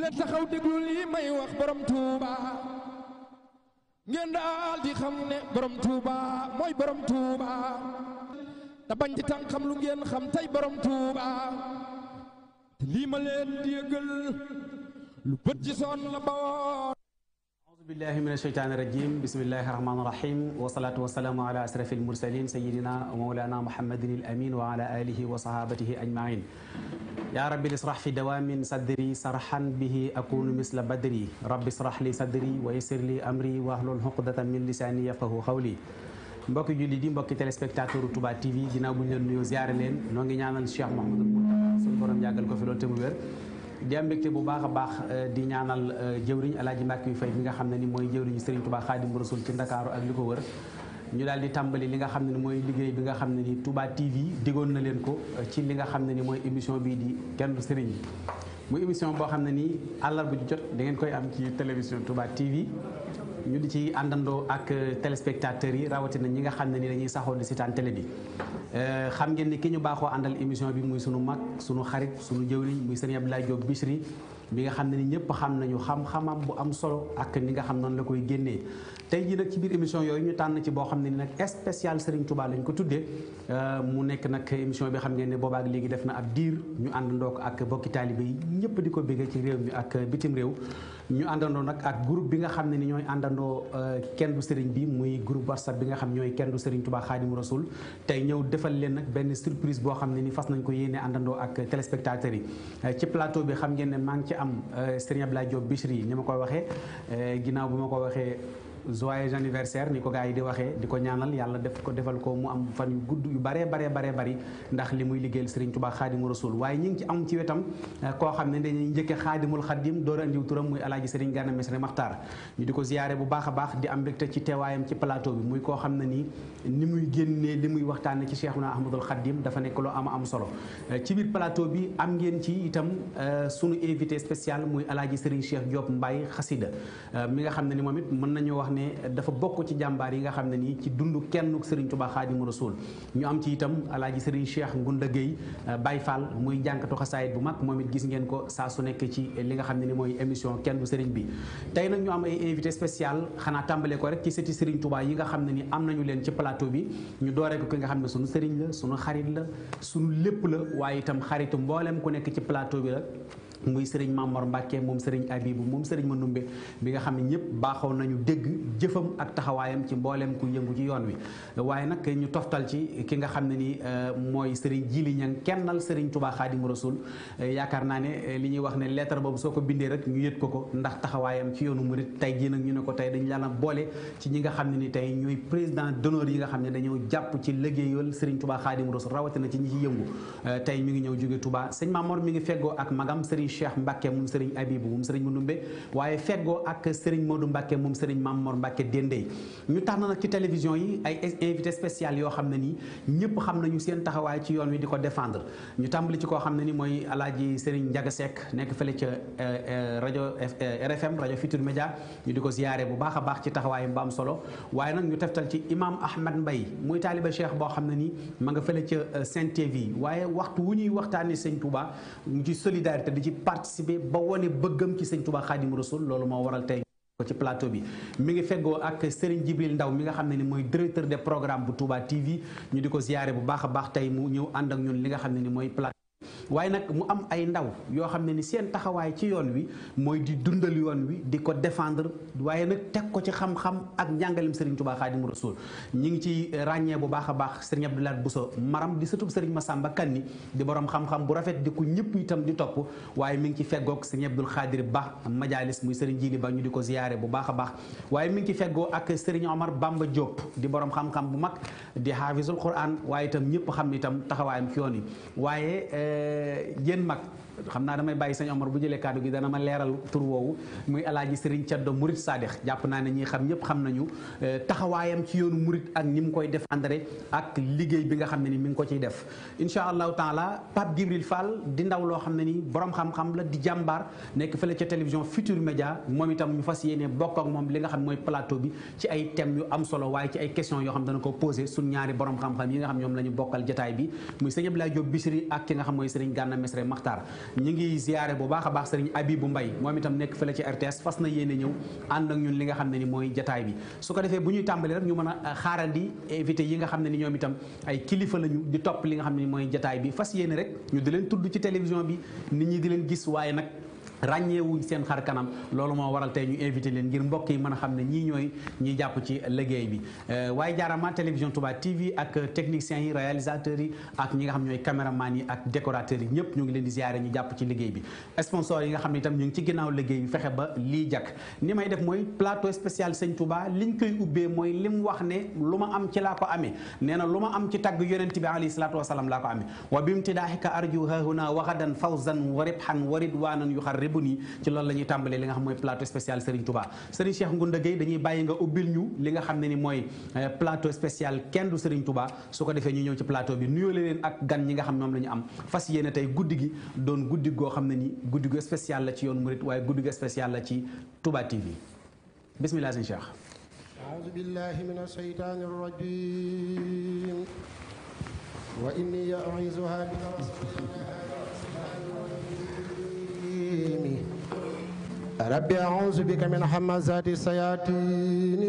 ku leen taxaw déglu lii may wax borom Touba ngeen daal di xam ne borom Touba mooy borom Touba te bañ di tànk xam lu ngeen xam tey borom Touba te lii ma leen di yëgal lu bët ci soon la bawoo. billahi min asheytaani rajim bismillahi rahmaani rahim wasalaatu wasalaamu ala asrafi almursalin sayidina mawlana muhammadin al amin wa ala alihi wa sahabatihi ajmain ya rabbi lisrah fi dawamin sadri sarhan bihi akunu misla badri rabbi israh li sadri wa yassir li amri wahlul uqdatan min lisani yafqahu qawli mbokki julli di mbokki téléspectateur Touba TV ginnaaw bu ñu leen nuyoo ziare leen noo ngi ñaanal Cheikh Mouhamadou Mountakha suñu borom yàggal ko fi loolu te mu wér di am mbégte bu baax a baax euh, di ñaanal euh, jëwriñ alaaji Mbàkke yu fay bi nga xam ne ni mooy jëwriñu Serigne Touba Xaadimu Rasuul ci Ndakaaru ak li ko wër ñu daal di tàmbali li nga xam ne ni mooy liggéey bi nga xam ne ni Touba TV digoon na leen ko euh, ci li nga xam ne ni mooy émission bii di kenn du Serigne mu émission boo xam ne nii àllarba ju jot da ngeen koy am ci télévision Touba TV ñu di ci àndandoo ak euh, téléspectateurs yi rawatina ñi nga xam ne ni dañuy saxoo de seetaan télé bi euh, xam ngeen ni ki ñu baaxoo àndal émission bi muy sunu mag sunu xarit sunu jëwriñ muy sëriñ Abdoulaye Diop Bichri bi nga xam ne ni ñëpp xam nañu xam-xamam bu am solo ak ni nga xam noonu la koy génnee tey jii nag ci biir émission yooyu ñu tànn ci boo xam ne ni nag spécial Serigne Touba lañ ko tuddee euh, mu nekk nag émission bi xam ngeen ne boobaak léegi def na ak diir ñu àndandoo ko ak bokki taalibe yi ñëpp di ko bëgg ci réew mi ak bitim réew ñu àndandoo nag ak groupe bi nga xam ne ni ñooy àndandoo euh, kenn du seriñ bi muy groupe WhatsApp bi nga xam ñooy kenn du Serigne Touba Xaadimu Rasul tey ñëw defal leen nag benn surprise boo xam ne ni fas nañ ko yéene àndandoo ak téléspectateurs yi euh, ci plateau bi xam ngeen ne maa ngi ci am Serigne Abdoulaye Diop Bichri ni ma koy waxee ginnaaw bi ma ko waxee joyeux anniversaire ni ko gars yi di waxee di ko ñaanal yàlla def ko defal ko mu am fan yu gudd yu baree baree baree bari ndax li muy liggéeyal Serigne Touba Xaadimu Rasul waaye ñu ngi ci am ci wetam eh, koo xam ne dañuy njëkke Xaadimul Xaadim door a indiw turam muy alaaji Serigne Gana Messere Maxtaar ñu di ko ziyaare bu baax a baax di am mbégte ci teewaayam ci plateau bi muy koo xam ne nii ni muy génnee li muy waxtaane ci Cheikhuna Ahmadul Xaadim dafa nekk loo am am solo eh, ci biir plateau bi am ngeen ci itam eh, sunu invité spécial muy alaaji Serigne Cheikh Diop Mbaye Xasida mi nga xam wax ne dafa bokk ci jàmbaar yi nga xam ne nii ci dund kenn Serigne Touba Xaadimu Rasuul ñu am ci itam alaaji Serigne Cheikh Ngunda Gueye euh, Baye Fall muy jànkatu xasaayit bu mag moom it gis ngeen ko saa su nekk ci li nga xam ne ni mooy émission kenn du Serigne bi tey nag ñu am ay invité spécial xanaa tàmbale ko rek ci sëti Serigne Touba yi nga xam ne ni am nañu leen ci plateau bi ñu dooree ko ki nga xam ne sunu Serigne la sunu xarit la sunu lépp la waaye itam xaritu mboolem ku nekk ci plateau bi la muy sëriñ Mamor Mbacke moom sëriñ Abibu moom sëriñ Manumbe bi nga xam ne ñëpp baaxoon nañu dégg jëfam ak taxawaayam ci mbooleem ku yëngu ci yoon ci ki nga xam ne ni euh, mooy sëriñ Jili Ñang kennal sëriñ Touba Xaadimu Rasul euh, yaakaar naa ne euh, li ñuy wax ne lettre boobu soo ko bindee rek ñu yët ko ko ndax taxawaayam ci yoonu murit tey jii nag ñu ne ko tey dañu laan boole ci nga xam ne ni tey ñooy président d'honneur yi nga xam ne dañoo jàpp ci liggéeyal ci ñi ci yëngu tey ñu ngi ñëw jóge Touba sëñ Mamor mi ngi feggoo ak magam sëriñ Cheikh Mbacke moom Serigne Abibu moom Serigne Mundumbe waaye feggoo ak Serigne Modou Mbacke moom Serigne Mamor Mbacke Dendey ñu tax na nag ci télévision yi ay invité spécial yoo xam ne nii ñëpp xam nañu seen taxawaay ci yoon wi di ko défendre ñu tàmbali ci koo xam ne ni mooy alaaji Serigne Ndiaga Seck nekk fële ca eh, eh, rajo eh, RFM rajo Futur Média ñu di ko ziyaare bu baax a baax ci taxawaayam ba am solo waaye nag ñu teftal ci imam Ahmed Mbaye muy taaliba cheikh boo xam na nii ma nga fële ca Sen participer ba wane bëggam ci sëñ Touba Xaadimu Rasuul loolu moo waral tey ko ci plateau bi mi ngi feggoo ak Serigne Jibril Ndaw mi nga xam ne ni mooy directeur des programmes bu Touba TV ñu di ko ziyaare bu baax a baax tey mu ñëw ànd ak ñun li nga xam ne ni mooy plateau waaye nag mu am ay ndaw yoo xam ne ni seen taxawaay ci yoon wi mooy di dundal yoon wi di ko défendre waaye nag teg ko ci xam-xam ak njàngalem Serigne Touba Xaadimu Rasuul ñi ngi ci ràññee bu baax a baax Serigne Abdou Lahad Bousso maram di sëtub Serigne Massamba Kanni di borom xam-xam bu rafet di ko ñëpp itam di topp waaye mi ngi ci feggoog Serigne Abdoul Khadir Ba majalis muy Serigne Jili Ba ñu di ko ziyaare bu baax baax waaye mi ngi ci feggoo ak Serigne Omar Bamba Diop di borom xam-xam bu mag di xaafisul Quran waay itam ñëpp xam ne itam taxawaayam ci yoon wi eh, yéen mag xam naa damay bàyyi sëñ Omar bu jëlee kàddu gi dana ma leeral tur woowu muy alaaji Serigne Ceddo Murit Saadix jàpp naa ne ñi xam ñëpp xam nañu euh, taxawaayam ci yoonu murit ak ni mu koy défendre ak liggéey bi nga xam ne ni mi ngi ko ciy def incha allahu taala Pape Djibril Fall di ndaw loo xam ne ni borom xam-xam la di jàmbaar nekk fële ca télévision Futur Média moom itam ñu fas yéene bokk ak moom li nga xam mooy plateau bi ci ay thèmes yu am solo waaye ci ay questions yoo xam dana ko posé suñ ñaari borom yi nga xam ñoom la ñu bokkal jataay bi muy sëñ Abdoulaye ki nga xam mooy Serigne Gana Messere Makhtar ñi ngi ziyaare bu baax a baax sëriñ bu Mbay moom itam nekk fële ci RTS fas na yéene ñëw ànd ak ñun li nga xam ne ni mooy jataay bi su ko defee bu ñuy tàmbali rek ñu mën a xaaral euh, xaarandi invité yi nga xam ne ni ñoom itam ay kilifa lañu di topp li nga xam ne ni mooy jataay bi fas yéene rek ñu di leen tudd ci télévision bi nit ñi di leen gis waaye nag ràññeewuñ seen xar kanam loolu moo waral tey ñu invité leen ngir mbokk yi mën a xam ne ñii ñooy ñi jàpp ci liggéey bi euh, waaye jaarama télévision Touba TV ak techniciens yi réalisateurs yi ak ñi nga xam ñooy caméraman yi ak décorateurs yi ñëpp ñu ngi leen di ziare ñu jàpp ci liggéey bi sponsor yi nga xam ne itam ñu ngi ci ginnaaw liggéey bi fexe ba li jàkk ni may def mooy plateau spécial Sëñ Touba liñ koy ubbee mooy lim wax ne lu ma am ci laa ko amee nee lu am ci tagg yonent bi alayhi salaatu wasalaam laa ko amee wa bimtidaahika arju hahuna wa bu nii ci loolu la tàmbalee li nga xam mooy plateau spécial Serigne Touba Serigne Cheikh Ngounda Gueye dañuy bàyyi nga ubbil ñu li nga xam ne ni mooy euh, plateau spécial kenn du Serigne Touba su ko defee ñu ñëw ci plateau bi nuyoo leen ak gan ñi nga xam ñoom la am fas yéene tey guddi gi doon guddi goo xam ne ni guddi gu spécial la ci yoon murit waaye guddi gu spécial la ci Touba TV bismillah Serigne Cheikh أعوذ بالله من الشيطان الرجيم رب أعوذ بك من حمزات الشياطين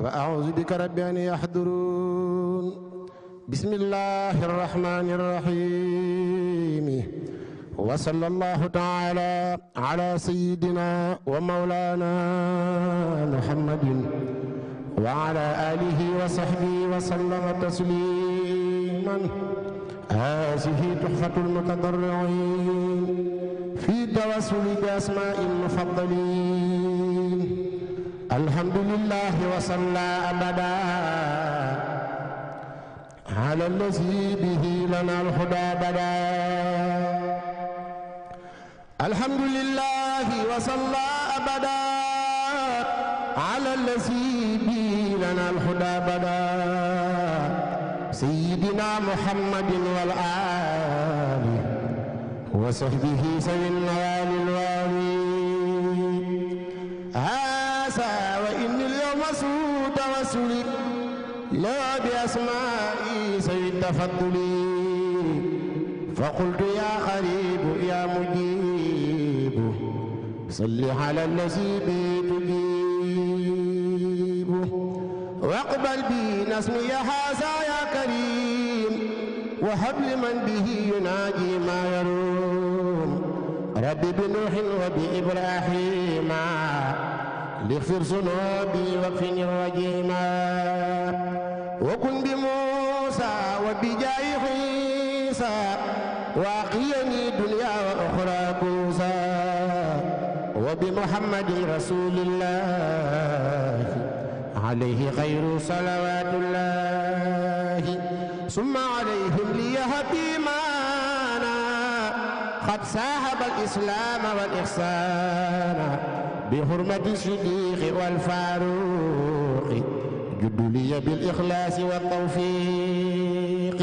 وأعوذ بك رب أن يحضرون بسم الله الرحمن الرحيم وصلى الله تعالى على سيدنا ومولانا محمد وعلى آله وصحبه وسلم تسليما هذه تحفة المتضرعين في توسل بأسماء المفضلين الحمد لله وصلى أبدا على الذي به لنا الهدى بدا الحمد لله وصلى أبدا على الذي به لنا الهدى بدا سيدنا محمد والآل وصحبه سوي النوال الوالي هاسا وإني اليوم سود وسولي لا بأسمائي سيد تفضلي فقلت يا قريب يا مجيب صل على الذي تجيب واقبل بي نسمي هذا يا كريم وهب لمن به يناجي ما يروم رب بنوح وبإبراهيم لاغفر ذنوبي واكفني الرجيم وكن بموسى وبجاه عيسى واقيني دنيا وأخرى كوسى وبمحمد رسول الله عليه خير صلوات الله ثم عليهم ليهب إيمانا قد ساهب الإسلام والإحسان بحرمة الصديق والفاروق جد لي بالإخلاص والتوفيق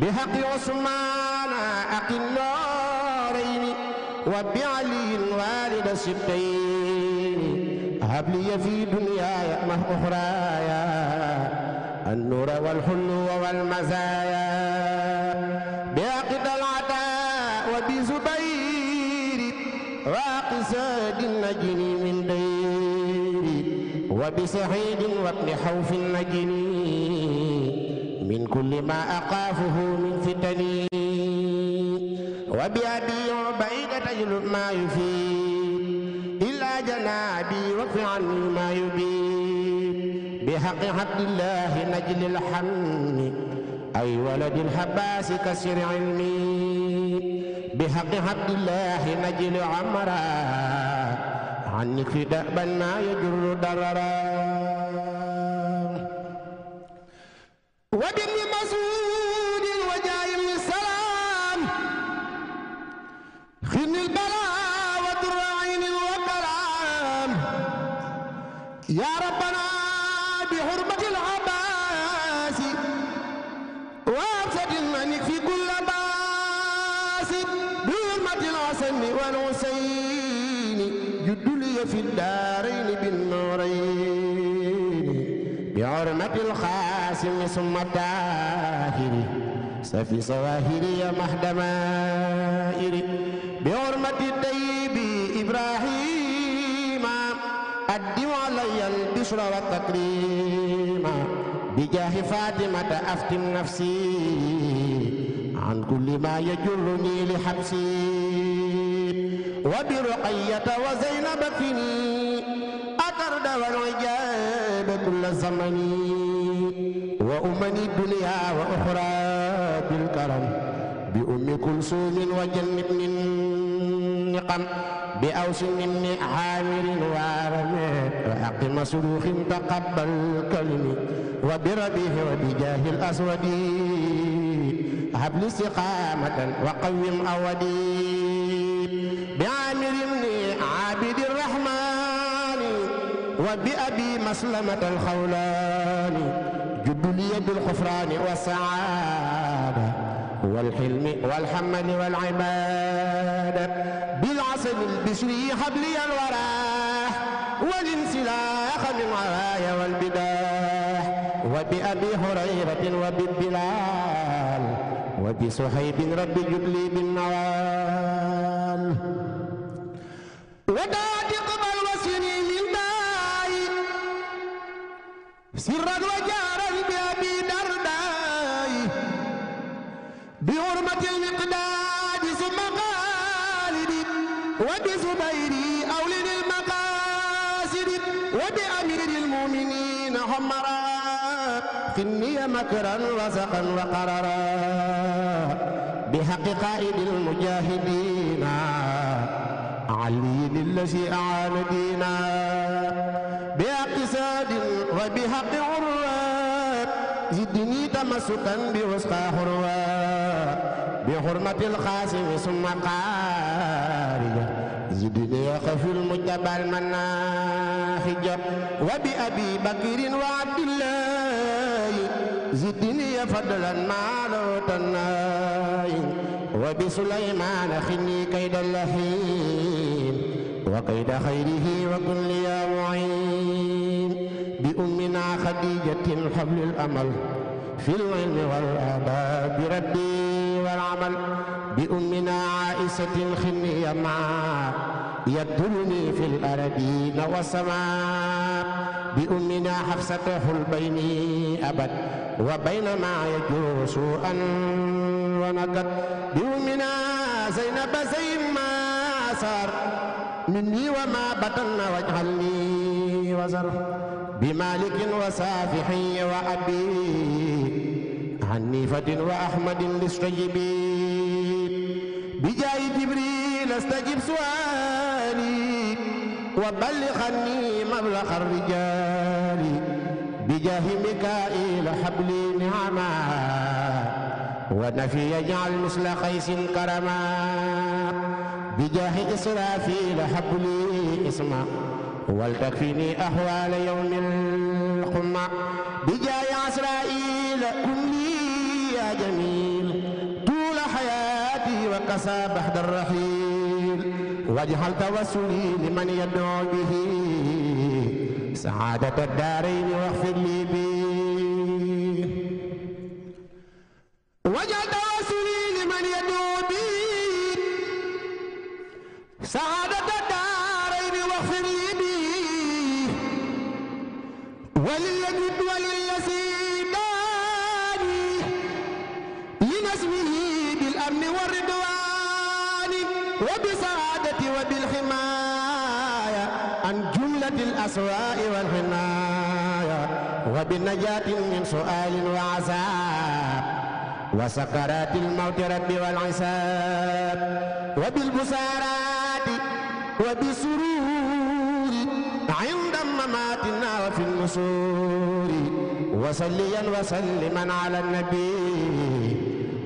بحق عثمان أقي النارين وبعلي والد السبتين هب لي في دنياي مه أخراي النور والحلو والمزايا بعقد العطاء وبزبير وقساد النجني من دير وبسعيد وابن حوف النجني من كل ما أقافه من فتني وبأبي عبيدة يلب ما يفيد إلا جنابي وفي عني ما يبيد بحق عبد الله نجل الحم أي ولد الحباس كسر علمي بحق عبد الله نجل عمرا عنك في دأبا ما يجر دررا وبن مسعود وجاي السلام خن البلاء ودر عين وكرام يا ربنا العالم ثم الداهر سفي سواهري محد مائري بحرمة الطيب إبراهيم أدم علي البشر والتكريم بجاه فاطمة أفتم نفسي عن كل ما يجرني لحبسي وبرقية وزينب فيني أترد والعجاب كل زمني وأمم الدنيا وأخرى بالكرم بأم كلثوم وجن بن النقم بأوس من عامر وارماء وحق مسلوخ تقبل كلمي وبربه وبجاه الأسود هب استقامة وقوم أودي بعامر بن عابد الرحمن وبأبي مسلمة الخولاني لي بالغفران والسعادة والحلم والحمد والعبادة بالعسل البشري حبلي الورى والانسلاخ من عرايا والبداح وبأبي هريرة وببلال وبصهيب رب جبلي بالنوال وداد قبل وسنين الداي سرا وجاه bi hurmatil miqdaadi summa xaalidi wa bi zubayri awlidil maqaasidi wa bi amiril muminina xomara fi niya makran wasaqan wa qarara bi xaqi qaa'idil mujaahidiina علي الذي أعان دينا بحق ساد وبحق عروات زدني تمسكا بوسطى حروات بحرمة القاسم ثم قارج زد يقف المجتبى المناحج وبأبي بكر وعبد الله زدني فضلا ما لو تناي وبسليمان خني كيد اللحين وقيد خيره وكن لي معين بأمنا خديجة حبل الأمل في العلم والآداب ربي والعمل بأمنا عائسة الخنية معا يدلني في الأرضين والسماء بأمنا حفصة حلبين أبد وبينما يجور سوءا ونكد بأمنا زينب زين ما صار مني وما بطن واجعلني وزر بمالك وسافحي وأبي حنيفة وأحمد للصيبين بجاه جبريل استجب سؤالي وبلغني مبلغ الرجال بجاه ميكائيل حبلي نعما ونفي يجعل مثل قيس كرما بجاه إسرافيل حبلي اسما ولتكفيني أحوال يوم القمة بجاه عسرائيل كن جميل طول حياتي وقسى بحد الرحيل واجعل توسلي لمن يدعو به سعادة الدارين واغفر لي به واجعل توسلي لمن يدعو به سعادة الدارين واغفر لي به ولليد ولليد وبسعادة وبالحماية عن جملة الأسواء والحناية وبنجاة من سؤال وعذاب وسكرات الموت رب والعساب وبالبسارات وبالسرور عند مماتنا وفي النسور وصليا وسلما على النبي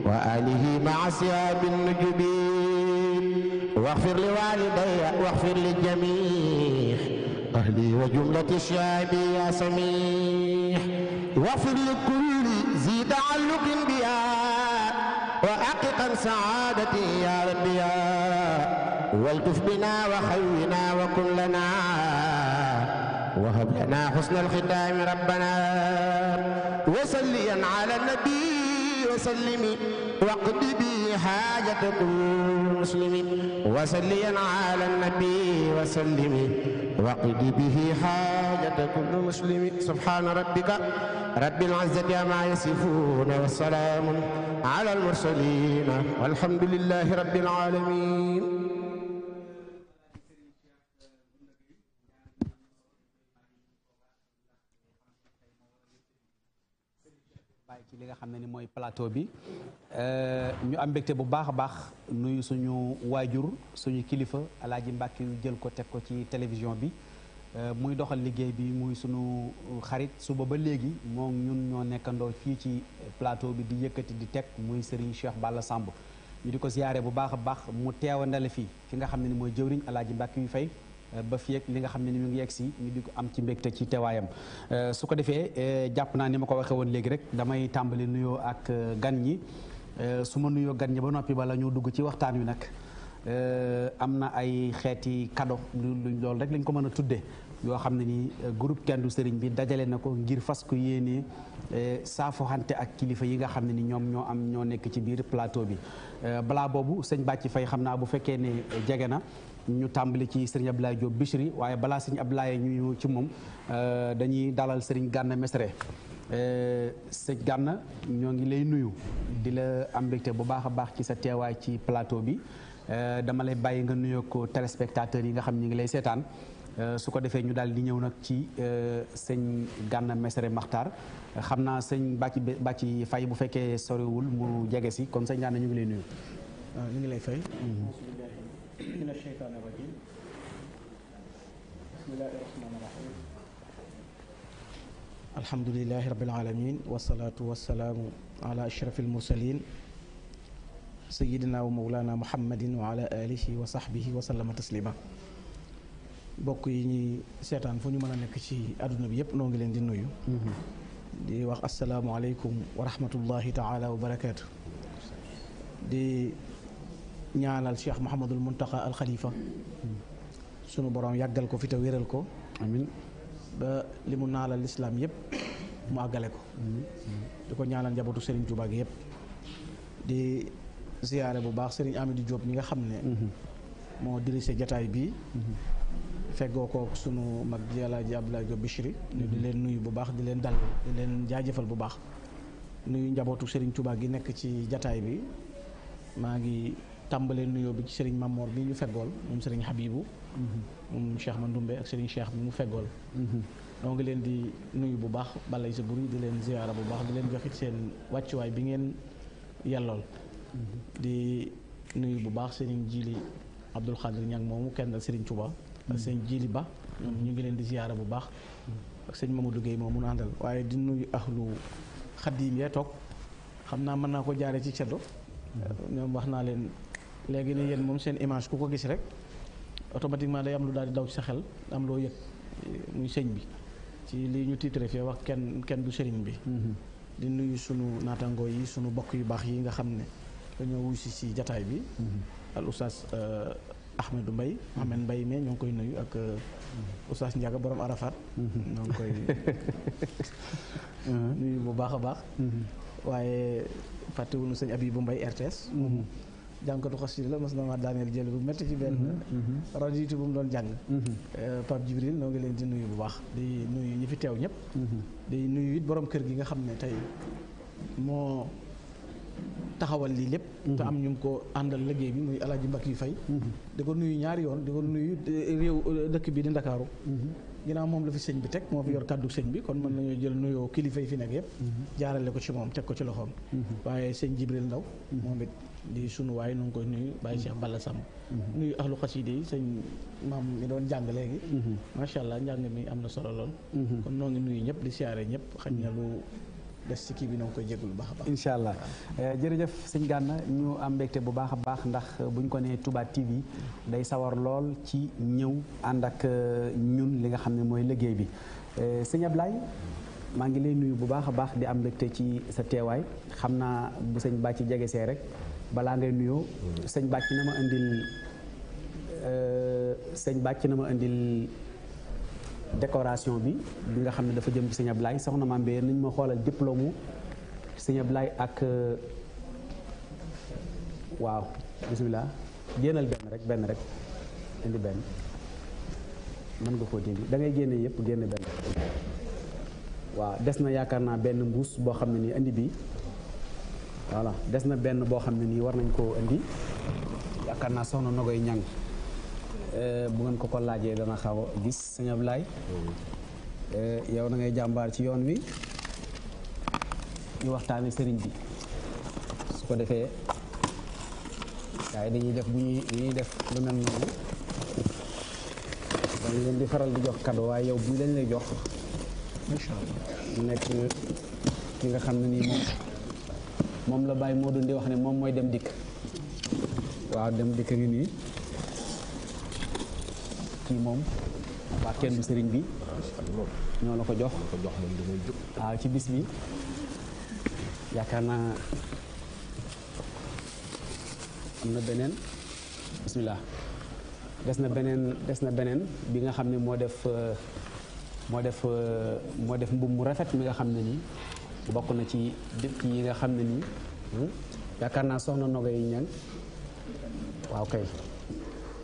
وآله مع سياب النجبين واغفر لوالدي واغفر للجميع أهلي وجملة شعبي يا سميح واغفر لكل ذي تعلق بها وأحققا سعادتي يا ربي والتف بنا وخينا وكن لنا وهب لنا حسن الختام ربنا وسليا على النبي وسلم واقض بي حاجة كل مسلم وسليا على النبي وسلم واقض به حاجة كل مسلم سبحان ربك رب العزة عما يصفون والسلام على المرسلين والحمد لله رب العالمين xam ne ni mooy plateau bi euh, ñu am mbégte bu baax a baax nuyu suñu waajur suñu kilifa alaaji Mbàkke yu jël ko teg ko ci télévision bi euh, muy doxal liggéey bi muy suñu xarit suba ba léegi moom ñun ñoo nekkandoo fii ci plateau bi di yëkkati di teg muy Serigne Cheikh Balla Samb ñu di ko siyaare bu baax a baax mu teewa ndale fii ki nga xam ne ni mooy jëwriñ alaaji Mbàkke yu fay ba fii li nga xam ne ni mu ngi yegg si ñu di ko am ci mbégte ci teewaayam euh, su ko defee euh, jàpp naa ni ma ko waxee woon léegi rek damay tàmbali nuyoo ak euh, gan ñi su ma nuyoo gan ñi ba noppi bala ñoo dugg ci waxtaan wi nag am na ay xeeti kado luñ loolu rek lañ ko mën a tuddee yoo xam ne ni groupe kenn du sëriñ bi dajale na ko ngir fas ko yéenee saafoxante ak kilifa yi nga xam ne ni ñoom ñoo am ñoo nekk ci biir plateau bi balaa boobu sëñ Bàcci Fay xam naa bu fekkee ne jege na ñu tàmbali ci sëriñ Abdoulaye Diop Bichri waaye balaa sëriñ Abdoulaye ñu ñëw ci moom euh, dañuy dalal sëriñ Gana Messere euh, sëñ Gana ñoo ngi lay nuyu di la am bu baax a baax ci sa teewaay ci plateau bi euh, dama lay bàyyi nga nuyoo ko téléspectateurs yi nga xam ñu ngi lay seetaan su ko defee ñu daal di ñëw nag ci sëñ Gana Messere Maxtaar xam naa sëñ bàcci bàcci fay bu fekkee soriwul mu jege si kon sëñ Gana ñu ngi lay nuyu. ñu ngi lay fay. Mm-hmm. من الشيطان الرجيم بسم الله الرحمن الرحيم الحمد لله رب العالمين والصلاة والسلام على أشرف المرسلين سيدنا ومولانا محمد وعلى آله وصحبه وسلم تسليما bokk yi ñuy seetaan fu ñu mën a nekk ci àdduna bi yëpp noo ngi leen di nuyu di wax asalaamualeykum wa rahmatullahi taala wa barakaatu di ñaanal Cheikh Mouhamadul Muntaxa al Khalifa sunu borom yàggal ko fi te wéral ko. ba li mu naalal lislaam yëpp mu àggale ko. di ko ñaanal njabootu Serigne Touba gi yëpp. di ziyaare bu baax Serigne Amidou Diop mi nga xam ne. Mhm. moo dirigé jataay bi mhm. feggoo ko sunu mag ji Alaaji Abdoulaye Diop Bichri. Mhm. di leen nuyu bu baax di leen dal di leen jaajëfal bu baax. nuyu njabootu sëriñ Touba gi nekk ci jataay bi maa ngi. tàmbalee nuyoo bi ci sëriñ Mamor bi ñu feggool moom sëriñ Habibou. moom Cheikh Mandoumbe ak sëriñ Cheikh bi mu feggool. donc leen di nuyu bu baax balay sa buri di leen ziyaara bu baax leen joxit seen wàccuwaay bi ngeen yellool. di nuyu bu baax sëriñ Jili Abdul Xaadir Ñang moomu kenn sëriñ Touba. ak sëriñ Jili Ba. ñu ngi leen di ziyaara bu baax. ak sëñ Mamadou Guèye moom mun àndal waaye di nuyu ahlu xaddiim yee toog xam naa mën naa ko jaaree ci ceddo mm-hmm. ñoom wax naa leen léegi nii yéen moom seen image ku ko gis rek automatiquement day am lu daal daw ci sa xel am loo yëg muy sëñ bi ci lii ñu titre fee wax kenn kenn du sëriñ bi mm-hmm. di nuyu sunu naataangoo yi sunu bokk yu baax yi nga xam ne dañoo wuy si si jataay bi mm-hmm. al oustaz euh, Ahmedou mbay mm-hmm. Ahmed mbay mais ñoo ngi koy nuyu ak euh, oustaz Ndiaga borom Arafat ñoo ngi koy nuyu bu baax a baax waaye fàttewuñu sëñ bu mbay RTS jàngkatu xasida la mas na ma daaneel jël bu métti ci benn mhm, mhm. rajitu bu mu doon jàng mhm. euh, Pape Djibril noo ngi leen di nuyu bu baax di nuyu ñi fi teew ñëpp di nuyu it borom kër gi nga xam ne tey moo taxawal lii lépp te am ñu ko àndal liggéey bi muy alaaji mbak yi fay di ko nuyu ñaari yoon di ko nuyu eh, réew eh, dëkk bi di ndakaaru ginnaaw moom la fi sëñ bi teg moo fi yor kàddu sëñ bi kon mën nañoo jël nuyoo kilifa yi fi nekk yëpp jaarale ko ci moom teg ko ci loxoom waaye sëñ Ndaw moom di sunu waay nu ngi koy nuyu Baye Cheikh Balla Samb mm-hmm. nuyu ahlu xaside yi sëñ maam mi doon jàng léegi mm-hmm. macha allah njàng mi am na solo lool mm-hmm. kon noo ngi nuyu ñëpp di siyaare ñëpp xam na lu des ci kii bi noo ngi koy lu baax a baax incha allah eh, jërëjëf sëñ Gana ñu am mbégte bu baax a baax ndax buñ ko nee Touba TV day sawar lool ci ñëw ànd ak eh, ñun li nga xam ne mooy liggéey bi eh, sëñ Ablaye maa ngi lay nuyu bu baax a baax di am mbégte ci sa teewaay xam naa bu sëñ bàcc jege see rek balaa ngay nuyoo sëñ bàcc na ma indil euh, sëñ bàcc na ma indil decoration bi bi nga xam ne dafa jëm ci sëñ Ablaye soxna maam Mbeye nañ ma xoolal diplôme sëñ Ablaye ak euh, waaw bisimilah génnal benn rek benn rek indi benn mën nga koo dindi da ngay génne yépp génn benn waaw des na yaakaar naa benn mbuus boo xam ne nii indi bi voilà des na benn boo xam ne nii war nañ koo indi yaakaar naa soxna Nogoy Ñang eh, bu ngeen ko ko laajee dana xaw a gis sëñ Ablaye eh, yow na ngay jàmbaar ci yoon wi ñu waxtaane sëriñ bi su ko defee waaye dañuy def bu ñuy ñuy def lu mel noonu dañ leen di faral di jox cadeau waaye yow bu lañ lay jox. nekk ki nga xam ne nii moom. moom la Baye Modou di wax ne moom mooy dem dikk waaw dem dikk ngi nii kii moom waa kenn sëriñ bi ñoo la ko jox waaw ah, ci bis bi yaakaar naa am na beneen bismillah des na beneen des na beneen bi nga xam ne moo def moo def moo def mbubb mu rafet mi nga xam ne nii bokk na ci dëkk yi nga xam ne nii hmm, yaakaar naa soxna nogo yi ñang waaw kay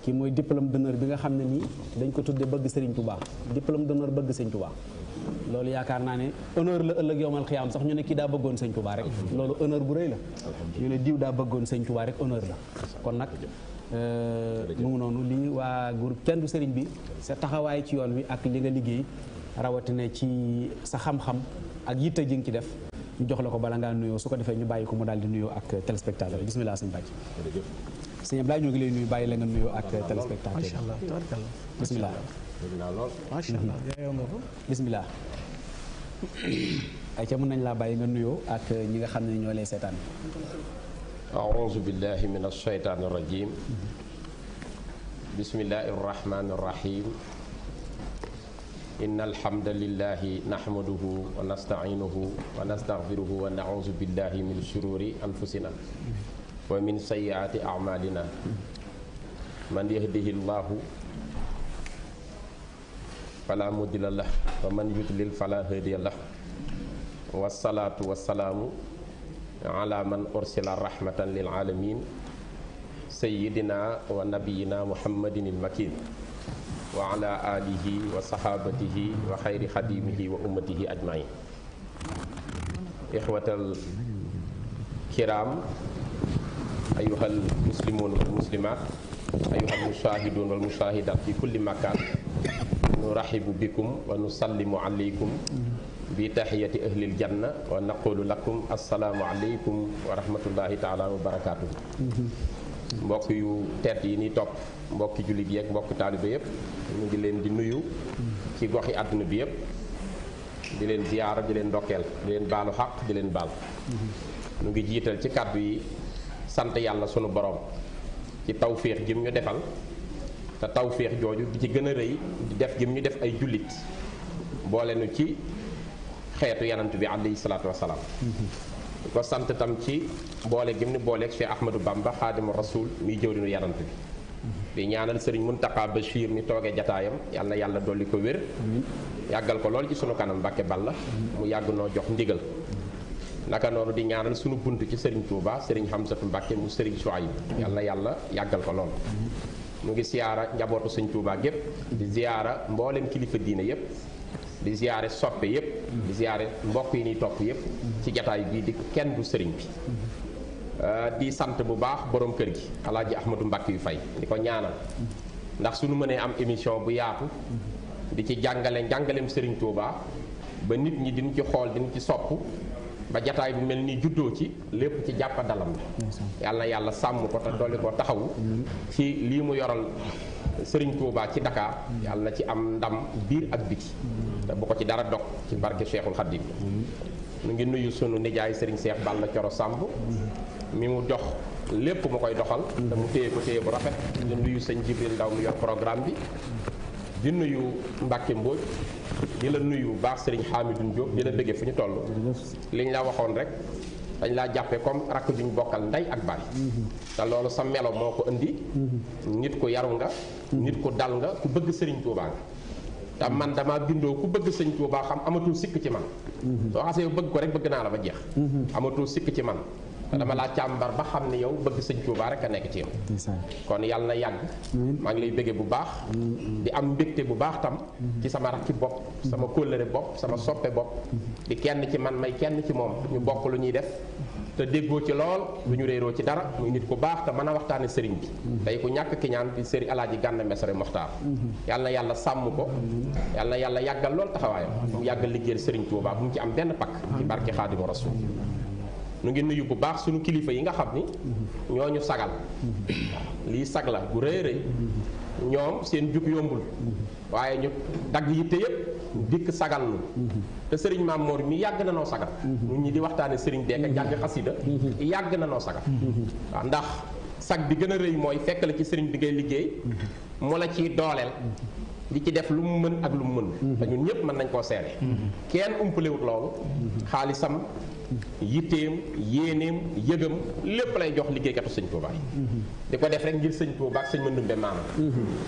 kii mooy diplôme d'honneur bi nga xam ne nii dañ ko tuddee bëgg Serigne Touba diplôme d'honneur bëgg Serigne Touba loolu yaakaar naa ne honneur la ëllëg yowmal xiyaam sax ñu ne kii daa bëggoon Serigne Touba rek loolu honneur bu rëy la ñu ne diw daa bëggoon Serigne Touba rek honneur la kon nag euh, mu ngi noonu li waa groupe kenn du sëriñ bi sa taxawaay ci yoon wi ak li nga liggéey rawatina ci sa xam-xam ak yitte ji nga ci def ñu jox la ko bala ngaa nuyoo su ko defee ñu bàyyi ko mu daal di nuyoo ak téléspectateur bismillah sëñ Bàcc sëñ Ablaye ñoo ngi lay nuyu bàyyi la nga nuyoo ak téléspectateur macha allah tabarkalla bismillah macha allah mhm. yaayoo nga ko bismillah ay ca mun nañ laa bàyyi nga nuyoo ak ñi nga xam ne ñoo lay seetaan aouzu billahi min alsheytaani irrajim mhm. bismillahi irrahmani irrahim إن الحمد لله نحمده ونستعينه ونستغفره ونعوذ بالله من شرور أنفسنا ومن سيئات أعمالنا من يهده الله فلا مضل له ومن يضلل فلا هادي له والصلاة والسلام على من أرسل رحمة للعالمين سيدنا ونبينا محمد المكين wa ala wa sahabatihi wa xayri xadimihi wa ummatihi ajmain ixwatal kiram ayuhal muslimun wal muslimat ayuhal mushahidun wal mushahidat fi kulli makan nu bikum wa nusallimu alaykum bi taxiyati ahlil janna wa naqulu lakum assalaamu alaykum wa rahmatullahi taala wa barakatuh mbokk yu tedd yi ni topp mbokki jullit yeeg mbokk taalibe yëpp mu ngi leen di nuyu ci goxi àdduna bi yëpp di leen ziyaara di leen ndokkeel di leen baalu xaq di leen baal ñu ngi jiital ci kàddu yi sant yàlla sunu boroom ci tawféex jëm ñu defal te tawféex jooju bi ci gën a rëy di def jëm ñu def ay jullit boole nu ci xeetu yanant bi alayhi salaatu wasalaam di ko sant tam ci boole gim ni booleeg Cheikh Ahmadou Bamba xaadimu rasul muy jëwrinu yarant bi di ñaanal sëriñ Muntaqa Bachir mi toogee jataayam yal yàlla dolli ko wér yàggal ko lool ci sunu kanam Mbàkke Balla mu yàgg noo jox ndigal naka noonu di ñaanal sunu bunt ci sëriñ Touba sëriñ Hamsatu Mbàkke mu sëriñ Suwayb yal na yàlla yàggal ko lool mu ngi siyaara njabootu sëñ Touba gépp di siyaara mboolem kilifa diina yépp di ziyaare soppe yépp di mbokk yi ñuy topp yépp ci jataay bii di kenn du sëriñ bi euh, di sant bu baax boroom kër gi alaaji ahmadu mbàkk yu fay di ko ñaanal ndax su nu mënee am émission bu yaatu di ci jàngale njàngaleem sëriñ Touba ba nit ñi diñ ci xool diñ ci sopp ba jataay bu mel ni juddoo ci lépp ci jàppa dalam la yàlla sàmm ko te dolli ko taxawu ci lii mu yoral sëriñ Touba ci Dakar yàlla ci am ndam biir ak biti te bu ko ci dara dog ci barke Cheikhul Khadim nu ngi nuyu sunu nijaay sëriñ Serigne Cheikh Balla Coro Samb mi mu jox lépp mu koy doxal te mu téye ko téye bu rafet di nuyu sëñ Jibril Ndaw mu yor programme bi di nuyu Mbacke Mbodj di la nuyu baax sëriñ Hamidou Diop di la bëggee fu ñu toll liñ la waxoon rek dañ laa jàppee comme rakk juñ bokkal ndey ak baay te loolu sa melo moo ko indi mm-hmm. nit ku yaru nga mm-hmm. nit ku dal nga ku bëgg sëriñ Touba nga te man damaa bindoo ku bëgg sëñ Tuubaa xam amatul sikk ci man soo xasee bëgg ko rek bëgg naa la ba jeex amatul sikk ci man dama laa càmbar ba xam ne yow bëgg sëñ Tuubaa rek a nekk ci yow kon yàlla na yàgg maa ngi lay bëggee bu baax di am mbégte bu baax tam mm-hmm. ci sama rakki bopp sama kóllëre bopp sama soppe bopp mm-hmm. di kenn ci man may kenn ci moom ñu bokk lu ñuy def te déggoo ci lool lu ñu réeroo ci dara muy nit ku baax te mën a waxtaane sëriñ bi mm-hmm. day ku ñàkk ki ñaan di sëriñ alaaji Gana Messere Moxtaar mm-hmm. yàlla yàlla sàmm ko mm-hmm. yal yàlla yàggal lool taxawaayam mu yàggal liggéey sëriñ Tuubaa bu mu ci am benn pakk ci barke Xaadimu Rasuul nu ngi nuyu bu baax suñu kilifa yi nga xam ni ñoo ñu sagal lii sag la bu rëy rëy ñoom seen jub yombul waaye ñu dagg yi te yëpp dikk sagal na te sëriñ Maam Mor mi yàgg na noo sagal nit ñi di waxtaane sëriñ Dekk jàng xasida yàgg na noo sagal waaw ndax sag bi gën a rëy mooy fekk la ci sëriñ bi ngay liggéey mu la ciy dooleel di ci def lu mu mën ak lu mu mën te ñun ñëpp mën nañ koo seere kenn umpalewut loolu xaalisam yitteem yéeneem yëgam lépp lay jox liggéeykatu sëñ Touba yi di ko def rek ngir sëñ Touba ak sëñ Mandumbe maama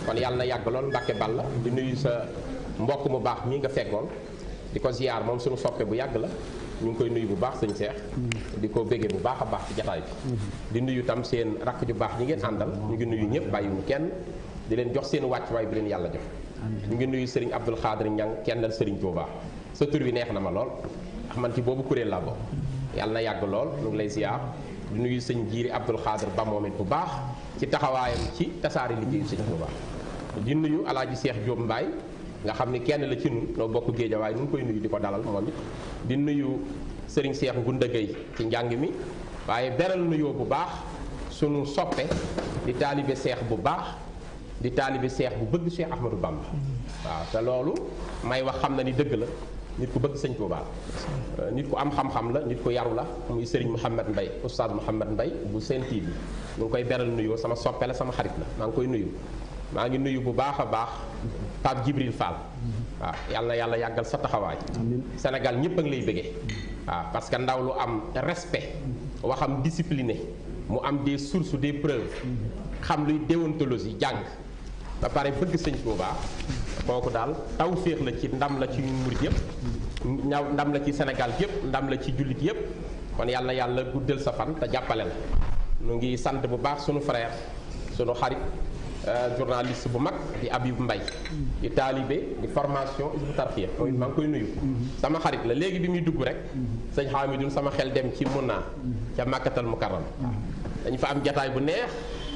kon yàlla na yàgg lool Mbàkke Balla di nuyu sa mbokk mu baax mi nga feggoon di ko siyaar moom suñu soppee bu yàgg la ñu ngi koy nuyu bu baax sëñ Seex di ko béggee bu baax a baax ci jataay bi di nuyu tam seen rakk ju baax ñi ngeen àndal ñu ngi nuyu ñëpp bàyyiwuñu kenn di leen jox seen wàccuwaay bi leen yàlla jox ñu ngi nuyu sëriñ Abdul Xaadir Ñang kennal sëriñ Touba sa tur wi neex na ma lool ndax ci boobu kuréel laa yàlla na yàgg lool ñu ngi lay ziar di nuyu sëñ jiiri Abdul Xaadir ba moom it bu baax ci taxawaayam ci tasaari liggéeyu sëñ bu baax di nuyu alaaji Seex Jóob Mbaay nga xam ni kenn la ci nun noo bokk géejawaay nu ngi koy nuyu di ko dalal moom di nuyu sëriñ Seex Ngunda Gay ci njàng mi waaye beral nuyoo bu baax sunu soppe di taalibe seex bu baax di taalibe seex bu bëgg Seex Ahmadou Bamba waaw te loolu may wax xam na ni dëgg la nit ku bëgg sëñ baax euh, nit ku am xam-xam la nit ku yaru la muy Serigne Mouhamed Mbaye oustaz Mouhamed mbay bu Sen TV bi mu ngi koy beral nuyoo sama soppe la sama xarit la maa ngi koy nuyu maa ngi nuyu bu baax a baax Pape Djibril Fall waaw yàlla yàlla yàggal sa taxawaay senegal ñëpp a lay bëggee waaw parce que ndaw lu am respect waxam discipliné mu am des sources des preuves xam luy déontologie jàng ba pare bëgg sëñ baax kooku daal taw féex la ci ndam la ci murit yëpp ñaaw ndam la ci Sénégal yëpp ndam la ci jullit yëpp kon yàlla yàlla guddal sa fan te jàppale la ñu ngi sant bu baax sunu frère sunu xarit euh, journaliste bu mag di Habib Mbaye di taalibe di formation Hizbut Tarqiyyah mooy maa ngi koy nuyu sama xarit la léegi bi muy dugg rek sëñ Hamidou sama xel dem ci Muna ca Makkatal Mukarram dañu fa am jataay bu neex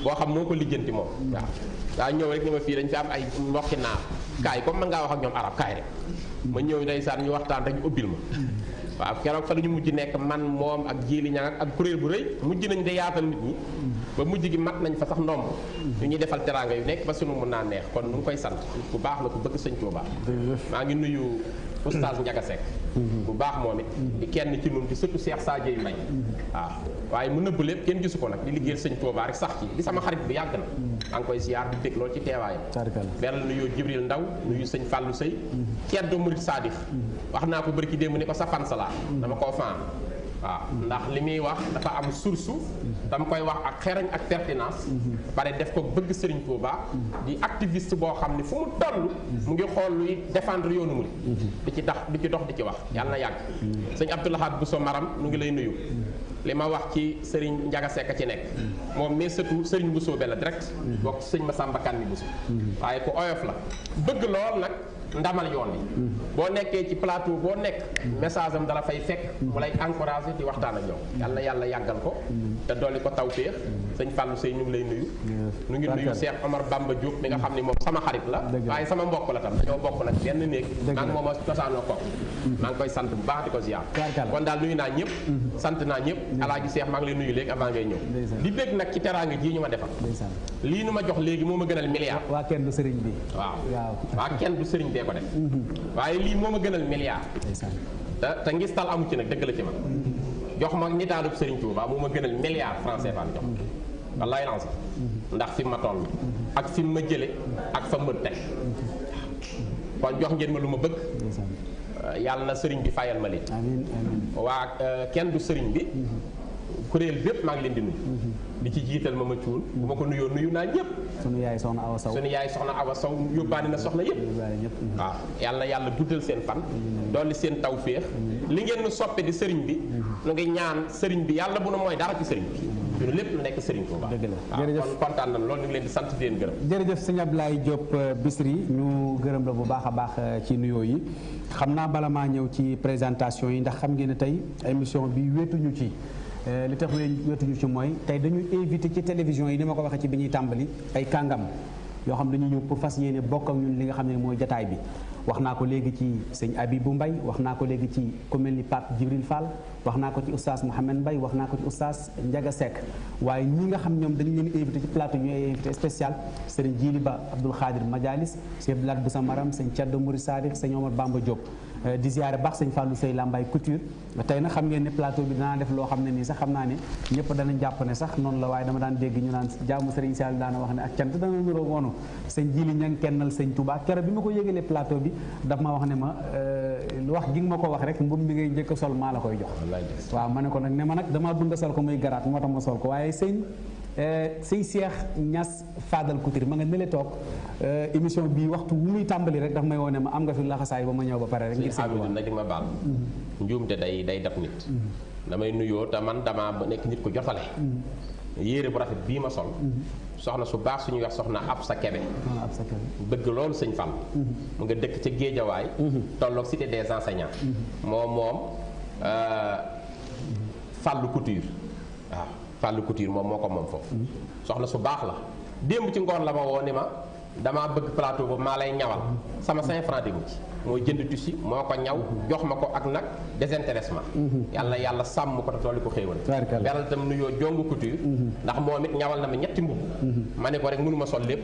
boo xam moo ko lijjanti moom waaw daa ñëw rek ni ma fii dañ fi am ay mbokki naar kaay comme mën ngaa wax ak ñoom arab kaay rek ma ñëw ndeysaan ñu waxtaan rek ñu ubbil ma waaw keroog fa lañu mujj nekk man moom ak jiili ñaŋ ak kuréel bu rëy mujj nañ de yaatal nit ñi ba mujj gi mat nañ fa sax ndomb ñu ñuy defal teraanga yu nekk ba sunu mun naa neex kon nu ngi koy sant bu baax la ku bëgg sëñ Tuuba maa ngi nuyu oustaz Ndiaga Seck mm-hmm. bu baax moom it di kenn ci ñun di surtout Cheikh Sadio Mbaye mm-hmm. waaw waaye mu nëbb lépp kenn gisu ko nag di liggéeyal sëñ Tuubaa rek sax ci di sama xarit bi yàgg na maa ngi koy ziar di dégg lool ci teewaayam beral nuyu Jibril Ndaw nuyu sëñ Fàllu Sëy mm-hmm. ceddo murit saadix mm-hmm. wax naa ko bëri ki démb ne ko sa fansala mm-hmm. dama koo faan waaw ndax li muy wax dafa am source dama koy wax ak xereñ ak pertinence pare def ko bëgg Serigne Touba di activiste boo xam ne fu mu toll mu ngi xool luy défendre yoonu di ci dax di ci dox di ci wax yàlla yàgg sëñ Abdoulahat Bousso Maram nu ngi lay nuyu li ma wax ci Serigne Ndiaga a ci nekk moom mais surtout Serigne Bousso la direct bokk Serigne Massamba bu Bousso mm-hmm. waaye ku oyof la bëgg lool nag ndamal yoon bi boo nekkee ci plateau boo nekk message am dala fay fekk mu lay encouragé di waxtaan ak yow yal na yàlla yàggal ko te dolli ko taw sëñ Fallou Sey ñu ngi lay nuyu ñu ngi nuyu Cheikh Omar Bamba Diop mi nga xam ne moom sama xarit la waaye sama mbokk la tam dañoo bokk nag benn néeg maa ngi moom a mm-hmm. koy sant bu ko ziar kon naa ñëpp mm-hmm. sant naa ñëpp alaaji Cheikh maa ngi lay nuyu léegi avant ngay ñëw di bég nag ci teraanga ji ñu ma defal lii nu ma jox léegi moo ma gënal milliard waa kenn du sëriñ bi waaw waa kenn du sëriñ dee ko def waaye lii moo ma gënal milliard te te ngis tal amu ci nag dëgg la ci man jox ma nitaalub Serigne Touba moo ma gënal milliard franc CFA jox wallaay lanc ndax fi ma toll ak fi ma jële ak fa ma teg kon jox ngeen ma lu ma bëgg yàlla na sëriñ bi fayal ma leen waa euh, kenn du sëriñ bi kuréel bépp maa ngi leen di di ci jiital ma ma cuun bu ma ko nuyoo nuyu naa ñëpp sunu yaay soxna awa saw sunu yaay soxna awa saw yóbbaale na soxna yëpp waaw yàlla yàlla guddal seen fan dolli seen taw féex li ngeen nu soppe di sëriñ bi nu ngi ñaan sëriñ bi yàlla bu nu mooy dara ci sëriñ bi ñun lépp lu nekk Serigne Touba. dëgg la jërëjëf kon kontaan nañ loolu ñu leen di sant di leen gërëm. jërëjëf sëñ Abdoulaye Diop euh, Bichri ñu gërëm la bu baax a baax euh, ci nuyoo yi xam naa bala maa ñëw ci présentation yi ndax xam ngeen ne tey émission bi wéetuñu ci. Euh, li tax ma wetu ci mooy tey dañu invité ci télévision yi ni ma ko waxee ci bi ñuy tàmbali ay kàngam yoo xam dañu ñëw pour fas yéene bokk ak ñun li nga xam ne mooy jataay bi wax naa ko léegi ci sëñ bu mbay wax naa ko léegi ci ku mel ni Pape Djibril Fall wax naa ko ci oustaz Mouhamed mbay wax naa ko ci oustaz Ndiaga Seck waaye ñi nga xam ñoom dañu leen invité ci plateau ñu ay invité spécial sëriñ Djili Ba Abdoul Khadir Madialis sëñ Abdoulaye Boussa Maram sëñ Thierno Mouride Sadiq sëñ Omar Bamba Diop Euh, di ziare baax sëñ Fallou Sey Lambaye Couture tey nag xam ngeen ne plateau bi danaa def loo xam ne nii sax xam naa ne ñëpp danañ jàpp ne sax noonu la waaye dama daan dégg ñu naan jaamu sëriñ Sall daana wax ne ak cant dana nuroo woonu sëñ Jili kennal sëñ Touba kero bi ma ko yëgalee plateau bi daf ma wax ne ma euh, wax gi ma ko wax rek mbubb mi ngay njëkk sol maa la koy jox waaw ma ne ko nag ne ma nag damaa bëgg sol ko muy garaat moo tax ma sol Euh, sëñ Cheikh Niass Fadal Couture ma nga nële toog euh, émission bi waxtu wu muy tàmbali rek daf may wone ma am nga fi laxasaay ba ma ñëw ba pare rek. ngir sëñ Amidou nag ma baal. Mm-hmm. njuumte day day dab nit. Mm-hmm. damay nuyoo te man damaa ba nekk nit ko jotale. Mm-hmm. yére bu rafet bii ma sol. soxna su baax suñuy wax soxna ab sa ah, kebe bëgg loolu sëñ Fall. mu nga dëkk ca géejawaay tolloog cité des enseignants moom moom euh, Fallou Couture ah. waaw Fallou Couture moom moo ko moom foofu soxna su baax la démb ci ngoon la ma woo ni ma damaa bëgg plateau boobu maa lay ñawal sama cinq francs demu ci mooy jënd tusi moo ko ñaw jox ma ko ak nag désintéressement yàlla yàlla sàmm ko te tooli ko xéewal beral itam nuyoo jongu couture ndax moo it ñawal na ma ñetti mbubb ma ne ko rek mënuma sol lépp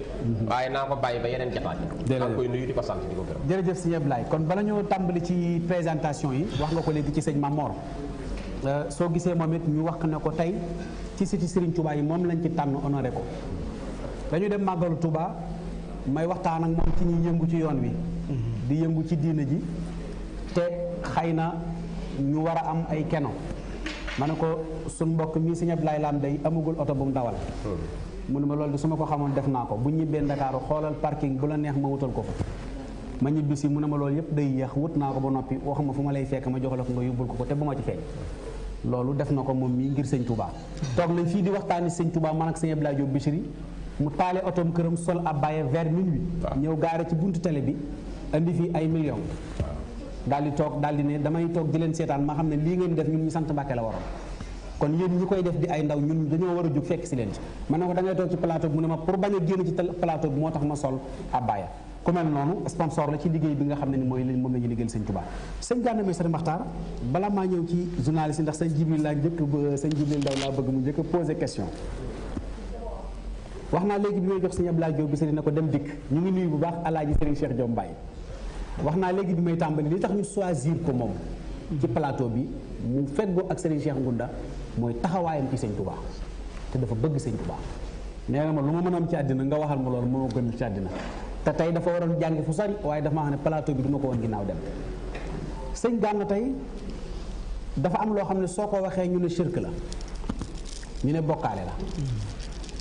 waaye naa ko bàyyi ba yeneen jataat yi ak koy nuyu di ko sant di ko gërëm jërëjëf sëñ Ablaye kon bala ñoo tàmbali ci présentation yi wax nga ko léegi ci sëñ Mamor Euh, soo gisee moom it ñu wax ne ko tey ci siti Serigne Touba yi moom lañ ci tànn honoré ko dañu dem màggalu Touba may waxtaan ak moom ci ñuy yëngu ci yoon wi mhm. di yëngu ci diina ji te xëy na ñu war a am ay keno ma ne ko suñ mbokk mii sëñ Abdoulaye Lam day amagul oto bu mu dawal hmm. mu ne ma loolu de su ma ko xamoon def naa ko bu ñibbee Ndakaaru xoolal parking bu la neex ma wutal ko fa ma ñibbisi mu ne ma loolu yëpp day yéex wut naa ko ba noppi waxuma fu ma lay fekk ma jox la ko nga ko ko te bu ma ci fekk loolu def na ko moom mii ngir sëñ Touba toog nañ fii di waxtaani sëñ Touba man ak sëñ Abdoulaye Diop mu taale otoom këram sol abbaye vers minuit ñëw gaare ci buntu tele bi indi fii ay million daal di toog daal di ne damay toog di leen seetaan ma xam ne lii ngeen def ñun ñu sant Mbàkke la waroon kon yéen ñi koy def di ay ndaw ñun dañoo war a jóg fekk si leen mën man ko dangay ngay toog ci plateau bi mu ne ma pour bañ a génn ci plateau bi moo tax ma sol abbaaya ku mel noonu sponsor la ci liggéey bi nga xam ne ni mooy moom la ñuy liggéeyal sëñ Tuubaa sëñ Gana Messere Maxtaar bala maa ñëw ci journaliste yi ndax sëñ Jibril laa njëkk ba sëñ Ndaw laa bëgg mu jëkk a posé question wax naa léegi bi may jox ab Abdoulaye Diop bi sëriñ na ko dem dikk ñu ngi nuyu bu baax alaaji sëriñ Cheikh Diop Mbaye wax naa léegi bi may tàmbali li tax ñu choisir ko moom ci plateau bi mu feggoo ak sëriñ Cheikh Ngunda mooy taxawaayam ci sëñ Tuubaa te dafa bëgg sëñ Tuubaa nee lu ma mën am ci àddina nga waxal ma loolu moo gën ci àddina te tey dafa waroon jàngi fu sori waaye dafa ma ne palaato bi du ma ko woon ginnaaw dem sëñ Gana tey dafa am loo xam ne soo ko waxee ñu ne shirk la ñu ne bokkaale la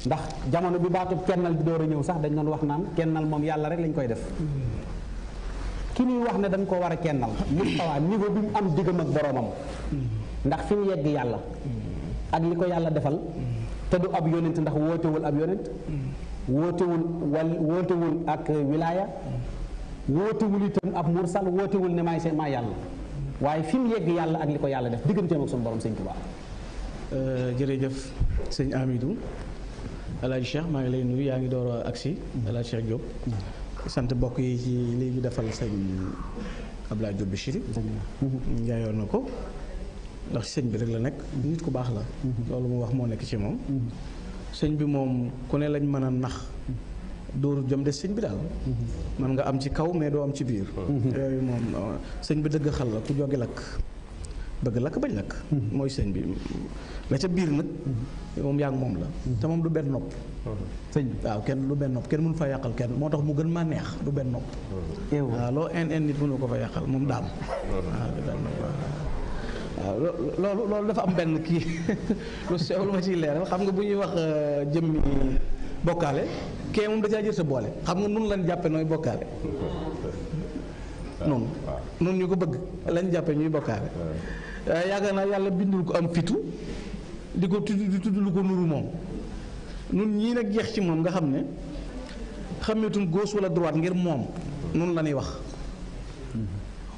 ndax jamono bi baatub kennal bi door a ñëw sax dañ doon wax naan kennal moom yàlla rek lañ koy def ki ñuy wax ne dañ ko war a kennal mustawaa niveau bi mu am diggam ak boroomam ndax fi mu yegg yàlla ak li ko yàlla defal te du ab yonent ndax wootewul ab yonent wootewul wal wootewul ak wilaaya wootewul itam ab mursal wootewul ne maay seen maa yàlla waaye fi mu yegg yàlla ak li ko yàlla def digganteem ak suñu borom sëñ Tuubaa euh, jërëjëf sëñ Amidou El Hadj Cheikh maa ngi lay nuyu yaa ngi door a agsi El Hadj Cheikh sant bokk yi ci léegi ñu defal sëñ Abdoulaye Diop Bichri njaayoon na ko ndax sëñ bi rek la nekk nit ku baax la mm-hmm. loolu mu wax moo nekk ci moom mm-hmm. sëñ bi moom ku ne lañ mën a nax dóoru jëm de sëñ bi daal man nga am ci kaw mais doo am ci biir yooyu moom sëñ bi dëgg xal la ku jogi lakk bëgg lakk bañ lakk mooy sëñ bi la ca biir nag moom yaa ngi moom la te moom du benn nopp sëñ bi waaw kenn du benn nopp kenn mënu fa yàqal kenn moo tax mu gën maa neex du benn nopp waaw loo en en nit mënu ko fa yàqal moom daam waaw du benn nopp waaw loolu loolu dafa am benn kii lu sew lu ma ciy leeral xam nga bu ñuy wax euh, jëmmi bokkaale kee moom da caa jël sa boole xam nga nun lañ jàppe nooy bokkaale noonu ñu ko bëgg lañ jàppe ñuy bokkaale euh, yaakaar naa yàlla bindul ko am fitu di ko tudd di tudd lu ko nuru moom nun ñii nag jeex ci moom nga xam ne xameetuñ gos wala droite ngir moom nun la ñuy wax mm-hmm.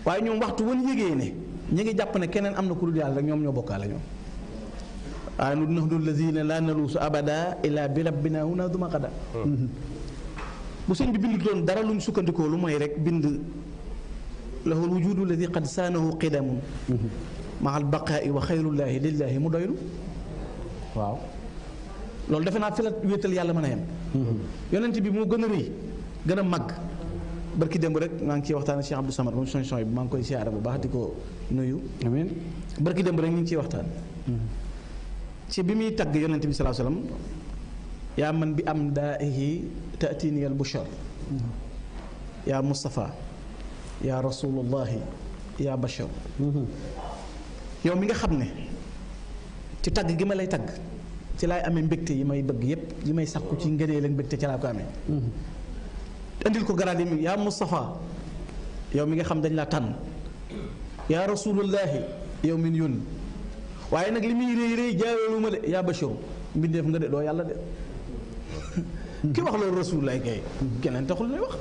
waaye ñoom waxtu woon yégee ne ñu ngi jàpp ne keneen am na ku dul yàlla rek ñoom ñoo bokkaale ñoom waaye nu nax dul lazina laa naluusu abada illa bi rabbina huna duma xada hmm. bu sëñ bi bind doon dara luñ sukkandikoo lu mooy rek bind lahul wujudu lazi qad saanahu qidamun hmm. mahal baqaa'i wa xayrullaahi lillaahi mu doylu waaw loolu defe naa fi wéetal yàlla mën a yem hmm. yonent bi moo gën a rëy gën a mag barki démb rek maa ngi ciy waxtaan ak Cheikh Abdou Samad moom son son yi maa ngi koy siyaare bu baax di nuyu. amiin barki rek ñu ngi ciy waxtaan. Mm-hmm. ci bi muy tagg yonent bi salaa salaam yaa man bi am daahi taatini al bushar mm-hmm. yaa Moustapha yaa rasulullahi yaa Bachar. Mm-hmm. yow mi nga xam ne ci tagg gi ma lay tagg ci lay amee mbégte yi may bëgg yépp yi may sàkku ci ngënee leen mbégte ci laa ko amee. indil ko garaad yi yaa Moustapha yow mi nga xam dañ laa tànn. yaa rasulullahi yow min yónni waaye nag li muy réy réy jaareelu ma de yaa basharu mbindeef nga de doo yàlla de ki wax loolu rasulullahi kay keneen taxul lay wax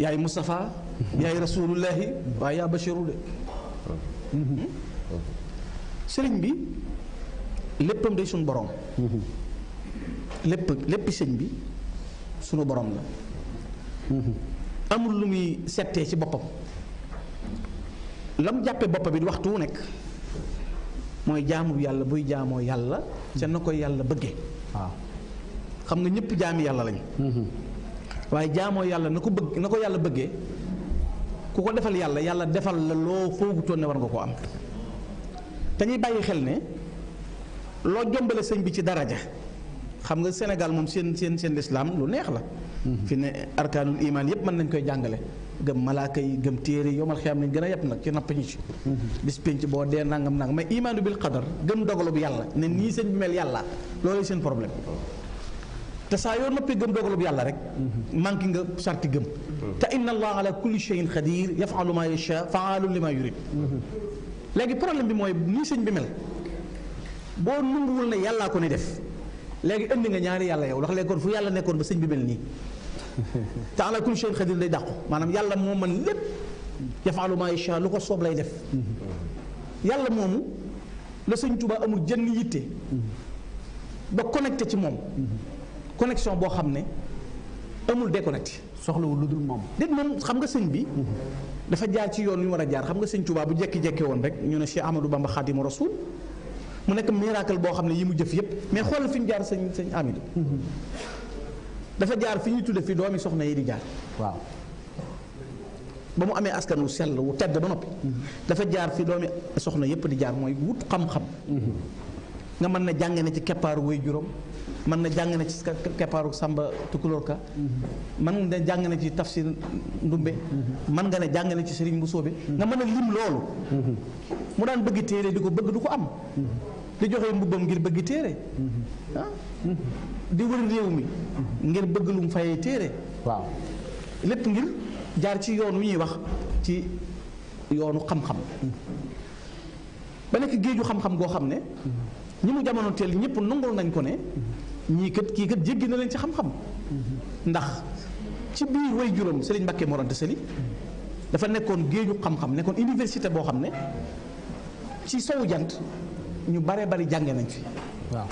yaay Moustapha yaay rasulullahi waaye yaa basharu de sëriñ bi léppam day suñu borom lépp léppi sëñ bi sunu borom la amul lu muy settee ci boppam lam jàppe boppam it waxtu wu nekk mooy jaamu yàlla buy jaamoo yàlla ca na ko yàlla bëgge waaw xam nga ñëpp jaami yàlla lañ mm-hmm. waaye jaamoo yàlla na ko bëgg na ko yàlla bëggee ku ko defal yàlla yàlla defal la loo foogutoon ne war nga koo am te ñuy bàyyi xel ne loo jombale sëñ bi ci daraja xam nga Sénégal moom seen seen seen lislaam lu neex la mm-hmm. fi ne arkaanul imaan yépp mën nañ koy jàngale gëm malaaka yi gëm téere yomal xiyaam nañ gën a yepp nag ci napp ñi ci mhm. bis pénc boo dee nangam nangam mais imaanu bil qadar gëm dogalu bu yàlla ne nii seen bi yàlla loolu seen problème te saa yoo noppee gëm dogalu yàlla rek mhm. manqué nga sarti gëm mhm. te inna allah ala kulli shay'in qadir li ma yurid léegi bi mooy nii sëñ bi mel boo nanguwul ne yàllaa ko ni def léegi indi nga ñaari yàlla yow ndax léegi fu yàlla nekkoon ba sëñ bi mel nii te ala kulli shay'in qadir day dàqu maanaam yàlla moo mën lépp yafaalu maa yashaa lu ko soob lay def yàlla moomu la sëñ Tuubaa amul jënn yitte ba connecté ci moom connexion boo xam ne amul déconnecté soxlawul lu dul moom déet moom xam nga sëñ bi dafa jaar ci yoon yu ñu war a jaar xam nga sëñ Tuubaa bu jekki-jekke woon rek ñu ne Cheikh Ahmadou Bamba Xaadimu Rasuul mu nekk miracle boo xam ne yi mu jëf yépp mais xoolal fi ñu jaar sëñ sëñ Amidou dafa jaar fi ñu tudde fi doomi soxna yi di jaar waaw ba mu amee askan wu sell wu tedd ba noppi dafa jaar fi doomi soxna yépp di jaar mooy wut xam-xam nga mën na jàng ne ci keppaaru woy juróom mën na jàng ne ci keppaaru sàmba tukulóor ka mën ci tafsir ndumbe mën nga ne jàng na ci sëriñ bu soobe nga mën a lim loolu mu daan bëgg téere di ko bëgg du ko am di joxe mbubbam ngir bëgg téere ah. di wër réew mi ngir bëgg lu mu fayee téere waaw lépp ngir jaar ci yoon wi ñuy wax ci yoonu xam-xam ba nekk géeju xam-xam goo xam ne ñi mu jamono teel ñëpp nangul nañ ko ne ñii kat kii kat jéggi na leen ci xam-xam ndax ci biir way juróom Serigne Mbacké Mor Anta Sali dafa nekkoon géeju xam-xam nekkoon université boo xam ne ci sowu jant ñu bare bari jànge nañ fi waaw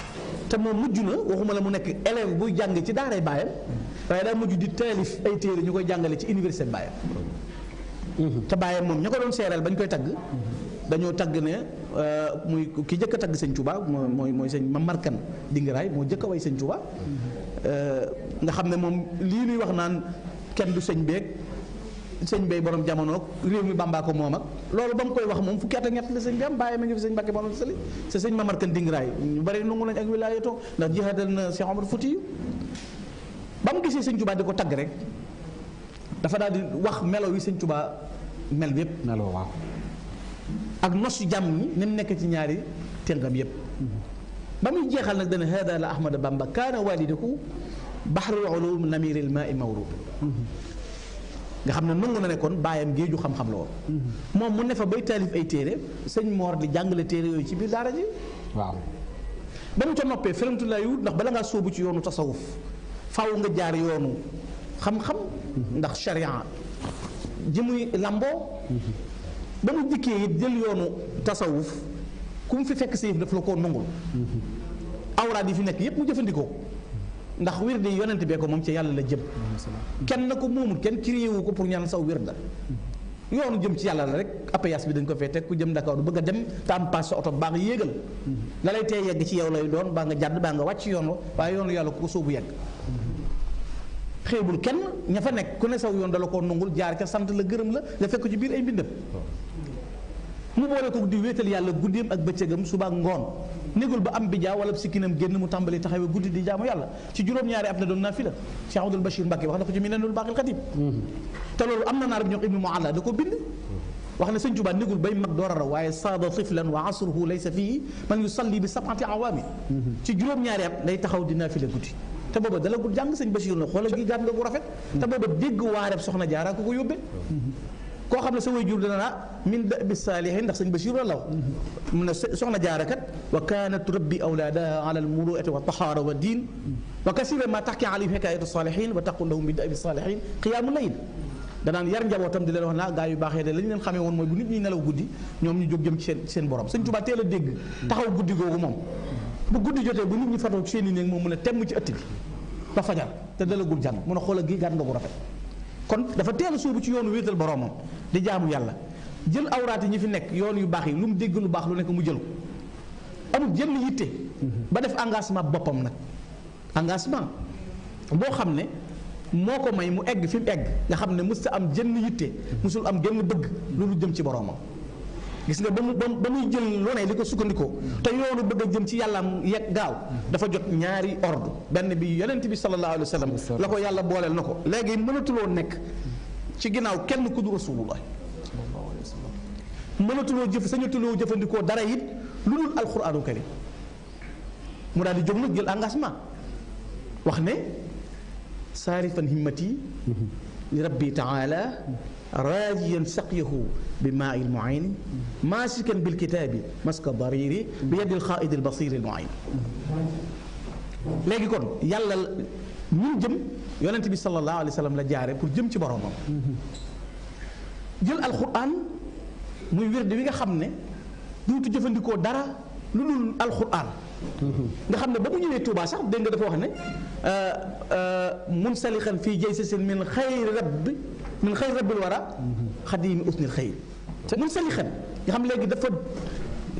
te moom mujj na waxuma la mu nekk élève buy jàngee ci daaray baayam waaye daa mujj di taalif ay téere ñu koy jàngale ci université baayam te baayam moom ña ko doon seereel bañ koy tagg dañoo tagg ne euh, muy ki jëkk tagg sëñ Touba mooy mooy sëñ Mamar Kan Dingaraay moo jëkk a way sëñ Touba euh, nga xam ne moom lii nuy wax naan kenn du sëñ béeg sëñ Bay boroom jamono réew mi Bàmbaa ko moom ak loolu ba mu koy wax moom fukki at ak ñett la sëñ bi ma ngi fi sëñ Mbàkke Boroom Sali sa ñu bari nangu lañ ak wilaayatoo ndax jihaadal na Cheikh Omar Fouti yu ba mu gisee sëñ Tuubaa di ko tagg rek dafa daal di wax melo yi sëñ mel yépp meloo waaw ak nosu jàmm ñi ni nekk ci ñaari tënkam yépp ba muy jeexal nag dana hada la Ahmada Bamba kaana walidahu bahrul ulum namiril ma'i mawrub nga xam ne nangu na ne kon baayam géeju xam-xam la woon. moom mu ne fa bay taalif ay téere sëñ Mor di jàngale téere yooyu ci biir daara ji. waaw ba mu ca noppee firamtulaay wut ndax bala ngaa sóobu ci yoonu tasawuf faaw nga jaar yoonu xam-xam. ndax sharia ji muy lamboo. ba mu dikkee it jël yoonu tasawuf ku mu fi fekk si daf la ko nangul. awraad yi fi nekk yépp mu jëfandikoo. ndax wird yi yonent bee ko moom ci yàlla la jëm kenn na ko moomul kenn ci wu ko pour ñaan saw wird la yoonu jëm ci yàlla la rek apayas bi dañ ko fee teg ku jëm Dakar du bëgg a dem te sa oto baax yéegal la lay tee yegg ci yow lay doon baa nga jàdd baa nga wàcc yoon waaye yoonu yàlla ku ko soobu yegg xeebul kenn ña fa nekk ku ne saw yoon dala koo nungul jaar ca sant la gërëm la nga fekk ci biir ay mbindam mu boole ko di wéetal yàlla guddeem ak bëccëgam suba ngoon négul ba am bijaa wala sikkinam génn mu tàmbali taxawee guddi di jaamu yàlla ci juróom-ñaari at la doon naafila Cheikh am na naar bi ñox ibnu Mualla da ko bind wax ne sëñ Tuubaa négul bay mag door a raw waaye saada tiflan wa asruhu laysa fihi man yusalli bi sab'ati awaami ci juróom-ñaari at lay taxaw di naafila guddi te booba dalagul jàng sëñ Bachir na xoolal gi gaat nga gu rafet te booba dégg waareb soxna jaara ku ko yóbbee koo xam ne sa way jur dana naa min da bi saalihin ndax sëñ Bachir la wax mun na soxna jaarakat wa kaanat turabbi awlaadaha ala almuruati wa tahaara wa diin wa kasira ma taxki alayhim hikayatu saalihin wa taqul da bi saalihin qiyaamu layl danaan yar njabootam di leen wax naa gaa yu baaxee de la leen xamee woon mooy bu nit nelaw guddi ñoom ñu jóg jëm ci seen seen borom sëñ Tuubaa teel a dégg taxaw guddi googu moom bu guddi jotee bu nit ñi fatoo ci seen i néeg mun a temm ci ëtt bi ba fajar te dalagul jàng mun a xoolal gi gàtt nga bu rafet kon dafa teel a ci yoonu wéetal boroomam di jaamu yàlla jël awraat yi ñi fi nekk yoon yu baax yi lu mu dégg lu baax lu nekk mu jël amul jënn yitte mhm. ba def engagement boppam nag engagement boo xam ne moo ko may mu egg fi mu egg nga xam ne mës ta am jënn yitte mësul mhm. am génn bëgg lu lu jëm ci boroomam gis nga ba mu ba muy jël lu ne li ko sukkandikoo te yoonu bëgg a jëm ci yàlla yegg gaaw dafa jot ñaari ordre benn bi yonent bi sallallahu alayhi wa sallam la ko yàlla booleel na ko léegi mënatuloo nekk ci ginnaaw kenn ku du rasulullah mënatuloo jëf sañatuloo jëfandikoo dara it lu dul alquraanu karim mu daal di jóg nag jël engagement wax ne saarifan himmati li rabbi taala raajiyan saqyahu bi maa il muayni maasikan bil kitaabi maska dariri bi yadil xaaidi al basiri al muayn léegi kon yàlla ñun jëm yonent bi sallallahu alayhi wa sallam la jaare pour jëm ci boromam jël alquran muy wérde wi nga xam ne duutu jëfandikoo dara lu dul alquran nga xam ne ba mu ñëwee Touba sax dégg nga dafa wax ne euh, euh, munsalixan fii jay sa seen min xayri rabbi min xëy rabbil wara xadim usnil xëy mun sali xen nga xam léegi dafa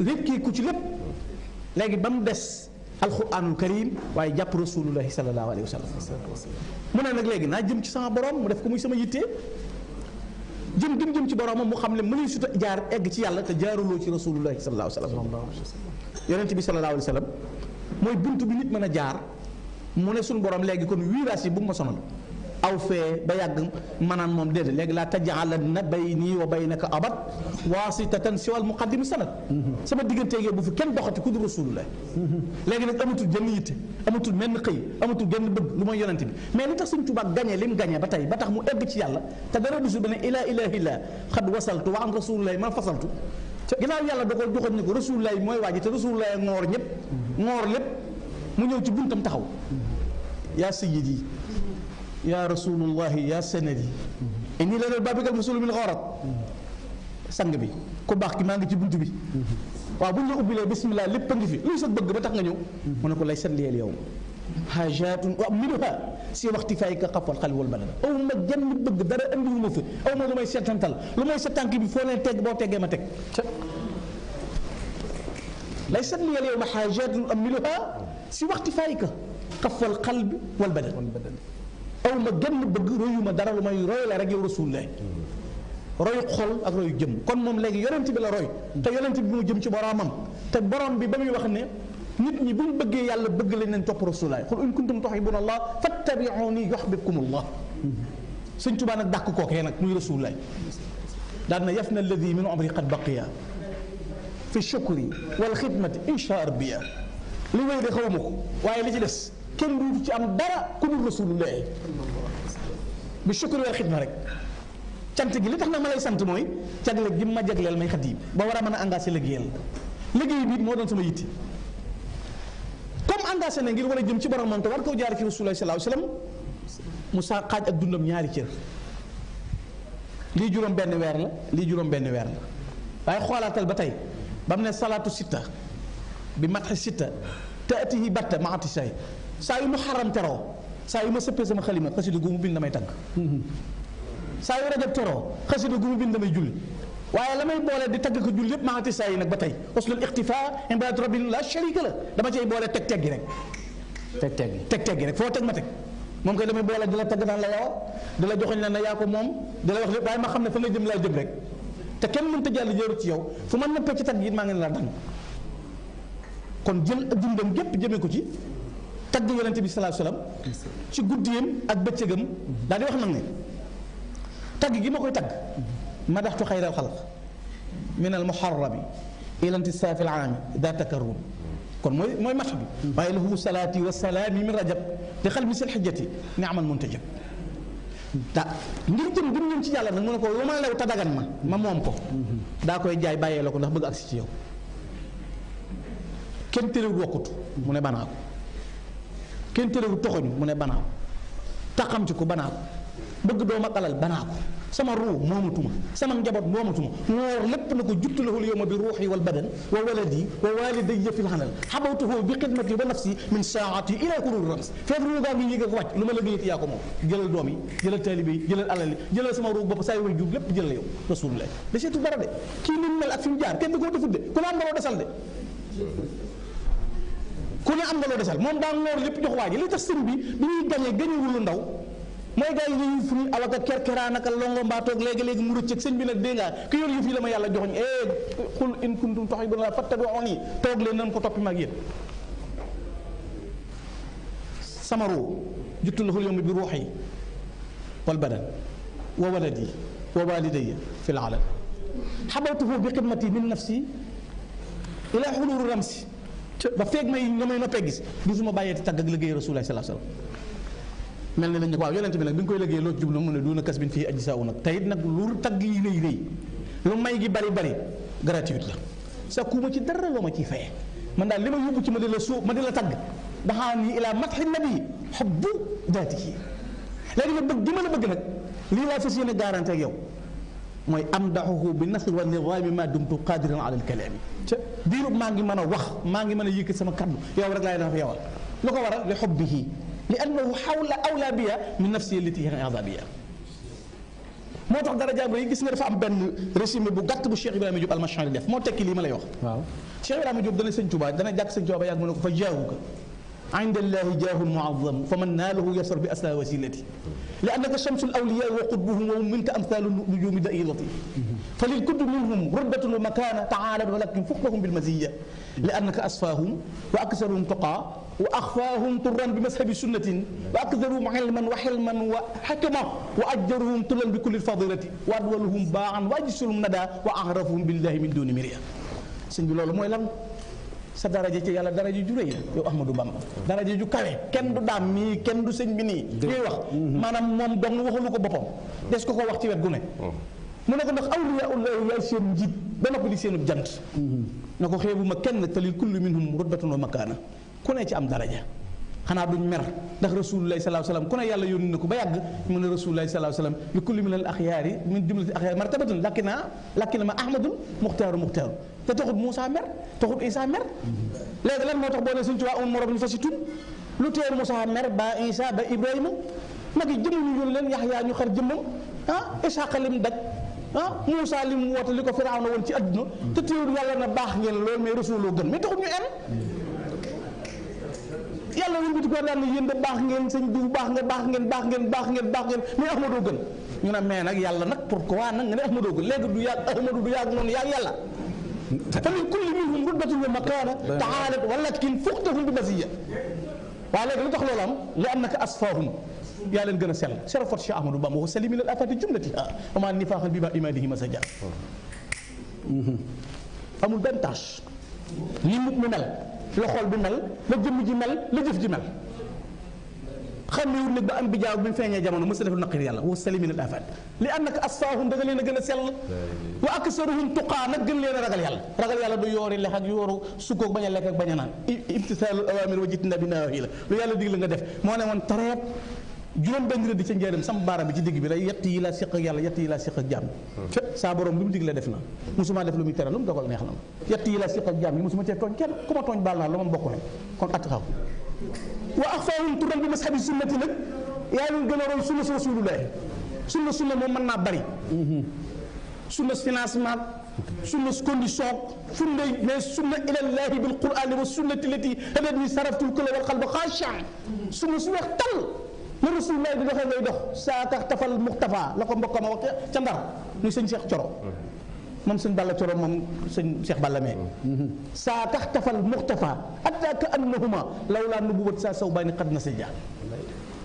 répp ci lépp léegi ba mu des alquranul karim waaye jàpp rasulullahi salallahu alayhi wa sallam mu ne nag léegi naa jëm ci sama borom mu def ko muy sama yittee jëm jëm jëm ci boromam mu xam ne mënuñ suta jaar egg ci yàlla te jaaruloo ci rasulullahi salallahu alayhi wa sallam yonent bi salallahu alayhi wa sallam mooy bunt bi nit mën a jaar mu ne suñu borom léegi kon virage yi bu mu ma sonal aw fee ba yàgg manaan moom déedéet léegi laa na tajaalanna bayni wa baynaka abad waasitatan siwal muqaddimi sanad sama digganteeg yow bu fi kenn doxati ku du rasulullah léegi nag amatul jënn yitte amatul menn xëy amatul genn bëgg lu mooy yonente bi mais li tax suñ tubaab gañee li mu gañee ba tey ba tax mu egg ci yàlla te dara dusu ba ne ilaa ilaahillah xad wasaltu wa an rasulullahi man fasaltu ginnaaw yàlla da ko joxoon ne ko rasulullah mooy waa ji te rasulullah ngoor ñëpp ngoor lépp mu ñëw ci buntam taxaw yaa sayyidi yaa rasulullahi yaa sanadi inni la dal babikal musul min xoorat sang bi ku baax ki maa ngi ci bunt bi waaw bu ñu la ubbilee bismillah lépp a ngi fi luy sa bëgg ba tax nga ñëw mu ne ko lay san liyeel yow xaajaatun wa minuha si waxti fay ka xafal xali wal balad aw ma jenn bëgg dara andiwu ma fi aw ma lu may seetantal lu may sa tànk bi foo leen teg boo teggee ma teg lay san liyeel yow ma xaajaatun wa minuha si waxti fay ka xafal xal bi wal balad aw ma genn bëgg royu ma dara lu may roy la rek yow rasulullah royu xol ak royu jëm kon moom léegi yonent bi la roy te yonent bi mu jëm ci boroomam te borom bi ba muy wax ne nit ñi bu ñu bëggee yàlla bëgg lañ leen topp rasulaay xul in kuntum tuhibbuna allah fattabiuni yuhbibkum allah sëñ tubaa nag dàq kookee nag muy rasulaay daan na yaf na alladi min umri qad baqiya fi shukri wal xidmati insha rabbiya li wéy de xawma ko waaye li ci des kenn du ci am dara ku dul rasulullah bi sukkur wal xidma rek cant gi li tax na ma lay sant mooy jagle gi ma jagleel may xadiim ba war a mën a engagé liggéeyal liggéey bi moo doon sama yitti comme engagé na ngir war a jëm ci boromam te war koo jaar ci rasulullah sallallahu alayhi wasallam xaaj ak dundam ñaari cër lii benn weer la lii juróom waaye xoolaatal ba tey ba mu ne salaatu sitta bi matxi sitta te atihi batta ma atisay saa yu ma xaram teroo saa yu ma sëppee sama xalima xasida gu mu bind damay tagg saa yu rajab teroo xasida gu mu bind damay julli waaye la may boole di tagg ko julli yépp maa saa yi nag ba tey uslul iqtifa imbaatu rabbil la sharika dama cay boole teg teg rek teg teg teg teg gi foo teg ma teg moom koy damay boole di la tagg naan la yow di la joxoñ naan la yaa ko moom di wax lépp waaye ma xam ne fa nga jëm laa jëm rek te kenn mënta jàll jëru ci yow fu man na pecc tagg yi maa ngi la dang kon jël dundam gépp jëmee ko ci tagg yonente bi salaa salaam ci guddiyam ak bëccëgam daal di wax nag tagg gi ma koy tagg madaxtu xayral xalq min na muharrabi ilanti saafi al aami daa kon mooy mooy mat bi waaye lahu salaati wa salaami min rajab te xal mi sil xijjati ni amal muntajab da ngir jëm bu ci yàlla nag mu ne ko lu ma lew te dagan ma ma moom ko daa koy jaay bàyyee la ko ndax bëgg agsi ci yow kenn téréwul wokkutu mu ne banaa ko kenn terewul toxoñ mu ne banaa ko taxam ci ko banaa ko bëgg dooma alal banaa ko sama ruu moomatuma sama njaboot moomatuma woor lépp na ko juttu lahul yowma bi ruuxi wal badan wa waladi wa walidayya fil xanal xabawtuhu bi xidmati wa nafsi min saati ila kurul rams feet ruu gaa ngi yéeg ak wàcc lu ma liggéeyati yaa ko moom jëlal doom yi jëlal taalibe jëlal alal yi jëlal sama ruu bopp saa way jub lépp jëlal yow rasulullah da seetu de kii ni mel ak ku ne am nga loo desal moom daa ngoor lépp jox waa ji li tax sëñ bi bi ñuy gañee gañewul lu ndaw mooy gars yi dañuy firi alaka kerkeraan naka longo léegi-léegi mu rëcc ak sëñ bi nag dégg ki yor yëf yi la ma yàlla joxoñ eh xul in kuntum tuhibbuna la fattabi'uni toog leen nan ko toppi mag yéen sama ruu juttu lahul yawma bi ruuxi wal badan wa waladi wa walidayya fil alam xabaltuhu bi xidmati min nafsi ila xuluru ramsi ba feeg may nga may noppee gis gisuma bàyyeeti tàgg ak liggéey rasulaay salaa salaam mel ni lañ nag waaw yonent bi nag bi koy liggéey loo ci jublu mu ne duuna a bin fii aji nag teyit nag lu tagg yi rëy rëy may gi bari bari gratuite la sa kuuma ci dara loo ma ciy fayee man daal li ma ci ma di la suu ma di la tagg daxaa nii ilaa matxi nabi xobbu daati yi léegi nag bëgg gi ma la bëgg nag lii laa fas yéene garanti yow mooy am daxuhu bi nasr wa nidaami ma dumtu qadiran ala alkalaami diirub maa ngi mën a wax maa ngi mën a yëkkat sama kaddu yow rek laay dafa yowal lu ko waral li xubbihi li annahu xawla awla biya min nafsi liti azabiya moo tax dara jàngo yi gis nga dafa am benn résumé bu gàtt bu Cheikh Ibrahima Diop almachari def moo tekki lii ma lay wax. waaw Cheikh Ibrahima Diop dana sëñ Tuubaa dana jàkk sëñ Tuubaa yàgg mu ne ko fa jaawu ko عند الله جاه معظم فمن ناله يسر بأسرى وسيلتي لأنك شمس الأولياء وقطبهم ومنك أمثال النجوم دائرتي فللكل منهم ردة ومكانة تعالى ولكن فوقهم بالمزية لأنك أصفاهم وأكثرهم تقى وأخفاهم طرا بمذهب سنة وأكثرهم علما وحلما وحكمة وأجرهم طلا بكل الفضيلة وأدولهم باعا وأجسرهم ندى وأعرفهم بالله من دون مريئة سنجي لولو موي sa daraja ci yàlla daraja ju rëy yow Ahmadou Bamba daraja ju kawe kenn du daam mii kenn du sëñ bi nii ñuy wax mm-hmm. maanaam moom dong waxulu ko boppam des ko ko wax ci wet gu ne oh. mu ne ko ndax awliya ullah yaay seen njiit ba noppi di seenub jant mm-hmm. na ko xeebuma kenn talil kullu minhum rutbatun wa makaana ku ne ci am daraja xanaa duñ mer ndax rasulullah salaa salaam ku ne yàlla yónni na ko ba yàgg mu ne rasulullah salaa salaam li kulli min al axyaari min jumlati axyaari martabatun lakki naa lakki na ma ahmadun te taxut Moussa mer taxut Isa mer léegi lan moo tax boo ne suñ tubaab amul morom ñu fa si tun lu tee Moussa mer ba Isa ba Ibrahima nag yi jëmm ñu yónni leen Yaxya ñu xar jëmmam ah Isaaq lim daj ah Moussa lim woote li ko Firawna woon ci àdduna te teewul yàlla na baax ngeen lool mais rasuloo gën mais taxut ñu en yàlla wul biti ko daan yéen da baax ngeen sëñ diw baax nga baax ngeen baax ngeen baax ngeen baax ngeen mais Ahmadoo ñu ne mais nag yàlla nag pourquoi nag nga ne Ahmadoo gën léegi du yàgg Ahmadou du yàgg noonu yàgg yàlla famin kulli minhum rudbatun wa makaana taxaalat walakin fuqtahum bi maziya waaye léegi lu tax loolu am li annaka asfaahum yaa leen gën a sell sharafat Cheikh Ahmadou Bamba wa salimi lal atati jumlatiha wa ma nifaaxan bi ma imadihi masaja amul benn tâche ni nit mu mel la xool bi mel la jëmm ji mel la jëf ji mel xàmmewut nag ba am bi jaaw bi mu feeñee jamono mos a def lu naqari yàlla wa salimina dafaat li ànd ak astaahum da nga leen a gën a sell wa aksaruhum tuqaa nag gën leen a ragal yàlla ragal yàlla du yoori lex ak yooru sukkoog bañ a lekk ak bañ a naan imtisaalu awaamir wa jitina laa seq ak jàmm fépp saa lu mu digle def na mosuma def lu muy tere lu mu dogal neex na ma yett laa seq ak jàmm yi mosuma tooñ kenn ku ma tooñ baal naa lu ma bokk kon att xaw wa axfaahum turan bi mashabi sunnati nag yaa leen gën a roy sunna rasulullahi sunna sunna moom mën naa bari sunna financement sunna condition sunna mais sunna ilallahi bil qur'ani wa sunnati lati hadatni saraftul kulla wal qalba xaashan sunna su wax tal na rasulullahi di doxee lay dox saa tax tafal muxtafa la ko mbokkam a wax ca ndar muy sëñ Cheikh Coro moom sëñ Balla Coro moom sëñ Cheikh Balla mee saa tax tafal muxtafa atta ka annahuma lawlaa nubuwat saa saw bàyyi ni xat na si jaar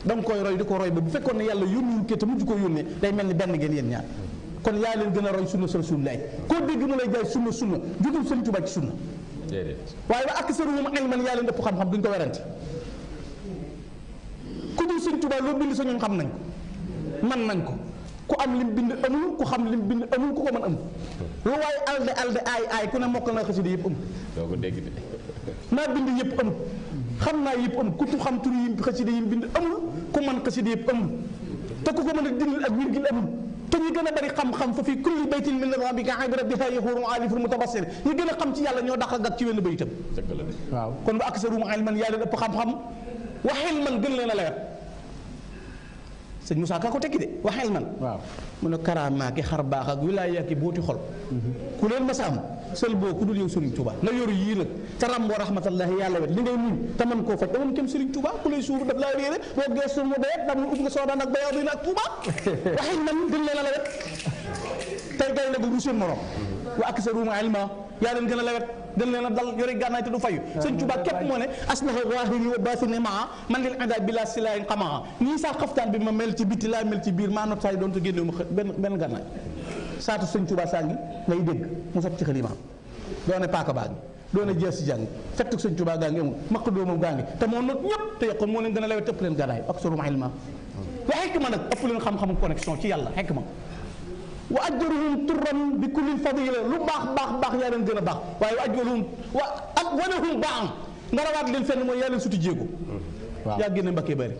da nga koy roy di ko roy ba bu fekkoon ne yàlla yu kee te mujj ko yónnee day mel ni benn ngeen yéen ñaar kon yaa leen gën a roy sunna sa rasulilaay koo dégg mu lay jaay sunna sunna jotul sëñ Tuubaa ci sunna waaye ba ak saruhum ilman yaa leen dëpp xam-xam duñ ko werante ku dul sëñ Tuubaa loo bind sa ñoom xam nañ ko man nañ ko ku am lim bind amul ku xam lim bind amul ku ko mën am hmm. lu ko alde alde aay aay ku yëpp ko dégg de bind yëpp am xam naa yëpp am ku tu xam tur yi xasida bind amul ku mën xasida yëpp amul te ku ko mën a dindil ak wirgil amul te ñi gën a bari xam-xam fa fi kulli baytin min rabbika ibra biha yahurum a xam ci yàlla ñoo daq a gàtt ci wenn baytam waaw kon wa aksarum ilman yaa leen ëpp xam-xam wa ilman gën leen a leer sëñ Moussa Ka ko tekki de waxeel man. waaw a ne karaamaa ki xar baax ak wilaya ki booti xol. Mhm. ku leen ma saam sël boo ku dul yow Serigne Touba la yor yii nag te ràmboo rahmatallahi yàlla wet li ngay muñ te man koo faj da moom kenn Serigne Touba ku lay suuru daf laa réere boo gees suur mu doyet dam ut nga soodaan ak bayaw bi naag Touba waxeel man gën leen a lawet tey gay na bu seen morom mhm. wa aksaruhum ilma yaa leen gën a lawet gën leen a dal yore gànnaay te du fayu sëñ Tuubaa képp moo ne aslaha zahiri wa baatini maa man lil ada bila silahin xamaa nii ma mel ci biti laa mel ci biir maa not saay doon te génnewu ma benn benn gànnaay saatu sëñ Tuubaa saa ngi ngay dégg mu sab ci xalimaam doone paaka baa ngi doone jees si jàng fettuk sëñ Tuubaa gaa ngi amul maq doomam gaa ngi te moo not ñëpp te yokkoon moo leen gën a lawet ëpp leen gànnaay ak sorum ilma wa xekk ma nag ëpp leen xam-xamu connexion ci yàlla xekk ma wa ajruhum turran bi kulli fadila lu baax baax baax yaa leen gën a baax waaye wa ajruhum wa ak walahum ba am nga rawaat leen fenn mooy yaa leen suti jéego yaa génne mbakkee bari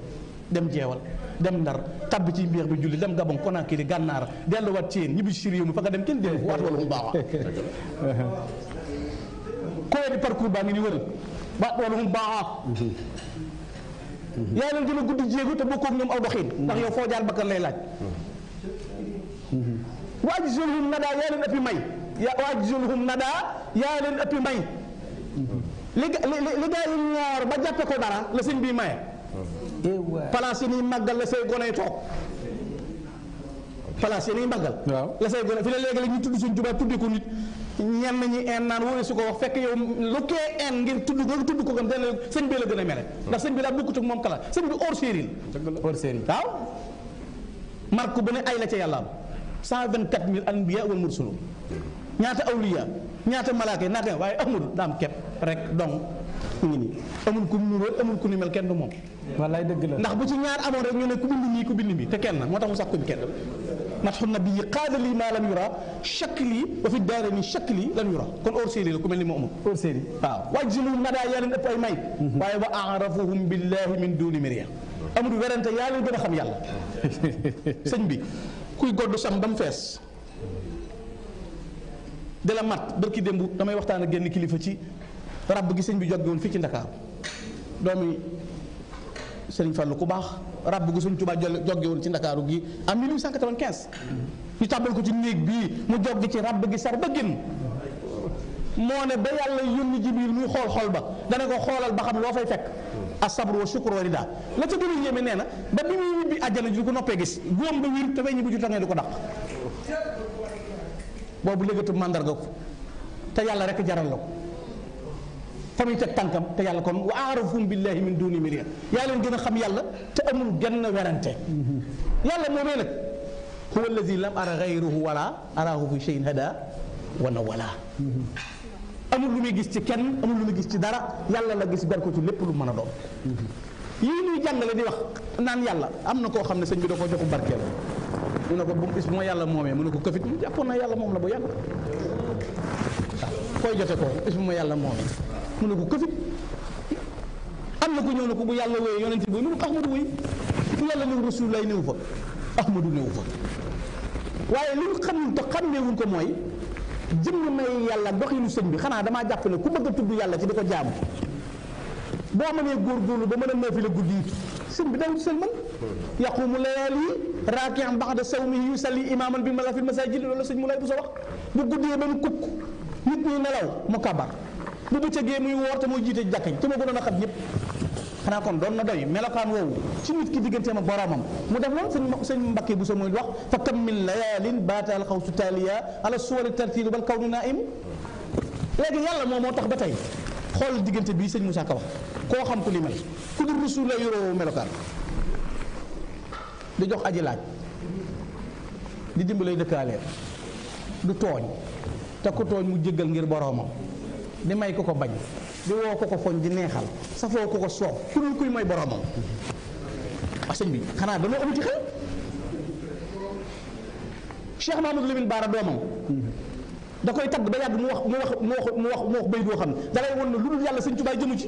dem jeewal dem ndar tabbi ci mbiix bi julli dem gabon Conakry gànnaar delluwaat ci yéen ñibbi si réew mi fa nga dem kenn dem waat walahum baax koy di parcours baa ngi baax yaa leen gën a gudd jéego te bokkoo ak ñoom aw doxiin ndax yow foo jaar bakkan lay laaj mm-hmm. waa ajzulhum nada yaa leen ëppi may waa ajzulhum nada yaa leen ëppi may li gaa yi ñoor ba jàppe ko dara la sëñ bii maye palaas yi nii màggal la say gone toog palaas yi nii màggal la say gone fi ne léegi la ñuy tudd suñ jubaat tuddi ko nit ñenn ñi en naan wóore su ko wax fekk yow lu kee en ngir tudd ko tudd ko gën dana sëñ bi la gën a mele ndax sëñ bi daa bokkut ak moom kala sëñ bi hors série la hors série waaw marque bu ne ay la ca yàlla 124 mille anbiya wal mursalun ñaata awliya ñaata malaaka yi naata waaye amul daam kepp rek donc mu ngi nii amul ku mu nuróo amul ku ni mel kenn du moom. wallaay dëgg la ndax bu ci ñaar amoon rek ñu ne ku bind ku bi te kenn moo tax mu sax kuñ kenn matxu nabi yi qaada lii maa lam yura shakli wa fi daara ni shakli lam yura kon hors la ku mel ni moo amul. hors série waaw wajjilu nadaa yaa leen ëpp ay may. Mhm. waaye wa arafuhum billahi min duuni miriya amul werante yaa leen gën a xam yàlla sëñ bi. kuy godd sam ba mu fees di la mat bërki démb damay waxtaan ak genn kilifa ci rab gi sëñ bi joggi woon fii ci ndakaaru doomi sëriñ Fallu ku baax rab gi sëñ Tuubaa joggi ci ndakaaru gi en 1895 ñu tàbbal ko ci néeg bii mu joggi ci rab gi sar ba génn moo ne ba yàlla yónni Jibril muy xool xool ba dana ko xoolal ba xam loo fay fekk asabru wa shukru wa rida la ca gën a yéeme nee na ba bi muy ñibbi àjjana ji du ko noppee gis góom ba wiir te weñ bu ju tangee du ko dàq boobu léegatu màndarga ko te yàlla rek jaral la ko fa muy teg tànkam te yàlla kon wa aarafum billahi min duni miria yaa leen gën a xam yàlla te amul genn werante yàlla moomee nag huwa allazi lam ara gayruhu wala arahu fi cheyin hada wa nawala amul lu muy gis ci kenn amul lu muy gis ci dara yàlla la gis ber lépp lu mën a doon yii ñuy jàngale di wax naan yàlla am na koo xam ne sañ bi da ko joxu barkeel mu ne ko bu bis moo yàlla moomee mu ne ko këfit mu na yàlla la bu yàgg waaw koy ko bis yàlla moomee mu ne ko këfit am na ko ko bu yàlla wooyee yonent bi mu ne ko ahmadu woy fu yàlla néew rasul lay néew fa ahmadu néew fa waaye li ñu xamul te xàmmeewuñ ko mooy jëmm may yàlla doxinu sëñ bi xanaa damaa jàpp ne ku bëgg a tudd yàlla ci di ko jaamu boo mënee góorgóorlu ba mën a nafila guddi yi sëñ bi dawul sëlmal yaqumu layaali raakian baxda sawmihi yusalli imaaman bi ma bi fi masajid loolu sëñ mu lay bu sa wax bu guddee ba mu kukk nit ñi nelaw mu kabar bu bëccëgee muy woor te moo jiite jàkkañ te ma gënoon a xam ñëpp xanaa kon doon na doy melokaan woowu ci nit ki digganteem ak boromam mu def loolu sëñ sëñ bu sa muy wax fa kam min layaalin baataal xaw su taaliya ala suwari tartiilu bal kaw nu naa im léegi yàlla moom moo tax ba tey xool diggante bii sëñ mu Ka wax koo xam ku li mel ku dul rasul la yoroo melokaan di jox aji laaj di dimbalay dëkkaaleen du tooñ te ku tooñ mu jéggal ngir boromam di may ko ko bañ di woo ko ko foñ di neexal safoo ko ko soof ku dul kuy mooy boromam a ah, sëñ bi xanaa dañoo amu ci xel Cheikh Mahamadou Lamine Bara doomam da koy tagg ba yàgg mu wax mu wax mu wax mu wax mu wax bay doo xam ne da lay won ne lu dul yàlla sëñ Tuubaa jëmu ci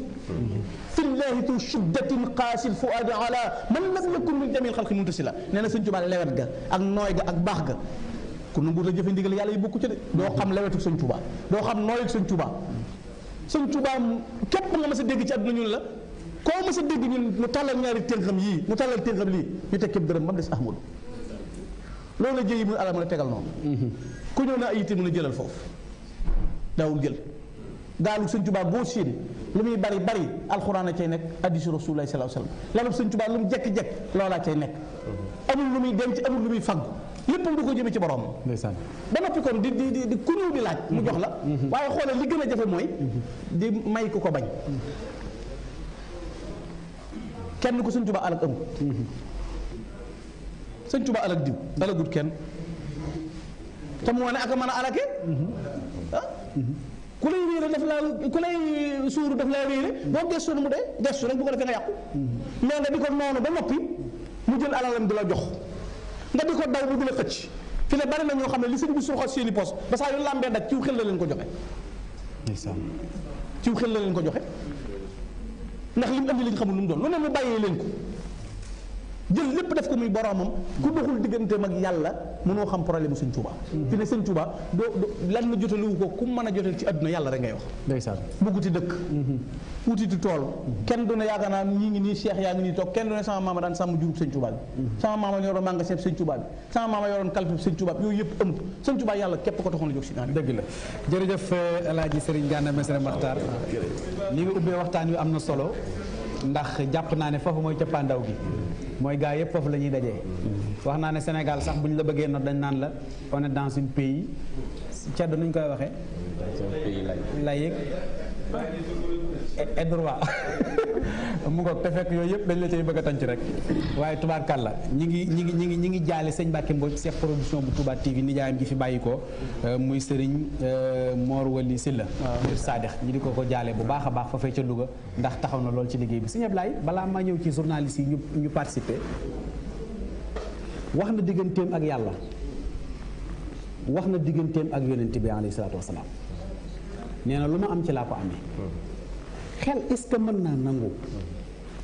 fillahi tu shiddatin qaasil fuaadi ala man lam yakun min jamil xalqi muntasila nee na sëñ Tuubaa lewet ga ak nooy ga ak baax ga ku nanguut a jëfe ndigal yàlla yi bokku ci de doo xam lewetu sëñ Tuubaa doo xam nooyuk sëñ Tuubaa sëñ Tuubaa képp nga mës a dégg ci àdduna ñun la koo mës a dégg ñun mu tàllal ñaari tënkam yii mu tàllal tënkam lii ñu teg képp dërëm ba mu des Ahmadu loolu la jéyi mu alal mën a tegal noonu ku ñëw naa ayité mën a jëlal foofu daawul jël gaalu sëñ Tuubaa boo siin lu muy bari bari alxuraan a cay nekk hadiisu Rasuulullaahi sallallaahu alayhi wa sallam lalub sëñ Tuubaa lu mu jekk-jekk loolaa cay nekk amul lu muy dem ci amul lu muy faggu léppam du ko jëmee ci borom. ba noppi kon di di di ku ñëw di laaj. mu jox la. Mm-hmm. Mm-hmm. waaye xoolal li gën a jafe mooy. di may ku ko bañ. Mm-hmm. kenn ku sëñ Tuba alal amul. sëñ Tuba alal diw alagut kenn. te mu wane ak a a alake. Ah? ku lay réere daf laa ku lay suuru daf laa réere boo gestu mu dee gestu rek bu ko defee nga yàqu. mais nga di ko noonu ba noppi mu jël alalam di la jox. nga di ko daw bu du la xëcc fi ne bari na xam ne li sëñ bi surxas seeni pos ba saa yu làmbee daj ciw xel la leen ko joxe ciw xel la leen ko joxe ndax li mu andi lañ xamul lu mu doon lu ne mu bàyyee leen ko jël lépp def ko muy boromam ku doxul digganteem ak yàlla mënoo xam problème mu sëñ Touba. Mm-hmm. fi ne sëñ Touba doo doo lan la jotaliwu ko ku mën a jotal ci àdduna yàlla rek ngay wax. ndeysaan bugguti dëkk. Mm-hmm. wutiti tool. Mm-hmm. kenn du ne yaakaar naa ñii ngi nii Cheikh yaa ngi nii toog kenn du ne sama maama daan sàmm jurub sëñ Touba bi. sama maama yoroon magasin sëñ Touba bi sama maama yoroon kalpe sëñ Touba bi yooyu yëpp amut sëñ Touba yàlla képp ko taxoon a jóg si naan. dëgg la jërëjëf eh, li nga ubbee waxtaan wi am na solo ndax jàpp naa ne foofu mooy cappaandaw gi mooy gaa yëpp foofu la ñuy dajee wax naa ne Sénégal sax bu ñu la bëggee not dañ naan la on est dans un pays ceddo nuñ koy waxee laïque et eh, eh, droit mu ngoog te fekk yooyu yëpp dañ la cay bëgg a tànc rek waaye tubaarkàlla ñi ngi ñi ngi ñi ngi ñi ngi jaale sëñ Mbacke Mbodj chef production bu Touba TV nijaayam gi fi bàyyi ko euh, muy Serigne euh, Mor Wali Silla Saadix ñi di ko ko jaale bu baax a baax fa fee ca Louga ndax taxaw na lool ci liggéey bi sëñ Ablaye balaa maa ñëw ci journaliste yi ñu ñu participer wax na digganteem ak yàlla wax na digganteem ak yonent bi alayhi salaatu wasalaam nee na lu ma am ci laa ko amee xel est-ce que mën naa nangu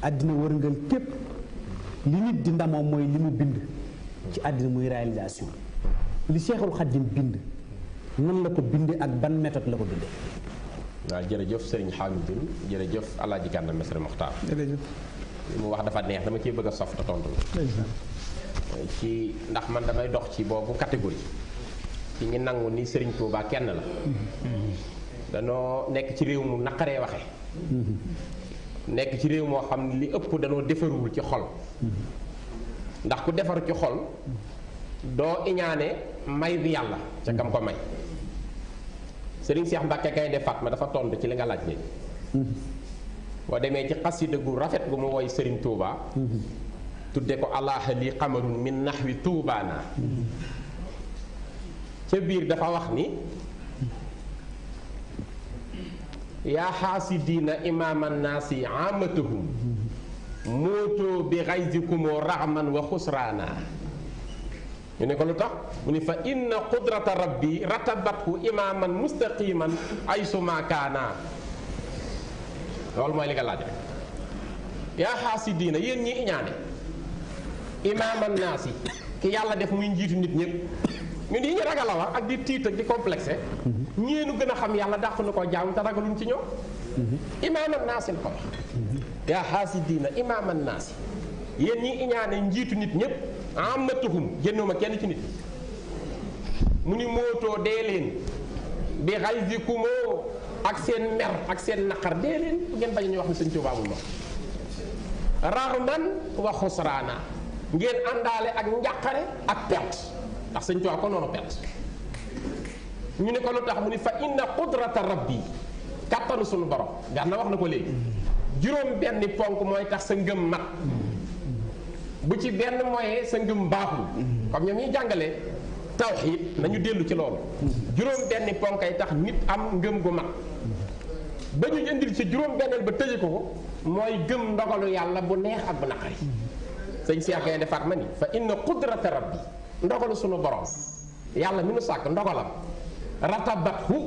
àddina wërngal képp li nit di ndamoom mooy li mu bind ci àddina muy réalisation li Seexul Xaddim bind nan la ko bindee ak ban méthode la ko bindee waaw jërëjëf Serigne Hamidou jërëjëf Alaaji Gana Messere Mokhtar mu wax dafa neex dama cee bëgg a sof te ci ndax man damay dox ci boobu catégorie ci ngi nangu ni Serigne Touba kenn la mhm. danoo nekk ci réew mu naqare waxe nekk ci réew moo xam ne li ëpp danoo defaruwul ci xol ndax ku defaru ci xol doo iñaane may bi yàlla ca kam ko may sëriñ Seex Mbàkke Gaynde Fatma dafa tontu ci li nga laaj léegi boo demee ci xasida gu rafet gu mu woy sëriñ Touba. tudde ko alaaha lii xamarun min naxwi tuubaana ca biir dafa wax ni yaa xaasidiina imaama naasi aamatahum mootoo bi xayzikumoo raxman wa xusraana ñu ne ko lu tax mu ne fa inna qudrata rabbi ratabatku imaaman mustaqiman ay kaana loolu mooy li nga laaj yaa xaasidiina yéen ñi iñaane imaaman naasi ki yàlla def muy njiitu nit ñëpp ñun yi ñu ragal a ak di tiit ak di complexé ñeenu gën a xam yàlla dàq na koo jaamu te ragaluñ ci ñoom imaaman naasin ko wax yaa xaasi diina imaaman naasi yéen ñi iñaane njiitu nit ñépp amatuhum génnuma kenn ci nit mu ni mootoo dee leen bi xay si kumoo ak seen mer ak seen naqar dee leen ngeen bañ wax ni sëñ Tuubaa ma raxman wa xusraana ngeen àndaale ak njàqare ak perte ndax sëñ Tuubaa ko noonu perte ñu ne ko lu tax mu ni fa inna qudrata rabbi kattanu suñu borom gàn na wax na ko léegi juróom benn ponk mooy tax sa ngëm mat bu ci benn mooyee sa ngëm baaxul comme ñoom ñuy jàngale tawxiid nañu dellu ci loolu juróom benn ponk ay tax nit am ngëm gu mat ba ñu indil ci juróom benneel ba tëje ko ko mooy gëm ndogalu yàlla bu neex ak bu naqari sëñ si ak Gaynde na ni fa inna qudrata rabbi ndogalu sunu borom yàlla mi nu sàkk ndogalam ratabathu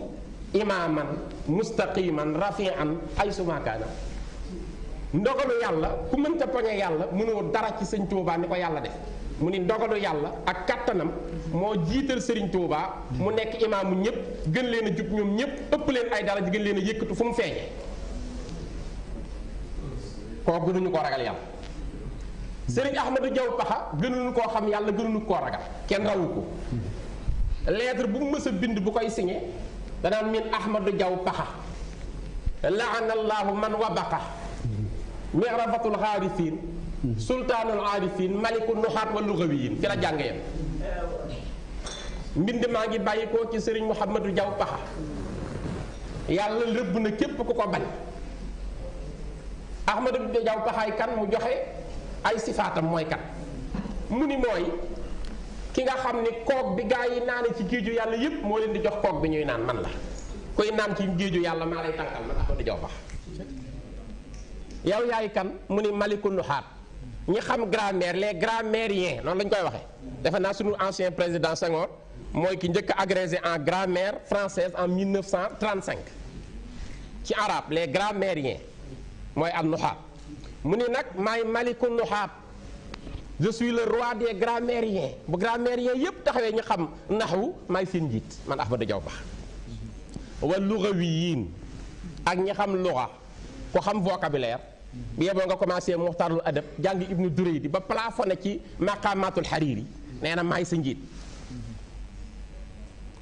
imaaman mustaqiman rafian ay sumakaana ndogalu yàlla ku mënta poñe yàlla mënoo dara ci sëñ Tuubaa ni ko yàlla de mu ni ndogalu yàlla ak kàttanam moo jiital sëriñ Tuubaa mu nekk imaamu ñëpp gën leen a jub ñoom ñëpp ëpp leen ay dara gën leen a yëkkatu fu mu feeñe kooku duñu ko ragal yàlla Serigne Ahmadou Diaw Paxa gënuñu koo xam yàlla gënuñu koo ragal kenn rawu ko lettre bu mu mës bind bu koy signé danaan min Ahmadou Diaw Paxa laanallaahu man wabaqa mirafatul xaarisiin sultaanul aarisiin maliku nuxaat wa luxawiyin fi la jànge yam mbind maa ngi bàyyi ci sëriñ Mouhamadou jaw Paxa yàlla rëbb na képp ku ko bañ Ahmadou Diaw Paxaay kan mu joxe ay sifaatam mooy kat mu ni mooy ki nga xam ni koog bi gaa yi naane ci géeju yàlla yépp moo leen di jox koog bi ñuy naan man la koy naan ci géeju yàlla maa lay tànkal man Ahmadu Jaw Ba yow yaay kan mu ni malikul nuxaat ñi xam grammaire les grammairiens noonu lañ koy waxee defe naa suñu ancien président Senghor mooy ki njëkk agrégé en grammaire française en 1935 ci arabe les grammairiens mooy am nuxaat mu ni nag maay maliku nuxaab je suis le roi des grammairiens bu grammairien yépp taxawee ñu xam naxwu maay seen njiit man Ahmadou Diaw Ba wa lugawiyin ak ñi xam luga ko xam vocabulaire bi yeboo nga commencé muxtarul adab jàng ibnu duraydi ba plafonné ci maqamatul xariri nee na maay sa njiit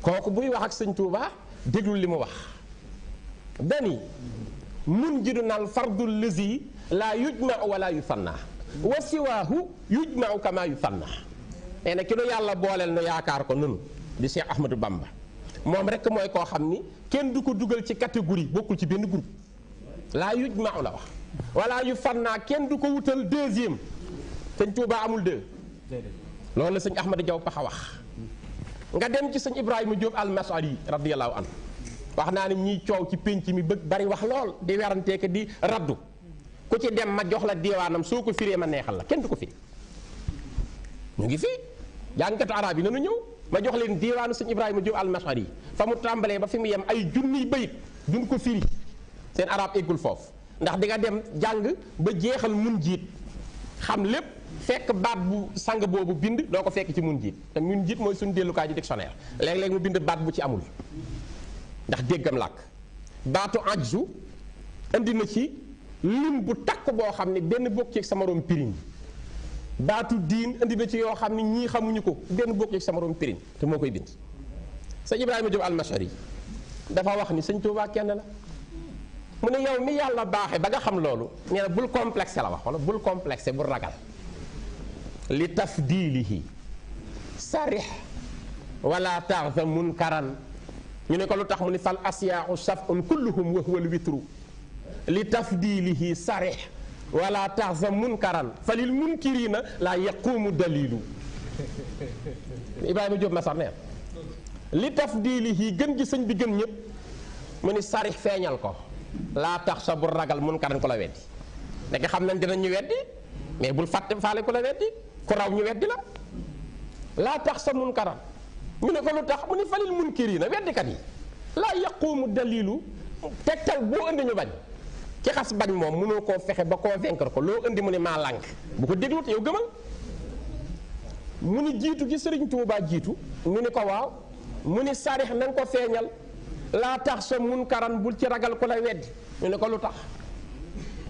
kooku buy wax ak sëñ Tuuba déglu li mu wax dani mun jidu nal fardul lësi laa yujmau wala yusanna wa siwaahu yujmau kama yusanna nee na ki nu yàlla booleel nu yaakaar ko nunu di Cheikh Ahmadou Bamba moom rek mooy koo xam ni kenn du ko dugal ci catégorie bokkul ci benn groupe laa yuj yujmau la wax wala yusanna kenn du ko wutal deuxième sëñ Tuubaa amul deux loolu la sëñ Ahmadou Jaw Paxa wax nga dem ci sëñ ibraahima Diop al-Mas'ali yi radiyallahu anhu wax naa ne ñiy coow ci pénc mi bëgg bari wax lool di weranteeke di raddu ku ci dem ma jox la diwaanam soo ko firee ma neexal la kenn du ko firi ñu ngi fii jàngkatu arab yi nanu ñëw ma jox leen diwaanu sëñ Ibrahima Diop almasar yi fa mu tàmbalee ba fi mu yem ay junniy bayit duñ ko firi seen arab eggul foofu ndax dinga dem jàng ba jeexal mun jiit xam lépp fekk baat bu sang boobu bind doo ko fekk ci mun jiit te mun jiit mooy suñ suñu dellukaay ci dictionnaire léeg-léeg mu bind baat bu ci amul ndax déggam làkk baatu ci lim bu takk boo xam ne benn bokk sama sa moroom pirin baatu diin indi ba ci yoo xam ne ñii xamuñu ko benn bokk ci sa te moo koy bind sëñ Ibrahima Diop almashari dafa wax ni sëñ Tuubaa kenn la mu ne yow mi yàlla baaxe ba nga xam loolu nee bul complexe la wax wala bul complexe bul ragal li tafdilihi sarix wala taxda munkaran ñu ne ko lu tax mu ni fal asyaau saf un kulluhum wa huwa al witru li tafdilihi sarih wala taxsa munkaran fa lil laa la yaqumu dalilu Ibrahima Diop Masar ne li tafdilihi gën gi sëñ bi gën ñëpp mu ni sarih feeñal ko laa tax sa bu ragal munkaran ko la weddi nekk xam nañ dinañ ñu weddi mais bul fàtte faale ko la weddi ku raw ñu weddi la laa taxsa munkaran ñu ne ko lu tax mu ni falil munkirina weddikat yi laa yaqumu dalilu tegtal boo indi ñu bañ ki xas bañ moom mënoo koo fexe ba convaincre ko loo indi mu ne maa lànk bu ko déglu te yow gëmal mu ni jiitu gi sëriñ Tuubaa jiitu ñu ni ko waaw mu ni sarix na ko feeñal laa tax sa munkaran bul ci ragal ko la weddi ñu ne ko lu tax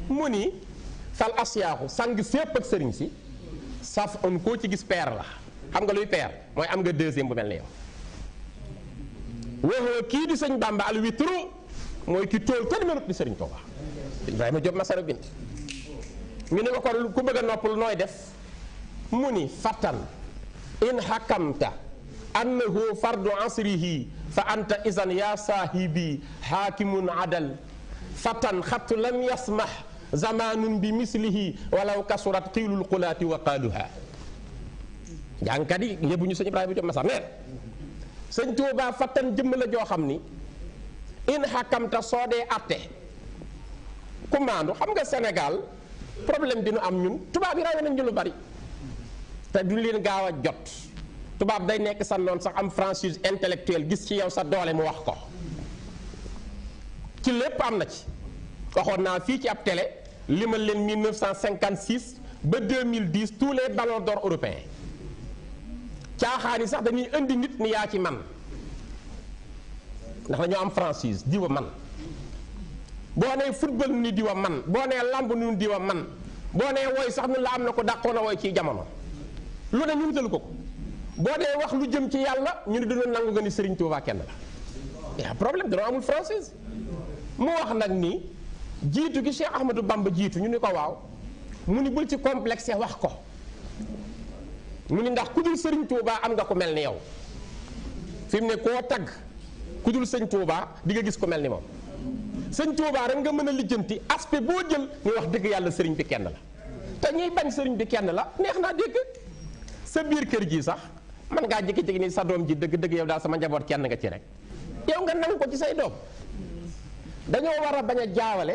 mu ni fal asiyaaxu sang sépp ak sëriñ si saf on koo ci gis peer la xam nga luy peer mooy am nga deuxième bu mel ne yow waxoo kii di sëñ Bàmba al witru mooy ki te kenn mënut di sëriñ Tuubaa Ibrahima Diop Masara Binti ñu ne ko kon ku bëgg a noppal nooy def mu ni fattan in xakamta annahu fardu asrihi fa anta isan yaa saahibi xaakimun adal fattan xattu lam yasmax zamanun bi mislihi walaw kasurat xiilul xulaati wa qaaluha jàngkat yi yëbbu ñu sëñ Ibrahima Diop Masar neen sëñ Tuubaa fattan jëmm la joo xam ni in xakamta soo dee atte ku maandu xam nga Sénégal problème bi nu am ñun tubaab yi rawee nañ ñu lu bari te du leen gaaw a jot tubaab day nekk sa noon sax am franchise intellectuelle gis ci yow sa doole mu wax ko ci lépp am na ci waxoon naa fii ci ab télé li ma leen 1956 ba 2010 tous les ballons d'or européens caaxaan yi sax dañuy indi nit ni yaa ci man ndax dañoo am franchise diwa man boo nee football nu ni diwa man boo nee làmb nu diwa man boo nee woy sax nu la am na ko dàqoon a woy ci jamono lu ne ñu wutalu ko ko boo dee wax lu jëm ci yàlla ñu ne dina nangu nga ni Serigne Touba kenn la problème dana amul française mu wax nag nii jiitu gi Cheikh Ahmadou jiitu ñu ni ko waaw mu ni bul ci complexe wax ko mu ni ndax ku dul Serigne Touba am nga ko mel ni yow fi mu ne koo tagg ku dul Sëñ Touba di nga gis ku mel ni moom sëñ Tuubaa rek nga mën a lijjanti aspect boo jël nga wax dëgg yàlla sëriñ bi kenn la te ñuy bañ sëriñ bi kenn la neex naa dégg sa biir kër gi sax man ngaa jékki-jékki ni sa doom ji dëgg dëgg yow daal sama njaboot kenn nga ci rek yow nga nangu ko ci say doom dañoo war a bañ a jaawale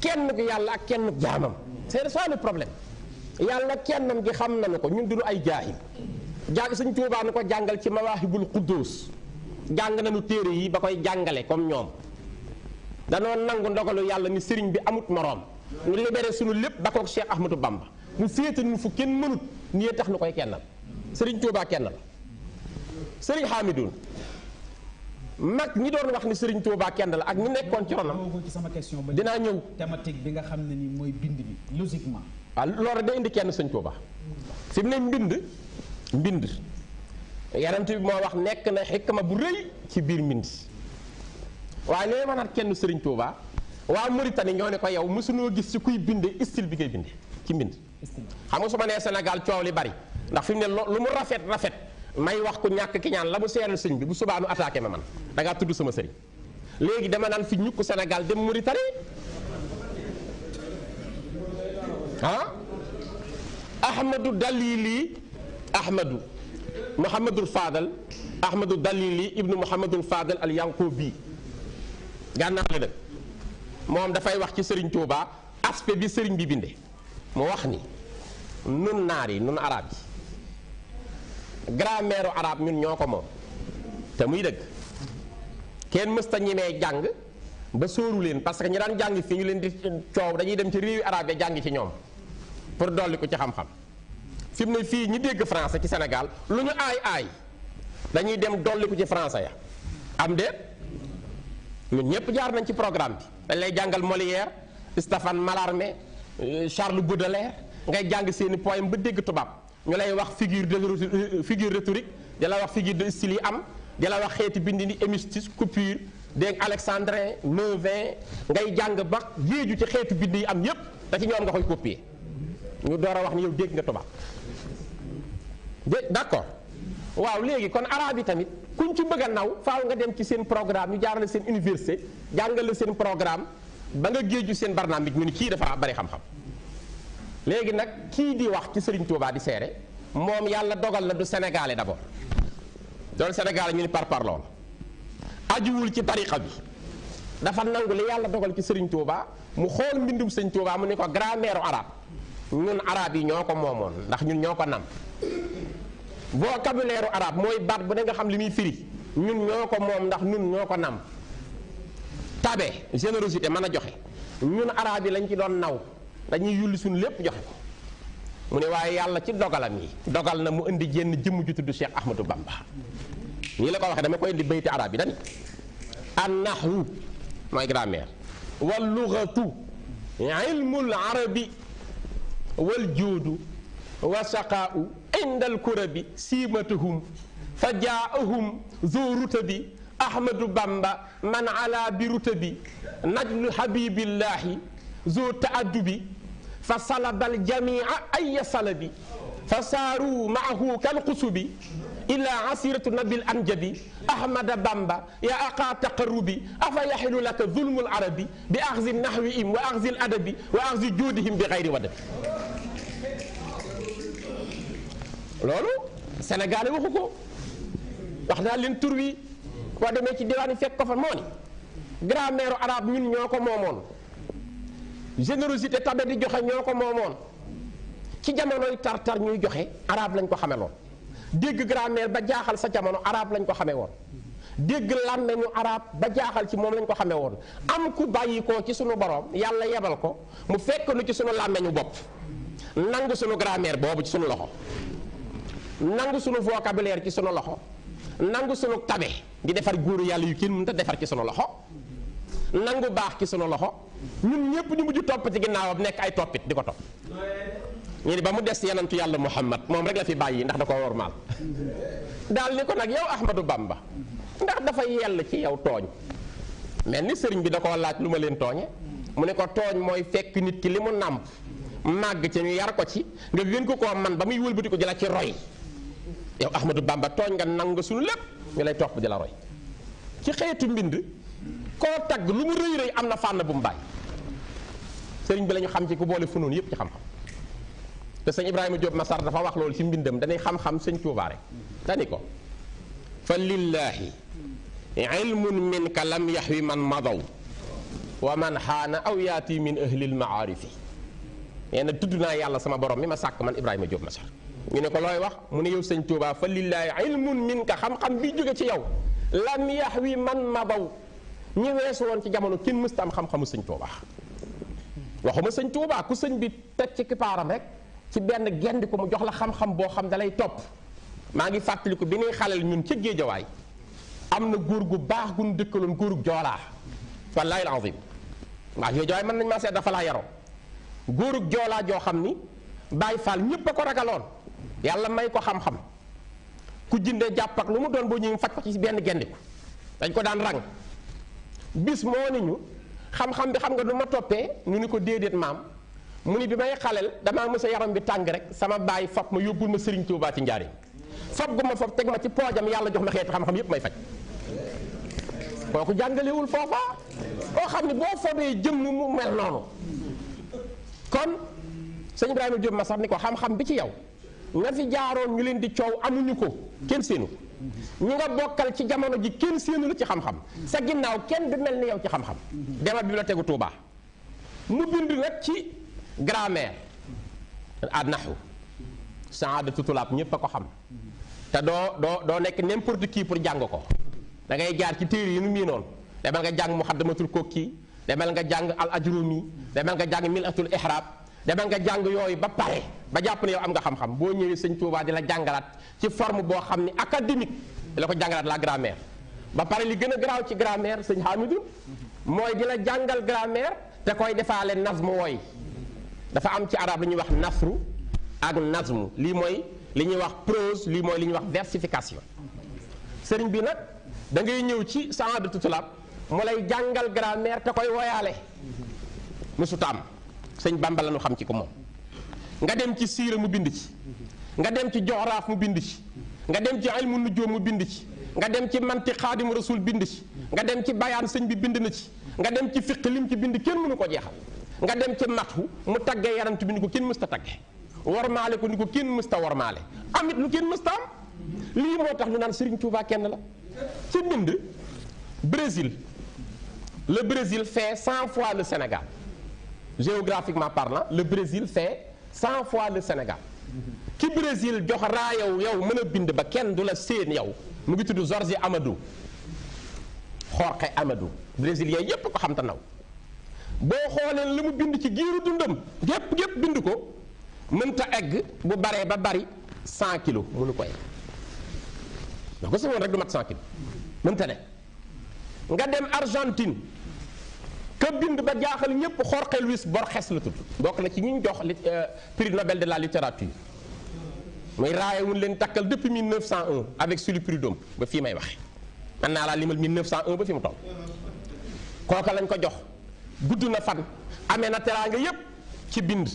kenn ku yàlla ak kenn jaamam c'est ça le problème yàlla kennam gi xam nañu ko ñu duñu ay jaahil jàng suñ Tuubaa nu ko jàngal ci mawaahibul quddus jàng nañu téere yi ba koy jàngale comme ñoom danoo nangu ndogalu yàlla ni sëriñ bi amut moroom ñu libéré sunu lépp dakoog Cheikh Ahmadou Bamba mu féete nu fu kenn mënut nii tax nu koy kennal sëriñ Touba kenn la sëriñ Hamidoun mag ñi doon wax ni sëriñ Touba kenn la ak ñu nekkoon ci ronam dinaa ñëw thématique bi nga xam ne ni mooy bind bi logiquement waaw loolu day indi kenn Serigne Touba fi mu ne mbind mbind yarante bi moo wax nekk na xikma bu rëy ci biir mbind waaye léegi ma naan kenn Serigne Touba waa Mauritanie ñoo ne ko yow mosunoo gis ci kuy binde style bi ngay binde ci mbind xam nga su ma nee senegal coow li bari ndax fi mu ne lu mu rafet rafet may wax ku ñàkk ki ñaan la mu seeral sëñ bi bu subaa nu attaqué ma man da ngaa tudd sama sëriñ léegi dama naan fi ñukk Sénégal dem Mauritanie ah ahmadou dalili ahmadou mouhamadul fadal ahmadou dalili ibnu mouhamadul fadal al yanqo bi gànnaar la dëkk moom dafay wax ci sëriñ Touba aspect bi sëriñ bi binde mu wax ni nun naar yi nun arab yi grammaire arab ñun ñoo ko moom te muy dëgg kenn mësta ñemee jàng ba sóoru leen parce que ñi daan jàng fii ñu leen di coow dañuy dem ci réewi arab ya jàng ci ñoom pour dolli ko ci xam-xam fi mu ne fii ñi dégg france ci senegal lu ñu aay aay dañuy dem dolli ci français ya am déet ñun ñëpp jaar nañ ci programme bi dañ lay jàngal Molière Stéphane Mallarmé euh, Charles Baudelaire ngay jàng seeni poème ba dégg tubaab ñu lay wax figure de euh, figure rhétorique di la wax figure de style yi am di la wax xeeti bindi ni hémistice coupure dégg alexandrin neuvain ngay jàng ba jéeju ci xeetu bind yi am yépp te ci ñoom nga koy copier ñu door a wax ni yow dégg nga tubaab d'accord waaw léegi kon arabe yi tamit kuñ ci bëgg naw faaw nga dem ci seen programme ñu jaarale seen université jàngale seen programme ba nga géeju seen barnaamij ñu ni kii dafa bari xam-xam léegi nag kii di wax ci sëriñ Touba di seere moom yàlla dogal na du sénégalais d'abord doon sénégalais ñu ni par par lool ajuwul ci tariqa bi dafa nangu li yàlla dogal ci Serigne Touba mu xool mbindum Serigne Touba mu ne ko grammaire arabe ñun arabe yi ñoo ko moomoon ndax ñun ñoo ko boo vocabulaire arabe mooy baat bu ne xam li muy firi ñun ñoo ko moom ndax ñun ñoo ko nam tabe générosité mën a joxe ñun arabe yi lañ ci doon naw dañuy yulli suñ lépp joxe ko mu ne waaye yàlla ci dogalam yi dogal na mu indi jenn jëmm ju tudd Cheikh Ahmadou Bamba nii la ko waxee dama koy indi bayti arabe yi dañ an nahwu mooy grammaire wal lughatu ilmul arabi wal joodu wa inda alkurabi siimatuhum fa jaahum zu rutabi ahmadu bamba man ala bi rutabi najlu habibillahi zu taaddubi fa salaba aljamia aya salabi fa saaru maahu kalqusubi ila asiratu nabil anjabi ahmada bamba ya aqa taqarrubi afa yaxilu laka zulmul arabi bi axzi nahwihim wa axzi adabi wa axzi juudihim bi xayri wadabi loolu Sénégal waxu ko wax naa leen tur wi boo demee ci diwaan yi fekk ko fa moo ni grammaire arabe ñun ñoo ko moomoon générosité tabe di joxe ñoo ko moomoon ci jamonoy tartar ñuy joxe arabe lañ ko xameloon dégg grammaire ba jaaxal sa jamono arabe lañ ko xamee woon dégg làmmeñu arab ba jaaxal ci moom lañ ko xamee woon am ku bàyyi ko ci sunu borom yàlla yebal ko mu fekk nu ci sunu làmmeñu bopp nangu sunu grammaire boobu ci sunu loxo nangu sunu vocabulaire ci sunu loxo nangu sunu tabe di defar góor yàlla yu kiin mënut a defar ci sunu loxo nangu baax ci sunu loxo ñun ñëpp ñu mujj topp ci ginnaawam nekk ay toppit di ko topp ñu ni ba mu des yenantu yàlla muhammad moom rek la fi bàyyi ndax da ko wormaal daal ni ko nag yow ahmadu bamba ndax dafa yell ci yow tooñ mel ni sëriñ bi da ko laaj lu ma leen tooñe mu ne ko tooñ mooy fekk nit ki li mu nàmp màgg ci ñu yar ko ci nga gën ko koo man ba muy wëlbati ko jëla ci yow Ahmadou Bamba tooñ nga nangu nga suñu lépp ñu lay topp di la roy ci xeetu mbind koo tagg lu mu rëy rëy am na fànn bu mu bàyyi sëriñ bi la xam ci ku boole noonu yépp ci xam-xam te sëñ Ibrahima ma sar dafa wax loolu ci mbindam dañuy xam-xam sëñ Tuubaa rek dani ko fa lillaahi ilmun min ka lam yaxwi man madaw wa man xaana aw yaati min ahlil maarifi nee na tudd naa yàlla sama borom mi ma sàkk man Ibrahima Diop Masar ñu ne ko looy wax mu ne yow sëñ Tuubaa fa lillaahi ilmun min ka xam-xam bi jóge ci yow lam yax wi man ma baw ñi weesu woon ci jamono kenn mësta am xam-xamu sëñ Tuubaa waxuma sëñ Tuubaa ku sëñ bi teg ci kipaaram rek ci benn gendi ko mu jox la xam-xam boo xam dalay topp maa ngi fàttaliku bi ñuy xalal ñun ci géejawaay am na góor gu baax gu nu dëkkaloon góorug joolaa wallaahi alazim waa géejawaay mën nañ maa seet dafa laa yaroo góorug joolaa joo xam ni Baay Faal ñépp ko ragaloon yàlla may ko xam-xam ku jinde jàpp lu mu doon bu ñu faj ko ci benn gendiku dañ ko daan rang bis moo ni ñu xam-xam bi xam nga du ma toppee ñu ni ko déedéet maam mu ni bi may xaleel damaa mës a yaram bi tàng rek sama baay fab ma yóbbul ma Serigne Touba ci njaariñ fab gu ma fab teg ma ci poojam yàlla jox ma xeeti xam-xam yépp may faj kooku jàngalewul foofa koo xam ne boo fobee jëm mu mel noonu kon sëñ Ibrahima Diop ma sax ni ko xam-xam bi ci yow nga fi jaaroon ñu leen di coow amuñu ko kenn seenu ñu nga bokkal ci jamono ji kenn seenu la ci xam-xam sa ginnaaw kenn du mel ni yow ci xam-xam demal bibliothèque Touba mu bind nag ci grammaire ad nahu saadatu tulaab ñëpp a ko xam te doo doo doo nekk n'importe kii pour jàng ko dangay ngay jaar ci téere yi nu mii noonu demal nga jàng muxaddamatul kokki demal nga jàng al ajrumi demal nga jàng mil milatul ihrab demal nga jàng yooyu ba pare ba jàpp ne yow am nga xam-xam boo ñëwee sëñ Tuubaa di la jàngalaat ci forme boo xam ni académique di la ko jàngalaat la grammaire ba pare li gën a garaaw ci grammaire sëñ Hamidou mooy di la jàngal grammaire te koy defaale nazmu wooy dafa am ci arab lu ñuy wax nasru ak nazmu lii mooy li ñuy wax prose lii mooy li ñuy wax versification sëriñ bi nag da ngay ñëw ci saadatu tulaab mu lay jàngal grammaire te koy woyaale musuta am sëñ Bamba la ñu xam ci ko moom nga dem ci siira mu bind ci nga dem ci joxraaf mu bind ci nga dem ci ilmu nujjoom mu bind ci nga dem ci manti xaadim rasul bind ci nga dem ci bayaan sëñ bi bind na ci nga dem ci fiq lim ci bind kenn mënu ko jeexal nga dem ci matxu mu taggee yarant bi ni ko kenn mësta tagge warmaale ko ni ko kenn mësta warmaale amit lu kenn mësta am lii moo tax ñu naan Serigne Touba kenn la ci bind Brésil le Brésil fait cent fois le Sénégal géographiquement parlant le Brésil fait cent fois le Sénégal ki Brésil jox raa yow mën a bind ba kenn du la séen yow mu ngi tudd Jorge Amado Jorge Amado brésilien yépp ko xam te naw boo xooleen li mu bind ci giiru dundam gépp gépp bind ko mënta egg bu baree ba bari 100 kilos mënu ko egg da ko si woon rek du mat 100 kilos mënta ne nga dem Argentine ka bind ba jaaxal ñëpp Jorge Luis Borges la tudd bokk na ci ñu jox euh, prix Nobel de la littérature muy raaye wuñ leen takkal depuis 1901 avec Sully Prud'homme ba fii may wax man naa laa limal 1901 ba fi mu toll kooka lañ ko jox gudd na fan amee na teraanga yépp ci bind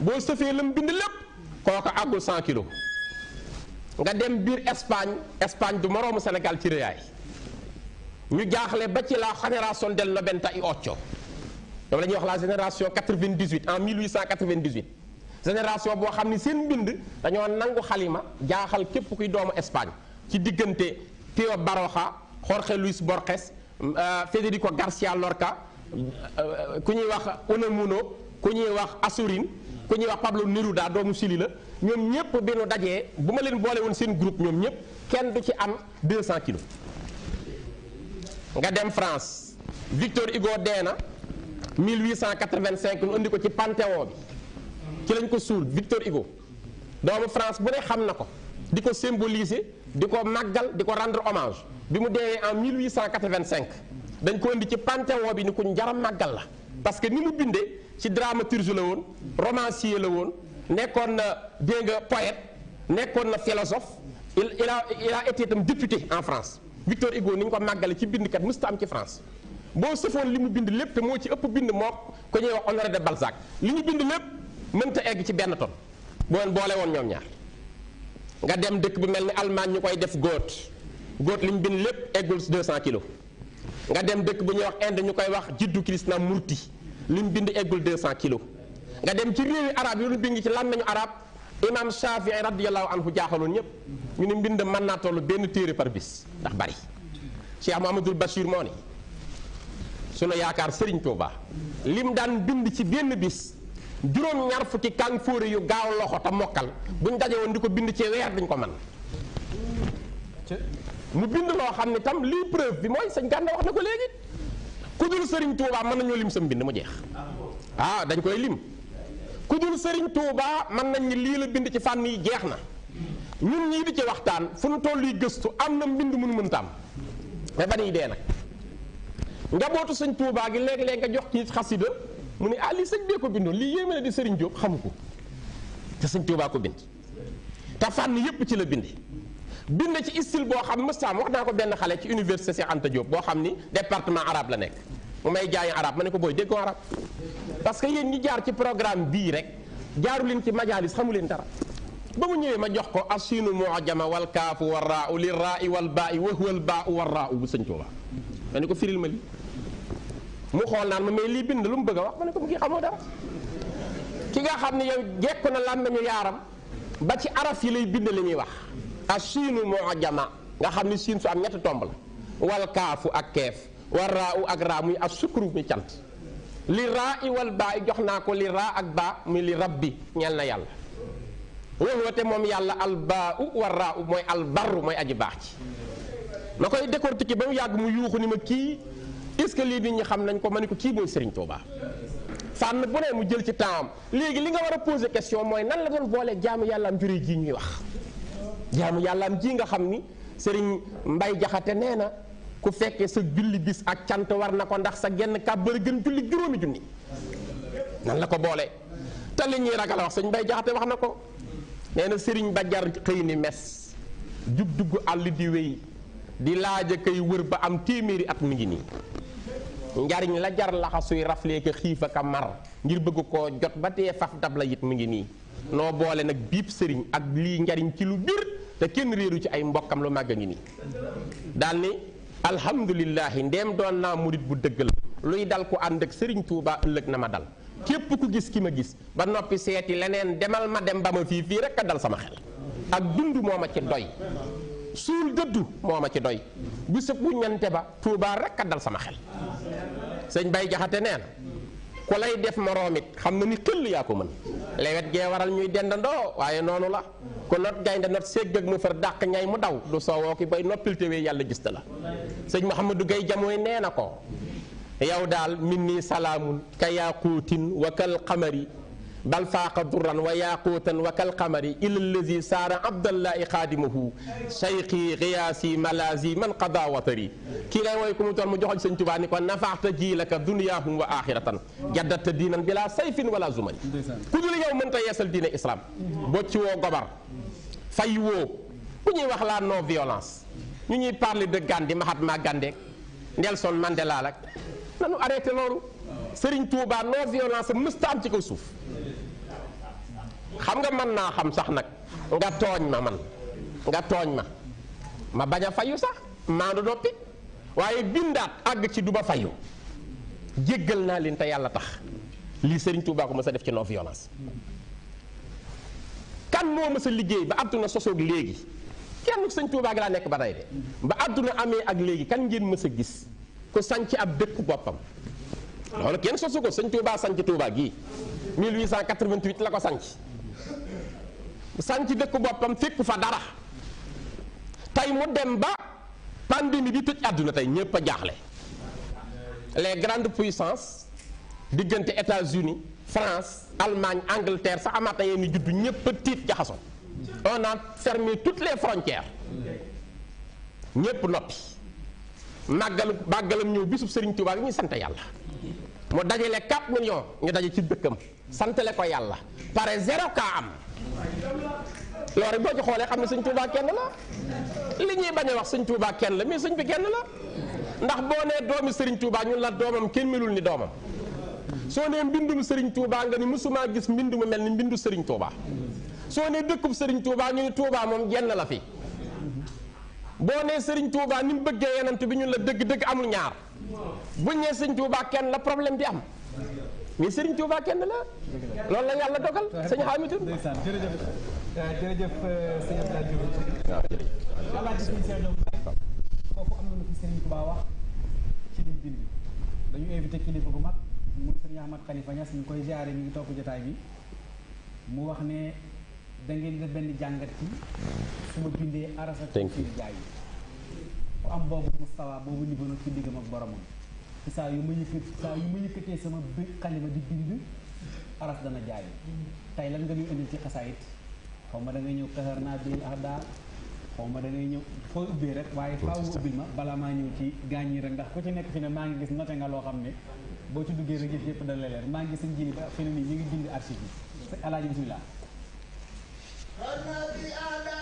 boo sëfee la bind lépp kooka àggul 100 kilos nga dem biir Espagne Espagne du moroomu Sénégal ci réyaay ñu jaaxle ba ci la génération del noventa y ocho ñoom la ñuy wax la génération 98 en 1898 génération boo xam ni seen mbind dañoo nangu xalima jaaxal képp kuy doomu Espagne ci diggante Pío Baroja Jorge Luis Borges euh, Federico Garcia Lorca euh, euh, ku ñuy wax Unamuno ku ñuy wax Azorín ku ñuy wax Pablo Neruda doomu sili la ñoom ñëpp bi nu dajee bu ma leen boole woon seen groupe ñoom ñëpp kenn du ci am 200 kilos. nga dem France Victor Hugo dee na 1885 ñu indi ko ci Panthéon bi ci lañ ko suul Victor Hugo doomu France bu ne xam na ko di ko symboliser di ko màggal di ko rendre hommage bi mu deewee en 1885 dañ ko indi ci Panthéon bi ni ku njara màggal la parce que ni mu bindee ci dramaturge la woon romancier la woon nekkoon na dégg nga poète nekkoon na philosophe il a il a été itam député en France Victor Hugo ni ñu ko màggale ci bindkat mësta am ci France boo sëfoon li mu bind lépp te moo ci ëpp bind moo ko ñuy wax Honoré de Balzac li ñu bind lépp mënta egg ci benn ton boo leen boole woon ñoom ñaar nga dem dëkk bu mel ni Allemagne ñu koy def góot góot li ñu bind lépp eggul 200 kilos nga dem dëkk bu ñuy wax Inde ñu koy wax jiddu Krishnamurti li ñu bind eggul 200 kilos nga dem ci réewi arab yi lu bind ci làmmeñu arab imam Shafii radiyallahu fu jaaxaloon ñëpp ñu ne mbind man naa toll benn téere par bis ndax bari Cheikh Mouhamadul Bachir moo ne sunu yaakaar Serigne Touba lim daan bind ci benn bis juróom ñaar fukki kàng fóore yu gaaw loxo te mokkal buñ daje woon di ko bind ci weer dañ ko man mu bind loo xam ne tam lii preuve bi mooy sañ gànna wax na ko léegi ku dul Serigne Touba mën nañoo lim sa mbind mu jeex ah dañ koy lim. ku dul sëriñ Touba man nañ ni lii la bind ci fànn yi jeex na ñun ñii di ci waxtaan fu nu tolluy gëstu am na mbind mun mënta am ma ba yi dee nag njabootu sëñ Touba gi lekk léeg nga jox ci nit xasida mu ne ah lii sëñ bee ko bindoon lii yéeme na di sëriñ Diop xamu ko te sëñ Touba ko bind te fànn yépp ci la bind bind ci istil boo xam mëstaam wax naa ko benn xale ci université Cheikh Anta Diop boo xam ni département araab la nekk mu may jaayi arabe ma ne ko booy déggoo arabe parce que yéen ñi jaar ci programme bii rek jaaru leen ci majaalis xamu leen dara ba mu ñëwee ma jox ko assinu mu'jama wal kaafu war raau li ko firil ma xool naan mais lii bind lu mu bëgg a wax ma ne ki nga xam ne yow jekku na làmmiñu yaaram ba ci araf bind li ñuy wax assinu mu'jama nga xam ne ak keef war raau ak raa muy as sukru muy cant li raa i wal baa i jox naa ko li raa ak baa muy li bi ñeel na yàlla woowu te moom yàlla albaa u war raa u mooy albarru mooy aji baax ci ma koy décortiquer ba mu yàgg mu yuuxu ni ma kii est-ce que lii bi ñu xam nañ ko ma ni ko kii mooy Serigne Touba. fànn bu ne mu jël ci temps am léegi li nga war a poser question mooy nan la doon boolee jaamu yàlla am jure ji ñuy wax jaamu yàlla ji nga xam ni Serigne mbay Jaxate nee na. ku fekkee sa julli bis ak cant war na ko ndax sa genn kàbbara gën julli juróomi junni nan la ko boole te li ñuy ragal wax sëñ Mbay Jaxate wax na ko nee sëriñ ba jar xëy ni mes jub dugg àll di wéy di laaja koy wër ba am téeméeri at mu ngi nii njariñ la jar laxasuy raflee ka xiif ak a mar ngir bëgg ko jot ba tee faf dab la mu ngi nii noo boole nag biib sëriñ ak lii njariñ ci lu biir te kenn réeru ci ay mbokkam lu màgg ngi nii daal ni alhamdulilahi ndeem doon naa murit bu dëgg la luy dal ku ànd ak sëriñ Touba ëllëg na ma dal képp ku gis ki ma gis ba noppi seeti leneen demal ma dem ba ma fii fii rek a dal sama xel ak dund moo ma ci doy suul dëddu moo ma ci doy bu sëb bu ñante ba Touba rek a dal sama xel sëñ Bay Jaxate nee na ku lay def moromit xam na ni tëll yaa ko mën lewet gee waral ñuy dendandoo waaye noonu la ku not gaynde not ségg ak mu far dàq ñay mu daw du soowoo ki bay noppil téwee yàlla gis na la sëñ Mouhamadou Gueye jamooy nee na ko yow daal min nii salaamun ka yaaquutin wa kal qamari bal faaqa durran wa yaquutan wa kalqamari ila allazi saara abdallahi xaadimahu sayqi xiyaasi malaasi man qada watari kii ngay wooy ku mu toon mu joxoñ sëñ tubaa ni ko nafaxta jiilaka duniyahum wa axiratan jaddatta diinan bila sayfin wala zumari ku dul yow mënta yeesal diine islam bocci woo gobar fay woo bu ñuy wax la non violence ñu ñuy parler de Gandhi Mahatma Gandhi Nelson Mandela lak nanu arrêté loolu Serigne Touba non violence mësta am suuf xam nga man naa xam sax nag nga tooñ ma man nga tooñ ma ma bañ a fayu sax maandu noppi waaye bindaat àgg ci du ba fayu jéggal naa leen te yàlla tax lii Serigne Touba ko mës a def ci non violence kan moo mës a liggéey ba àdduna sosoog léegi kenn sëñ Touba gi laa nekk ba tey de ba àdduna amee ak léegi kan ngeen mës sa gis ku sanc ab dëkk boppam loolu kenn sosu ko sëñ Touba sanc Touba gii 1888 la ko ci sanc dëkk boppam fekk fa dara tey mu dem ba pandémie bi tëj àdduna tey ñépp a jaaxle les grandes puissances diggante États-Unis France Allemagne Angleterre sax amaat na yéen ni juddu ñépp a tiit jaxaso on a fermé toutes les frontières ñépp noppi màggalu màggalam ñëw bisub Sëriñ Tuubaa bi ñuy sant yàlla mu dajale 4 millions ñu daje ci dëkkam santale ko yàlla pare zéro ka am loolu rek boo ci xoolee xam ne sëñ Tuubaa kenn la li ñuy bañ wax sëñ Tuubaa kenn la mais sëñ bi kenn la ndax boo nee doomi sëriñ Tuubaa ñun la doomam kenn melul ni doomam soo nee mbindum sëriñ Tuubaa nga ni mësumaa gis mbind mu mel ni mbindu sëriñ Tuubaa soo nee dëkkub sëriñ Tuubaa ñu ni Tuubaa moom genn la fi boo nee sëriñ Tuubaa ni mu bëggee yenant bi ñun la dëgg-dëgg amul ñaar buñ nee sëriñ Tuubaa kenn la problème bi am mais Serigne Touba kenn la. loolu la yàlla dogal sëñ Hamidou. ndeysaan jërëjëf euh, jërëjëf euh, sëñ Abdoulaye Diouf. waaw ah, jërëjëf. alaaka suñu sëñ foofu am na lu fi Serigne Touba wax ci liñ bind. dañu invité kilifa bu mag muy sëñ Ahmad ña Niass ñu koy jaaree ñu ngi topp jotaay bi mu wax ne da ngeen def benn jàngat ci su ma bindee arasa. tënk ci jaay yi. ku am boobu mustawa boobu niveau nag ci diggam ak boromam. saa yu ma yëkkati saa yu ma yëkkatee sama xalima di bind araf dana jaay tey lan nga ñuy indil ci xasaayit xaw ma da ngay ñëw xasaar naa bil ahda xaw ma da ñëw foo ubbee rek waaye faaw nga ubbil ma balaa maa ñëw ci gaañ yi rek ndax ku ci nekk fi ne maa ngi gis note nga loo xam ne boo ci duggee rek yëpp dana maa ngi gis sañ jili ba fi ne nii ngi bind archive yi alaaji bismillah xarna bi ahda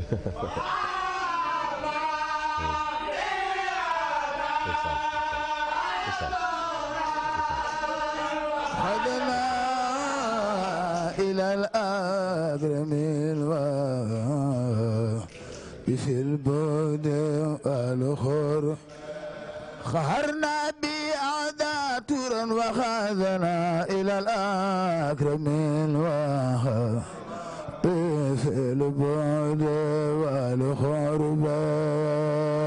خدنا إلى الأقرم في البعد والخور خهرنا بأعداء تورا وخذنا إلى الأقرم الوهاب البعد والخربان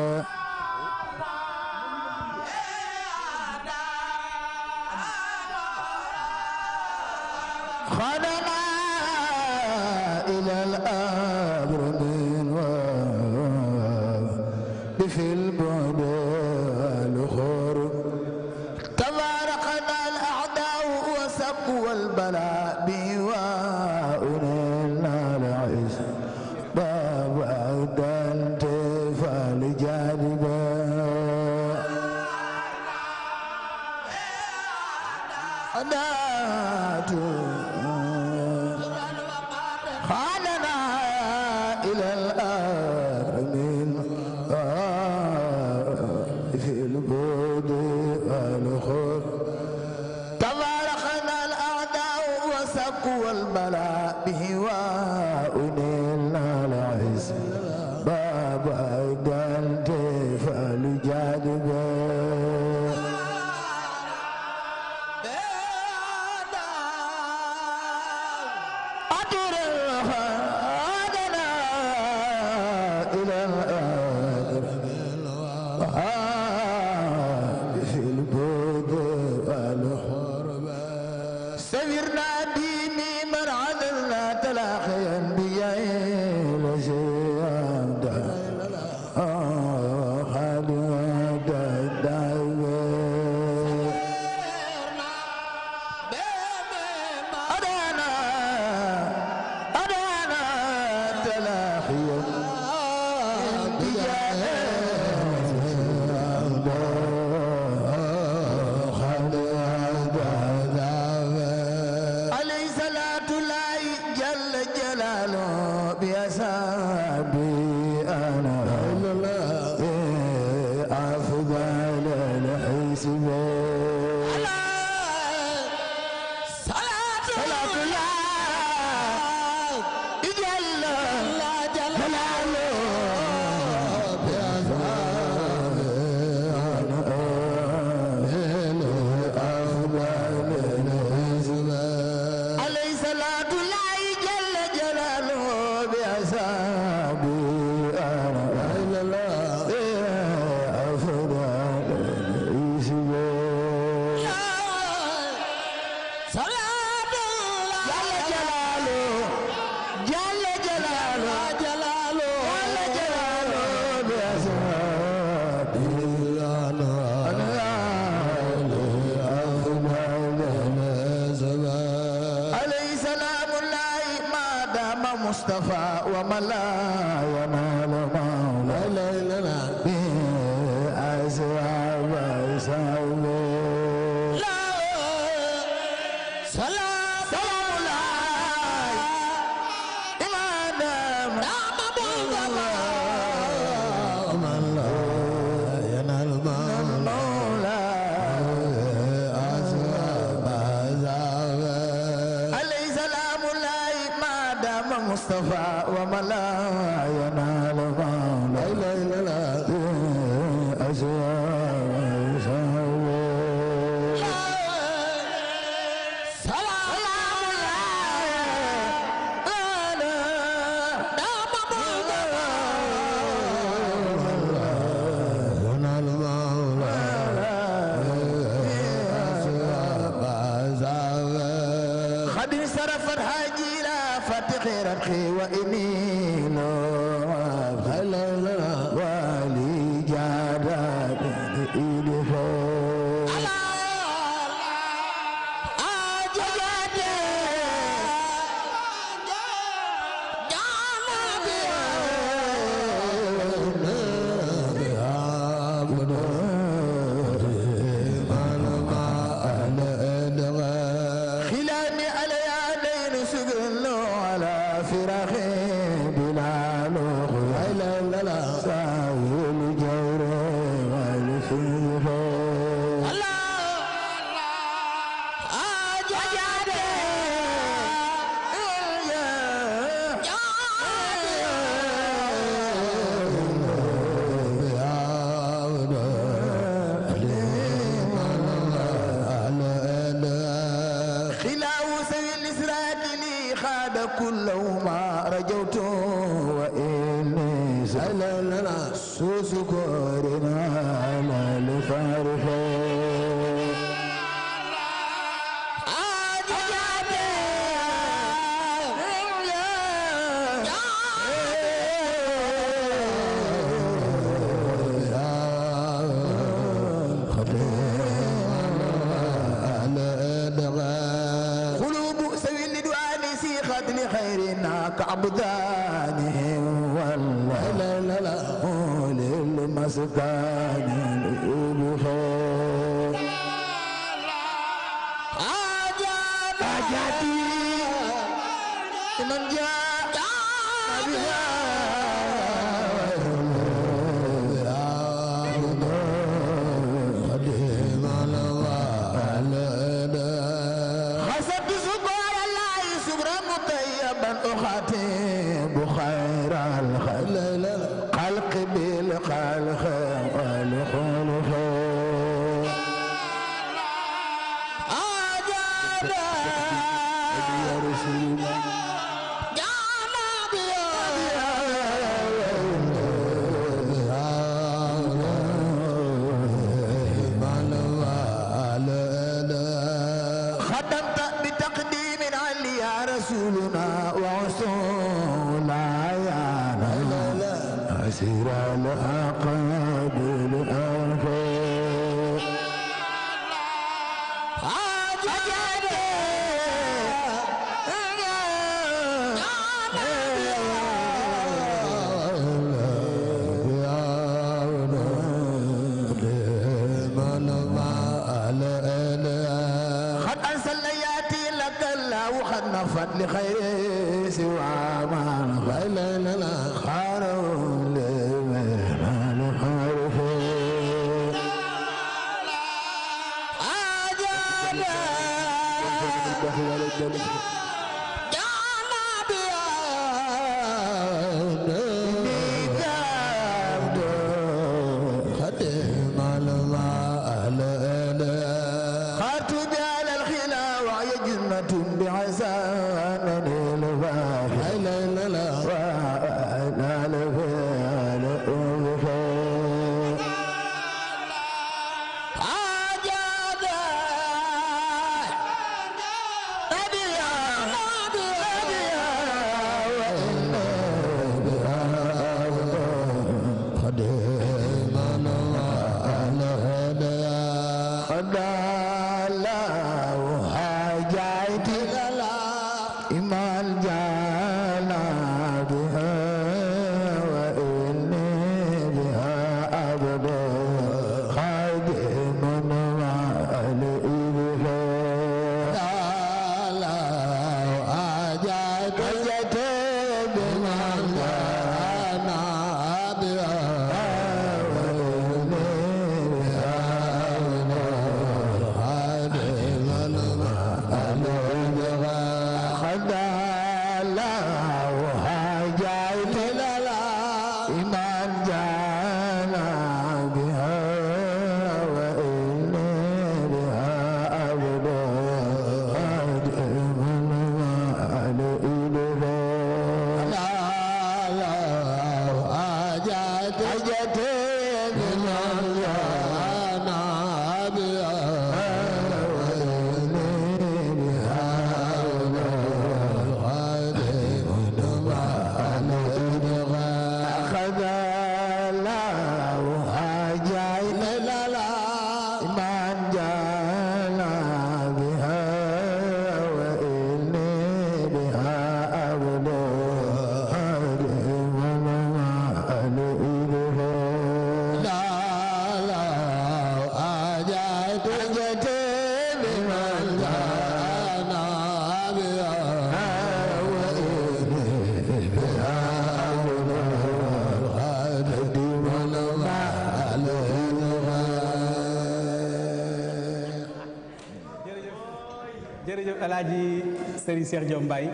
Serigne Serdio Mbaye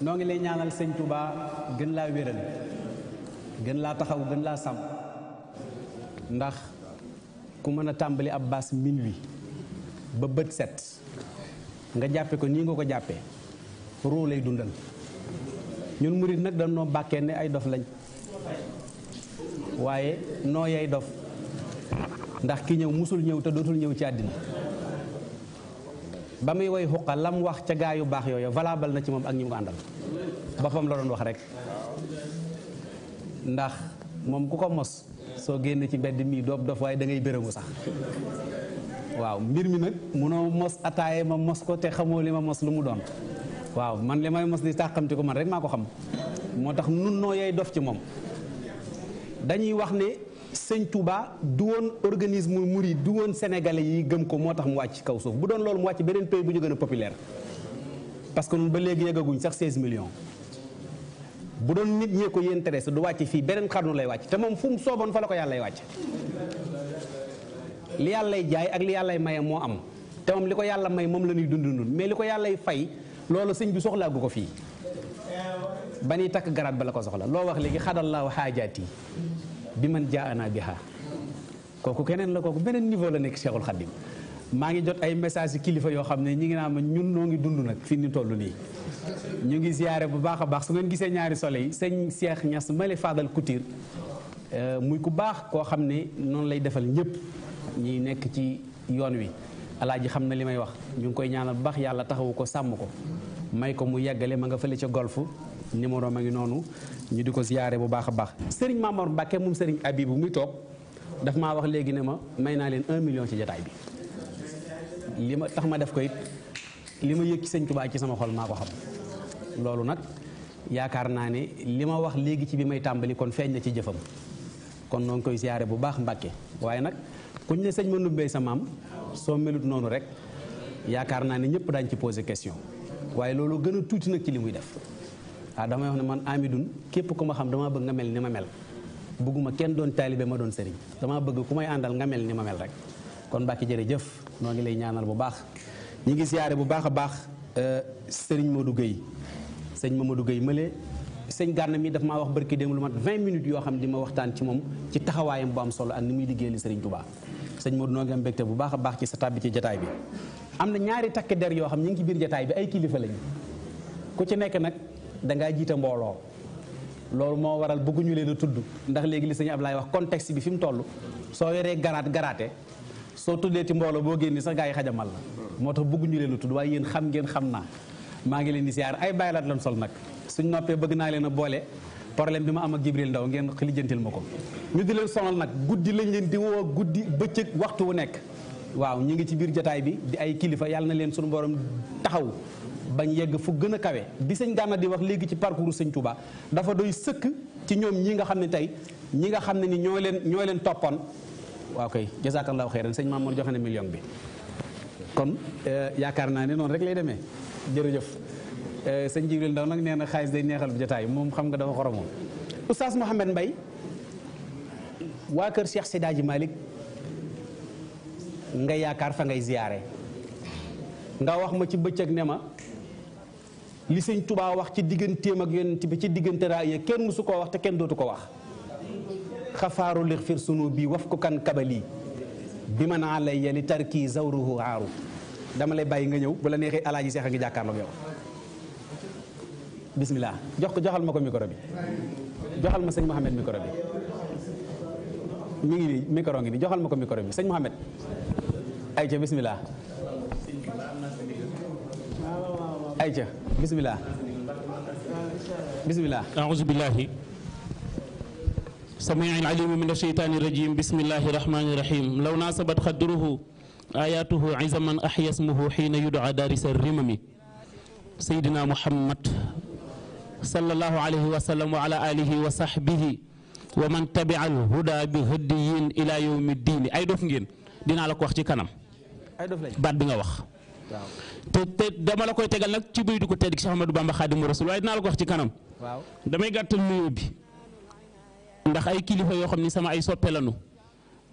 noo ngi lay ñaanal sëñ Touba gën laa wéral gën laa taxaw gën laa sàmm ndax ku mën a tàmbali ab baas min wi ba bët set nga jàppe ko nii nga ko jàppee ruu lay dundal ñun murit nag dañ noo bàkkee ne ay dof lañ waaye noo yay dof ndax ki ñëw musul ñëw te dootul ñëw ci àddina ba muy woy xuqa lam wax ca gaa yu baax yooyu valable na ci moom ak ñi mu ko àndal boppam la doon wax rek ndax moom ku ko mos soo génnee ci mbedd mii doof dof waaye dangay ngay béréngu sax waaw mbir mi nag munoo mos ataaye ma mos ko te xamoo li ma mos lu mu doon waaw man li may mos ni tàqamti ko man rek maa ko xam moo tax nun noo yay dof ci moom dañuy wax ne sëñ Touba du woon organisme mouride du woon sénégalais yi gëm ko moo tax mu wàcc kaw suuf bu doon loolu mu wàcc beneen pays bu ñu gën a populaire parce que ba léegi yeggaguñ sax 16 millions bu doon nit ñee ko yéen intéressé du wàcc fii beneen xarnu lay wàcc te moom fu mu sooboon fa la ko yàllay wàcc li yàllay jaay ak li yàllay maye moo am te moom li ko yàlla may moom la ñuy dund mais li ko yàllay fay loolu sëñ bi soxlaa gu ko fii ba ñuy takk garab ba la ko soxla loo wax léegi xadallaahu xaajaat yi bi man jaa ana biha kooku keneen la kooku beneen niveau la nekk Cheikhul Khadim maa ngi jot ay message kilifa yoo xam ne ñi ngi naa ma ñun noo ngi dund nag fi ñu toll nii ñu ngi ziyaare bu baax a baax su ngeen gisee ñaari sole yi seex Cheikh Niass male Fadal Couture euh, muy ku baax koo xam ne noonu lay defal ñëpp ñi nekk ci yoon wi alaaji xam na li may wax ñu ngi koy ñaanal bu baax yàlla taxawu ko sàmm ko may ko mu yeggale ma nga fële ca golfu numéro ma ngi noonu ñu di ko ziyaare bu baax a baax Serigne Mamor Mbacke moom Serigne Abibu muy toog daf maa wax léegi ne ma may naa leen un million ci jataay bi li ma tax ma def ko it li ma yëg ci sëñ Tuubaa ci sama xol maa ko xam loolu nag yaakaar naa ne li ma wax léegi ci bi may tàmbali kon feeñ na ci jëfam kon noo ngi koy ziyaare bu baax mbakke waaye nag kuñ ne sëñ ma nubbee sa maam soo melut noonu rek yaakaar naa ne ñëpp daañ ci posé question waaye loolu gën a tuuti nag ci li muy def ah damay wax ne man Amidoune képp ku ma xam dama bëgg nga mel ni ma mel bëgguma kenn doon taalibe ma doon sëriñ dama bëgg ku may àndal nga mel ni ma mel rek kon Mbàkke jëf noo ngi lay ñaanal bu baax ñu ngi siyaare bu baax a baax euh, sëriñ moo Modou Gueye sëñ Mamadou Gueye mële sëñ Gànna mii daf ma wax barki démb lu mat vingt minutes yoo xam di ma waxtaan ci moom ci taxawaayam bu am solo ak ni muy liggéey li sëriñ Touba sëñ Modou noo ngi am mbégte bu baax a baax ci sa tàbbi ci jataay bi am na ñaari takk der yoo xam ñu ngi ci biir jataay bi ay kilifa lañu dangay jiite mbooloo loolu moo waral bëgguñu leen a tudd ndax léegi li sëñ Ablaye wax contexte bi fi mu toll soo yoree garaat garaate soo tuddee ci mbooloo boo génnee sax gaa yi xajamal la moo tax bëgguñu leen a tudd waaye yéen xam ngeen xam naa maa ngi leen di siyaar ay bàyyilaat lan sol nag suñ noppee bëgg naa leen a boole problème bi ma am a Jibril Ndaw ngeen lijjantil ma ko ñu di leen sonal nag guddi lañ leen di woo guddi bëccëg waxtu wu nekk waaw ñu ngi ci biir jataay bi di ay kilifa yàlla na leen suñu borom taxaw bañ yegg fu gën a kawe bi sëñ Gana di wax léegi ci parcours sëñ Touba dafa doy sëkk ci ñoom ñi nga xam ne tey ñi nga xam ne ni ñoo leen ñoo leen toppoon waaw kay jazakallahu xeyran sëñ Mamour joxe na million bi kon euh, yaakaar naa ne noonu rek lay demee jërëjëf euh, sëñ Jibril nag nee na xaalis day neexal bu jotaay moom xam nga dafa xoromoon oustaz Mouhamed Mbaye waa kër Cheikh Sidaaji nga yaakaar fa ngay ziyaare nga wax ma ci bëccëg ne ma li sëñ tubaa wax ci digganteem ak yonent bi ci diggante raaya kenn mësu koo wax te kenn dootu ko wax xafaaru lix fir sunu bii waf ko kan kabali bi ma man alayya li tarki zawruhu aaru dama lay bàyyi nga ñëw bu la neexee alaaji seex a ngi jàkkaarloog yow bismillah jox ko joxal ma ko micro bi joxal ma sëñ Mohamed micro bi mu ngi nii micro ngi nii joxal ma ko micro bi sëñ Mohamed ay ca bismillah ayca bisimilah bisimilah aouzu billahi samii alim min asheytaani rajim bismillahi rahmani rahim law naasabat xadruhu ayatuhu izaman ahyasmuhu xiina yudaa daarisa rimami sayidina muhammad sallallahu alayhi wa sallam wa ala alihi wa sahbihi wa man tabia al huda bi hadiyin ila yawmi diini ay dof ngeen dinaa la ko wax ci kanam baat bi nga wax te te dama la koy tegal nag ci baydu ko tedd gi Cheikh Ahmadou Bamba Khadimu Rasul waaye dinaa la ko wax ci kanam. damay gàttal nuyoo bi ndax ay kilifa yoo xam ni sama ay soppe lanu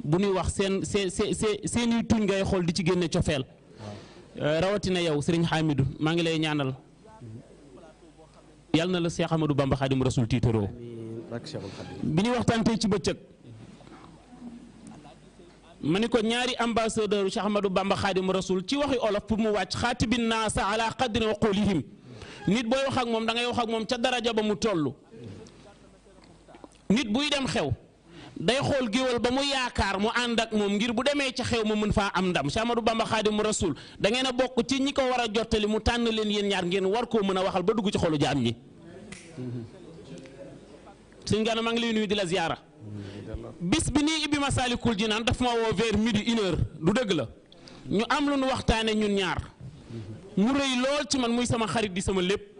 bu ñuy wax seen seen seen seeni i tuñ ngay xool di ci génne cofeel. Euh, rawatina yow Serigne Hamidou maa ngi lay ñaanal yal na la Cheikh Ahmadou Bamba Khadimu Rasul tiitaroo bi ñuy waxtaan ci bëccëg. ma ni ko ñaari ambassadeur Cheikh Ahmadou Bamba Xaadimu Rasul ci waxi olof pour mu wàcc sa naasa ala qadri uqulihim nit booy wax moom da ngay wax ak moom ca daraja ba mu toll nit buy dem xew day xool géwal ba mu yaakaar mu ànd ak moom ngir bu demee ca xew ma mën faa am ndam Cheikh Ahmadou Bamba Xaadimu Rasul da ngeen bokk ci ñi ko war a jottali mu tànn leen yéen ñaar ngeen war koo mën a waxal ba dugg ci xolu jaam ñi. suñ gana maa ngi lay di la ziyaara bis bi nii ibbi Masaalikul Jinaan daf ma woo vers midi une heure du dëgg la ñu am lu nu waxtaane ñun ñaar mu rëy lool ci man muy sama xarit di sama lépp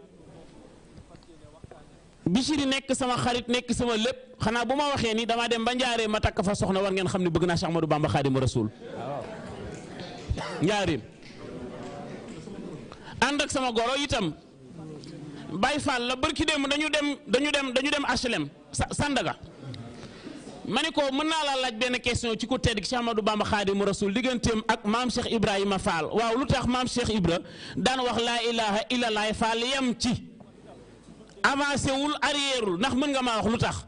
Bichiri nekk sama xarit nekk sama lépp xanaa bu ma waxee ni damaa dem ba njaaree ma takk fa soxna war ngeen xam ni bëgg naa Cheikh Ahmadou Bamba Xaadimu Rasuul njaareem ànd ak sama goro itam Baye Fall la barki démb dañu dem dañu dem dañu dem HLM Sandaga ma ne ko mën naa laa laaj benn question ci ku tedd ki Cheikh Ahmadou Bamba Xaadimu Rasul digganteem ak maam Cheikh Ibrahima Fall waaw lu tax maam Cheikh Ibra daan wax laa ilaha illallah Fall yem ci avancé wul arrièreul ndax mën nga maa wax lu tax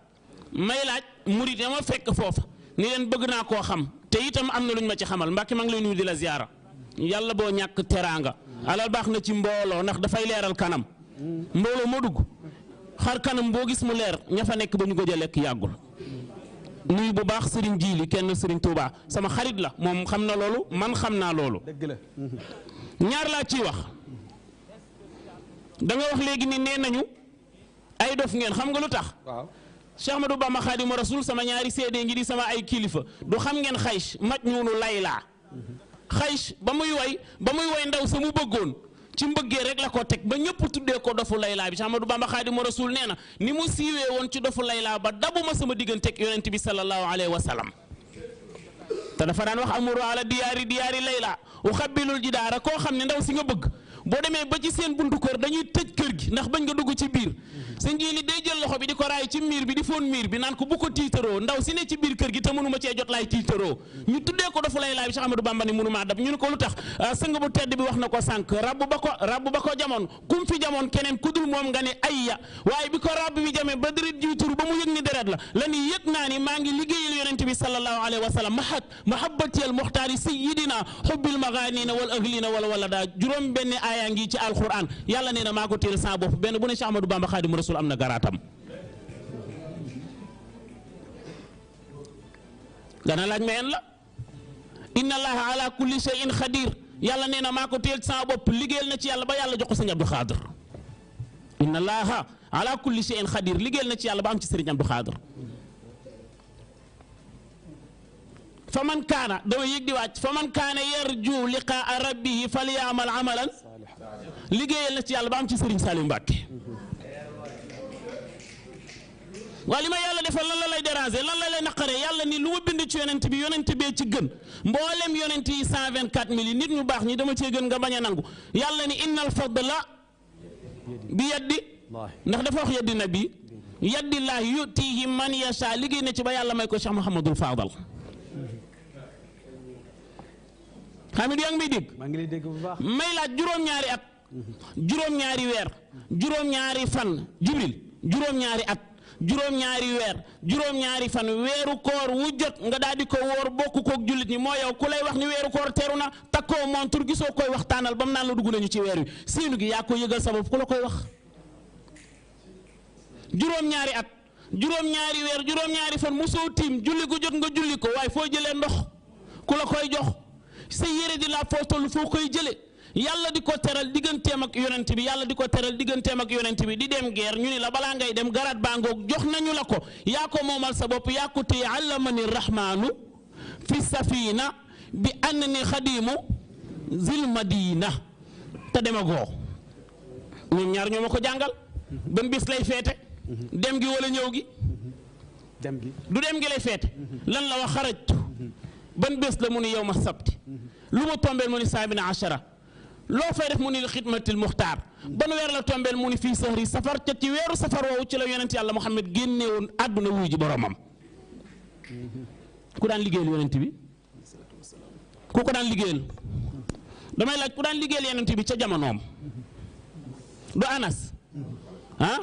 may laaj murid ma fekk foofu ni leen bëgg naa koo xam te itam am na lu ma ci xamal Mbàkke maa ngi lay nuyu di la ziyaara yàlla boo ñàkk teraanga alal baax na ci mbooloo ndax dafay leeral kanam mbooloo moo dugg kanam boo gis mu leer ña fa nekk ba ñu gëj a lekk nuyu bu baax sëriñ Serigne Jili kenn Serigne Touba sama xarit la moom xam na loolu man xam naa loolu. dëgg la ñaar laa ciy wax danga nga wax léegi ni nee nañu ay dof ngeen xam nga lu tax. waaw Cheikh Ahmadou Bamba Xaadimu Rasul sama ñaari seede ngi di sama ay kilifa du xam ngeen xays maj ñuunu lay laa xays mhm. ba muy woy ba muy way ndaw sa mu bëggoon. ci mbëggee rek la ko teg ba ñëpp tuddee ko dofu laylaa bi du Ahmadou Bamba Xaadimu Rasuul nee na ni mu siiwee woon ci dofu laylaa ba dabuma sama digganteeg yonent bi sallallahu alayhi wa sallam te dafa daan wax amuru ala diyaari diyaari layla u xabilul jidaara koo xam ne ndaw si nga bëgg boo demee ba ci seen buntu kër dañuy tëj kër gi ndax bañ nga dugg ci biir sëñ ji li day jël loxo bi di ko raay ci miir bi di foon miir bi naan ko bu ko tiitaroo ndaw si ne ci biir kër gi te mënuma cee jot laay tiitaroo ñu tuddee ko dafa lay laay bi Cheikh Amadou Bamba ni mënumaa dab ñu ne ko lu tax ah, sëng bu tedd bi wax na ko sànq rabbu ba ko rabbu ba ko jamono kum fi jamono keneen kudul moom nga ne ayya waaye bi ko rabb bi jamee ba deret ji ba mu yëg ni la la ni naa ni maa ngi liggéeyal yonent bi sallallahu alayhi wa sallam mahat mahabbati al muxtaari sayidina xubbil maganina wal ahlina wal walada juróom benn laayaa ngi ci alxuraan yàlla nee na maa ko téel sa bopp benn bu ne Cheikh Ahmadou Bamba Xaadimu Rasuul am na garaatam dana laaj meen la inna allaha ala kulli shay'in xadir yàlla nee na maa ko téel liggéey bopp na ci yàlla ba yàlla jox sa sëñ Abdou Xaadir inna allaha ala kulli shay'in liggéey liggéeyal na ci yàlla ba am ci sëriñ Abdou Xaadir fa man kaana dama yëg di wàcc fa man kaana yarju liqaa rabbihi falyamal amalan liggéeyal na ci yàlla ba am ci Serigne Saliou Mbacke waa li ma yàlla defal lan la lay déranger lan la lay naqaree yàlla ni lu ma bind ci yonent bi yonent bee ci gën mboolem yonent yi 124 mille yi nit ñu baax ñi dama cee gën nga bañ a nangu yàlla ni innal fadla bi yaddi ndax dafa wax yaddi nabi yaddillah yutihi man yasha liggéey na ci ba yàlla may ko Cheikh Mouhamadul Fadal xam nga may dégg may laaj juróom-ñaari at juróom-ñaari weer juróom-ñaari fan jibril juróom-ñaari at juróom-ñaari weer juróom-ñaari fan weeru koor wu jot nga daal di ko wóor bokk kook jullit yi moo yow ku lay wax ni weeru koor teru na takkoo montur gisoo koy waxtaanal ba mu naan la dugg nañu ci weer wi siinu gi yaa ko yëgal sabab ku la koy wax juróom-ñaari at juróom-ñaari weer juróom-ñaari fan mosoo tiim julli ko jot nga julli ko waaye foo jëlee ndox ku la koy jox sa yére di la foo yàlla di ko teral digganteem ak yonent bi yàlla di ko teral digganteem ak yonent bi di dem guerre ñu ni la balaa ngay dem garat bangoog jox nañu la ko yaa ko moomal sa bopp yaa ko téye allamani rahmaanu fi safina bi annani xadimu zil madina te demagoo ñoom ñaar ñoo ma ko jàngal ban bis lay feete dem gi wala ñëw gi dem gi du dem gi lay feete lan la wax xarajtu ban bés la mu ni yow ma sabti lu mu tombeel mu ni saabina achara loo fay def mu ni xidmatil muxtaar ban weer la tombeel mu ni fii sahri safar ca ci weeru safar woowu ci la yonent yàlla Muhammad génnee woon àdduna wuyu ji boromam ku daan liggéeyal yonent bi ku ko daan liggéeyal damay laaj ku daan liggéeyal yonent bi ca jamonoom du Anas ah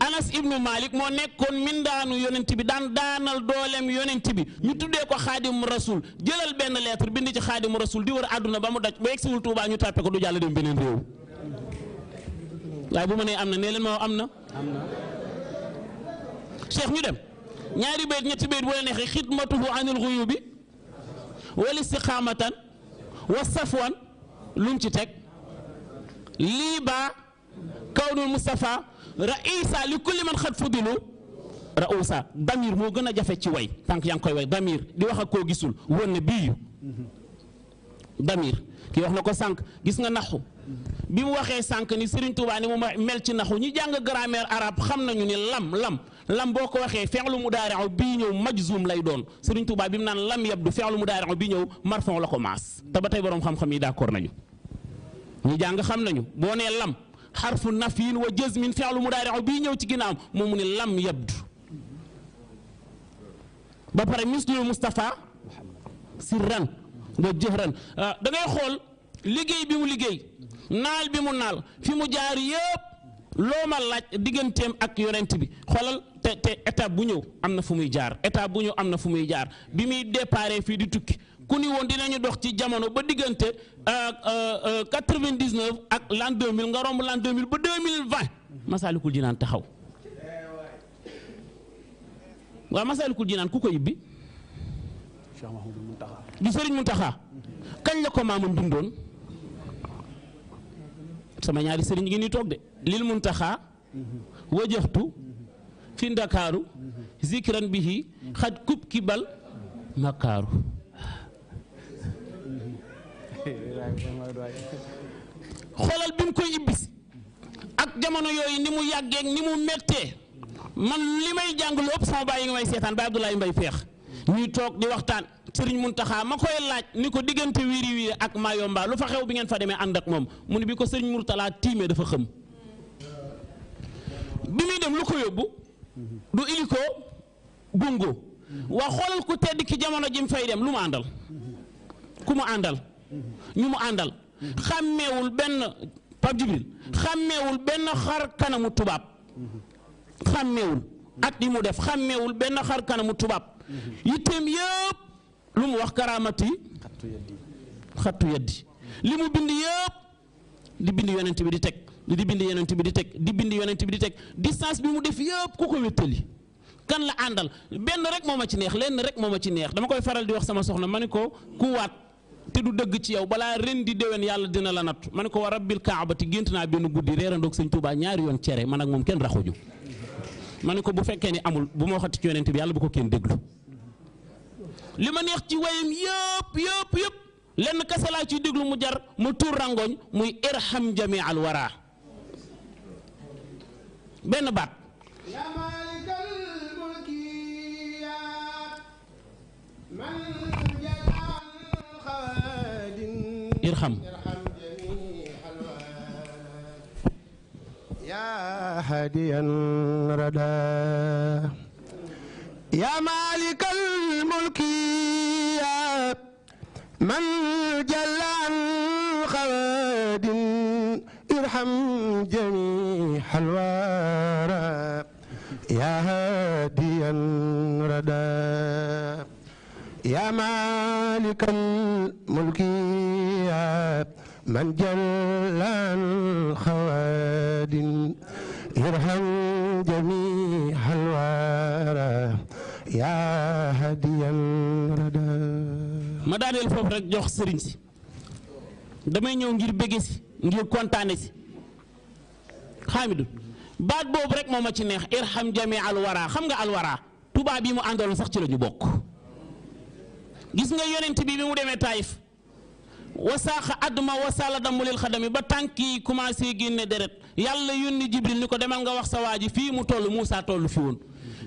Anas ibnu Malik moo nekkoon mindaanu yonent bi daan daanal dooleem yonent bi ñu tuddee ko xaadimu rasuul jëlal benn lettre bind ci xaadimu rasul di wër àdduna ba mu daj ba egsiwul Tuubaa ñu tàppe ko du jàll dem beneen réew waaye bu ma nee am na nee leen ma am na cheikh ñu dem ñaari bayt ñetti bayt bu la neexee xidmatuhu anil xuyubi wal istiqaamatan wa safwan luñ ci teg lii baa kawnul raisa li kulli man xat fudilu rausa damir moo gën a jafe ci way tànk yaa ngi koy way damir di wax ak koo gisul woon na bii damir kii wax na ko sànq gis nga naxu bi mu waxee sànq ni Serigne Touba ni mu mel ci naxu ñi jàng grammaire arabe xam nañu ni lam lam lam boo ko waxee fi'lu mudaari'u bii ñëw majzum lay doon Serigne Touba bi mu naan lam yabdu fi'lu mudaari'u bii ñëw mar marfon la ko maas te ba tey borom xam-xam yi d'accord nañu ñi jàng xam nañu boo xarfu nafyin wa jazmin fi'lu mudaari'u bii ñëw ci ginnaawam moom mu ne lam yabdu ba pare mislul Moustapha sirran wa jëhran ah, da ngay xool liggéey bi mu liggéey naal bi mu naal fi mu jaar yëpp loo ma laaj digganteem ak yonent bi xoolal te te étape bu ñëw am na fu muy jaar état bu ñëw am na fu muy jaar bi muy déparé fii di tukki. ku ni woon dinañu dox ci jamono ba diggante euh, euh, euh, quatre ak l'an deux mille nga romb l'an deux mille ba deux mille vingt Masaalikul Jinaan taxaw waaw Masaalikul Jinaan ku ko yibbi di Sëriñ Muntaxa kañ la ko maamam bindoon sama ñaari sëriñ ngi ni toog de lil Muntaxa wajaxtu fi ndakaaru mhm. zikran bihi mhm. xaj kub kibal makaaru xoolal bi mu koy ibbisi ak jamono yooyu ni mu yàggeek ni mu méttee man li may jàng lu ëpp sama baay yi nga may seetaan ba Abdoulaye Mbaye Peex ñuy toog di waxtaan Sëriñ Muntaxa ma koy laaj ni ko diggante wiiri wiiri ak Mayomba lu fa xew bi ngeen fa demee ànd ak moom mu ne bi ko Sëriñ talaat tiimee dafa xëm bi muy dem lu ko yóbbu du iliko gungo waa xoolal ku tedd ki jamono ji mu fay dem lu mu àndal ku mu àndal ñu mu àndal xàmmeewul benn Pape Djibril xàmmeewul benn xar kanamu tubaab xàmmewul at yi mu def xàmmeewul benn xar kanamu tubaab yitteem yëpp lu mu wax karaamati xattu yeddi li mu bind yëpp di bind yonent bi di teg di bind yonent bi di teg di bind yonent bi di teg distance bi mu def yëpp ku ko wéttali kan la àndal benn rek moom a ci neex lenn rek moom a ci neex dama koy faral di wax sama soxna ma ne ko ku waat te du dëgg ci yow balaa ren di déwén yàlla dina la natt ma ne ko wa rabbil kaabati gént naa benn guddi reerandoog sëñ Tuubaa ñaari yoon cere man ak moom kenn raxuñu ma ne ko bu fekkee ni amul bu ma waxati ci yonent bi yàlla bu ko kenn déglu li ma neex ci wayam yëpp yëpp yëpp lenn kese laa ciy déglu mu jar mu tuur rangoñ muy irham jami al wara benn baat irham يا هاديا ردا يا مالك الملك يا من جل عن خلد ارحم جميع الورى يا هاديا ردا يا مالك الملك يا من جل عن خواد ارحم جميع الورى يا هاديا ردا ma daaneel foofu rek jox sëriñ si damay ñëw ngir bëgge si ngir kontaane si xaamidu baat boobu rek moom ma ci neex irham jami alwara xam nga alwara tubaab yi mu àndoon sax ci lañu bokk gis nga yonent bi bi mu demee Taïf wasaaxa adma wasaala damulil xadami ba tànk yi commencé génne deret yàlla yónni jibril ni ko demal nga wax sa waa ji fii mu toll Moussa tollu fi woon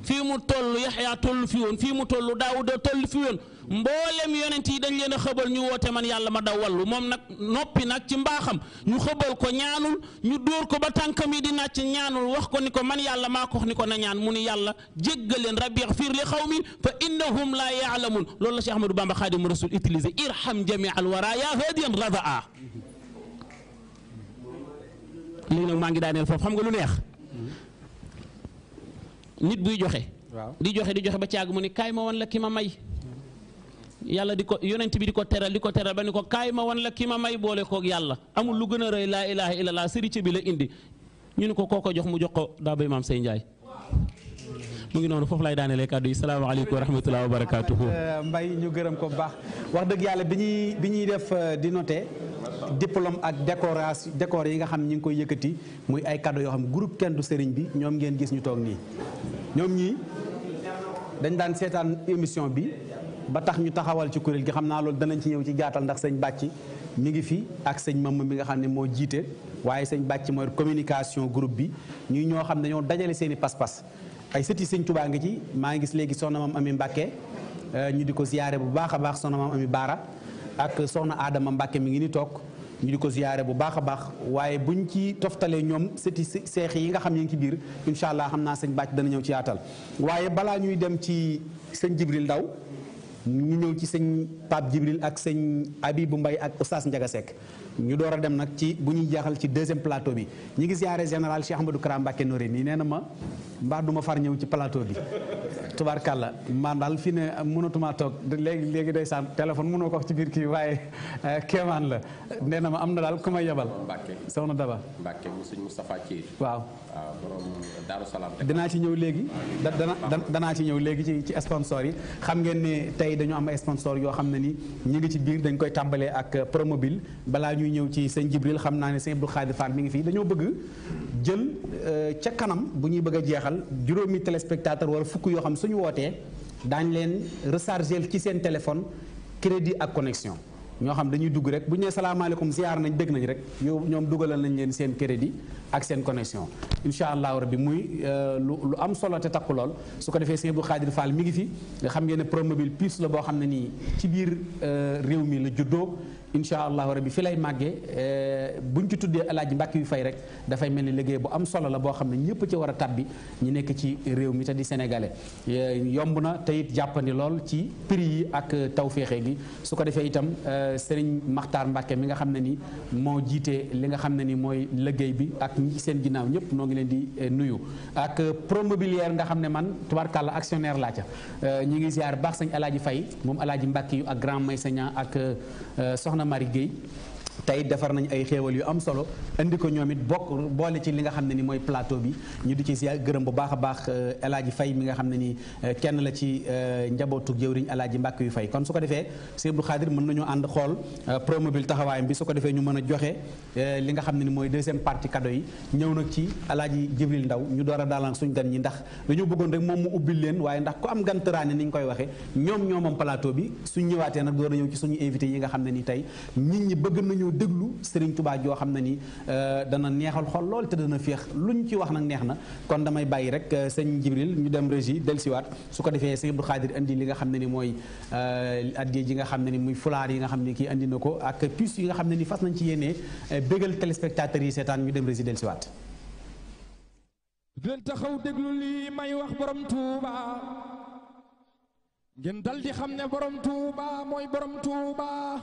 fii mu toll Yaxya toll fi woon fii mu toll Daawuda toll fi woon mboolem yonent yi dañ leen a xëbal ñu woote man yàlla ma daw wallu moom nag noppi nag ci mbaaxam ñu xëbal ko ñaanul ñu dóor ko ba tànkam yi di nàcc ñaanul wax ko ni ko man yàlla maa ko wax ni ko na ñaan mu ni yàlla jéggal leen rabbi xfir li xaw mi fa innahum laa yaalamun loolu la Cheikh Ahmadou Bamba xaadimu rasul utilisé irham jami al wara yaa hadiyan radaa lii nag maa ngi daaneel foofu xam nga lu neex nit buy joxe di joxe di joxe ba caag mu ni kaay ma ma may yàlla di ko yonent bi di ko teral di ko teral ba ni ko kaay ma wan la ki ma may boole koog yàlla amul lu gën a rëy laa ilaha illallah sëriñ bi la indi ñu ni ko kooko jox mu jox ko daa bay maam say njaay mu ngi noonu foofu laay daanelee kàddu yi salaamaaleykum wa rahmatulah wa barakaatu. Euh, mbay ñu gërëm ko bu baax wax dëgg yàlla bi ñuy bi ñuy def euh, di noté diplôme ak décoration décor yi nga xam ñi ngi koy yëkkati muy ay kàddu yoo xam groupe kenn du sëriñ bi ñoom ngeen gis ñu toog nii ñoom ñii dañ daan seetaan émission bi. ba tax ñu taxawal ci kuréel gi xam naa loolu danañ ci ñëw ci jaatal ndax sëñ bàcc mi ngi fi ak sañ mam mi nga xam ne moo jiite waaye sañ bàcc mooy communication groupe bi ñuy ñoo xam ne ñoo dajale seen i pas-pas ay sëti sëñ tubaa ngi ci maa ngi gis léegi soxna mam ami Mbàkke euh, ñu di ko ziyaare bu baax a baax soxna mam ami baara ak soxna Adama Mbàkke mi ngi ni toog ñu di ko ziyaare bu baax a baax waaye buñ ci toftalee ñoom sëti seex yi nga xam ne ngi ci biir incha allah xam naa sëñ bàcc dana ñëw ci yaatal waaye balaa ñuy dem ci sëñ Jibril Ndaw ñu ñëw ci sëñ Pape Djibril ak sëñ bu mbay ak Oustaz Ndiaga Seck ñu door a dem nag ci bu ñuy jaaxal ci deuxième plateau bi ñu ngi si ziare général Cheikh Ahmadou Kara Mbacké Noré nii nee na ma mbaa du ma far ñëw ci plateau bi tubaarkàlla man daal fi ne mënatumaa toog léegi léegi day saan téléphone mënoo ko wax ci biir kii waaye euh, kéemaan la nee na ma am na daal ku ma yebal soxna Daba Mbacké waaw waaw borom danaa ci ñëw léegi ah. danaa ci ñëw léegi ci ci sponsor yi xam ngeen ne tey dañu am ay yoo xam ne ni ñu ngi ci biir dañ koy tàmbalee ak Promobile balaa ñuy ñëw ci sëñ Jibril xam naa ne seen Abdou Khadir Fall mi ngi fii dañoo bëgg jël euh, ca kanam bu ñuy bëgg a jeexal juróomi téléspectateur wala fukk yoo xam suñu wootee daañ leen recharger ci seen téléphone crédit ak connexion ñoo xam dañuy dugg rek bu ñu nee salaamaaleykum ziar nañ dégg nañ rek yow ñoom dugalal nañ leen seen crédit ak seen connexion incha allah rabbi muy euh, lu lu am solo te takku lool su ko defee sëñ bu Xaadir Fall mi ngi fi nga xam ngeen ne Promobile plus la boo xam ne nii ci biir euh, réew mi la juddoo. incha allahu rabbi fi lay màggee eh, buñ ci tuddee alaaji mbàkk yu fay rek dafay mel ni liggéey bu am solo la boo xam ne ñëpp ci war a tàbbi ñu nekk ci réew mi te di sénégalais eh, yomb na te it jàppandi lool ci prix yi ak tawféexe gi su ko defee itam eh, sëriñ maxtaar mbàkke mi nga xam ne ni moo jiitee li nga xam ne ni mooy liggéey bi ak ñi seen ginnaaw ñëpp noo ngi leen di nuyu ak promobilière nga xam ne man tubarkàlla actionnaire laa ca ñi ngi ziar baax sañ alaaji fay moom alaaji mbàkk yu ak grand may Soxna Mari Guèye tey defar nañ ay xéewal yu am solo indi ko ñoom it bokk boole ci li nga xam ne ni mooy plateau bi ñu di ci si gërëm bu baax a baax euh, El Hadj Faye mi nga xam ne ni euh, kenn la ci euh, njabootu jëwriñ El Hadj Mbàkk yu Faye kon su ko defee Sëñ bu Khadir mën nañu ànd xool promobile taxawaayam bi su ko defee ñu mën a joxe li nga xam ne ni mooy deuxième partie cadeau yi ñëw nag ci El Hadj Jibril Ndaw ñu door a daalan suñ gan ñi ndax dañoo bëggoon rek moom mu ubbil leen waaye am gan ni ñu koy waxee ñoom ñoo moom bi suñ ñëwaatee nag door a ñëw ci suñu invité yi nga xam ne ni tey bëgg nañu dañoo déglu Serigne Touba joo xam ne ni euh, dana neexal xol lool te dana féex luñ ci wax nag neex na kon damay bàyyi rek euh, sëñ Jibril ñu dem régie siwaat su ko defee sëñ Abdou Khadir indi li nga xam ne ni mooy euh, addiya ji nga xam ne ni muy fulaar yi nga xam ne kii indi na ko ak puce yi nga xam ne ni fas nañ ci yéenee bégal téléspectateurs yi seetaan ñu dem régie dellusiwaat. ngeen taxaw déglu lii may wax borom Touba dal xam ne borom Touba mooy borom Touba.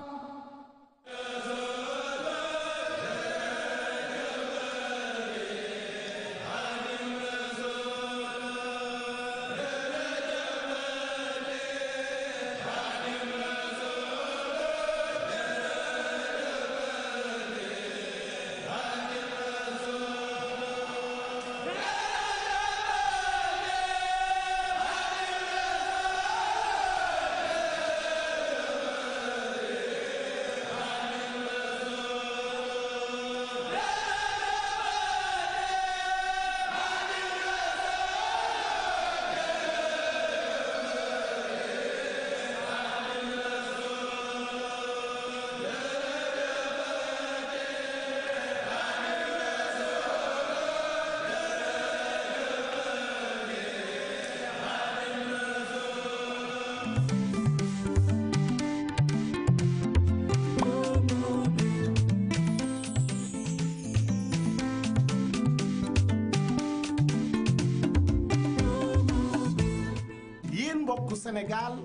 senegaal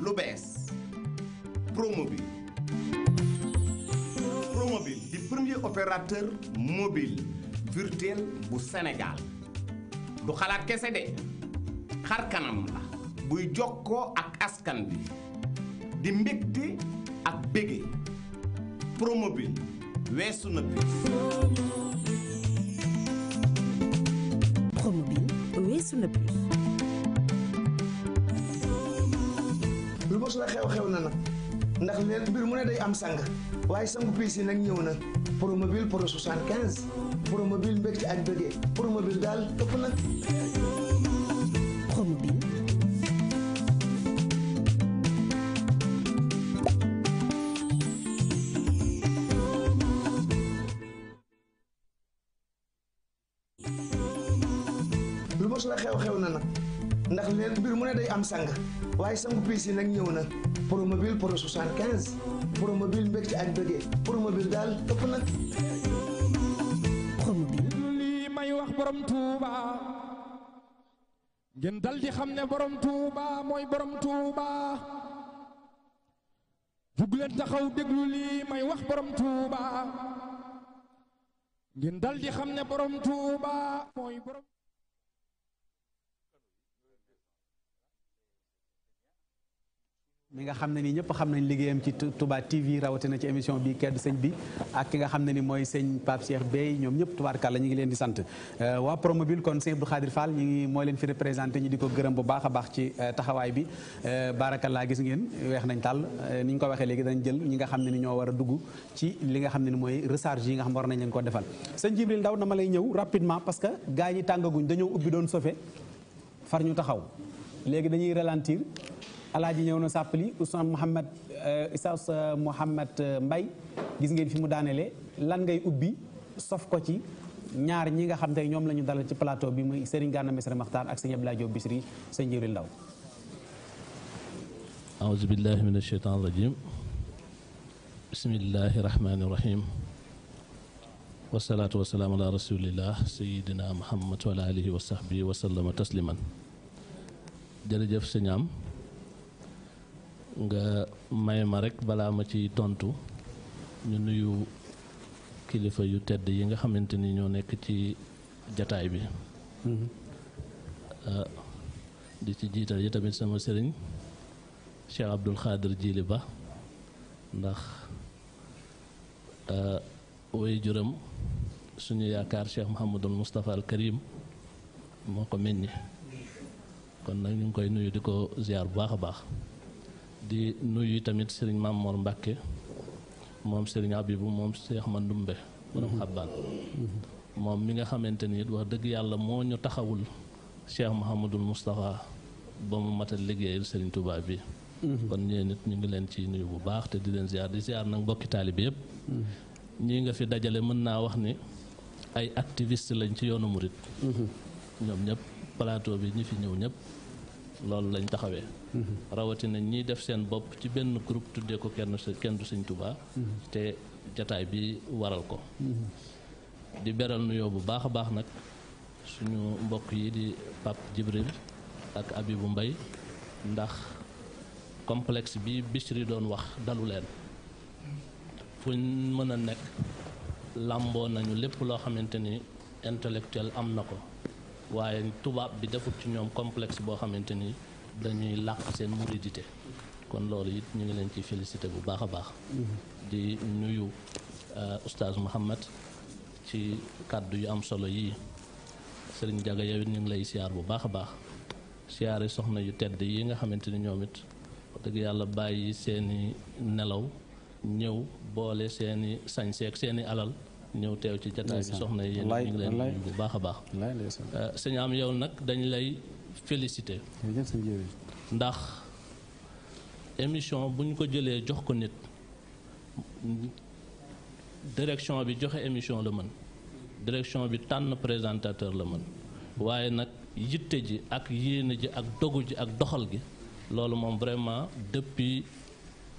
lu bees Promobil Promobil di premier opérateur mobile bu Sénégal du xalaat kese de xar kanam la buy jokkoo ak askan bi di mbégte ak bége Promobil weesu na bi Promobil weesu na ndax leen mbir mu ne day am sang waaye sangu piis yi nag ñëw na promobile pro 75 promobile mbégte ak bëggee promobile daal ëpp na ne day am sang waaye sangu piis yi nag ñëw na promobile pro 75 promobile mbégte ak bëggee promobile daal ëpp nag promobile lii may wax borom tuuba ngeen dal di xam ne borom tuuba mooy borom tuuba jug leen taxaw déglu lii may wax borom tuuba ngeen dal xam ne borom tuuba mi nga xam ne ni ñëpp xam nañ liggéeyam xam ne ni mooy sëñ Pape Cheikh ñu ngi leen di sant euh, waa Promobile kon sëñ Abdou Khadir Fall ñu ngi di ko gërëm bu a baax ci euh, taxawaay bi euh, gis ngeen weex nañ tàll ni ñu ko waxee léegi dañ jël ñi nga xam ne ni ñoo war a dugg ci li nga xam ne ni mooy recharge yi nga xam war nañ leen ko defal sëñ Jibril Ndaw dama lay ñëw rapidement parce que gars yi tàngaguñ dañoo ubbi doon sofe far ñu taxaw léegi dañuy ralentir alaaji ñëw na sàppali oustaz Mouhamed euh, oustaz euh, euh, gis ngeen fi mu daanele lan ngay ubbi sof ko ci ñaar ñi nga xam tey ñoom lañu ñu dalal ci plateau bi muy Serigne Gana Messere Makhtar ak sëñ Abdoulaye Diop Bichri sëñ Jibril Ndaw aouzu billahi min asheytan rajim bismillahi rahmani rahim wasalaatu wasalaam ala rasulillah sayidina muhammad wa nga may ma rek balaa ma ci tontu ñu nuyu kilifa yu tedd yi nga xamante ni ñoo nekk ci jataay bi mm-hmm. ah, di ci jiital yi tamit sama sëriñ Cheikh Abdul Xaadir Jiili Ba ndax ah, woy juram suñu yaakaar Cheikh Mouhamadul Moustapha al Karim moo ko meññi kon nag ñu koy nuyu di ko ziar bu baax a baax di nuyu tamit Serigne Mame Mor Mbacke moom Serigne Abibou moom seex Mandoumbe borom mhm. xabbaan mhm. moom mi nga xamante ni wax dëgg yàlla moo ñu taxawul Cheikh Mouhamadul Moustapha ba mu matal liggéeyal Serigne tubaab bi mhm. kon ñee nit ñu ngi leen ci nuyu bu baax te di leen ziar di ziar nag mbokki taalibe yëpp ñii nga fi dajale mën naa wax ni ay activiste lañ ci yoonu murit ñoom ñëpp plateau bi ñu fi ñëw ñëpp loolu lañ taxawee rawatina ñiy def seen bopp ci benn groupe tuddee ko kenn kenn du sëñ Tuubaa te jataay bi waral ko di beral nuyoo bu baax a baax nag suñu mbokk yi di Pape Djibril ak bu mbay ndax complex bi Bichri doon wax dalu leen fuñ mën a nekk làmboo nañu lépp loo xamante ni intellectuel am na ko waaye tubaab bi defut ci ñoom complexe boo xamante ni dañuy làq seen muridité kon loolu it ñu ngi leen ci félicité bu baax a baax di nuyu euh, oustaz Mouhamed ci kàddu yu am solo yii sëriñ Jaga yow ñu ngi lay siyaar bu baax a baax siyaari soxna yu tedd yi nga xamante ni ñoom it wax dëgg yàlla bàyyi seeni nelaw ñëw boole seeni sañseek seeni alal ñëw teew ci jataay bi soxna yéen ñu leen baax a baax sañ euh, am yow nag dañu lay félicité ndax émission bu ñu ko jëlee jox ko nit direction bi joxe émission la mën direction bi tànn présentateur la mën waaye nag yitte ji ak yéene ji ak dogu ji ak doxal gi loolu moom vraiment depuis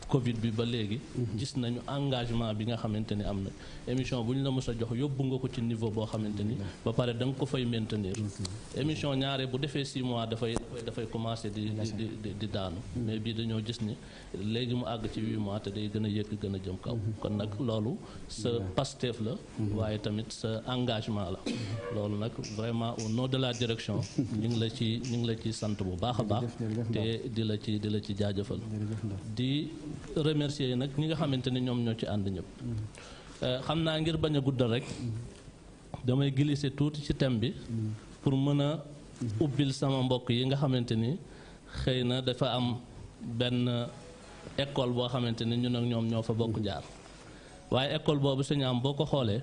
Covid bi ba léegi. gis nañu engagement bi nga xamante ni am na émission bu ñu la mos a jox yóbbu nga ko ci niveau boo xamante ni ba pare da ko fay maintenir émission ñaare bu defee six mois dafay dafay commencer di di di daanu mais bii dañoo gis ni léegi mu àgg ci huit mois te day gën a yëkk gën a jëm kaw kon nag loolu sa Pastef la waaye tamit sa engagement la loolu nag vraiment au nom de la direction ñu ngi la ci ñu ngi la ci sant bu baax a baax te di la ci di la ci jaajëfal di remercier nag ñi nga xamante ni ñoom ñoo ci ànd ñëpp. Euh, xam naa ngir bañ a guddal rek damay glisser tuuti ci thème bi pour mën a ubbil sama mbokk yi nga xamante ni xëy na dafa am benn école boo xamante ni ñu ak ñoom ñoo fa bokk jaar waaye école boobu suñu am boo ko xoolee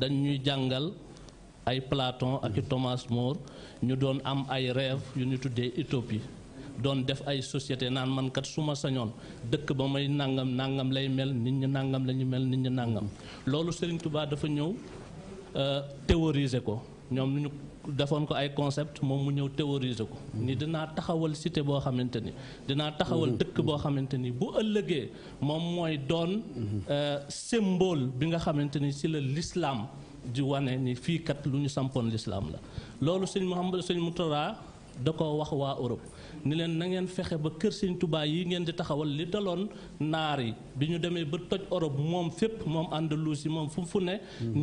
dañ ñuy jàngal ay Platon ak i Thomas More ñu doon am ay rêve yu ñu tuddee utopie doon def ay société naan man kat su ma sañoon dëkk ba may nangam nangam lay mel nit ñi nàngam la ñu mel nit ñi nangam loolu Serigne Touba dafa ñëw euh, théoriser ko ñoom ñu defoon ko ay concept moom mu ñëw théoriser ko ni dinaa taxawal cité boo xamante ni dinaa taxawal mm-hmm. dëkk boo xamante ni bu ëllëgee moom mooy doon mm-hmm. euh, symbole bi nga xamante ni ci la lislaam di wane ni fii kat lu ñu sampoon l'islam la loolu sëñ Mouhamadou sëñ Moutara da ko wax waa Europe ni leen na ngeen fexe ba kër Sëriñ tubaa yi ngeen di taxawal li daloon naar yi bi ñu demee ba toj Europe moom fépp moom Andalusi moom fu fu ne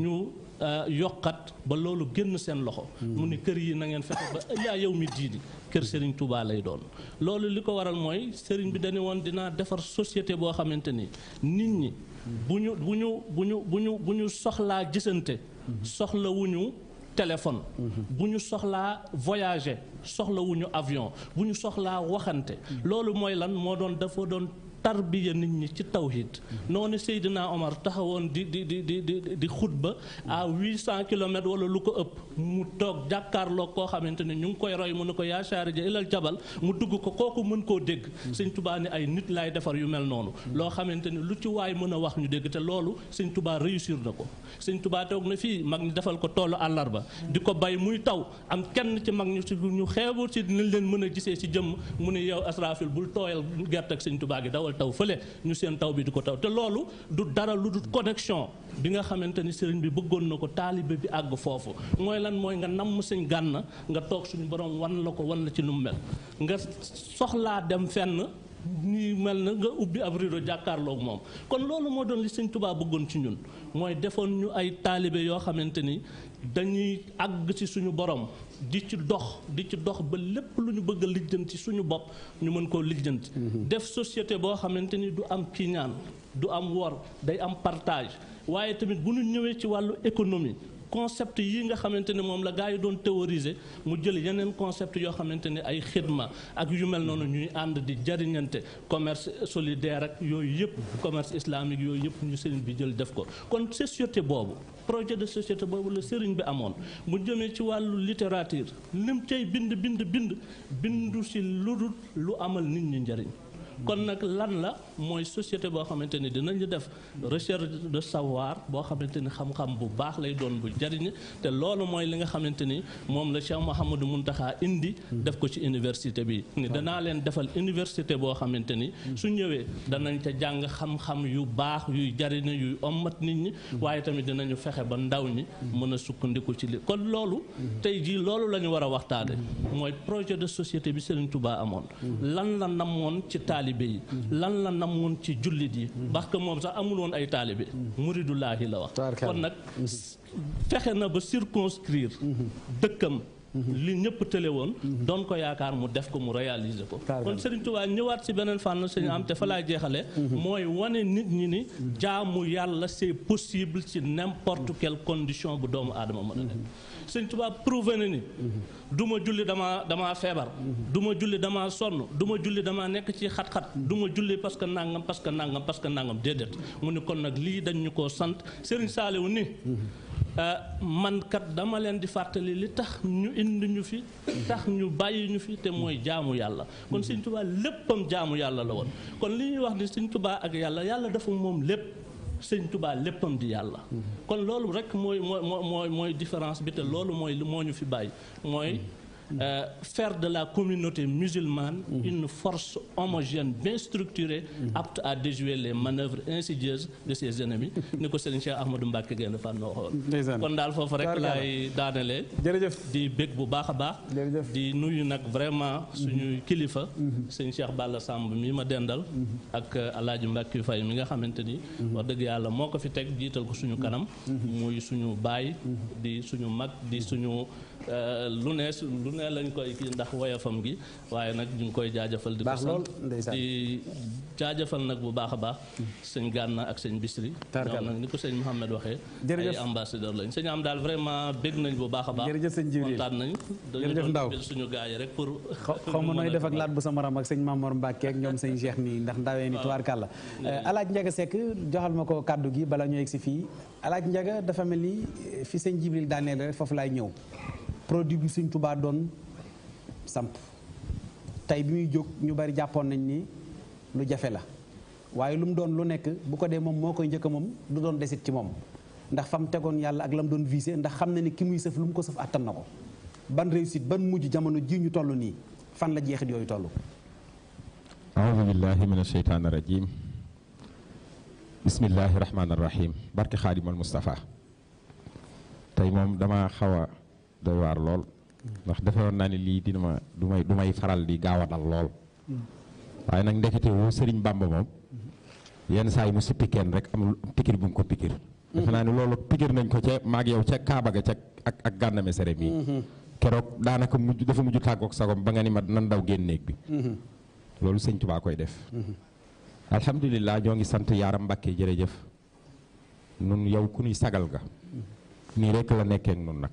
ñu euh, yokkat ba loolu génn seen loxo mu ni kër yi na ngeen fexe ba ëllaa yow mi diini kër Serigne Touba lay doon loolu li ko waral mooy Serigne bi dañu woon dinaa defar société boo xamante ni nit ñi bu ñu bu ñu bu ñu bu ñu bu ñu soxlaa gisante soxlawuñu téléphone. bu ñu soxlaa voyager soxlawuñu avion bu ñu soxlaa waxante. Mm. loolu mooy lan moo doon dafa doon tarbiya nit ñi ci tawhid noonu Seydina Omar taxawoon di di di di di di ba à huit cent kilomètres wala lu ko ëpp mu toog jàkkaarloo koo xamante ne ñu ngi koy roy mu ne ko yaa shaarija ilal jabal mu dugg ko kooku mën koo dégg sëñ tubaa ni ay nit laay defar yu mel noonu loo xamante ne lu ci waay mën a wax ñu dégg te loolu sëñ tubaa réussir na ko sëñ tubaa toog na fii mag ñi defal ko toolu àllarba di ko bay muy taw am kenn ci mag ñu si ñu xeebu si nañ leen mën a gisee si jëmm mu ne yow asrafil bul tooyal gerte sëñ tubaa gi dawal koy taw fële ñu seen taw bi du ko taw te loolu du dara lu dul connexion bi nga xamante ni sëriñ bi bëggoon na ko taalibe bi àgg foofu mooy lan mooy nga namm sëñ gànn nga toog suñu borom wan la ko wan la ci nu mu mel nga soxlaa dem fenn ñuy mel na nga ubbi ab rido jàkkaarloog moom kon loolu moo doon li sëñ Tuubaa bëggoon ci ñun mooy defoon ñu ay taalibe yoo xamante ni dañuy àgg ci suñu borom di ci dox di ci dox ba lépp lu ñu bëgg a lijjanti suñu bopp ñu mën koo lijjanti. Mhm. def société boo xamante ni du am kiñaan du am wor day am partage waaye tamit bu ñu ñëwee ci wàllu économie. concept yi nga xamante ne moom la gars yi doon théoriser mu jël yeneen concept yoo xamante ne ay xidma ak yu mel noonu ñuy ànd di jariñante commerce solidaire ak yooyu yëpp mhm. commerce islamique yooyu yëpp ñu sëriñ bi jël def ko kon société boobu projet de société boobu la sëriñ bi amoon bu jëmee ci wàllu littérature lim cay bind bind bind bindu si lu dul lu amal nit ñi njëriñ kon nag lan la mooy société boo xamante ni dinañu def recherche de savoir boo xamante ni xam-xam bu baax lay doon bu jariñ te loolu mooy li nga xamante ni moom la Cheikh Mouhamadou Mountakha indi def ko ci université bi ni danaa leen defal université boo xamante ni su ñëwee danañ ca jàng xam-xam yu baax yuy jariñ yuy ommat nit ñi waaye tamit dinañu fexe ba ndaw ñi mën a sukkandiku ci li kon loolu tey jii loolu la ñu war a waxtaane mooy projet de société bi Serigne Touba amoon lan la namoon ci taal taalibe yi mhm. lan la namoon ci jullit yi mhm. parce que moom sax amul woon ay taalibe mhm. muridullaahi la wax kon nag fexe na ba circonscrire dëkkam li ñëpp tële woon doon ko yaakaar mu def ko mu réaliser ko kon Serigne Touba ñëwaat si beneen fànn suñu am te fa laay jeexale mooy wane nit ñi ni jaamu yàlla c'est possible ci n'importe quelle condition bu doomu aadama mën a def sëñ tubaab prouvé na ni du ma julli damaa damaa feebar du ma julli dama sonn duma julli damaa nekk ci xat-xat du ma julli parce que nangam parce que nangam parce que nangam déedéet mu ni kon nag lii dañu ñu koo sant Sëriñ Saaliw ni euh, man mankat dama leen di fàttali li tax ñu indi ñu fi tax ñu bàyyi ñu fi te mooy jaamu yàlla kon sëñ Tuubaa léppam jaamu yàlla la woon kon li ñuy wax ni sëñ Tuubaa ak yàlla yàlla dafa moom lépp sëñ Touba léppam di yàlla. Mm-hmm. kon loolu rek mooy mooy mooy mooy différence bi te loolu mooy lu moo ñu fi bàyyi mooy. Euh, faire de la communauté musulmane mhm. une force homogène, bien structurée, mm -hmm. apte à déjouer les manœuvres insidieuses de ses ennemis. ni ko Serigne Cheikh Ahmadou Mbacké Gaïndé Fatma waxoon. kon daal foofu rek laay daanale. jërëjëf di bég bu baax a baax. di nuyu nag vraiment mhm. suñuy kilifa. Mhm. Serigne Cheikh Balla Samb mi ma dendal. ak euh, Alaaji Mbacké Faye mi nga xamante ni. wax dëgg yàlla moo ko fi teg jiital ko suñu kanam. muy suñu baay. di suñu mag di suñu. Euh, lu ne lu ne lañ koy kii ndax woyofam gi waaye nag ñu ngi koy jaajëfal. di ko sant di jaajëfal nag bu baax a baax. sëñ Gànna ak sëñ Bisri. ñoom nag ni ko sëñ Mouhamed waxee. jërëjëf ay ambassadeur lañ sëñ am daal vraiment bég nañ bu baax a baax. jërëjëf sëñ Jibril kontaan nañ. jërëjëf Ndaw suñu gars yi rek pour. xaw ma nooy def laat bu sa maram ak sëñ Mamor Mbacke ak ñoom sëñ Cheikh nii ndax ndawee ni tubaarkàlla. Euh, alaaj Njaga sekk joxal ma ko kàddu gi bala ñoo egg si fii alaaj Njaga dafa mel ni fi sëñ Jibril daaneel rek foofu laay ñëw produit bi Sëñ Tuubaa doon samp tey bi muy jóg ñu bari jàppoon nañ ni lu jafe la waaye lu mu doon lu nekk bu ko dee moom moo koy njëkk moom du doon desit ci moom ndax fa tegoon yàlla ak la doon visé ndax xam na ni ki muy sëf lu mu ko sëf attan na ko ban réussite ban mujj jamono jii ñu toll nii fan la jeexit yooyu toll aoudu billahi min asheytaan irajim bismillahi rahmaani rahim barke xaadimal Mustafa tey moom dama xaw doy waar lool ndax defewoon naa ne lii dina ma du may du may faral di gaaw dal lool waaye nag ndekete woo sëriñ Bamba moom yenn saa yi mu sippi kenn rek am pikir bu mu ko pikir defe naa ne loolu pikir nañ ko ca maag yow ca Kaaba ga ca ak ak gànname sere bi mhm. keroog daanaka mujj dafa mujj tàggook ba nga ni ma daw génn néeg bi mhm. loolu koy def mhm. alhamdulilah ñoo ngi sant yaaram Mbàkke jëf nun yow ku nuy sagal ga nii rek la nekkee nun nag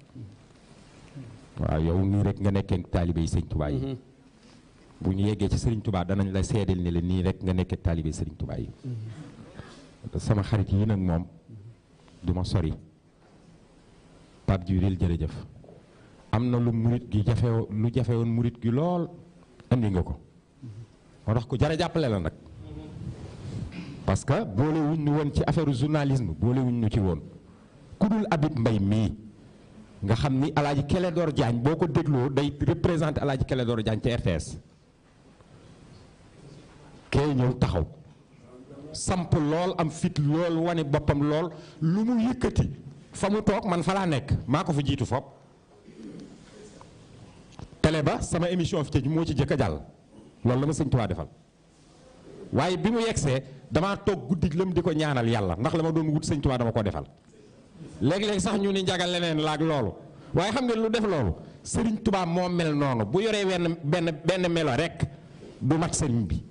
waaw yow nii rek nga nekkee taalibe yi sëñ Tuubaa yi mm-hmm. bu ñu yeggee ci sëriñ Tuubaa danañ la seedeel ni la nii rek nga nekkee taalibe sëriñ Tuubaa yi mm-hmm. sama xarit yi nag moom mm-hmm. du ma sori Pape Djibril jërëjëf am na lu murit gi jafe lu jafe woon murit gi lool andi nga ko moo tax ko jara jàppale la nag parce que boole wuñ nu woon ci affaire journalisme boole wuñ nu ci woon ku dul mbay mii nga xam ni El Hadj Clédor boo ko dégloo day représenté El Hadj Clédor Diagne ci RTS. kee ñëw taxaw samp lool am fit lool wane boppam lool lu mu yëkkati fa mu toog man fa laa nekk maa ko fa jiitu fop télé ba sama émission fi ci moo ci jëkk a jàll loolu la ma sëñ Tuubaa defal waaye bi mu yegsee damaa toog guddi lam di ko ñaanal yàlla ndax la ma doon wut sëñ Tuubaa dama koo defal. léeg-léeg sax ñu ni njaga leneen laag loolu waaye xam nga lu def loolu sëriñ tubaab moo mel noonu bu yoree wenn benn benn melo rekk du mat sëriñ bi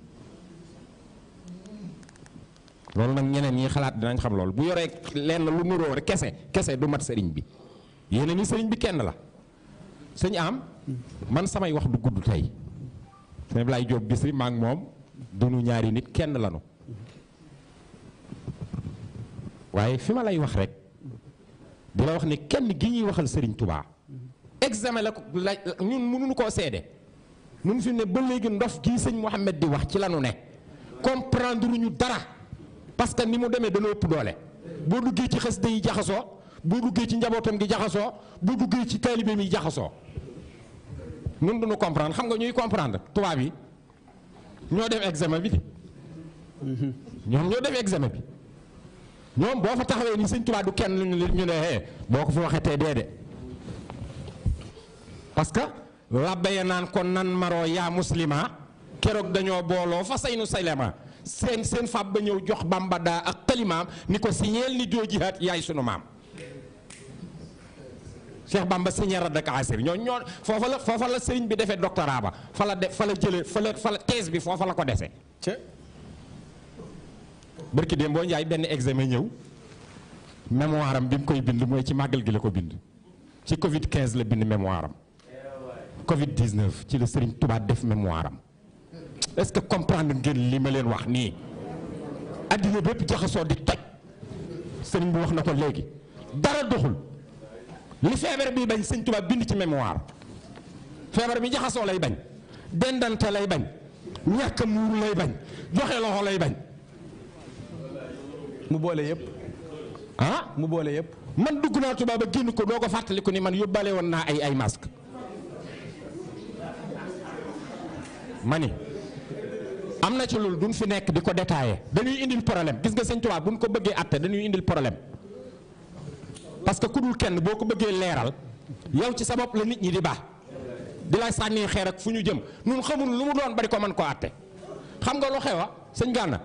loolu nag ñeneen yi xalaat dinañ xam loolu bu yoree lenn lu nuroo kese kese du mat sëriñ bi yéen a ni sëriñ bi kenn la sëñ am man samay wax du gudd tey sëñ Ablaye Diop Bichri maa ngi moom du ñaari nit kenn lanu waaye fi ma lay wax rek dina wax ne kenn gi ñuy waxal Serigne Touba. examen la ko la ñun mënuñu koo seede ñun fi ne ba léegi ndof gii sëñ Mouhamed di wax ci la ñu ne comprendre ñu dara parce que ni mu demee dañoo ëpp doole boo duggee ci xes yi jaxasoo boo duggee ci njabootam gi jaxasoo boo duggee ci taalibeem yi jaxasoo ñun duñu comprendre xam nga ñuy comprendre tubaab yi ñoo def examen bi di ñoom ñoo def examen bi ñoom boo fa taxawee ni sëñ Tuubaa du kenn ñu ñu ne eh boo ko fa waxee tey dee de parce que làbbe ya naan kon nan maroo yaa muslima keroog dañoo booloo fa saynu saylema seen seen fab ba ñëw jox Bamba daa ak xalimaam ni ko siñeel ni joo jihaat yaay sunu maam Cheikh Bamba siñeel radd ak asir ñoo ñoo foofa la foofa la sëriñ bi defee doctorat ba fa la de fa la jële fa la fa bi foofa la ko dese barki dem boo njaay benn examen ñëw mémoire am bi mu koy bind mooy ci màggal gi la ko bind ci Covid 15 la bind mémoire am Covid 19 ci la Serigne Touba def mémoire am est-ce que comprendre ngeen li ma leen wax nii addina bépp jaxasoo di toj Serigne bi wax na ko léegi dara doxul li feebar bi bañ Serigne Touba bind ci mémoire feebar bi jaxasoo lay bañ dendante lay bañ ñàkk muuru lay bañ joxe loxo lay bañ. mu boole yëpp ah mu boole yëpp man dugg naa Touba ba génn ko doo ko fàttaliku ni man yóbbaale woon naa ay ay masque ma ni am na ci loolu duñ fi nekk di ko détaillé dañuy indil problème gis nga sëñ bu buñ ko bëggee àtte dañuy indil problème parce que ku dul kenn boo ko bëggee leeral yow ci sa bopp la nit ñi di baax di la sànni xeer ak fu ñu jëm ñun xamul lu mu doon bari ko mën koo àtte xam nga lu xewa ah? sëñ Gana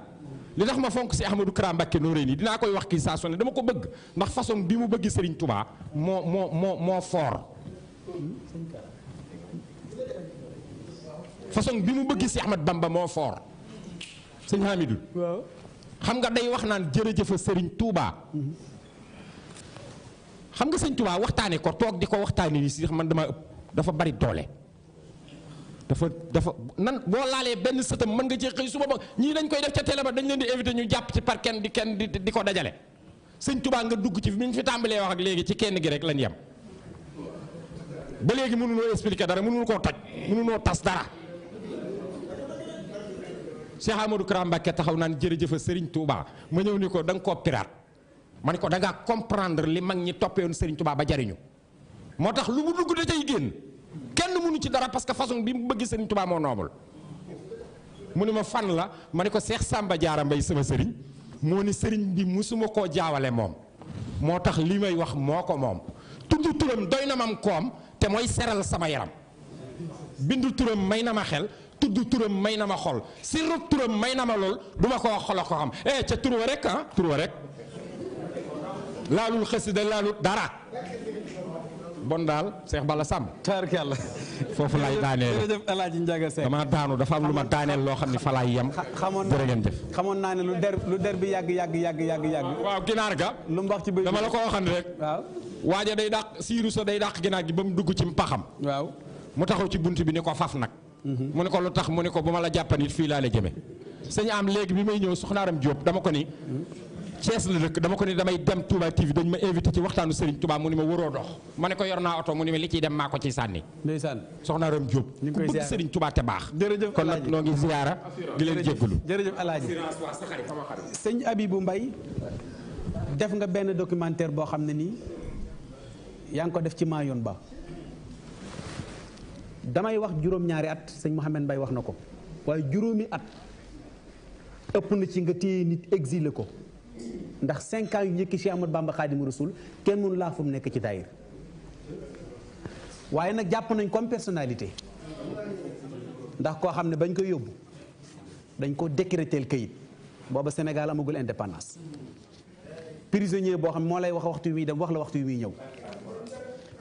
li ndax ma fonk si Ahmadou Kara Mbacké nooré nii dinaa koy wax kii saa su dama ko bëgg ndax façon bi mu bëgg Serigne Touba moo moo moo moo foor façon bi mu bëgg si Ahmad Bamba moo foor sëñ Hamidou xam nga day wax naan jërëjëfa sëriñ tuubaa xam nga sëñ Touba waxtaane ko toog di ko waxtaane nii si man dama ëpp dafa bari doole dafa dafa nan boo laalee benn sëtam mën nga cee xëy suba ba ñii dañ koy def ca télé ba dañ leen di invité ñu jàpp ci par kenn di kenn di di ko dajale sëñ Tuubaa nga dugg ci mi ñu fi tàmbalee wax ak léegi ci kenn gi rek lañ yem ba léegi mënunoo expliquer dara mënunu koo toj mënunoo tas dara Cheikh Amadou taxaw Mbacké taxaw naan jërëjëfa Serigne Touba ma ñëw ni ko da nga koo piraat ma ne ko da comprendre li mag ñi toppeewoon Serigne Touba ba jariñu moo tax lu mu dugg da cay génn kenn mënu ci dara parce que façon bi mu bëgg sëriñ Tuubaa moo noobul mu ne ma fan la ma ne ko Seex Sàmba Jaara Mbay sama sëriñ moo ne sëriñ bi musuma koo jaawale moom moo tax li may wax moo ko moom tudd turam doy na mam koom te mooy seral sama yaram bind turam may na ma xel tudd turam may na ma xol si rub turam may na ma lool du ma ko wax xolo ko xam eh ca tur rek ah tur wa rek laalul xasida laalul dara bon daal Cheikh Balla Samb. tabarkalla foofu laay daaneel jërëjëf El Hadj Ndiaga Seck damaa daanu dafa am lu ma daaneel loo xam ne fa laay yem. xamoon naa ne xamoon naa ne lu der lu der bi yàgg yàgg yàgg yàgg yàgg. waaw ginaar ga. lu mu wax ci dama la ko waxan rek. waaw waaja day dàq siiru sa day dàq ginaar gi ba mu dugg ci paxam. waaw mu taxaw ci bunt bi ni ko faf nag. Mhm. mu ne ko lu tax mu ne ko bu ma la jàppan it fii laa la jëme sëñ am léegi bi may ñëw soxnaaram Diop dama ko ni mhm. Thiès la dëkk dama ko ni damay dem Touba TV dañ ma invité ci waxtaanu Serigne Touba mu ni ma waroo dox ma ne ko yor naa oto mu ni ma li ciy dem maa ko ciy sànni. ndeysaan soxna Ram Diop. ñu ngi koy ziar ku bëgg Serigne Touba te baax. jërëjëf kon nag noo ngi ziara di leen jéggalu. jërëjëf Alaaji sëñ Abibou Mbaye def nga benn documentaire boo xam ne nii yaa ngi ko def ci Mayoon ba damay wax juróom-ñaari at sëñ Mouhamed mbay wax na ko waaye juróomi at ëpp na ci nga téye nit exilé ko. ndax cinq ans yu njëkki Cheikh Ahmadou Bamba Xaadimu Rasul kenn mënu laa fu mu nekk ci daayir waaye nag jàpp nañ koom personnalité ndax koo xam ne bañ koy yóbbu dañ ko décréteel këyit booba Sénégal amagul indépendance prisonnier boo xam ne moo lay wax waxtu wi muy dem wax la waxtu wi muy ñëw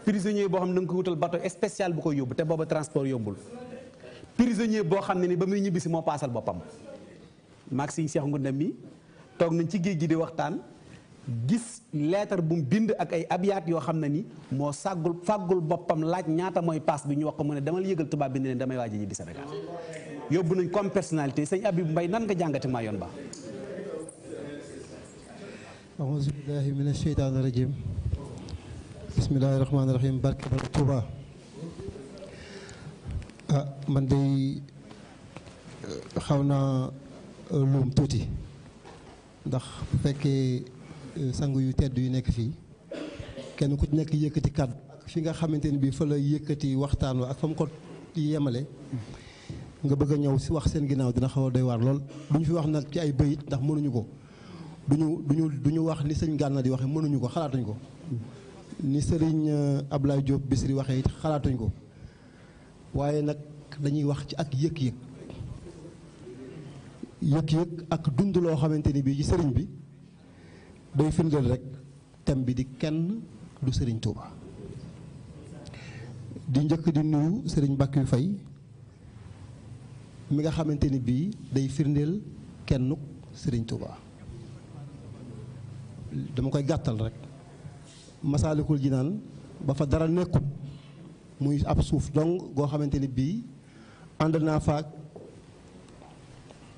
prisonnier boo xam ne da ko wutal bateau spécial bu koy yóbbu te booba transport yombul prisonnier boo xam ne ni ba muy ñibbisi moo paasal boppam maag siñ Cheikh Ngounda mi toog nañ ci géej gi di waxtaan gis leetar bu mu bind ak ay abyaat yoo xam ne ni moo sàggul fàggul boppam laaj ñaata mooy paas bi ñu wax ko mu ne damal yëgal tubaab bi ne damay waaj a ñibbi Sénégal yóbbu nañ comme personnalité sëñ Abib Mbaye nan nga jàngate maa yoon ba auzu billahi min asheytaani rajim bismillahi rahmaani ah, man day eh, xaw naa eh, luum tuuti ndax bu fekkee euh, sangu yu tedd yu nekk fii kenn ku ci nekk yëkkati kàddu ak fi nga xamante ni bii fa la yëkkati waxtaan wa ak fa mu yemale nga bëgg a ñëw si wax seen ginnaaw dina xaw a doy waar lool bu ñu fi wax nag ci ay bëyit ndax mënuñu ko duñu duñu du ñu wax ni sëñ Gana di waxee mënuñu ko xalaatuñ ko ni sëriñ euh, Ablaye Diop Bichri waxee it xalaatuñ ko waaye nag dañuy wax ci ak yëg-yëg yëg-yëg ak dund loo xamante ni bii ci sëriñ bi day firndeel rek thème bi di kenn du sëriñ Touba. di njëkk di nuyu sëriñ Mbackiou Faye mi nga xamante ni bii day firndeel kennuk sëriñ Touba dama koy gàttal rek masaalikul jinaan ba fa dara nekku muy ab suuf dong goo xamante ni bii ànd naa faak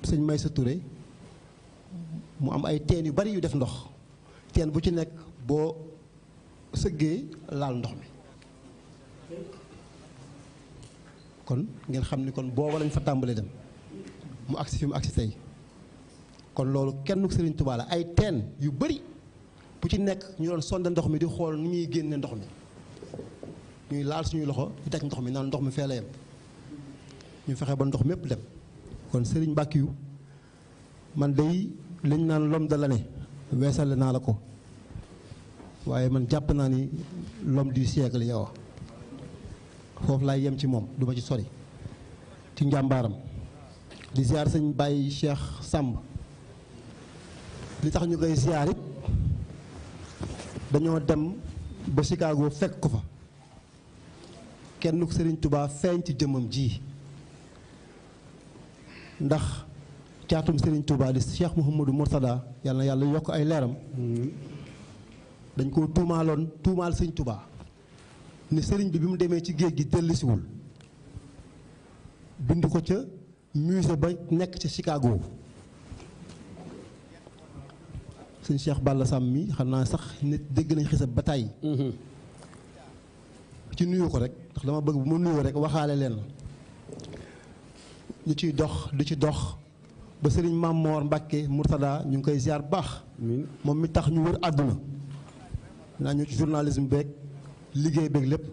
sëñ sa Touré mu am ay teen yu bari yu def ndox teen bu ci nekk boo sëggee laal ndox mi kon ngeen xam ni kon booba lañ fa tàmbalee dem mu agsi fi mu agsi tey kon loolu kenn sëriñ Tuubaa la ay teen yu bari bu ci nekk ñu doon sonde ndox mi di xool ni ñuy génne ndox mi ñuy laal suñuy loxo di daj ndox mi naan ndox mi fee la ñu fexe ba ndox mépp dem kon Serigne Bakiou man dey liñ naan lom de l'année weesale naa la ko waaye man jàpp naa ni l'homme du siècle yow foofu laay yem ci moom duma ci sori ci njàmbaaram di ziar sëñ Baye Cheikh Samb li tax ñu koy ziar it dañoo dem ba Chicago fekk ko fa kenn ku Serigne Touba feeñ ci jëmmam ji ndax caatum sëriñ Touba di Cheikh Mouhamadou Mourtada yàlla yàlla yokk ay leeram dañ ko tuumaaloon tuumaal Serigne Touba ni sëriñ bi bi mu demee ci géej gi dellusiwul bind ko ca musée ba nekk ca Chicago sëñ Cheikh Balla Sam mi xam naa sax nit dëgg nañ xisab ba tàyyi mhm. ci nuyu ko rek ndax dama bëgg bu ma nuyoo rek waxaale leen ñu ciy dox di ci dox ba sëriñ Mamor Mbacke Murtada ñu ngi koy ziar baax moom mi tax ñu wër àdduna naa ñu ci journalisme beeg liggéey beeg lépp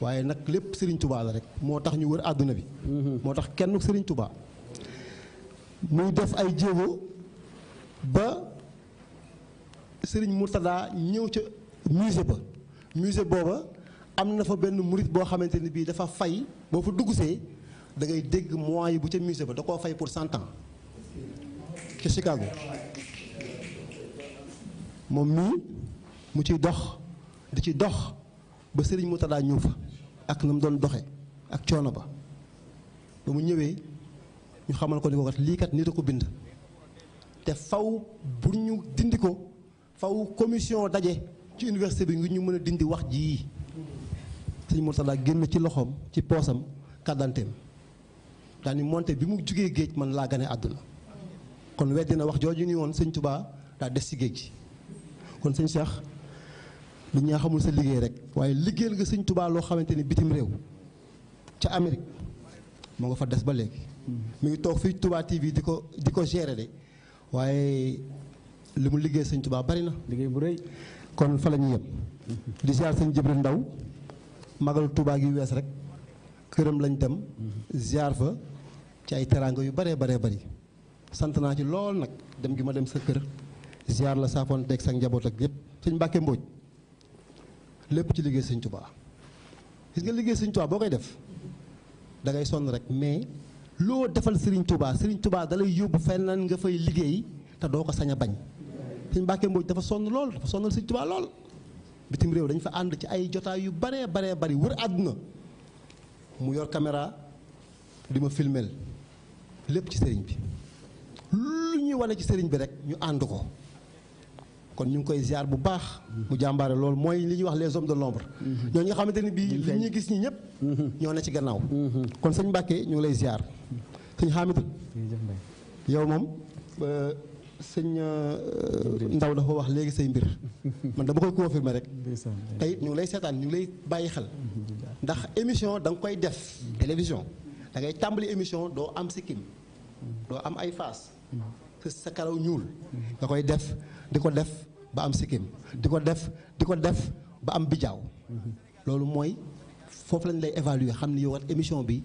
waaye nag lépp sëriñ Touba la rek moo tax ñu wër àdduna bi mm-hmm. moo tax kenn sëriñ Touba muy def ay jéego ba sëriñ Murtada ñëw ca musée ba musée booba am na fa benn murit boo xamante ni bii dafa fay boo fa dugg see da ngay dégg mois yi bu ca musée ba da koo fay pour cent ans ci Chicago moom mii mu ciy dox di ci dox ba Serigne Mourtada ñëw fa ak na mu doon doxe ak coono ba ba mu ñëwee ñu xamal ko ni ko kat lii kat nit a ko bind te faw bu ñu dindi ko faw commission daje ci université bi ngir ñu mën a dindi wax ji Serigne Mourtada génn ci loxoom ci poosam kàddanteem daan ni bi mu jugee géej man laa gane àdduna kon weddi wax jooju ni woon sëñ tubaa daa des ci géej gi kon sëñ Cheikh lu ñaa xamul sa liggéey rek waaye liggéeyal nga sëñ Touba loo xamante ni bitim réew ca Amérique moo nga fa des ba léegi mu mm-hmm. ngi toog fii Touba TV di ko di ko gérer de waaye li mu liggéey sëñ tubaa bari na liggéey bu rëy kon fa la yem mm-hmm. di ziar sëñ Jibril Ndaw magalu tubaa gi wees rek këram lañ dem mm-hmm. ziar fa ci ay teraanga yu baree baree bari sant naa ci lool nag dem gi ma dem sa kër ziar la saafoon teg sa njaboot ak yëpp sëñ Mbàkke Mbóoj lépp ci liggéey sëñ tubaa gis nga liggéey sëñ Tuubaa boo koy def dangay sonn rek mais loo defal sëriñ tubaa Serigne tubaa dalay lay fay feneen nga fay liggéey te doo ko sañ a bañ sëñ Mbàkke Mbóoj dafa sonn lool dafa sonnal sëñ Tuubaa lool bitim réew dañ fa ànd ci ay jotaay yu baree baree bari wër àdduna mu yor caméra di ma lépp ci sëriñ bi lu ñuy wane ci sëriñ bi rek ñu ànd ko kon ñu ngi koy ziar bu baax mu jàmbaare loolu mooy li ñu wax les hommes de l'ombre mm-hmm. ñoo ñi nga xamante ne bii li ñuy gis ñi ñëpp mm-hmm. ñoo ne ci gannaaw mm-hmm. kon sëñ mbàkkee ñu ngi lay ziar sëñ Xaamidu yow moom euh, sëñ euh, Ndaw dafa wax léegi say mbir man dama koy confirmer rek tey ñu ngi lay seetaan ñu ngi lay bàyyi xel ndax émission da nga koy def télévision da ngay tàmbali émission doo am sikkim doo am ay faas mm. sa karaw ñuul nga koy def di ko def ba am sikkim di ko def di ko def ba am bijaaw mm-hmm. loolu mooy foofu lañ lay évaluer xam ni yow wat émission bi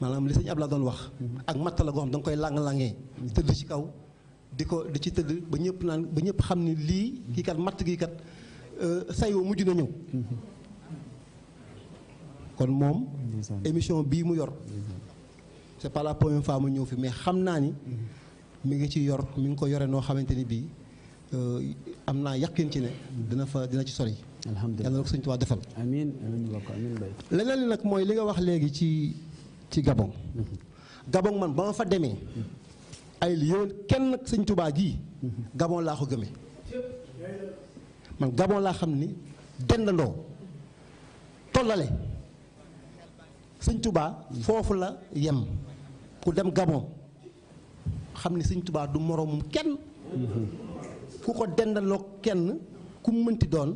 maanaam li sëñ Abla doon wax mm-hmm. ak matt la goo xam koy lang-langee mm-hmm. tëdd ci kaw di ko di ci tëdd ba ñëpp naan ba ñëpp xam ni lii kii kat matt gii kat euh, say mujj na ñëw kon moom émission bii mu yor c'est pas la première fois mu ñëw fi mais xam naa ni mu ngi ci yor mi ngi ko yore noo xamante ni bii euh, am naa yàqin ci ne dina fa dina ci sori. alhamdulilah yàlla na ko Sëñ Tuubaa defal. leneen li nag mooy li nga wax léegi ci ci Gabon. Mhm. Gabon man ba ma fa demee. ay li yoon kenn Sëñ Tuubaa ji. Mhm. Gabon laa ko gëmee. man Gabon laa xam ni dendandoo tollale Sëñ tubaa foofu la yem. ku dem Gabon xam ne Sëñ Tuubaa du moroomum kenn ku ko dendaloog kenn ku mënti doon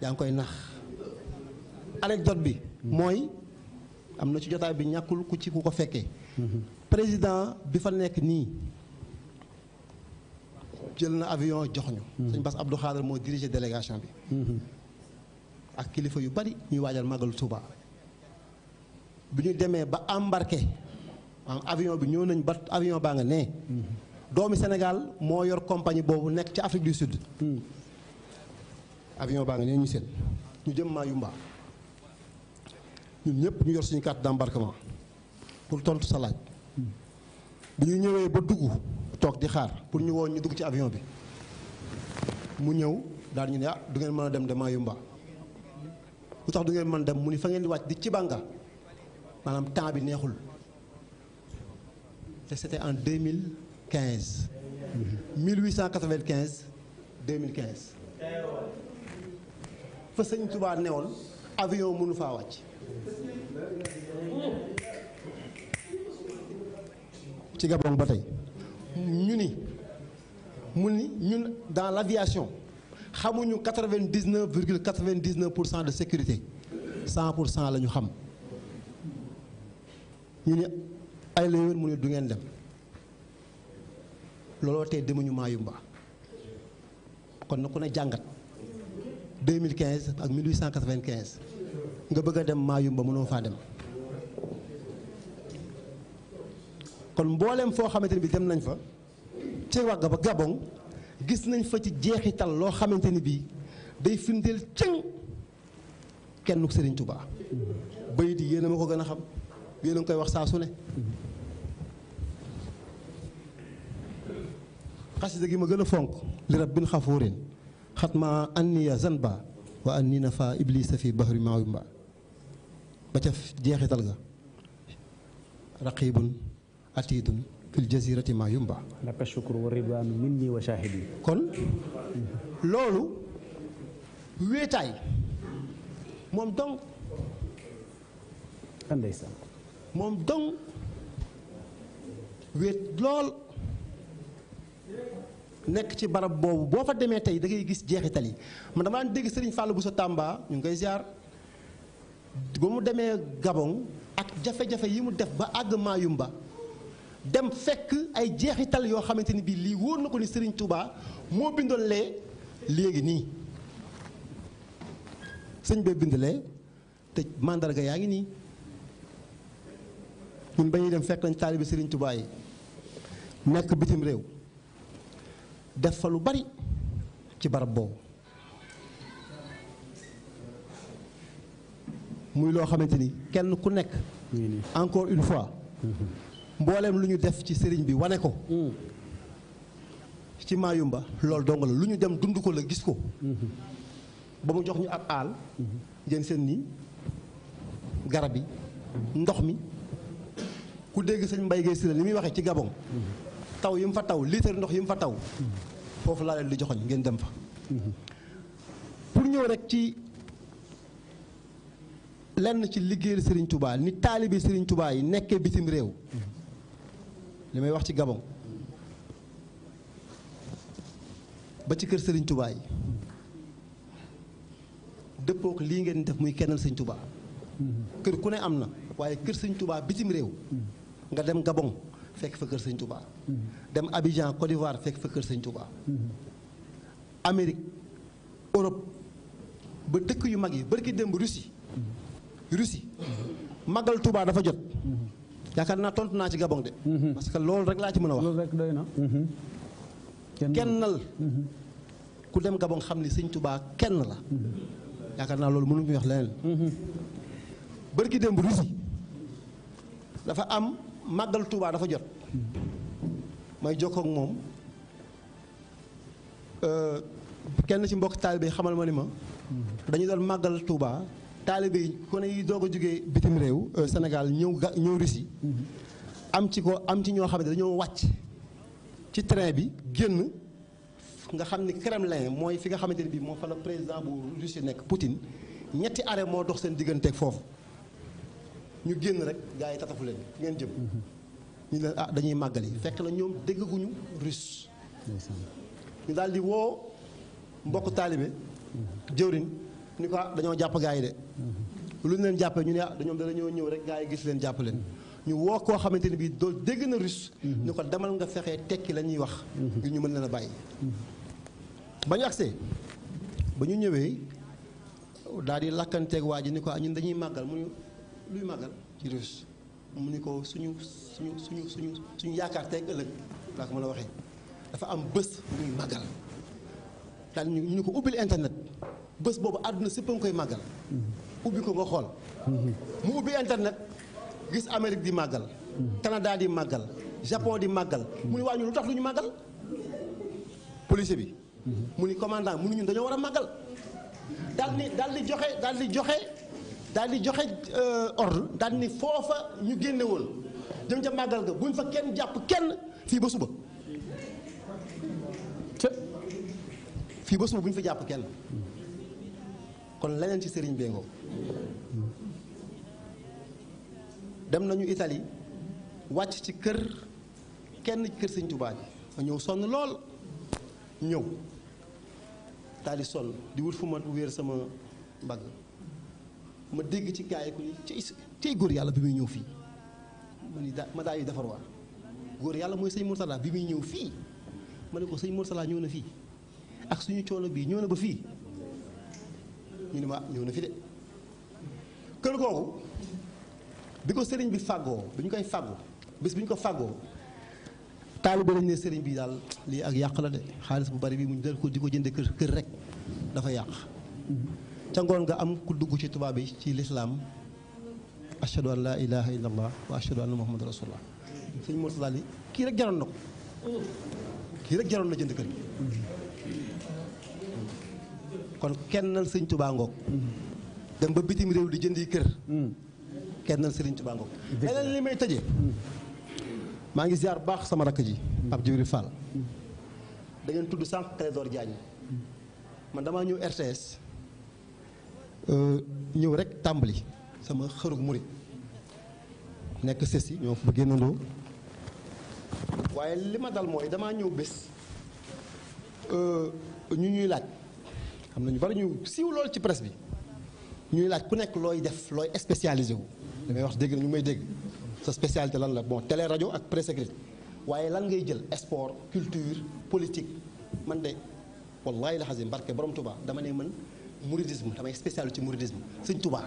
yaa ngi koy nax anecdote bi mooy am na ci jotaay bi ñàkkul ku ci ku ko fekkee président bi fa nekk nii jël na avion jox ñu sëñ Bass Abdou Khadre moo dirigé délégation bi ak kilifa yu bari ñuy waajal màggalu Tuubaa bi ñu demee ba embarqué avion bi ñëw nañ ba avion baa nga nee. doomi Sénégal moo yor compagnie boobu nekk ci Afrique du Sud. avion baa nga nee ñu seen ñu jëm Mayumba ñun ñëpp ñu yor suñu carte d'embarquement pour tontu sa laaj. bi ñu ñëwee ba dugg toog di xaar pour ñu woon ñu dugg ci avion bi mu ñëw daal ñu ne ah du ngeen mën a dem de Mayumba lu tax du ngeen mën dem mu ni fa ngeen di wàcc di ci bànga maanaam temps bi neexul. et c'était en mille mhm. mille cent 2015 1895 2015 fa sëñ Touba newoon avion mënu faa wàcc ci Gabon ba tey ñu ni mu ni ñun dans l'aviation xamuñu quatre-vingt-dix-neuf virgule quatre-vingt-dix-neuf pour cent de sécurité cent pour cent la ñu xam ñu ni ay la yowén mu ne du ngeen dem looloo tey demuñu Mayumba kon na ku ne jàngat 2015 ak 1895 nga bëgg a dem Mayumba mënoo faa dem kon mbooleem foo xamante ni bi dem nañ fa ci wax ba Gabon gis nañ fa ci jeexital loo xamante ni bii day firndeel cëng kenn ku Serigne Touba. bay di yéen a ma ko gën a xam yéen a koy wax saa su ne. xasida gi ma gën a fonk li rabbin xafuurin xat ma anniya zanba wa anni na fa fi bahri maawi mba ba ca jeexital ga raqibun atidun fil jazirati ma yumba laka shukru wa ridwaanu minni wa kon loolu wéetaay moom dong moom dong wéet lool nekk ci barab boobu boo fa demee tey dangay gis jeexital yi man damaa dégg Serigne Fallou Bousso Tamba ñu ngi koy ziar ba mu demee Gabon ak jafe-jafe yi mu def ba àgg Mayumba dem fekk ay jeexital yoo xamante ni bii lii wóor na ko ni Serigne Touba moo bindoon lee léegi nii sëñ bee bind lee te màndarga yaa ngi nii ñun ba dem fekk nañ taalibe Serigne Touba yi nekk bitim réew. def fa lu bari ci barab boobu muy loo xamante ni kenn ku nekk encore une fois mbooleem lu ñu def ci sëriñ bi wane ko mm. ci maayumba loolu dong la lu ñu dem dund ko la gis ko mm-hmm. ba mu jox ñu ab aal mm-hmm. ngeen seen nii garab yi ndox mi ku dégg sëñ Mbaye Guèye Sylla li muy waxe ci Gabon mm-hmm. taw yi mu fa taw litre ndox yi mu fa taw foofu laa leen di joxoñ ngeen dem fa pour ñëw rek ci lenn ci liggéeyal Serigne Touba ni taalibi sëriñ tubaa yi nekkee bitim réew li may wax ci Gabon ba ci kër Serigne Touba yi dëppook lii ngeen def muy kennal Serigne Touba kër ku ne am na waaye kër Serigne tubaa bitim réew nga dem Gabon fekk fa sañ sëñ Touba. dem Abidjan Côte d'Ivoire fekk fa kër sëñ Touba. Amérique ba dëkk yu mag yi bërki démb Russie. Russie magal tubaa dafa jot. yaakaar naa tontu naa ci Gabon de. parce que loolu rek laa ci mën a wax. loolu rek doy na. kennal ku dem Gabon xam ni sëñ Touba kenn la. yaakaar naa loolu mënuñu wax leneen. Mhm. bërki démb Russie dafa am. màggal Touba dafa jot may jokkoog moom euh, kenn ci mbokk taalibe yi xamal ma ni ma dañu doon màggal Touba taalibe yi ku ne yi doog a jógee bitim réew euh, Sénégal ñëw ga ñëw Russie mm-hmm. am ci ko am ci ñoo xam ne dañoo wàcc ci train bi génn nga xam ni Kremlin mooy fi nga xamante ne bii moo fa la président bu Russie nekk Poutine ñetti arrêt moo dox seen digganteeg foofu ñu génn rek gaa yi tatafu leen fi ngeen jëm. ñu ne ah dañuy màggali fekk na ñoom déggaguñu russe. ñu daal di woo mbokk taalibe jëwriñ ni ko ah dañoo jàpp gars yi de. lu ñu leen jàppee ñu ne ah dañoom dañoo ñëw rek gars gis leen jàpp leen. ñu woo koo xamante ni bii doo dégg na russe. ñu ko demal nga fexee tekki la ñuy wax. ngir ñu mën leen a bàyyi. ba ñu agsee ba ñu ñëwee daal di làkkanteeg waa ji ni ko ah ñun dañuy màggal mu luy màggal ci rus mu ni ko suñu suñu suñu suñu suñu yaakaar tey ëllëg laa ko mën a waxee dafa am bés muy màggal daal ñu ñu ko ubbil internet bës boobu àdduna si a ngi koy màggal ubbi ko nga xool mu ubbi internet gis Amérique di màggal Canada di màggal Japon di màggal mu ni waa ñu lu tax lu ñu màggal policier bi mu ni commandant mu ni ñun dañoo war a màggal dal di daal di joxe daal di joxe daal di joxe euh, ordre daal ni foofa ñu génne woon jëm ca màggal ga buñ fa kenn jàpp kenn fii ba suba fii ba suba bu fa jàpp kenn kon leneen ci sëriñ Bengo dem nañu itali wàcc ci kër kenn kër sëñ Tuubaa ji ñëw sonn lool ñëw daal di sonn di wut fu wéer sama mbagg ma dégg ci gaa yi ku ñu ci góor yàlla bi muy ñëw fii ma ni da ma daa yu defar góor yàlla mooy sëñ Mourtala bi muy ñëw fii ma ne ko sëñ Mourtala ñëw na fii ak suñu coolo bii ñëw na ba fii ñu ne ma ñëw na fi de kër googu bi ko sëriñ bi fàggoo bi ñu koy fàggu bis bi ñu ko fàggoo taalibe lañ ne sëriñ bi daal lii ak yàq la de xaalis bu bari bii mu dal ko di ko jënde kër kër rek dafa yàq ca ngoon nga am ku dugg ci tubaab yi ci lislaam ashadu an laa ilaha illa allah wa ashadu anna muhammad rasulullah sëñ Murtada li kii rek jaroon na ko kii rek jaroon na jënd kër gi kon kennal sëñ tubaa ngoog dem ba bitim réew di jëndi kër kennal sëriñ tubaa ngoog leneen li may tëjee maa ngi ziar baax sama rakk ji ab Jibril Fall da tudd sànq Clédor Diagne man damaa ñëw RTS Euh, ñëw rek tàmbali sama xëru murit nekk sesi ñoo fa génnandoo waaye li ma dal mooy damaa ñëw bés euh, ñu ñuy laaj xam nañu bari ñu siiw lool ci presse bi ñuy laaj ku nekk looy def looy spécialisé wu damay wax dégg na ñu may dégg sa spécialité lan la bon télé rajo ak presse écrite waaye lan ngay jël sport culture politique man de wallahi la xasim barke borom Touba dama ne mën mouridisme damay spécial ci mouridisme sëñ Touba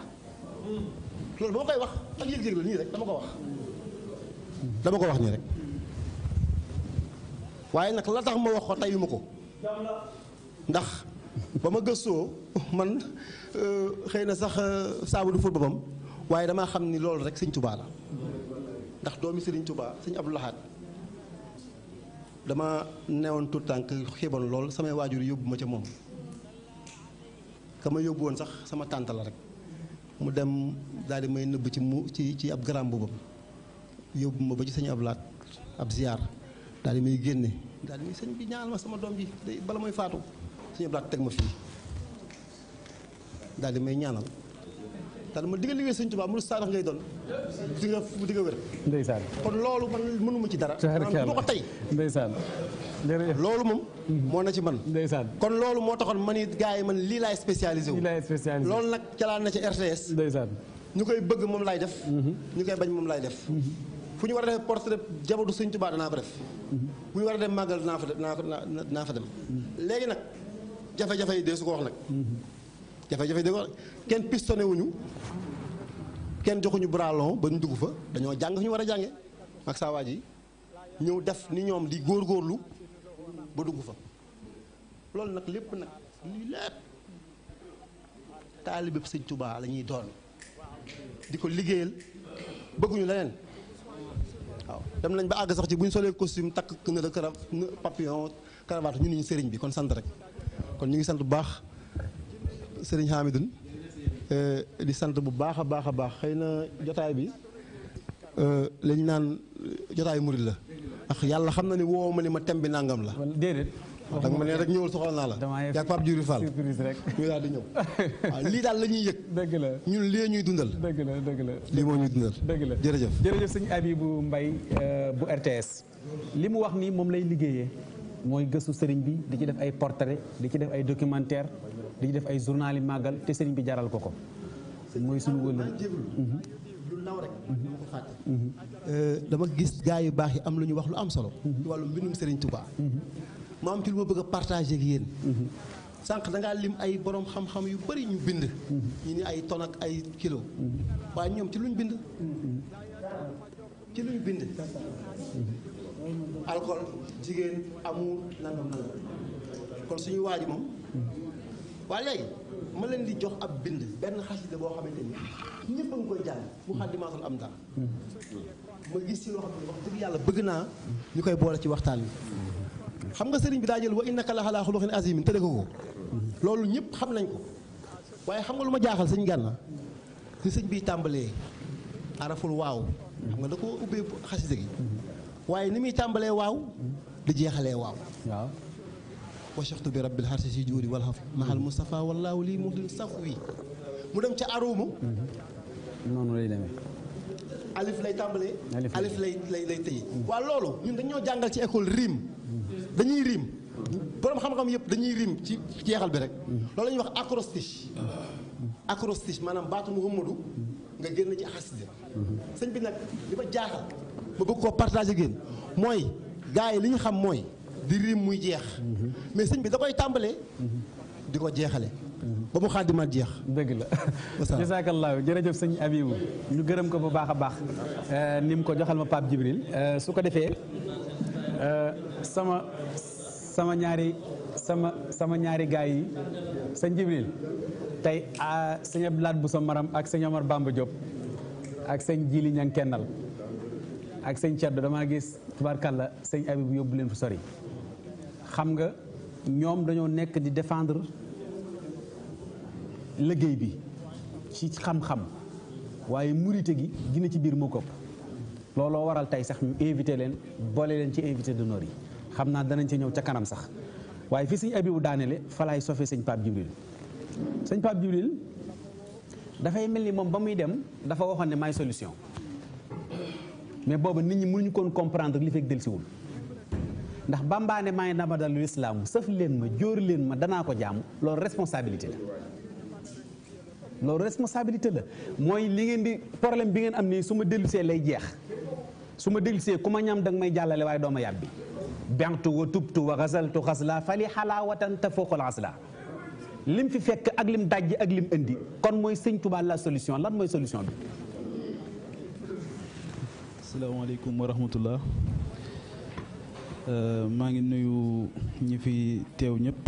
loolu ba ma koy wax ak yëg-yëg la nii rek dama ko wax dama ko wax nii rek waaye nag la tax ma wax ko tayuma ko ndax ba ma gëstoo man euh, xëy na sax euh, saabu du fóot boppam waaye damaa xam ni loolu rek sëñ Touba la ndax doomi sëriñ Touba sëñ Abdou Lahad dama newoon tout tànk xiibon lool samay waajur yóbbu ma ca moom ka ma yóbbu woon sax sama tànt la rek mu dem daal di may nëbb ci mu ci ci ab garam boobam yóbbu ma ba ci sëñ ab laat ab ziar daldi di may génne daal di bi ñaanal ma sama doom ji bala mooy faatu sëñ ab laat teg ma fii daal may ñaanal te dama digga liggéey sëñ Tuubaa mu saadax ngay doon di nga di nga wér ndeysaan kon loolu man mënuma ci dara ma ko tey ndeysaan loolu moom moo na ci man ndeysaan kon loolu moo taxoon man it gars yi man lii laay spécialisé wu loolu nag calaan na ci RTS ndeysaan ñu koy bëgg moom laay def mhm. ñu koy bañ moom laay def mhm. fu ñu war a defee portrait jabadu sëñ Tuubaa naa ko def bu mhm. ñu war a dem màggal danaa fa dem danaa fa dem léegi nag jafe-jafe yi dee su ko wax nag jafe-jafe dégg kenn pistonné wuñu kenn joxuñu bras ba ñu dugg fa dañoo jàng fi ñu war a jànge ak saa yi ñëw def ni ñoom di góor góorlu ba dugg fa loolu nag lépp nag lii lépp taalibe sëñ tubaa la ñuy doon di ko liggéeyal bëgguñu leneen waaw dem nañ ba àgg sax ci bu ñu solee costume takk na la kara papillon cravate ñu niñu sëriñ bi kon sant rek kon ñu ngi sant bu baax Serigne Hamidoun eh, di sant bu baax a baax a baax xëy na jotaay bi eh, lañu naan eh, jotaayu murid la ndax yàlla xam na ni woow ma ni ma tem bi nangam la. déedéet. danga ma ne rek ñëwul soxal naa la. yaa Pape Diouri Fall surprise rek. ñu daal di ñëw lii daal la ñuy yëg. la ñun lii ñuy dundal. dëgg la la lii moo ñuy dundal. dëgg la jërëjëf. jërëjëf sëñ Abibou Mbaye bu mbay bu RTS li mu wax nii moom lay liggéeyee mooy gëstu sëriñ bi di ci def ay portrait di ci def ay documentaire di def ay journal màggal te sëriñ bi jaral ko ko mooy suñu wëllu mhm. lu ndaw rek mhm. mhm. euh, dama gis gaa yu baax yi am lu ñu wax lu am solo ci wàllu mbindum sëriñ Touba ci lu ma bëgg a partagé ak yéen lim ay borom xam yu bëri ñu bind ñu ni ay ton ak ay kilo waaye ñoom ci luñ bind ci luñ bind alcool jigéen amour nangam nangam kon suñu waaji moom waaye léegi ma leen di jox ab bind benn xasida boo xamante ni ñëpp a ngi koy am dara ma gis ci loo xam yàlla bëgg naa ñu koy boole ci waxtaan wi xam nga sëriñ bi daajal jël wa la xalaa xuluqin azimin tëddee ko ko loolu ñëpp xam nañ ko waaye xam nga lu ma jaaxal sëñ gànna ni sëñ bi tàmbalee araful waaw xam nga da ko ubbee xasida gi waaye ni muy tàmbalee waaw di jeexalee waaw wasaxtu bi rabbil xarsi si juuri wal xaf maxal Moustapha wallaahu lii muxdin saf wi mu dem ca aruumu noonu lay demee alif lay tàmbalee alif lay lay lay tëye waaw loolu ñun dañoo jàngal ci école riim dañuy riim boroom xam-xam yëpp dañuy riim ci jeexal bi rek loolu la ñuy wax acrostiche acrostiche maanaam baatu Muhammadu nga génn ci xasida sëñ bi nag li ma jaaxal ma bëgg koo partagé génn mooy gars yi li ñu xam mooy di riim muy jeex mais sëñ bi da koy tàmbalee di ko jeexale ba mu xaadimaat jeex dëgg la jazaakallaahu jërëjëf sëñ Abibu ñu gërëm ko bu baax a baax eh, ni ko joxal ma Pape Djibril eh, su ko defee eh, sama sama ñaari sama sama ñaari gaay yi sëñ Djibril tey ah, sëñ laat bu sa maram ak sëñ Omar Bamba ak sëñ Jili ñang kennal ak sëñ Ceddo dama gis tubaarkàlla sëñ Abibu yóbbu leen fu sori xam nga ñoom dañoo nekk di défendre liggéey bi ci xam-xam waaye murite gi gina ci biir moo këpp looloo waral tey sax ñu invité leen boole leen ci invité d'honneur yi xam naa danañ ci ñëw ca kanam sax waaye fi sëñ Abibu daanele falaay laay sañ sëñ Pape Djibril sëñ Pape Djibril dafay mel ni moom ba muy dem dafa waxoon ne may solution mais booba nit ñi mënuñu koon comprendre li fekk delsiwul ndax bambaane maa ngi dama dalu islaam sëf leen ma jóor leen ma danaa ko jaamu loolu responsabilité la loolu responsabilité la mooy li ngeen di problème bi ngeen am nii su ma dellusee lay jeex su ma dellusee ku ma ñam danga may jàllale waaye dooma yàbbi bentu wa tubtu wa xasaltu xasla fali xalaawatan tafooqal xasla lim fi fekk ak lim dajj ak lim indi kon mooy sëñ Tuubaa la solution lan mooy solution bi asalaamaaleykum Euh, maa ngi nuyu ñi fi teew ñëpp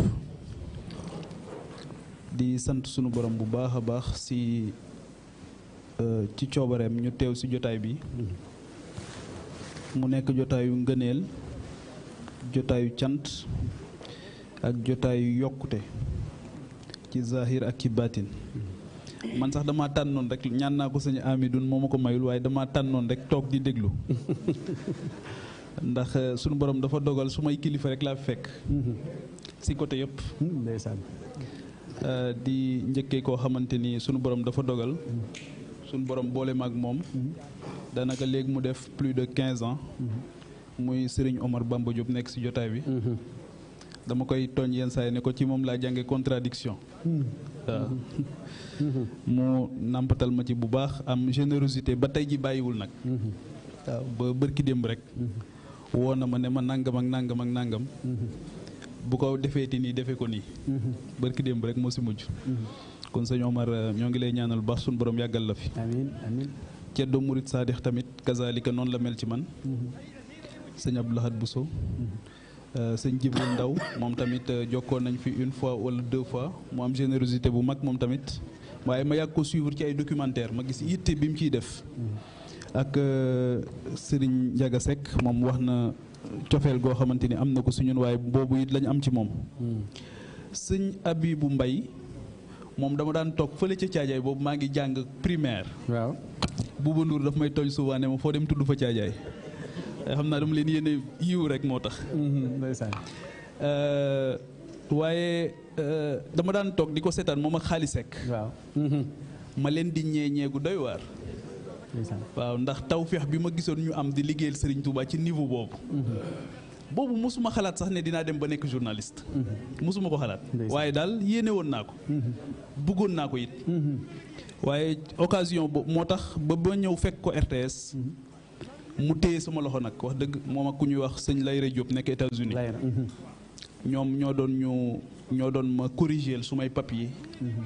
di sant sunu borom bu baax a baax si euh, ci coobareem ñu teew si jotaay bi mu nekk jotaayu ngëneel jotaayu cant ak jotaayu yokkute ci zahir ak ci baatin man sax dama tànnoon rek ñaan naa ko sañu Amidun moo ma ko mayul waaye dama tànnoon rek toog di déglu ndax euh, sunu borom dafa dogal su may kilifa rek laa fekk. Mhm. si côté yëpp. Hmm, ndeysaan. Euh, di njëkkee koo xamante ni sunu borom dafa dogal. Mhm. sunu borom boole maag moom. Mhm. daanaka léegi mu def plus de quinze ans. muy Serigne Omar Bamba nekk si jotaay bi. dama koy ton yenn saa yi ne ko ci moom laa jànge contradiction hmm. waaw mu nàmpatal ma ci bu baax am générosité ba tey ji bàyyiwul nag waaw ba bërki démb rek woo na ma ne ma nangam ak nàngam ak nangam. Mm-hmm. bu ko defeeti nii defee ko nii. Mm-hmm. barki démb rek moo si mujj. Mm-hmm. kon sëñ Omar euh, ñoo ngi lay ñaanal baax suñu boroom yàggal la fi. amiin amiin. Ceddo Murit Saadix tamit kazalika noonu la mel ci man. sëñ Abdou Lahad Bousso. Euh, sëñ Jibril Ndaw moom tamit euh, jokkoon nañ fi une fois wala deux fois mu am générosité bu mag moom tamit waaye ma yàgg ko suivre ci ay documentaire ma gis yitte bi mu ciy def. ak euh, Serigne Ndiaga sekk moom wax na cofeel goo xamante ni am na ko suñun waaye boobu it lañu am ci moom hmm. abi bu Mbay moom dama daan toog fële ca caajaay boobu maa ngi jàng primaire waaw Buuba Nduur daf may tooñ souvent ne foo dem tudd fa caajaay eh, xam naa dama leen yéene yiw rek moo tax hmm, hmm, euh, waaye euh, dama daan toog di ko seetaan moom ak xaalisek waaw ma leen di ñeeñee gu doy waar waaw ndax tawféex bi ma gisoon ñu am di liggéeyal sëriñ Touba ci niveau boobu. Mm-hmm. boobu mosuma xalaat sax ne dinaa dem ba nekk journaliste. mosuma mm-hmm. ko xalaat. waaye daal yéene woon naa ko. Mm-hmm. bëggoon naa ko it. waaye occasion boobu moo tax ba ba ñëw fekk ko RTS. mu téye sama loxo nag wax dëgg moom ak ku ñuy wax sëñ Layra Diop nekk États-Unis ñoom ñoo doon ñu. ñoo doon ma corrigeel su may papier.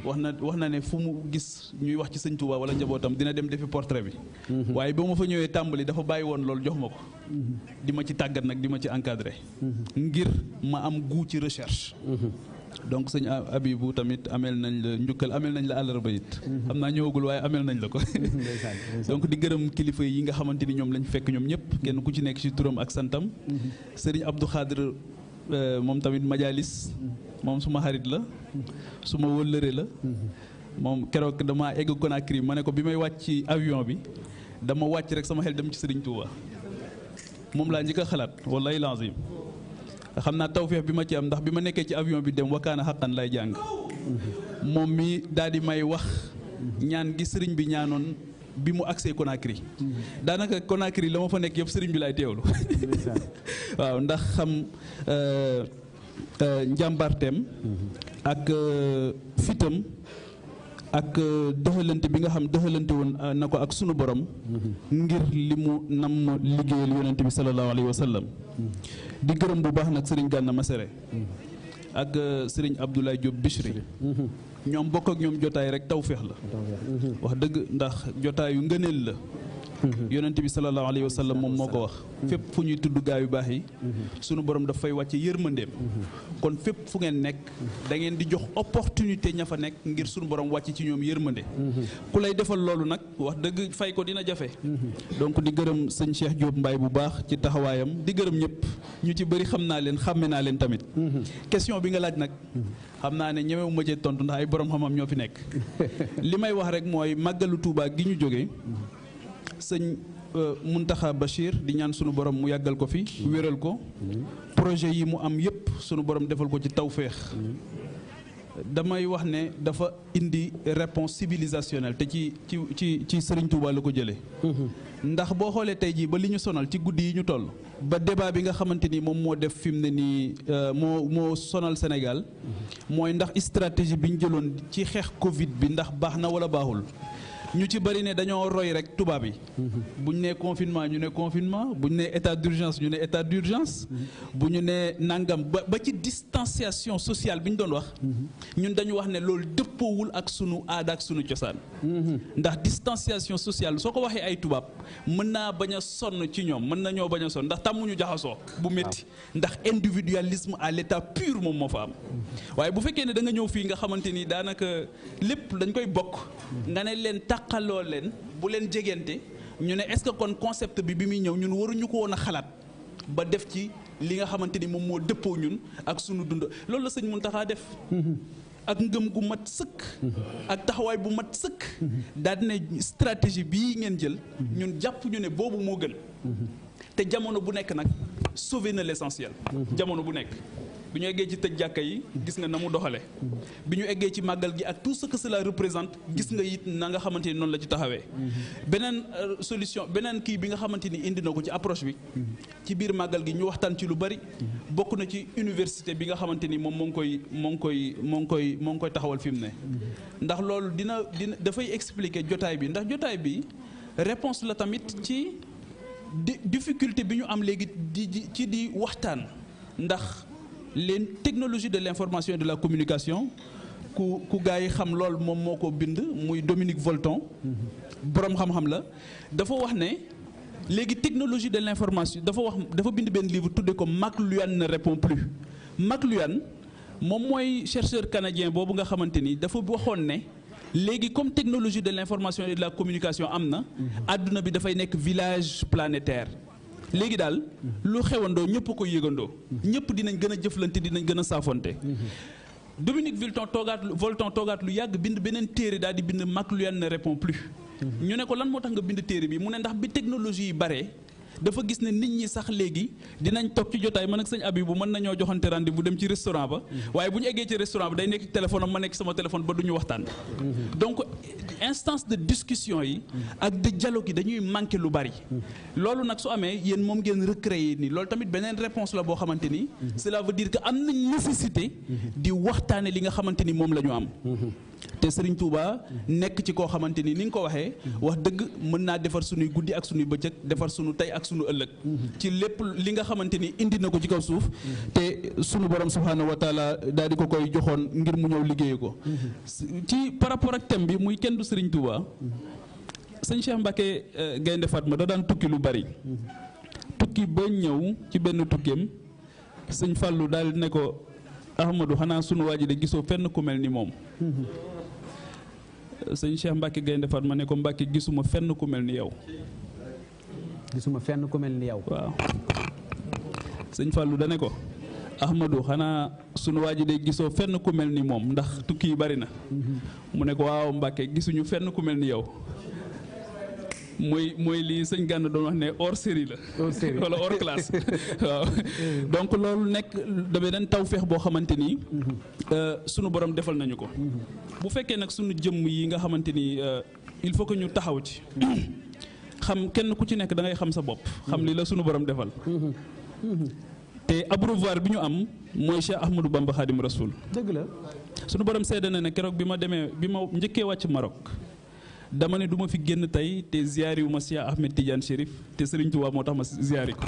wax na wax naa ne fu mu gis ñuy wax ci sëñ Touba wala njabootam dina dem defi portrait bi. waaye ba ma fa ñëwee tàmbali dafa bàyyi woon loolu jox ma ko. di ma ci tàggat nag di ma ci encadré. ngir ma am goût ci recherche. donc sëñ Abibu tamit ameel nañ la njukkal ameel nañ la àllarba it. xam naa ñëwagul waaye ameel nañ la ko. donc di gërëm kilifa yi nga xamante ni ñoom lañ fekk ñoom ñëpp kenn ku ci nekk ci turam ak santam. Mhm. sëriñ Abdou Khadre euh, moom tamit majalis moom suma xarit la suma wëllëre la moom keroog dama egg Conakry ma ne ko bi may wàcc ci avion bi dama wàcc rek sama xel dem ci Serigne Touba moom laa njëkk a xalaat wallahi lazim xam naa tawféex bi ma ci am ndax bi ma nekkee ci avion bi dem wakkaana xaqan lay jàng moom mi daal di may wax ñaan gi sëriñ bi ñaanoon bi mu agsee Conakry daanaka Conakry la ma fa nekk yëpp sëriñ bi laay teewlu waaw ndax xam euh, Euh, njàmbaarteem ak euh, fitam ak euh, doxalante bi nga xam doxalante woon na ko ak sunu borom ngir li mu namm liggéeyal yonent bi salallaahu alayhi wa di gërëm bu baax nag sëriñ Gànna Masere ak sëriñ Abdoulaye Diop Bichri ñoom bokk ak ñoom jotaay rek tawféex la wax dëgg ndax jotaayu ngëneel la yonent bi sallallahu alayhi wa sallam moom moo ko wax fépp fu ñuy tudd gaa yu baax yi sunu borom daf fay wàcce yërmandeem kon fépp fu ngeen nekk da di jox opportunité ña fa nekk ngir sunu borom wàcc ci ñoom yërmande ku lay defal loolu nag wax dëgg fay ko dina jafe donc di gërëm sëñ Cheikh Diop Mbaye bu baax ci taxawaayam di gërëm ñëpp ñu ci bëri xam naa leen xàmme naa leen tamit question bi nga laaj nag xam naa ne ñemewu ma cee tontu ndax ay borom xam fi nekk li may wax rek mooy màggalu Tuubaa gi ñu sëñ mun euh, Muntaxa Bachir di ñaan sunu borom mu yàggal ko fi wéral ko projet yi mu am yépp sunu borom defal ko ci tawféex damay wax ne dafa indi réponse civilisationnelle te ci ci ci ci Serigne Touba la ko jëlee. ndax boo xoolee tey jii ba li ñu sonal ci guddi yi ñu toll. ba débat bi nga xamante ni moom moo def fi mu ne nii euh, moo moo sonal Sénégal. mooy ndax stratégie bi ñu jëloon ci xeex Covid bi ndax baax na wala baaxul. ñu ci bëri ne dañoo roy rek tubaab yi. bu ñu nee confinement ñu ne confinement bu ñu nee état d'urgence ñu ne état d'urgence. bu ñu nee nangam ba ba ci distanciation sociale bi ñu doon wax. ñun dañu wax ne loolu dëppoowul ak sunu aada ak cosaan. ndax distanciation sociale soo ko waxee ay tubaab mën naa bañ a sonn ci ñoom mën nañoo bañ a sonn ndax tàmmuñu jaxasoo. bu métti ndax individualisme à l'état pur moom moo fa am. waaye bu fekkee ne da nga ñëw fii nga xamante nii daanaka lépp dañ koy bokk. nga ne leen taqaloo leen bu leen jegante ñu ne est-ce que kon concept bi bi muy ñëw ñun waruñu ko woon a xalaat ba def ci li nga xamante ni moom moo dëppoo ñun ak suñu dund loolu la sëñ taxaa def ak ngëm gu mat sëkk ak taxawaay bu mat sëkk daal ne stratégie bii ngeen jël ñun jàpp ñu ne boobu moo gën te jamono bu nekk nag sauver na l'essentiel jamono bu nekk bi ñu eggee ci tëj jàkka yi gis nga na mu doxale mm-hmm. bi ñu eggee ci màggal gi ak tout sa que cela représente gis nga it na nga xamante ni noonu la ci taxawee mm-hmm. beneen euh, solution beneen kii bi nga xamante ni indi na ko ci approche bi mm-hmm. ci biir màggal gi ñu waxtaan ci lu bari bokk na ci université bi nga xamante ni moom moo ngi koy moo ngi koy moo ngi koy moo ngi koy taxawal fi mu ne ndax loolu dina dina dafay expliquer jotaay bi ndax jotaay bi réponse la tamit ci difficulté bi ñu am léegi di ci di waxtaan ndax les technologie de l'information et de la communication ku ku gars yi xam lool moom moo ko bind muy Dominique Volton boroom xam-xam la dafa wax ne léegi technologie de l'information dafa wax dafa bind benn livre tudde ko McLuhan ne répond plus McLuhan moom mooy chercheur canadien boobu nga xamante ni dafa waxoon ne léegi comme technologie de l'information et de la communication am na àdduna mhm. bi dafay nekk village planétaire léegi daal lu xewandoo ñëpp ko yëgandoo ñëpp dinañ gën a jëflante dinañ gën a saafonte Dominique Vulton toogaat Volton toogaat lu yàgg bind beneen téere daal di bind McLuhan ne répond plus mhm. ñu ne ko lan moo tax nga bind téere bi mu ne ndax bi technologie yi bare dafa gis ne nit ñi sax léegi dinañ toog ci jotaay man ak sëñ Habib bu mën nañoo joxante rendez bu dem ci restaurant ba waaye bu ñu eggee ci restaurant ba day nekk ci téléphone am ma nekk sama téléphone ba du waxtaan donc instance de discussion yi ak de dialogue yi dañuy manqué lu bari loolu nag su amee yéen moom ngeen recréer nii loolu tamit beneen réponse la boo xamante ni cela veut dire que am nañ nécessité di waxtaane li nga xamante ni moom la ñu am te Serigne Touba nekk ci koo xamante ni ni nga ko waxee wax dëgg mën naa defar suñuy guddi ak suñuy bëccëg defar suñu tey ak suñu ëllëg ci lépp li nga xamante ni indi na ko ci kaw suuf te sunu borom subhaanahu wa taala daal di ko koy joxoon ngir mu ñëw liggéey ko ci par rapport ak thème bi muy kenn du seriñ Touba sëñ Cheikh Mbacke euh, Gaynde Fatma da daan tukki lu bari tukki ba ñëw ci benn tukkeem sëñ Fallou daal ne ko Ahmadou xanaa sunu waa ji de gisoo fenn ku mel ni moom. sëñ Cheikh Mbacke Gaynde ma ne ko Mbacke gisuma fenn ku mel ni yow. gisuma fenn ku yow. sëñ Fallou da ne ko. Ahmadou xanaa sunu waa ji de gisoo fenn ku mel ni moom ndax tukki yi bari na. Mhm. mu ne ko waaw Mbacke gisuñu fenn ku mel ni yow. mooy mooy lii sëñ Gana doon wax ne hors série la. wala hors classe waaw donc loolu nekk damay dañ taw feex boo xamante ni. Mhm. Euh, sunu borom defal nañu ko. Mhm. bu fekkee nag sunu jëmm yi nga xamante ni euh, il faut que ñu taxaw ci. Mhm. xam kenn ku ci nekk da ngay xam sa bopp. xam li la sunu borom defal. te abreuvoir bi ñu am mooy Cheikh Ahmadou Bamba Khadim Rasoul. dëgg la sunu borom seede na ne keroog bi ma demee bi ma njëkkee wàcc Maroc. dama ne du ma fi génn tey te ziyaari wu ma Cheikh Ahmed Tidiane Chérif te Serigne Touba moo tax ma ziyaari ko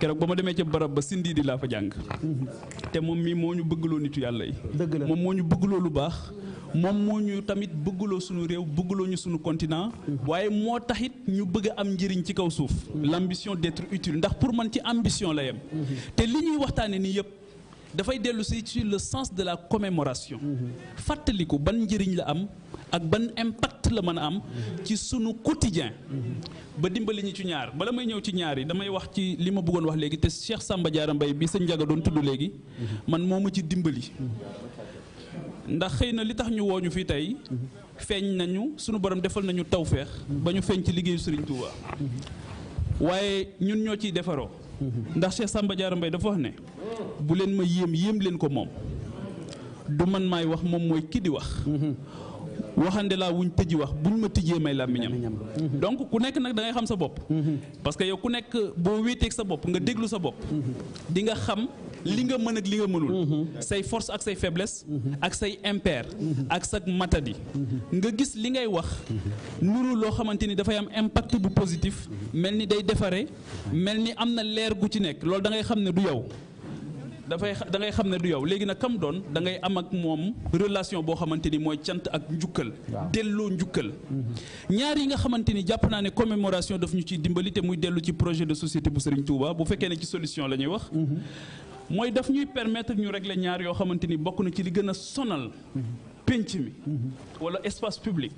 keroog ba ma demee ca barab ba sindi di laa fa jàng te moom mii moo ñu bëggloo nitu yàlla yi moom moo ñu bëggloo lu baax moom moo ñu tamit bëgguloo sunu réew bëgguloo ñu suñu continent waaye moo taxit ñu bëgg am njëriñ ci kaw suuf l'ambition d'être utile ndax pour man ci ambition la yem te li ñuy waxtaane nii yëpp dafay dellu si sur le sens de la commémoration mmh. fàttaliku ban njëriñ la am ak ban impact la mën a am ci sunu quotidien ba dimbali ñu ci ñaar bala may ñëw ci ñaar yi damay wax ci li ma buggoon wax léegi te Cheikh Samba Diarra Mbaye bi sëñ Njaga doon tudd léegi man moo ma ci dimbali ndax xëy na li tax ñu woo ñu fii tey feeñ nañu sunu borom defal nañu tawféex ba ñu feeñ ci liggéeyu Serigne Touba waaye ñun ñoo ciy defaroo ndax Cheikh Samba Diarra dafa wax ne bu leen ma yéem yéem leen ko moom du man maay wax moom mooy kii di wax waxande laa wuñ tëj wax bu buñ ma tëjee may làmmiñam mm-hmm. donc ku nekk nag da ngay xam sa bopp mm-hmm. parce que yow ku nekk boo wéeteeg sa bopp nga déglu sa bopp mm-hmm. di nga xam li nga mën ak li nga mënul say force ak say faiblesse ak say impair ak sa matadi nga gis li ngay wax nuru loo xamante ni dafay am impacte bu positif mel ni day defare mel ni am na leer gu ci nekk loolu da ngay xam ne du yow dafay da ngay xam ne du yow léegi na kam doon dangay am ak moom relation boo xamante ni mooy cant ak njukkal delloo njukkal mm-hmm. ñaar yi nga xamante ni jàpp naa ne commémoration daf ñu ci dimbali te muy dellu ci projet de société bu Serigne Touba bu fekkee ne ci solution la ñuy wax mm-hmm. mooy daf ñuy permettre ñu régler ñaar yoo xamante ni bokk na ci li gën a sonal mm-hmm. pénc mi wala espace public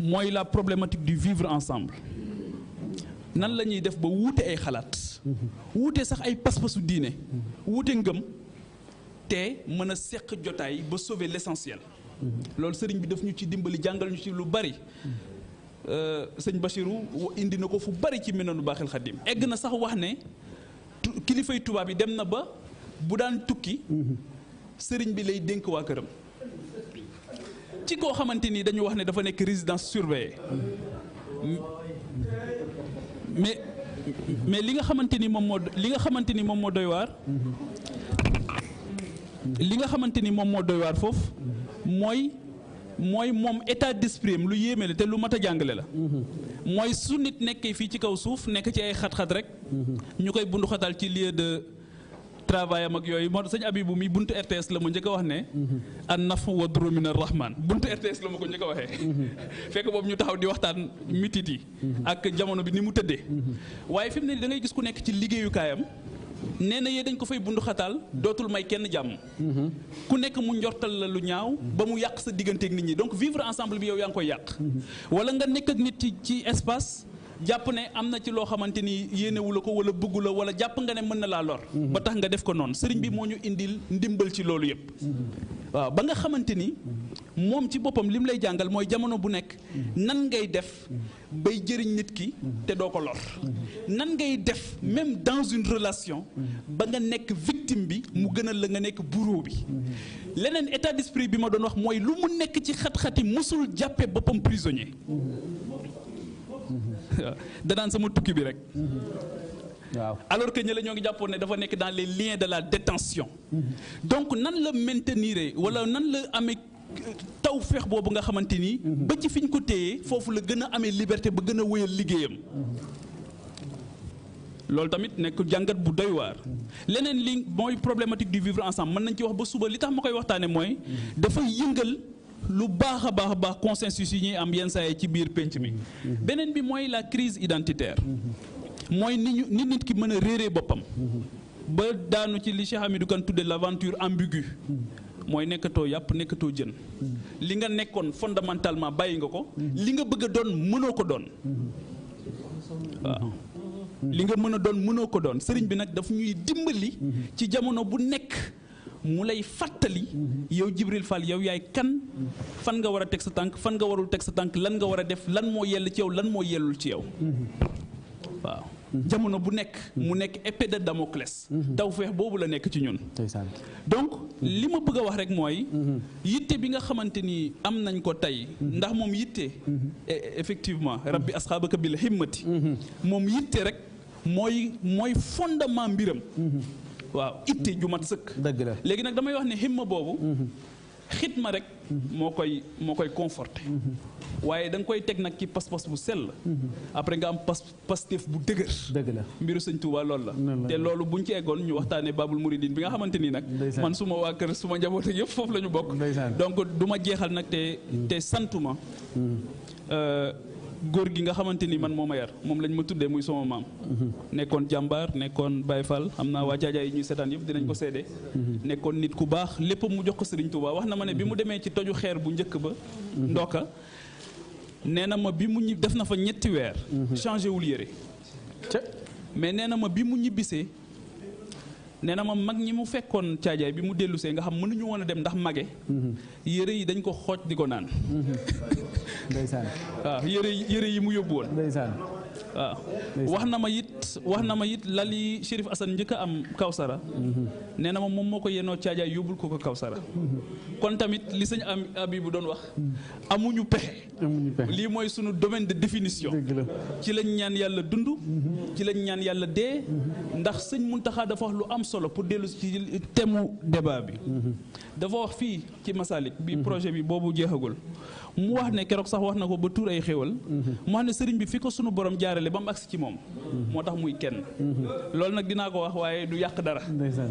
mooy la problématique du vivre ensemble nan la ñuy def ba wuute ay xalaat wuute sax ay pas-pasu diine wuute ngëm te mën a seq jotaay ba sauver l'essentiel loolu sëriñ bi daf ñu ci dimbali jàngal ñu ci lu bari euh, sëñ Bachirou indi na ko fu bari ci Minanu Baaxil Xadim egg na sax wax ne kilifay tubaab yi dem na ba bu daan tukki sëriñ bi lay dénk waa këram ci koo xamante ni dañu wax ne dafa nekk résidence surveillée mais mais li nga xamante ni moom moo li nga xamante ni moom moo doy nga xamante ni moom moo doy foofu mooy mooy moom état d'esprit am lu yéeme la te lu mat a jàngale la. mooy su nit nekkee fii ci kaw suuf nekk ci ay xat-xat rek. ñu koy bundu ci lieu de. travail am ak yooyu moo sëñ Abibu mi buntu RTS la ma njëkk wax ne mhm. an wa duru min rahman buntu RTS la ma ko njëkk a waxee mhm. fekk boobu ñu taxaw di waxtaan mitit mhm. ak jamono bi ni mu tëddee waaye fi ne da ngay gis ku nekk ci liggéeyukaayam nee na yee dañ ko fay bundu dootul may kenn jàmm ku nekk mu njortal la lu ñaaw ba mu yàq sa digganteek nit ñi donc vivre ensemble bi yow yaa ngi koy yàq wala nga nekk ak nit ci espace jàpp ne am na ci loo xamante ni yéenewu la ko wala bëggu la wala jàpp nga ne mën na laa lor. Mhm. ba tax nga def ko noonu sëriñ bi moo ñu indil ndimbal ci loolu yëpp. Mhm. waaw ba nga xamante ni moom ci boppam li mu lay jàngal mooy jamono bu nekk mhm. nan ngay def bay jëriñ nit ki te doo ko lor nan ngay def même dans une relation ba nga nekk victime bi mu gënal la nga nekk bourreau bi leneen état d'esprit bi ma doon wax mooy lu mu nekk ci xat-xati mosul jàppee boppam prisonnier danaan sama tukki bi rek. waaw alors que ñële ñoo ngi jàppoon ne dafa nekk dans les liens de la détention donc nan la maintenir wala nan la amee taw feex boobu nga xamante ni. ba ci fi ko téyee foofu la gën a amee liberté ba gën a wéyal liggéeyam. loolu tamit nekk jàngat bu doy waar leneen li mooy problématique du vivre ensemble mën nañ ci wax ba suba li tax ma koy waxtaane mooy dafa yëngal. lu baax a baax a baax consensus yi ñuy am yenn saa yi ci biir pénc mi beneen bi mooy la crise identitaire mooy ni ñu nit ki mën a réere boppam ba daanu ci li Cheikh Hamidou Kane tudde l'aventure ambiguë mooy nekkatoo yàpp nekkatoo jën li nga nekkoon fondamentalement bàyyi nga ko li nga bëgg doon mënoo ko doon waaw li nga mën a doon mënoo ko doon sëriñ bi nag daf ñuy dimbali ci jamono bu nekk mu lay fàttali. yow Jibril Fall yow yaay kan. fan nga war a teg sa tànk fan nga warul teg sa tànk lan nga war a def lan moo yell ci yow lan moo yellul ci yow. jamono bu nekk. mu nekk épée de Damoclès. tawfeex boobu la nekk ci ñun. donc li ma bëgg a wax rek mooy. yitte bi nga xamante ni am nañ ko tey. ndax moom yitte. E, effectivement rabbi asxaabaka bil himmati. Mm-hmm. moom yitte rek mooy mooy fondement mbiram. waaw itte ju mat sëkk. dëgg la léegi nag damay wax ne himma boobu. xit ma rek moo koy moo koy conforté waaye da nga koy teg nag ci pas-pas bu sell après nga am pas pastef bu dëgër dëgg la mbiru sëñ Touba loolu la te loolu buñ ci eggoon ñu waxtaanee Babul Mouridine bi nga xamante nii nag man suma waa kër suma njaboot ak yëpp foofu la ñu bokk donc du ma jeexal nag te te santuma mm. euh, góor gi nga xamante ni man moo ma yar moom lañ ma tuddee muy sama maam. nekkoon jàmbaar nekkoon Baye fal xam naa waa jaajaa yi ñuy seetaan yëpp dinañ ko seede. nekkoon nit ku baax lépp mu jox ko Serigne Touba wax na ma ne bi mu demee ci toju xeer bu njëkk ba. ndoka nee na ma bi mu ñib def na fa ñetti weer. Mhm. changé wul yére. mais nee na ma bi mu ñibbisee nee na ma mag ñi mu fekkoon caajaay bi mu dellusee nga xam mënuñu woon a dem ndax mage mm-hmm. yére yi dañ ko xooj di ko naan mm-hmm. ndeysaan waaw yére yi mu yóbbu woon ndeysaan waaw wax na ma it wax na ma it yi Chérif Assane njëkk a am Kawsara nee na ma moom moo ko yenoo caajaay yóbbul ko ko Kawsara kon tamit li sëñ am abi bu doon wax amuñu pexe lii mooy sunu domaine de définition ci lañ ñaan yàlla dund ci lañ ñaan yàlla dee ndax sëñ Muntaxa dafa wax lu am solo pour dellusi ci thème débat bi dafa wax fii ci Masalik bi projet bi boobu jeexagul mu wax ne keroog sax wax na ko ba tuur ay xéwal mu wax ne sëriñ bi fi ko sunu borom jaarale ba mu agsi ci moom moo tax muy kenn loolu nag dinaa ko wax waaye du yàq dara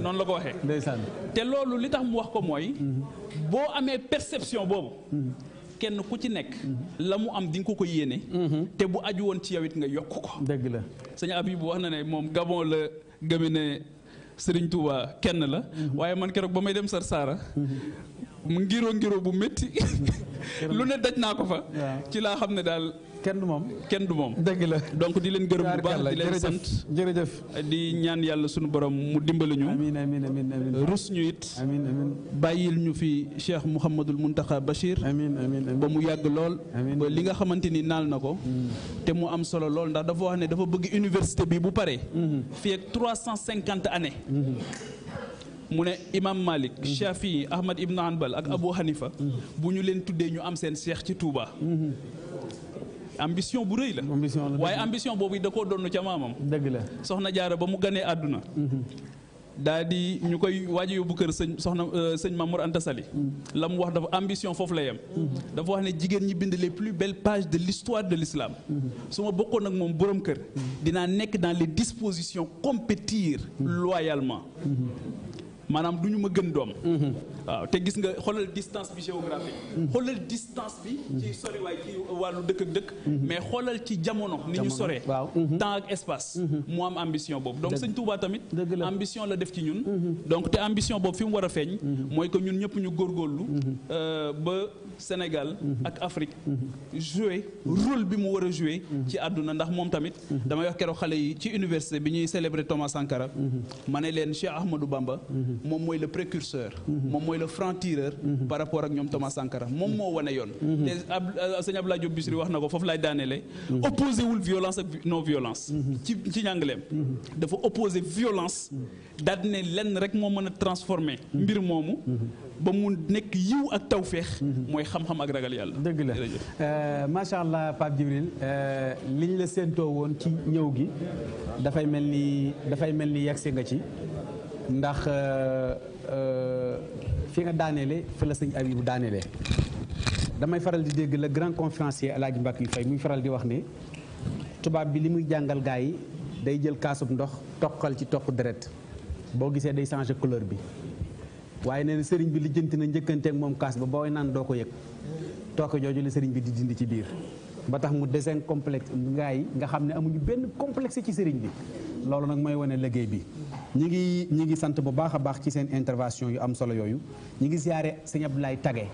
noonu la ko waxee te loolu li tax mu wax ko mooy boo amee perception boobu kenn ku ci nekk la mu am di ko ko yéene te bu aju woon ci yow it nga yokk ko dëgg la sëñ Habib wax na ne moom Gabon la gëme ne Sëriñ kenn la mhm. waaye man keroog ba may dem sar saara mu ngiro ngiro bu métti lu ne daj naa ko fa ci laa xam ne daal kenn du moom kenn du moom dëgg la donc di leen gërëm bu baax di leen sant jërëjëf di ñaan yàlla suñu borom mu dimbali ñu amiin amiin amiin amiin rus ñu it amiin amiin bàyyil ñu fi Cheikh Mouhamadul Mountakha Bachir amiin amiin ba mu yàgg lool ba li nga xamante ni naal na ko mm. te mu am solo lool ndax dafa wax ne dafa bëgg université bii bu pare mm-hmm. fi ak trois cent cinquante années mm-hmm. mu ne imam malik shafii ahmad ibnu hanbal ak abu hanifa bu ñu leen tuddee ñu am seen seex ci Touba. ambition bu rëy la waaye ambition boobu da koo donn ca maamam dëgg la soxna jaara ba mu ganee àdduna daa di ñu koy waaj yóbbu kër sëñ soxna euh, sëñ Mamour Anta Sali la mu wax dafa ambition foofu la yam dafa wax ne jigéen ñi bind les plus belle pages de l'histoire de l'islam su ma bokkoon ak moom boroom kër dinaa nekk dans les dispositions compétir loyalement maanaam du ñu ma gën doom mhm. waaw te gis nga xoolal distance bi géographique mhm. xoolal distance bi ci mhm. soriwaay ci wàllu dëkk ak dëkk mais xoolal ci jamono ni ñu soree temps ak espace mu am ambition boobu donc sëñ Touba tamit ambition la def ci ñun donc te ambition boobu fi mu war a feeñ mooy que ñun ñëpp ñu góorgóorlu euh, ba Sénégal ak Afrique jouer rôle bi mu war a jouer ci àdduna ndax moom tamit damay wax keroog xale yi ci université bi ñuy célébrer Thomas Sankara ma ne leen Cheikh Ahmadou Bamba moom mooy le précurseur mhm. moom mooy le franc tireur mhm. par rapport ak ñoom Thomas Sankara moom moo wane yoon mhm. te euh, sëñ Abdoulaye Diop Bichri wax na ko foofu laay daaneele opposé wul violence ak non violence ci ci njàngaleem dafa opposé violence daal ne lenn rek moo mën a transformer mbir moomu ba mu nekk yiw ak tawféex mooy xam-xam ak ragal yàlla dëgg la euh, macha allah Pape Djibril euh, liñ la séentoo woon ci ñëw gi dafay mel ni dafay mel ni yegsi nga ci ndax euh, euh, fi nga daaneele fi la sëñ bu daaneele damay faral di dégg la grand conférencier El Hadj Mbacké Faye muy faral di wax ne tubaab bi li muy jàngal gaa yi day jël kaasub ndox toqal ci toq deret boo gisee day changé couleur bi waaye neen na sëriñ bi lijjanti na njëkkanteek moom kaas ba booy naan doo ko yëg tooke jooju la sëriñ bi di dindi ci biir ba tax mu désincomplexe ngaa yi nga xam ne amuñu benn complexe ci sëriñ bi loolu nag mooy wane liggéey bi ñi ngi ñi ngi sant bu baax a baax ci seen intervention yu am solo yooyu ñi ngi siyaare sëñ Abdoulaye Tage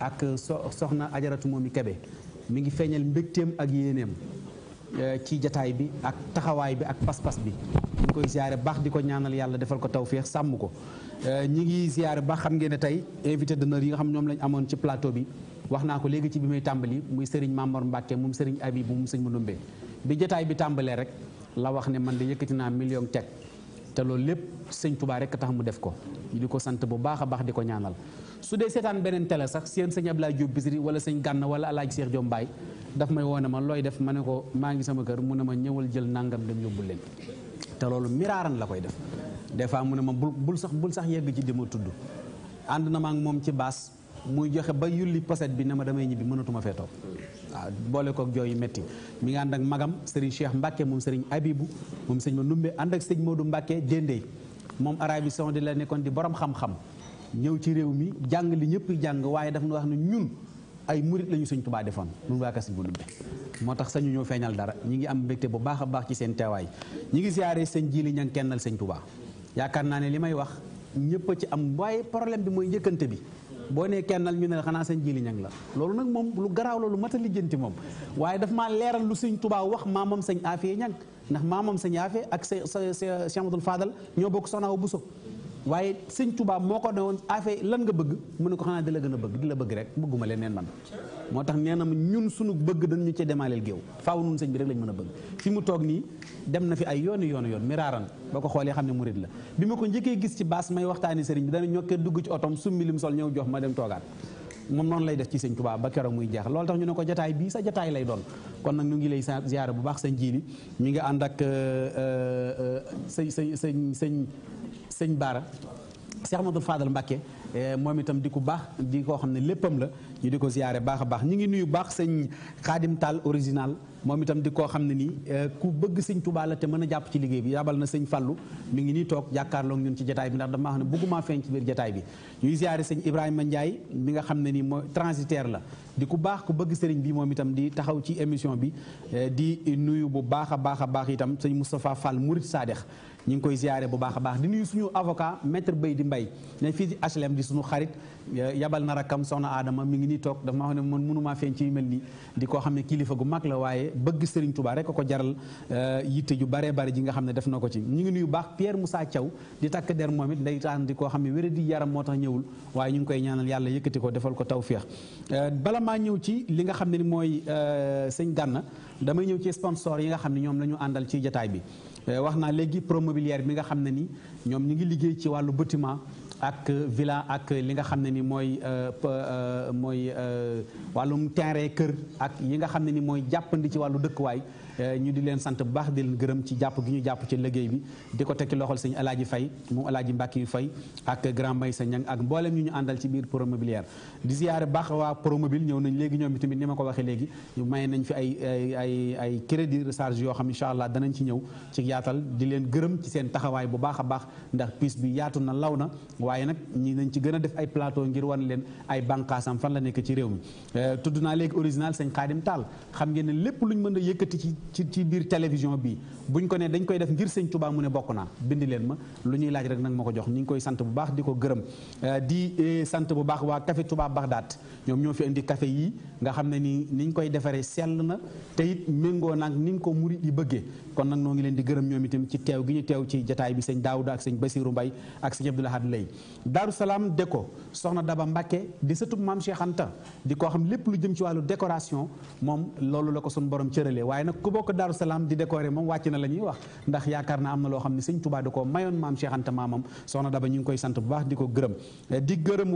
ak soxna ajaratu moom i Kebe mi ngi feeñal mbégteem ak yéeneem euh, ci jataay bi ak taxawaay bi ak pas-pas bi ñu ngi koy siyaare baax di ko ñaanal yàlla defal ko tawféex sàmm ko euh, ñi ngi siyaare baax xam ngeen ne tey invité d'honneur yi nga xam ñoom lañ amoon ci plateau bi wax naa ko léegi ci bi muy tàmbali muy Serigne Mamor Mbacke moom Serigne Abibou moom sëñ Manoumbe bi jotaay bi tàmbalee rek la wax ne man de yëkkati naa million teg te loolu lépp sëñ Touba rek a tax mu def ko ñu di ko sant bu baax a baax di ko ñaanal. su dee seetaan beneen télé sax seen sëñ Abdoulaye Diop Bichri wala sëñ gànn wala El Hadj Cheikh Diop Mbaye daf may woone ma looy def ma ne ko maa ngi sama kër mu ne ma ñëwal jël nangam dem yóbbu leen te loolu miraaran la koy def des fois mu ne ma bul bul sax bul sax yegg ci dima tudd muy joxe ba yulli poset bi ne ma damay ñibbi mënatuma fee toog waaw boole koog jooyu métti mi ngi ànd ak magam Serigne Cheikh Mbacke moom Serigne Abibu moom sëñ ma numbe ànd ak sëñ Modou Mbacke déndéey moom Arabie Saoudite la nekkoon di borom xam-xam ñëw ci réew mi jàng li ñëpp jàng waaye daf ñu wax ne ñun ay murit lañu sëñ Tubaa defoon ñun waa Kasim bu Ndumbe moo tax sañu ñoo feeñal dara ñi ngi am mbégte bu baax a baax ci seen teewaay ñu ngi siyaaree sëñ ji li ña ngi kennal sëñ Tubaa yaakaar naa ne li may wax ñëpp ci am waaye problème bi mooy njëkkante bi boo nee kennal ñu ne la xanaa sëñ Jili Ñang la loolu nag moom lu garaaw la lu mat a lijjanti moom waaye daf maa leeral lu sëñ Tuubaa wax maamam sëñ Afiye Ñang ndax maamam sëñ Afiye ak sa sa Cheikh Amadou Fadal ñoo bokk soxna Awa Bousso waaye sëñ Tuubaa moo ko ne woon Afiye lan nga bëgg mu ne ko xanaa di la gën a bëgg di la bëgg rek bëgguma neen man moo tax nee na ma ñun suñu bëgg dañu ci demaaleel géew faaw nun sëñ bi rek lañ mën a bëgg fi mu toog nii dem na fi ay yooni yoonu yoon miraaran boo ko xoolee xam ne murid la bi ma ko njëkkee gis ci baas may waxtaani sëriñ bi dana ñokkee dugg ci otom summi lim sol ñëw jox ma dem toogaat moom noonu lay def ci sëñ Tuubaa ba keroog muy jeex loolu tax ñu ne ko jataay bii sa jataay lay doon kon nag ñu ngi lay ziyaara bu baax sëñ jiili mu ngi ànd ak euh, euh, euh, sëñ sëñ sëñ sëñ sëñ Baara Cheikh Amadou Fadal Mbacké Eh, moom itam di ku baax di koo xam ne léppam la ñu di ko ziyaare baax a baax ñu ngi nuyu baax sëñ Xaadim Taal original moom itam di koo xam ne nii eh, ku bëgg sëñ Tuubaa la te mën a jàpp ci liggéey bi yabal na sëñ Fallu mi ngi nii toog jàkkaarloog ñun ci jataay bi ndax dama xam ne bugguma feeñ ci biir jataay bi ñuy ziyaare sëñ Ibrahima Ndiaye mi nga xam ne ni mooy transitaire la di ku baax ku bëgg sëriñ bi moom itam di taxaw ci émission bi eh, di nuyu bu baax a baax a baax itam sëñ Moustapha Fall Murid ñu ngi koy ziare bu baax a baax di nuyu suñu avocat maître Bay di Mbay ne fii ci HLM di suñu xarit yabal na rakkam soxna Adama mi ngi nii toog dafa ma ne man mënumaa feeñ ci mel nii di koo xam ne kilifa gu mag la waaye bëgg Serigne Touba rek ko jaral euh, yitte ju bare bare ji nga xam ne def na ko ci ñu ngi nuyu baax Pierre Moussa Thiaw di takk der moom it ndeytaan di koo xam ne wéradi yaram moo tax ñëwul waaye ñu ngi koy ñaanal yàlla yëkkati ko defal ko tawféex euh, bala maa ñëw ci li nga xam ne ni mooy euh, sëñ gànn damay ñëw ci sponsor yi nga xam ne ñoom la ñu àndal ci jataay bi Euh, wax naa léegi promobilière bi nga xam ne ni ñoom ñu ngi liggéey ci wàllu batiment ak euh, villa ak li nga xam ne ni mooy euh, mooy wàllum terrain kër ak yi nga xam ne ni mooy jàppandi ci wàllu dëkkuwaay Eh, ñu di leen sant bu baax di leen gërëm ci jàpp gi ñu jàpp ci liggéey bi di ko tekki loxol sëñ alaaji fay moom alaaji mbàkki yu fay ak grand mbay sa ñang ak mboolem ñu ñu àndal ci biir promobilière di baax waa promobile ñëw nañ léegi ñoom itamit ni ma ko waxee léegi may nañ fi ay ay ay ay crédit recharge yoo xam incha allah danañ ci ñëw ci yaatal di leen gërëm ci seen taxawaay bu baax a baax ndax piis bi yaatu na law na waaye nag ñi nañ ci gën a def ay plateau ngir wan leen ay bànqaasam fan la nekk ci réew mi eh, tudd naa léegi original sëñ xaadim taal xam ngeen ne lépp ci ci ci biir télévision bi buñ ko nee dañ koy def ngir sëñ Touba mu ne bokk naa bind leen ma lu ñuy laaj rek nag ma ko jox ñu ngi koy sant bu baax di ko gërëm euh, di euh, sant bu baax waa Café Touba daat ñoom ñoo fi indi café yi nga xam ne ni niñ koy defaree sell na te méngoo nag niñ ko murit yi bëggee kon nag noo ngi leen di gërëm ñoom itam ci teew gi ñu teew ci jataay bi sëñ Daawuda ak sëñ Basiiru Mbay ak sëñ Abdul Ahad Lay Daaru Salaam Déco soxna Daba Mbàkke di sëtub maam Cheikh di koo xam lépp lu jëm ci wàllu décoration moom loolu la ko suñu borom cëralee waaye nag ku bokk Daaru Salaam di décorer moom wàcc na la ñuy wax ndax yaakaar naa am na loo xam ne sëñ Tuubaa da koo mayoon maam Cheikh Anta maamam soxna Daba ñu ngi koy sant bu baax di ko gërëm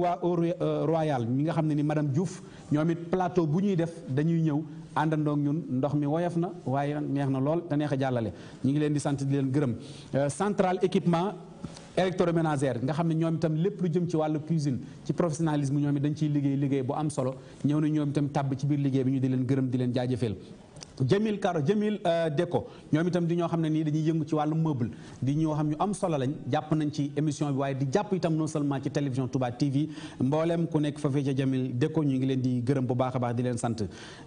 madame Diouf ñoom it plateau bu ñuy def dañuy ñëw àndandoog ñun ndox mi woyof na waaye neex na lool te neex a jàllale ñu ngi leen di sant di leen gërëm euh, central équipement électroménagère nga xam ne ñoom itam lépp lu jëm ci wàllu cuisine ci professionnalisme ñoom it dañ liggéey liggéey bu am solo ñëw na ñoom itam tàbb ci biir liggéey bi ñu di leen gërëm di leen jaajëfeel Jamil Karo Jamil euh, Deko ñoom itam di ñoo xam ne nii dañuy yëngu ci wàllu meuble di ñoo xam ñu am solo lañ jàpp nañ ci émission bi waaye di jàpp itam non seulement ci télévision Touba TV mboolem ku nekk foofee ca Jamil Deko ñu ngi leen di gërëm bu baax a baax di leen sant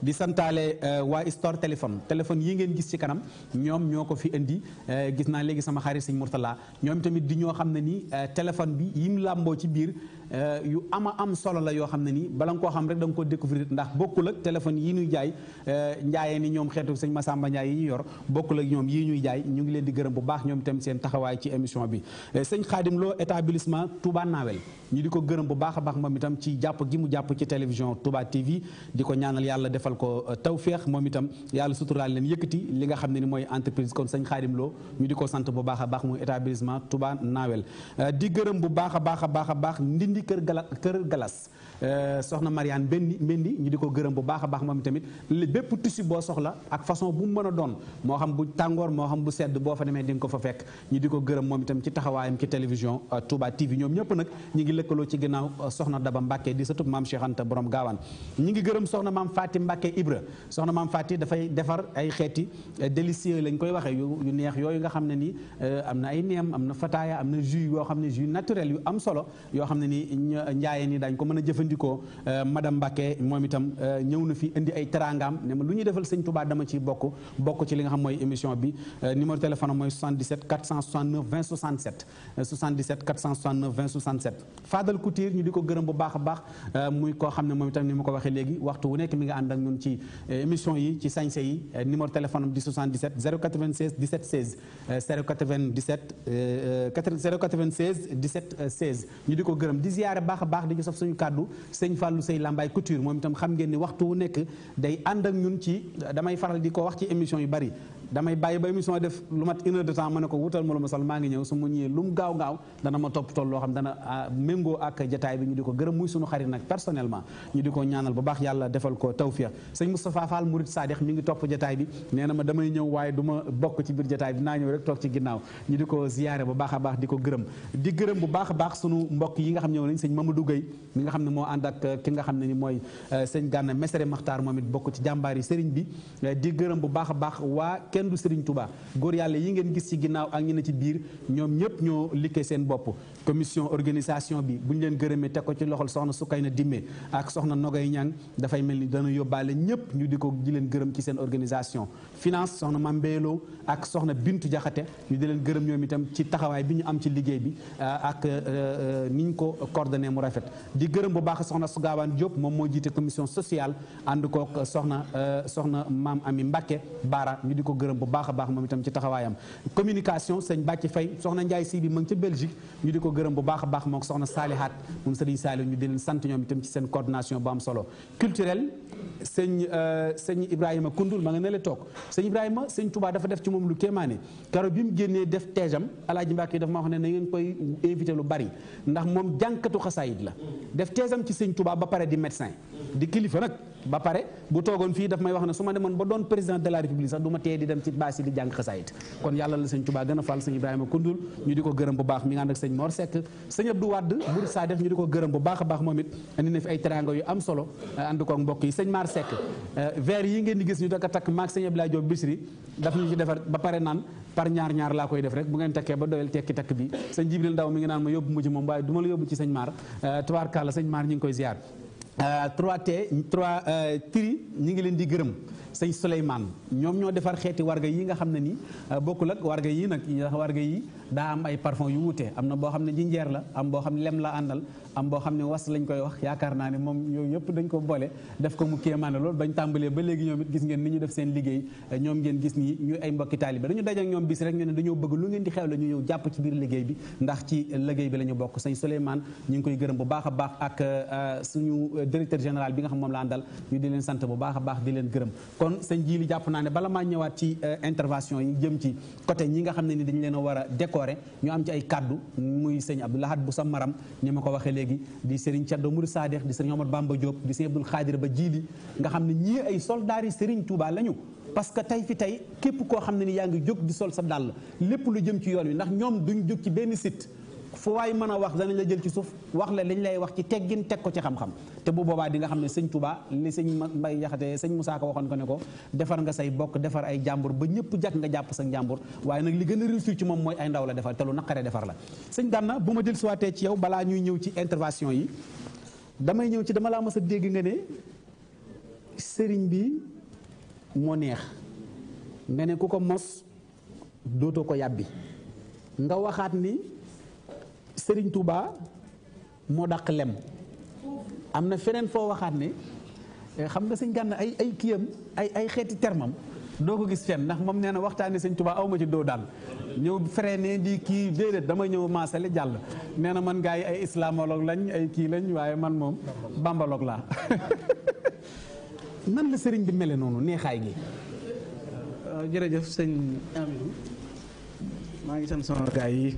di santaale euh, waa store téléphone téléphone yi ngeen gis ci kanam ñoom ñoo ko fi indi euh, gis naa léegi sama xarit sëñ Mourtala ñoom tamit di ñoo xam ne nii téléphone bi yim làmboo ci biir Euh, yu ama am solo la yoo xam ne nii bala nga koo xam rek da nga ko découvrir ndax bokkul ak téléphone yi ñuy jaay euh, njaayee ni ñoom xeetu sëñ ma Massamba Ndiaye yi ñu yor bokkul ak ñoom yi ñuy jaay ñu ngi leen di gërëm bu baax ñoom itam seen taxawaay ci émission bi euh, sëñ Xaadim Lo établissement Touba Nawel ñu di ko gërëm bu baax a baax moom itam ci jàpp gi mu jàpp ci télévision tubaa TV di ko ñaanal yàlla defal ko euh, tawféex moom itam yàlla suturaal leen yëkkati li nga xam ne ni mooy entreprise kon sëñ Xaadim Lo di ko sant bu baax a baax muy établissement Touba Nawel euh, di gërëm bu baax a baax a baax a baax ndindi kër gala kër galas Euh, soxna Mariane Mbendi Mbendi ñu di ko gërëm bu baax a baax moom tamit li bépp tissu boo soxla ak façon bu mën a doon moo xam bu tàngoor moo xam bu sedd boo fa demee di ko fa fekk ñu di ko gërëm moom itam ci taxawaayam ci télévision euh, Touba TV ñoom ñëpp nag ñi ngi lëkkaloo ci ginnaaw euh, soxna Daba Mbacke di satub maam Cheikh Anta borom gaawaan ñi ngi gërëm soxna maam Fati Mbacke Ibra soxna maam Fati dafay defar ay xeeti délicieux lañ koy waxee yu neex yooyu nga xam ne ni am na ay neem am na fataaya am na jus yoo xam ne jus naturel yu am solo yoo xam ne ni njaayeen ni dañ ko mën a jëfandikoo euh, madame Mbacke moom itam euh, ñëw na fi indi ay teraangaam ne ma lu ñuy defal sëñ Touba dama ci bokk bokk ci li nga xam mooy émission bi euh, numéro téléphone am mooy 77 469 20 67 77 469 ñu di ko gërëm bu baax ne moom itam ni ma ko waxee léegi waxtu wu nekk mi nga ànd ak ñun ci émission yi ci sañse yi numéro téléphone am di 77 096 17 16 097 ko gërëm di ziyaare baax a baax di ci sof suñu kàddu sëñ Fallou Sey Lambaye Couture moom itam xam ngeen ni waxtu wu nekk day ànd ak ñun ci damay faral di ko wax ci émission yu bari damay bàyyi ba émission def lu mat une heure de temps ma ne ko wutal ma lu ma sol maa ngi ñëw su mu ñëwee lu mu gaaw gaaw dana ma topp tool loo xam dana ah, méngoo ak jataay bi ñu di ko gërëm muy sunu xarit nag personnellement ñu di ko ñaanal bu baax yàlla defal ko tawfiq sëñ Moustapha Fall Mourid Sadikh ngi topp jataay bi nee na damay ñëw waaye du ma bokk ci biir jataay bi dinaa ñëw rek toog ci ginnaaw ñu di ko ziyaare bu baax a baax di ko gërëm di gërëm bu baax a baax sunu mbokk yi nga xam ñëw nañ sëñ Mamadou Gueye mi nga xam ne moo ànd ak uh, ki nga xam ne ni mooy uh, sëñ Gana Messere maxtaar moom it bokk ci jàmbaar yi sëriñ bi uh, di gërëm bu baax a baax waa kenn du Serigne Touba góor yàlla yi ngeen gis ci ginnaaw ak ñi ne ci biir ñoom ñëpp ñoo liggéey seen bopp commission organisation bi bu ñu leen gërëmee teg ko ci loxol soxna na Dimme ak soxna Nogay Ñang dafay mel ni dana yóbbaale ñëpp ñu di ko ji leen gërëm ci seen organisation finance soxna Mambeylo ak soxna Bintu Jaxate ñu di leen gërëm ñoom itam ci taxawaay bi ñu am ci liggéey bi euh, ak euh, euh, ni ñu ko coordonné mu rafet di gërëm bu baax soxna Sugaawaan Diop moom moo jiite commission sociale ànd ko soxna soxna maam Ami Mbacke Baara ñu di ko gërëm bu baax a baax moom itam ci taxawaayam communication sëñ Bàcci Fay soxna Njaay Si bi ma ngi ca Belgique ñu di ko gërëm bu baax a baax moom soxna Saalihaat moom sëriñ Saali ñu di leen sant ñoom itam ci seen coordination bu am solo sëñ euh, sëñ Ibrahima Koundoul ma nga ne la toog sëñ Ibrahima sëñ Touba dafa def ci moom lu kéemaane karo bi mu génnee def teejam alaaji Mbàkke dafa ma wax ne na ngeen koy invité lu bari ndax moom jànkatu xasaayit la def teejam ci sëñ Touba ba pare di médecin di kilifa nag ba pare bu toogoon fii daf may wax ne su ma demoon ba doon président de la république sax du ma di dem ci baas yi di jàng xasaayit kon yàlla la sëñ Tuubaa gën a fal sëñ Ibrahima Koundoul ñu di ko gërëm bu baax mi ngi ànd ak sëñ Mor Seck sëñ Abdou Wade Bur ñu di ko gërëm bu baax a baax moom it andi na fi ay teranga yu am solo eh, ànd ko mbokk yi sëñ Mar Seck eh, verre yi ngeen di gis ñu daka takk maag sëñ Abdoulaye Diop Bisri daf ñu ci defar ba pare naan par ñaar ñaar laa koy def rek bu ngeen takkee ba doyal tekki takk bi sëñ ji Ndaw mi ngi naan ma yóbbu mu ci ma la yóbbu ci sëñ Mar eh, tubaarkàlla sëñ Mar ñu ngi koy ziar 3T euh, 3 euh, tri ñi ngi leen di gërëm sëñ Souleymane ñoom ñoo defar xeeti warga yi nga xam ne ni euh, bokkul ak warga yi nag warga yi daa am ay parfum yu wuute am na boo xam ne jinjeer la am boo xam ne lem la àndal am boo xam ne was lañ koy wax yaakaar naa ne moom yooyu yëpp dañ ko boole def ko mu kéemaane lool bañ tàmbalee ba léegi ñoom it gis ngeen ni ñu def seen liggéey ñoom ngeen gis nii ñu ay mbokki taalibe dañu daje ñoom bis rek bi ndax ci liggéey bi la ñu bokk sëñ Souleymane ñu ngi koy gërëm bu baax a baax ak euh, suñu directeur général bi nga xam moom laa dal ñu di leen sant bu baax baax di leen gërëm kon sëñ ji jàpp naa ne bala maa ñëwaat ci euh, intervention ñi nga xam ne ni dañ leen a war a décorer ñu am ci ay kaddu muy sa maram ñi ma ko waxee léegi di Serigne Thierno Mourou Sadikh di Serigne Omar Bamba di Serigne Abdoul Khadir ba Jili nga xam ne ñii ay soldaari Serigne Touba lañu. parce tey fi tey képp koo xam ne ni yaa ngi jóg di sol sa dàll lépp lu jëm ci yoon wi ndax ñoom duñ jóg ci benn site. fu waay mën a wax danañ la jël ci suuf wax la lañ lay wax ci teggin teg ko ci xam-xam te bu boobaa di nga xam ne sëñ Touba li sëñ Mbay Jaxate sëñ Musaa Ka waxoon ko ne ko defar nga say bokk defar ay jàmbur ba ñëpp jàkk nga jàpp sa jàmbur waaye nag li gën a réussir ci moom mooy ay ndaw la defar te lu naqaree defar la sëñ Gànna bu ma del suwaatee ci yow balaa ñuy ñëw ci intervention yi damay ñëw ci dama laa mas a dégg nga ne sëriñ bi moo neex nga ne ku ko mos dootoo ko yàbbi nga sëriñ Touba moo dàq lem am na feneen foo waxaat ne eh, xam nga sëñ Gana ay ay kiyam ay ay xeeti termam doo ko gis fenn ndax moom nee na waxtaanee sëñ Touba aw ma ci doo daal ñëw ne di kii déedéet dama ñëw maasale jàll nee na man gaa yi ay islamologue lañ ay kii lañ waaye man moom bambaloog laa nan la sëriñ bi mele noonu neexaay gi. jërëjëf sëñ Amidou maa ngi sant sama gaa yi.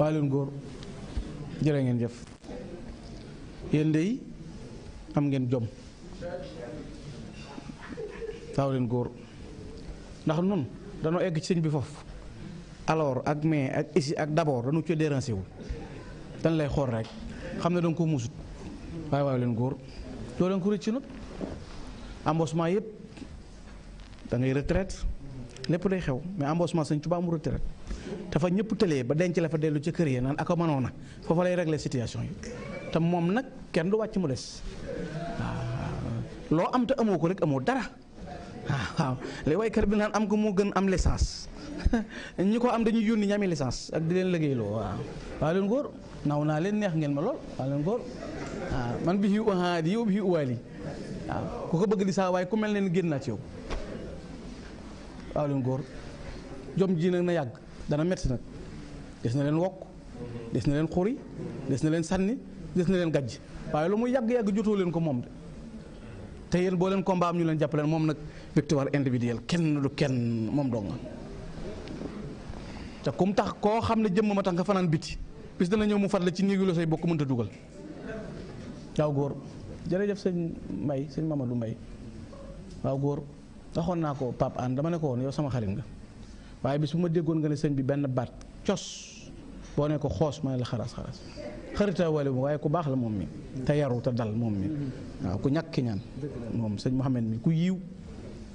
waa leen góor jërë ngeen jëf yéen dey am ngeen jom waaw leen góor ndax nun danoo egg ci sëñ bi foofu aloor ak mais ak isi ak d'abord dañu ci déranger wu dañ lay xool rek xam ne danga ko musut waaye waaw leen góor doo leen ko rëcc nag embauchement yëpp da ngay lépp day xew mais embauchement sëñ Tuubaa mu retraite dafa ñëpp tëlee ba denc la fa dellu ci kër yee naan ak a mënoon a foofa lay régler situation yi te moom nag kenn du wàcc mu des waaw loo am te amoo ko rek amoo dara waaw li waykat bi naan am ko moo gën am licence ñi ko am dañuy yónni ñami licence ak di leen liggéeyloo waaw waa leen góor naw naa leen neex ngeen ma lool waa leen góor man bi xiu ahaadi yow bi xiu waali waaw ku ko bëgg di saa waaye ku mel ne génn naa ci waaw leen góor jom ji nag na yàgg dana metti nag des na leen wokk des na leen xuri des na leen sànni des na leen gàjj waaye lu mu yàgg-yàgg jotoo leen ko moom de te yéen boo leen combat am ñu leen jàppaleen moom nag victoire individuelle kenn du kenn moom dong te kum tax koo xam ne jëmm ma tax nga fanaan biti bis dana ñëw mu la ci néegi la say bokk mënta dugal waaw góor jërëjëf sañ Mbay sëñ Mamadou Mbay waaw góor waxoon naa ko Pape An dama ne ko woon yow sama xarit nga waaye bis bu ma déggoon nga ne sëñ bi benn baat cos boo ne ko xoos ma ne la xaraas xaraas xarita wale waaye ku baax la moom mi te yaru te dal moom mi ku ñàkk ki ñaan moom sëñ Mouhamed mi ku yiw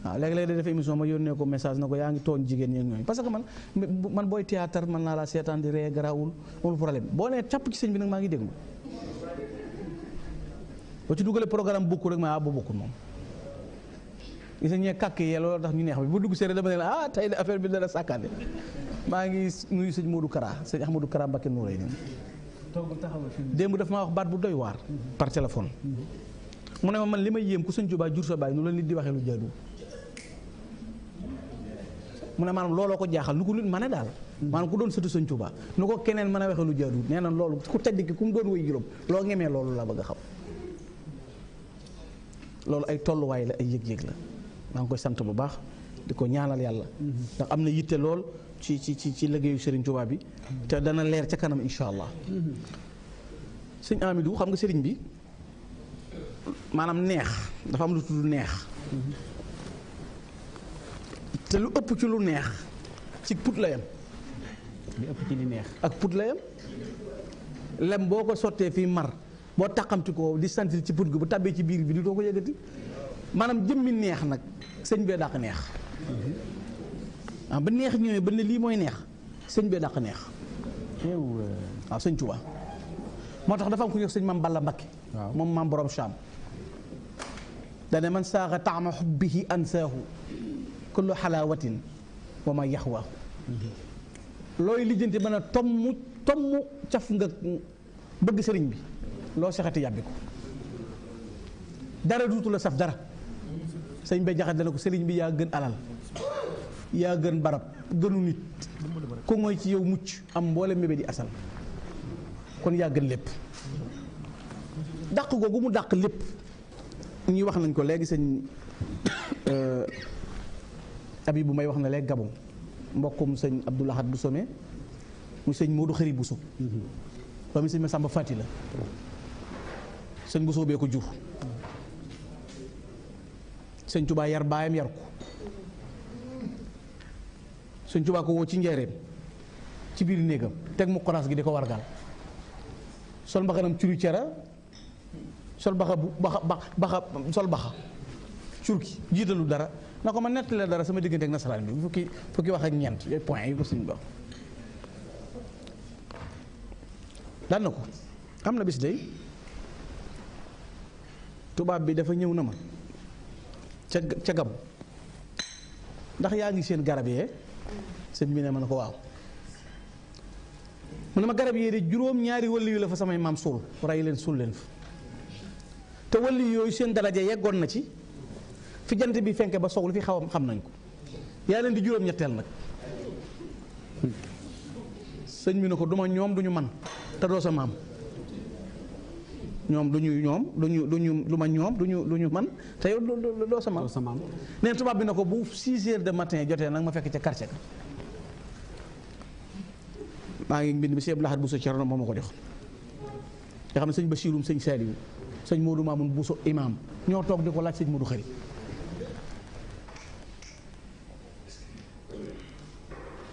waaw léeg-léeg day def ma yónnee ko message na ko yaa ngi tooñ jigéen ñi ñooñu parce que man man booy théâtre man naa laa seetaan di ree garaawul amul problème boo nee capp ci sëñ bi nag maa ngi déglu ba ci dugale programme bokkul rek ma ah boo bokkul moom gis nga loolu tax ñu neex bi bu dugg séeréer dama ne la ah, tey de affaire bi dara sàkkaane maa ngi nuyu sëñ Modou Kara sëñ Ahmadou Kara Mbacké Nouré nii démb daf wax baat bu doy waar par mu ne ma man li may yéem ku sëñ Tuubaa jur sa baay nu la nit di waxee lu jaadu mu looloo ko jaaxal nu ko nit mën a daal maanaam ku doon sëtu sëñ nu ko keneen mën a waxee lu jaadu nee na loolu ku tedd ki ku mu doon way juróom loo ngemee loolu la bëgg a xam loolu ay tolluwaay la ay yëg-yëg la maa ngi koy sant bu baax di ko ñaanal yàlla mm-hmm. ndax am na yitte lool ci ci ci ci liggéeyu Serigne Touba bi mm-hmm. te dana leer ca kanam incha allah mm-hmm. sëñ Amidou xam nga sëriñ bi maanaam neex dafa am lu tudd neex te lu ëpp ci lu neex ci put la yam lu ëpp ci li neex ak put la yam lem boo ko sottee fii mar boo taqamti ko di sentir ci put gi bu tàbbee ci biir bi di doo ko yëgati maanaam jëmmi neex nag sëñ bee dàq neex ah ba neex ñëwee ba ne lii mooy neex sëñ bee dàq neex waaw euh, ah, sëñ Tuubaa moo tax dafa am ku ñëw sëñ maam Balla Mbakke moom maam borom Saam dane man saaxa taama xubbihi ansaahu kullu xalaawatin wa ma yaxwaahu looy lijjanti mën a tomm tomm caf nga bëgg sëriñ bi loo saxati yàbbi ko dara duutu la saf dara sëñ ba jaxat dana ko sëriñ bi yaa gën alal yaa gën barab gënu nit ku mooy ci yow mucc am mboole mébé di asal kon yaa gën lépp dàq googu mu dàq lépp ñuy wax nañ ko léegi sëñ euh, abi bu may wax na léegi gabon mbokkum sëñ Abdou Lahad bu Somé mu sëñ Modou Xëri Bousso mm-hmm. doomi sëñ Masamba Fati la sëñ Bousso bee ko jur sëñ Tuubaa yar baayam yar ko sëñ Tuubaa ko woo ci njeereem ci biir néegam teg mu kolaas gi di ko wargal sol mbaxanam curi cera sol baxa bu baxa baxa sol baxa curki jiitalu dara na ko ma nettalee dara sama diggante ak nasaraan bi fukki fukki wax ak ñeent yooyu point yi ko sëñ ba daan na ko am na bis dey tubaab bi dafa ñëw na ma ca gam ndax yaa ngi seen garab yee sëñ bi ne ma ne ko waaw mën ne ma garab yee de juróom ñaari wëlli fa samay maam suul rey leen suul leen fa te wëlli yooyu seen daraja yeggoon na ci fi jant bi fenk ba sow lu fi xaw xam nañ ko yaa leen di juróom ñetteel nag sëñ bi ne ko duma ñoom duñu man te doo sa maam ñoom lu ñu ñoom lu ñu du ñu lu ma ñoom du lu ñu man te yow doo sama maam nee tubaab bi na ko bu 6 heures de matin jotee nag ma fekk ca quartier ka maa ngi mbind bi sëñ Abdou Lahad Bousso Thierno moo ma ko jox nga xam ne sëñ Bachirum sëñ Saliou sëñ Modou Mamoun Bousso imam ñoo toog di ko laaj sëñ Modou Xëri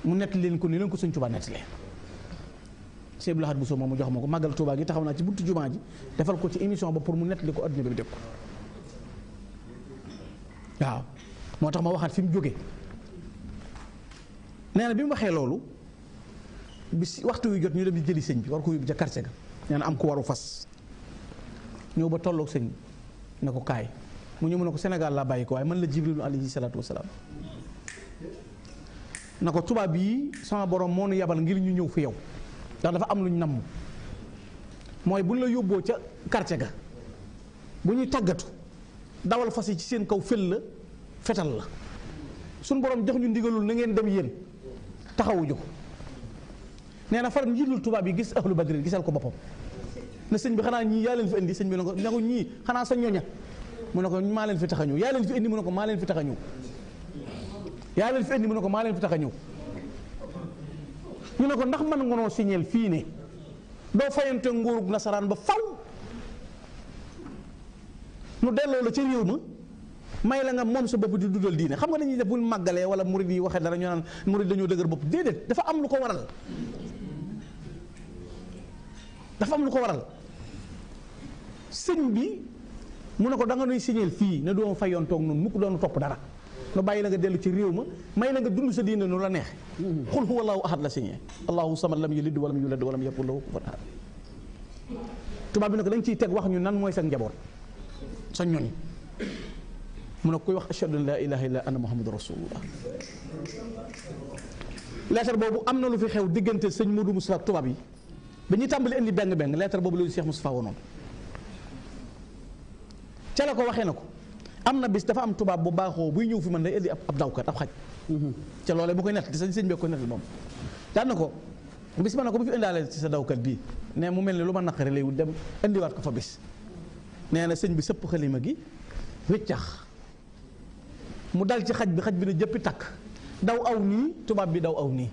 mu nett leen ko ni leen ko sëñ Tuubaa nettalee Cheikh Abdou Lahad Bousso moom mu jox ma ko màggal Touba gi taxaw naa ci buntu jumaa ji defal ko ci émission ba pour mu nettali ko adduna bi dégg waaw moo tax ma waxaat fi mu jógee nee bi mu waxee loolu bis waxtu wi jot ñu dem di jëli sëñ bi war ko yóbbu ca quartier ga nee am ko waru fas ñëw ba tolloog sëñ bi ne ko kaay mu ñëw mu ne ko Sénégal laa bàyyi ko waaye man la jibrilu alayhi salaatu wasalaam na ko tubaab yi sama borom moo yabal ngir ñu ñëw fi yow ndax dafa am lu ñu nam mooy bu ñu la yóbboo ca quartier ga bu ñuy tàggatu dawal fas yi ci seen kaw fël la fetal la suñ borom jox ñu ndigalul na ngeen dem yéen taxawuñu ko nee na faral njiitul tubaab yi gis ahlu badri gisal ko boppam ne sëñ bi xanaa ñii yaa leen fi indi sëñ bi ne ko ne ko ñii xanaa sa ñoña mu ne ko maa leen fi tax a ñëw yaa leen fi indi mu ko maa leen fi tax a ñëw yaa leen fi indi mu ne ko maa leen fi tax a ñëw ñu ne ko ndax man nga noo signeel fii ne doo fayante nguurug nasaraan ba faw nu delloo la ci réew ma may la nga moom sa bopp di dundal diine xam nga dañuy def buñ màggalee wala murid yi waxee dara ñu naan murid dañoo dëgër bopp déedéet dafa am lu ko waral dafa am lu ko waral sëñ bi mu ne ko danga nga nuy signeel fii ne doo fayontoog noonu mukk doonu topp dara nu bàyyi la nga dellu ci réew ma may la nga dund sa diine nu la neex xul mm-hmm. huwa allahu ahad la signé allahu samad lam yalid walam yulad walam yakul lahu kufuwan ahad tubaab bi ne ko ciy teg wax ñu nan mooy sa njaboot sa ñoñ mu ne kuy wax ashhadu an laa ilaha illa ana muhammadu rasulullah lettre boobu am na lu fi xew diggante sëñ Modou Moustapha tubaab yi ba ñuy tàmbali indi benn benn lettre boobu la ñu Cheikh Moustapha wonoon ca la ko waxee na ko am na bis dafa am tubaab bu baaxoo buy ñëw fi man day indi ab dawkat ab xaj mhm. ca loolee bu koy nett sañ sëñ bi ko nettal moom daan na ko bis ma ne ko bu fi indaale sa dawkat bii ne mu mel ne lu ma naqari lay wut dem indiwaat ko fa bis nee na sëñ bi sëpp xalima gi wëccax mu dal ci xaj bi xaj bi ne jëppi takk daw aw nii tubaab bi daw aw nii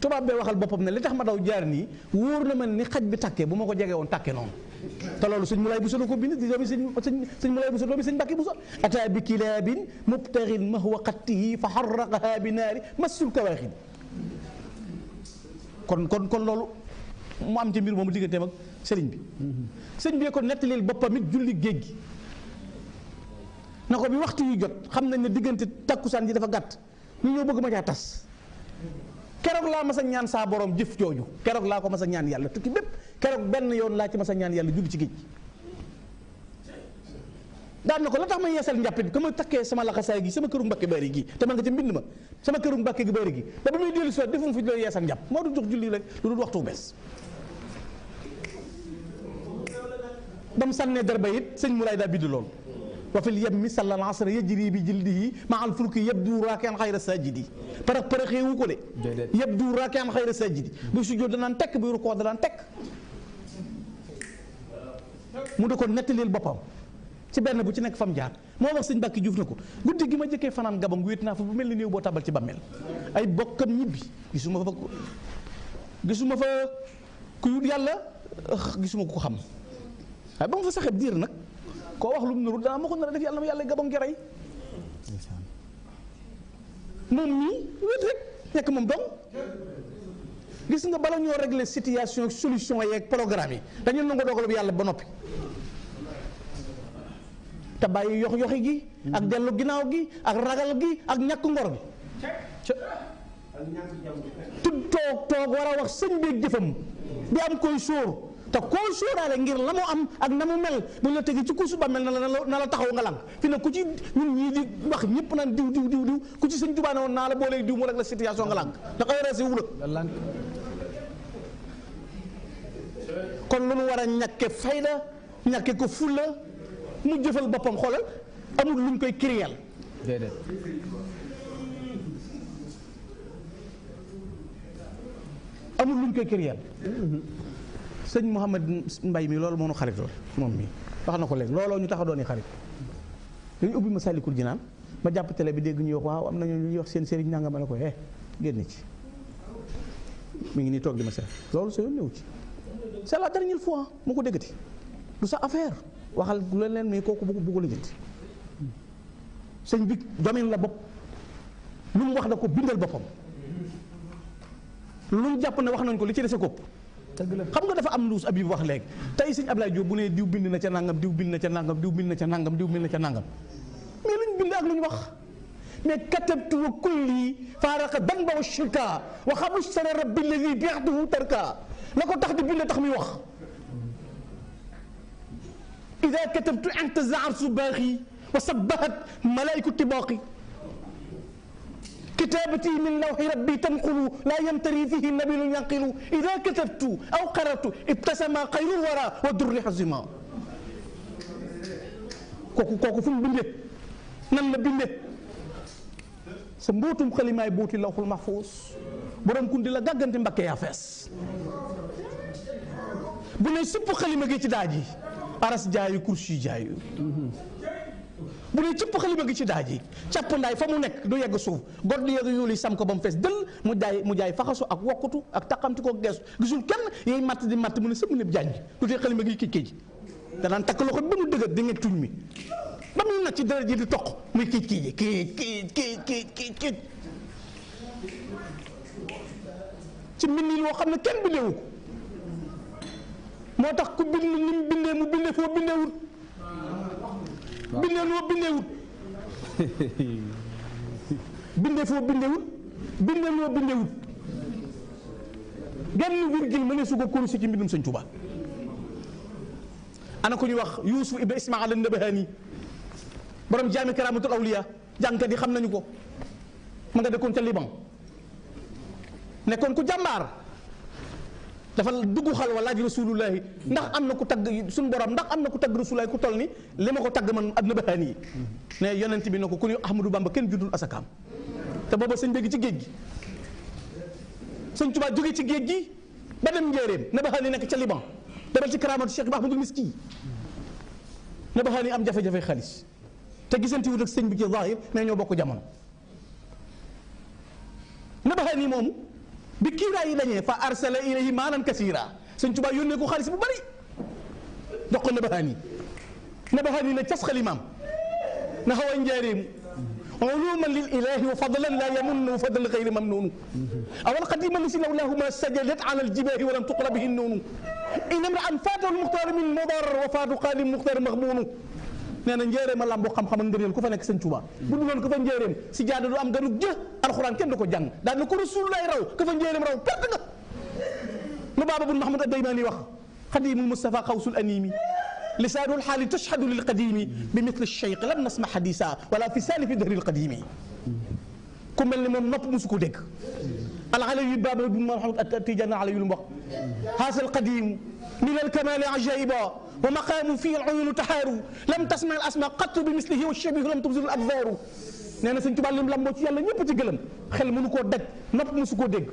tubaab bee waxal boppam ne li tax ma daw jaar nii wóor na ma ni xaj bi takkee bu ma ko jegee woon takke noonu te loolu sëñ Moulay Bousso la ko bind di doomi sëñ sëñ Moulay Bousso doomi sëñ Mbàkke Bousso ata bi kilaabin mubtarin mahwa qattihi fa harraqaha bi naari massul kawaaxid kon kon kon loolu mu am ci mbir moomu digganteem ak sëriñ bi sëñ bi ko nettalil boppam it julli géej gi na ko bi waxtu yu jot xam nañ ne diggante takkusaan ji dafa gàtt ñu ñëw bëgg ma caa tas keroog laa ma a ñaan saa borom jëf jooju keroog laa ko mas a ñaan yàlla tukki bépp keroog benn yoon laa ci mas a ñaan yàlla jubbi ci géej daan ko la tax ma yeesal njàppit ka ma takkee sama laxasaay gi sama këru mbakke bari gi te man nga ca mbind ma sama këru mbakke gi bari gi ba ba muy dellu si waat defum fi loolu yeesal njàpp moo dul jox julli rek lu dul waxtu bees bam sànnee darba it daa bind loolu wa ma al fulki yabdu raakian xayra sajidi parax paraxeewu ko de yabdu raakian xayra sajidi bu sujjóot danaan tekk bu rukoo danaan tekk mu da ko nettalil boppam ci benn bu ci nekk fam jaar moo wax sëñ Mbàkke Juuf na ko guddi gi ma jëkkee fanaan gabam wéet naa fa bu mel ni néew boo tabal ci bàmmeel ay bokkam ñibbi gisuma fa gisuma fa ku yàlla gisuma ko xam waaye ba ma fa saxee diir nag koo wax lu mu nuru danaa ma ko nar a def yàlla ma yàlla gabam gi rey moom mii wéet rek nekk moom dong gis nga bala ñoo régler situation solution yeeg programme yi dañu nangu bu yàlla ba noppi te bàyyi yox yoxi gi ak dellu ginnaaw gi ak ragal gi ak ñàkk ngor gi tudd toog toog war a wax sëñ beeg jëfam di am koy sóor te koo sóoraale ngir la mu am ak na mu mel buñ la tegee ci kuusu ba mel na la na la taxaw nga lànk fi ne ku ci ñun ñii di wax ñëpp naan diw diw diw diw ku ci sëñ Tuubaa ne woon naa la boolee diw mu rek la situation nga lang ndax ay rees wu kon lu nu war a ñàkke fayda ñàkke ko fulla mu jëfal boppam xoolal amul luñ koy kiriyal déedéet luñ koy kiriyal mm-hmm. sëñ Mouhamad Mbay mi loolu moo nu xaritoon moom mi wax na ko léegi looloo ñu tax a doon xarit dañu ubbi ma Masaalikul Jinaan ma jàpp télé bi dégg ñu wax waaw am na ñu wax seen sëriñ nangam ma ne ko eh génn ci mu ngi nii toog di ma seet loolu sa yoon ñëw ci c'est la dernière fois mu ko déggati du sa affaire waxal la leen mais kooku bëgg bëgg la jënd sëñ bi domaine la bopp lu mu wax na ko bindal boppam lu mu jàpp ne wax nañ ko li ci de dese kopp xam nga dafa am lu Habib wax léegi tey sëñ Ablaye Diop bu ne diw bind na ca nangam diw bind na ca nangam diw bind na ca nangam diw bind na ca nangam bind ak luñ wax mais katabtu wa kulli faaraqa dan ba wa shirka wa xamu sana rabbi ladi bi'dahu tarka la ko tax di bind tax muy wax ida katabtu anta zaar su baaxi wa sabahat malaayku tibaaqi كتابتي من لوح ربي تنقل لا يمتري فيه نبيل ينقل إذا كتبت أو قرأت ابتسم خير الورى والدر حزما kooku kooku fu mu bindee nan la bindee sa mbootum xalimaay booti lawxul mahfuus borom kundi la gàggante mbakke yaa fees bu ne supp xalima gi ci daaj yi aras jaayu kursi jaayu bu dee cëpp xalima gi ci daa ji càpp ndaay fa mu nekk du yegg suuf god di yegg yuuli sam ko ba mu fees dël mu daay mu jaay faxasu ak wokkutu ak taqamti ko geesu gisul kenn yooyu matt di matt mu ne sëpp neb jaañ du tee xalima gi kiij takk loxo ba mu dëgër di nga tuñ mi ba mu nag ci deret ji di toq muy kiij kiij kiij kiij kiij kiij ci mbind yi woo xam ne kenn bindeewu ko moo tax ku bind ni mu bindee mu bindee foo bindeewut bindee loo bindeewut bindee foo bindeewut bindee loo bindeewut genn virgule mënee su ko korusi ci mbindum sëñ Tuuba ana ñuy wax Yuusuf ibn Ismail an-Nabahani borom jaami karaamatul awliya jàngkat yi xam nañu ko ma nga dëkkoon ca Liban nekkoon ku jàmbaar dafa dugg xal xalwa laaj rasulullahi ndax am na ku tagg suñu borom ndax am na ku tagg rasulullahi ku toll ni li ma ko tagg man adna bahaan yi ne yonent bi na ko ku ñu Ahmadou Bamba kenn juddul asakaam te booba sëñ béggi ci géej gi sëñ Tuubaa jógee ci géej gi ba dem njéeréem na bahaan yi nekk ca Liban demal ci karaamatu Cheikh Ahmadul Miski na bahaan am jafe-jafe xaalis te gisanti wut ak sëñ bi ci zahir ne ñoo bokk jamono na bahaan moomu bi kiiraay yi dañee fa arsala ilayhi maalan kasiira sëñ Tuubaa yónnee ko xaalis bu bari dox ko nabahaani nabahaani na cas xalimaam na xaw a njaareem uluman lil ilahi wa fadlan la yamunnu fadlan xayri mamnunu awal qadima lisi lawlahuma sajadat ala aljibahi wa lam tuqra bihi noonu in imraan faatahu almuxtaar min mudar wa faatu qaalim muxtaar maxmuunu nee na njéeréem a làmboo xam-xam ak ngëneel ku fa nekk sëñ Tuuba bu du loon ko fa njéeréem si jaada du am ganu jë alxuraan kenn ko jàng daal na ko rasulullaay raw ko fa njéeréem raw perte nga lu baaba bun a addaymaani wax xadimul mustapha xawsul animi lisaanul xaali tashhadu lil qadimi bi mithli cheikh lam nasma xadisa wala fi saani fi dahril qadimi ku mel ni moom nopp musu ko dégg alxale yu baaba bun mahamad at tijaani ala yu lu wax haasal qadim min alkamali ajaiba wa maqaamu fii al uyunu taxaaru lam tasma al asma qattu bi mislihi wa shabihu lam tubsiru al absaaru nee na sëñ Tuubaa lim lamboo ci yàlla ñëpp ci gëlëm xel mënu koo daj nopp mësu koo dégg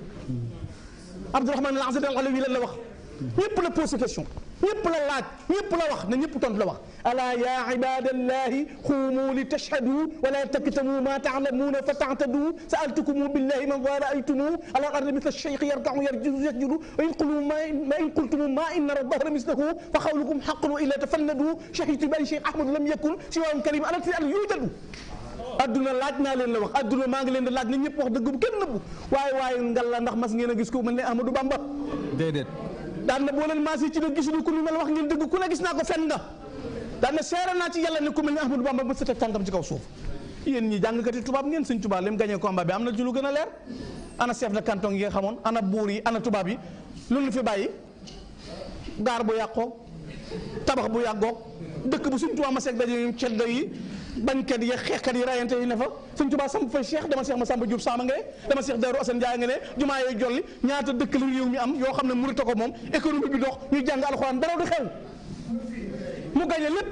Abdourahman al Azadi al Alawi lan la wax ñëpp la posé question ñëpp la laaj ñëpp la wax na ñëpp tontu la wax alaa yaa ibadallahi xuumu li tashhadu wala taktamu ma taalamuuna fa taatadu saaltukumu billahi man wa raaytumu ala al ardi misla alcheikh yarkacu yarjisu yasjudu wa in qulu ma in qultumu ma inna dahra mislahu fa xawlukum xaqun wa illa tafannadu shahidtu bi an cheikh ahmadu lam yakun siwaawun karim ala ti al yujadu adduna laaj naa leen la wax adduna maa ngi leen di laaj na ñëpp wax dëgg bu kenn nëbbu waaye waaye ngal la ndax mas ngeen a gis ko mel ne Ahmadou Bamba déedéet daan na boo leen ci dëgg gisuñu ku ñu mel wax ngeen dëgg ku ne gis naa ko fen nga daan na seere naa ci yàlla ne ku mel ne Ahmadou Bamba ba sa teg tànkam ci kaw suuf yéen ñi jàngkat yi tubaab ngeen sëñ tubaab li mu gagné combat bi am na ci gën a leer ana chef de canton yi nga xamoon ana buur yi ana tubaab yi lu ñu fi bàyyi gaar bu yàqoo tabax bu yàggook dëkk bu sëñ tubaab ma seeg daje yu ceddo yi bañkat yi xeexkat yi rayante yi na fa sëñ Tuubaa samp fa cheikh dama cheikh ma sàmba Diop sama nga ne dama cheikh Daaru Asan Njaay nga ne jumaa yooyu jolli ñaata dëkk la réew mi am yoo xam ne murita ko moom économie bi dox ñu jàng alxuraan dara du xew mu gañe lépp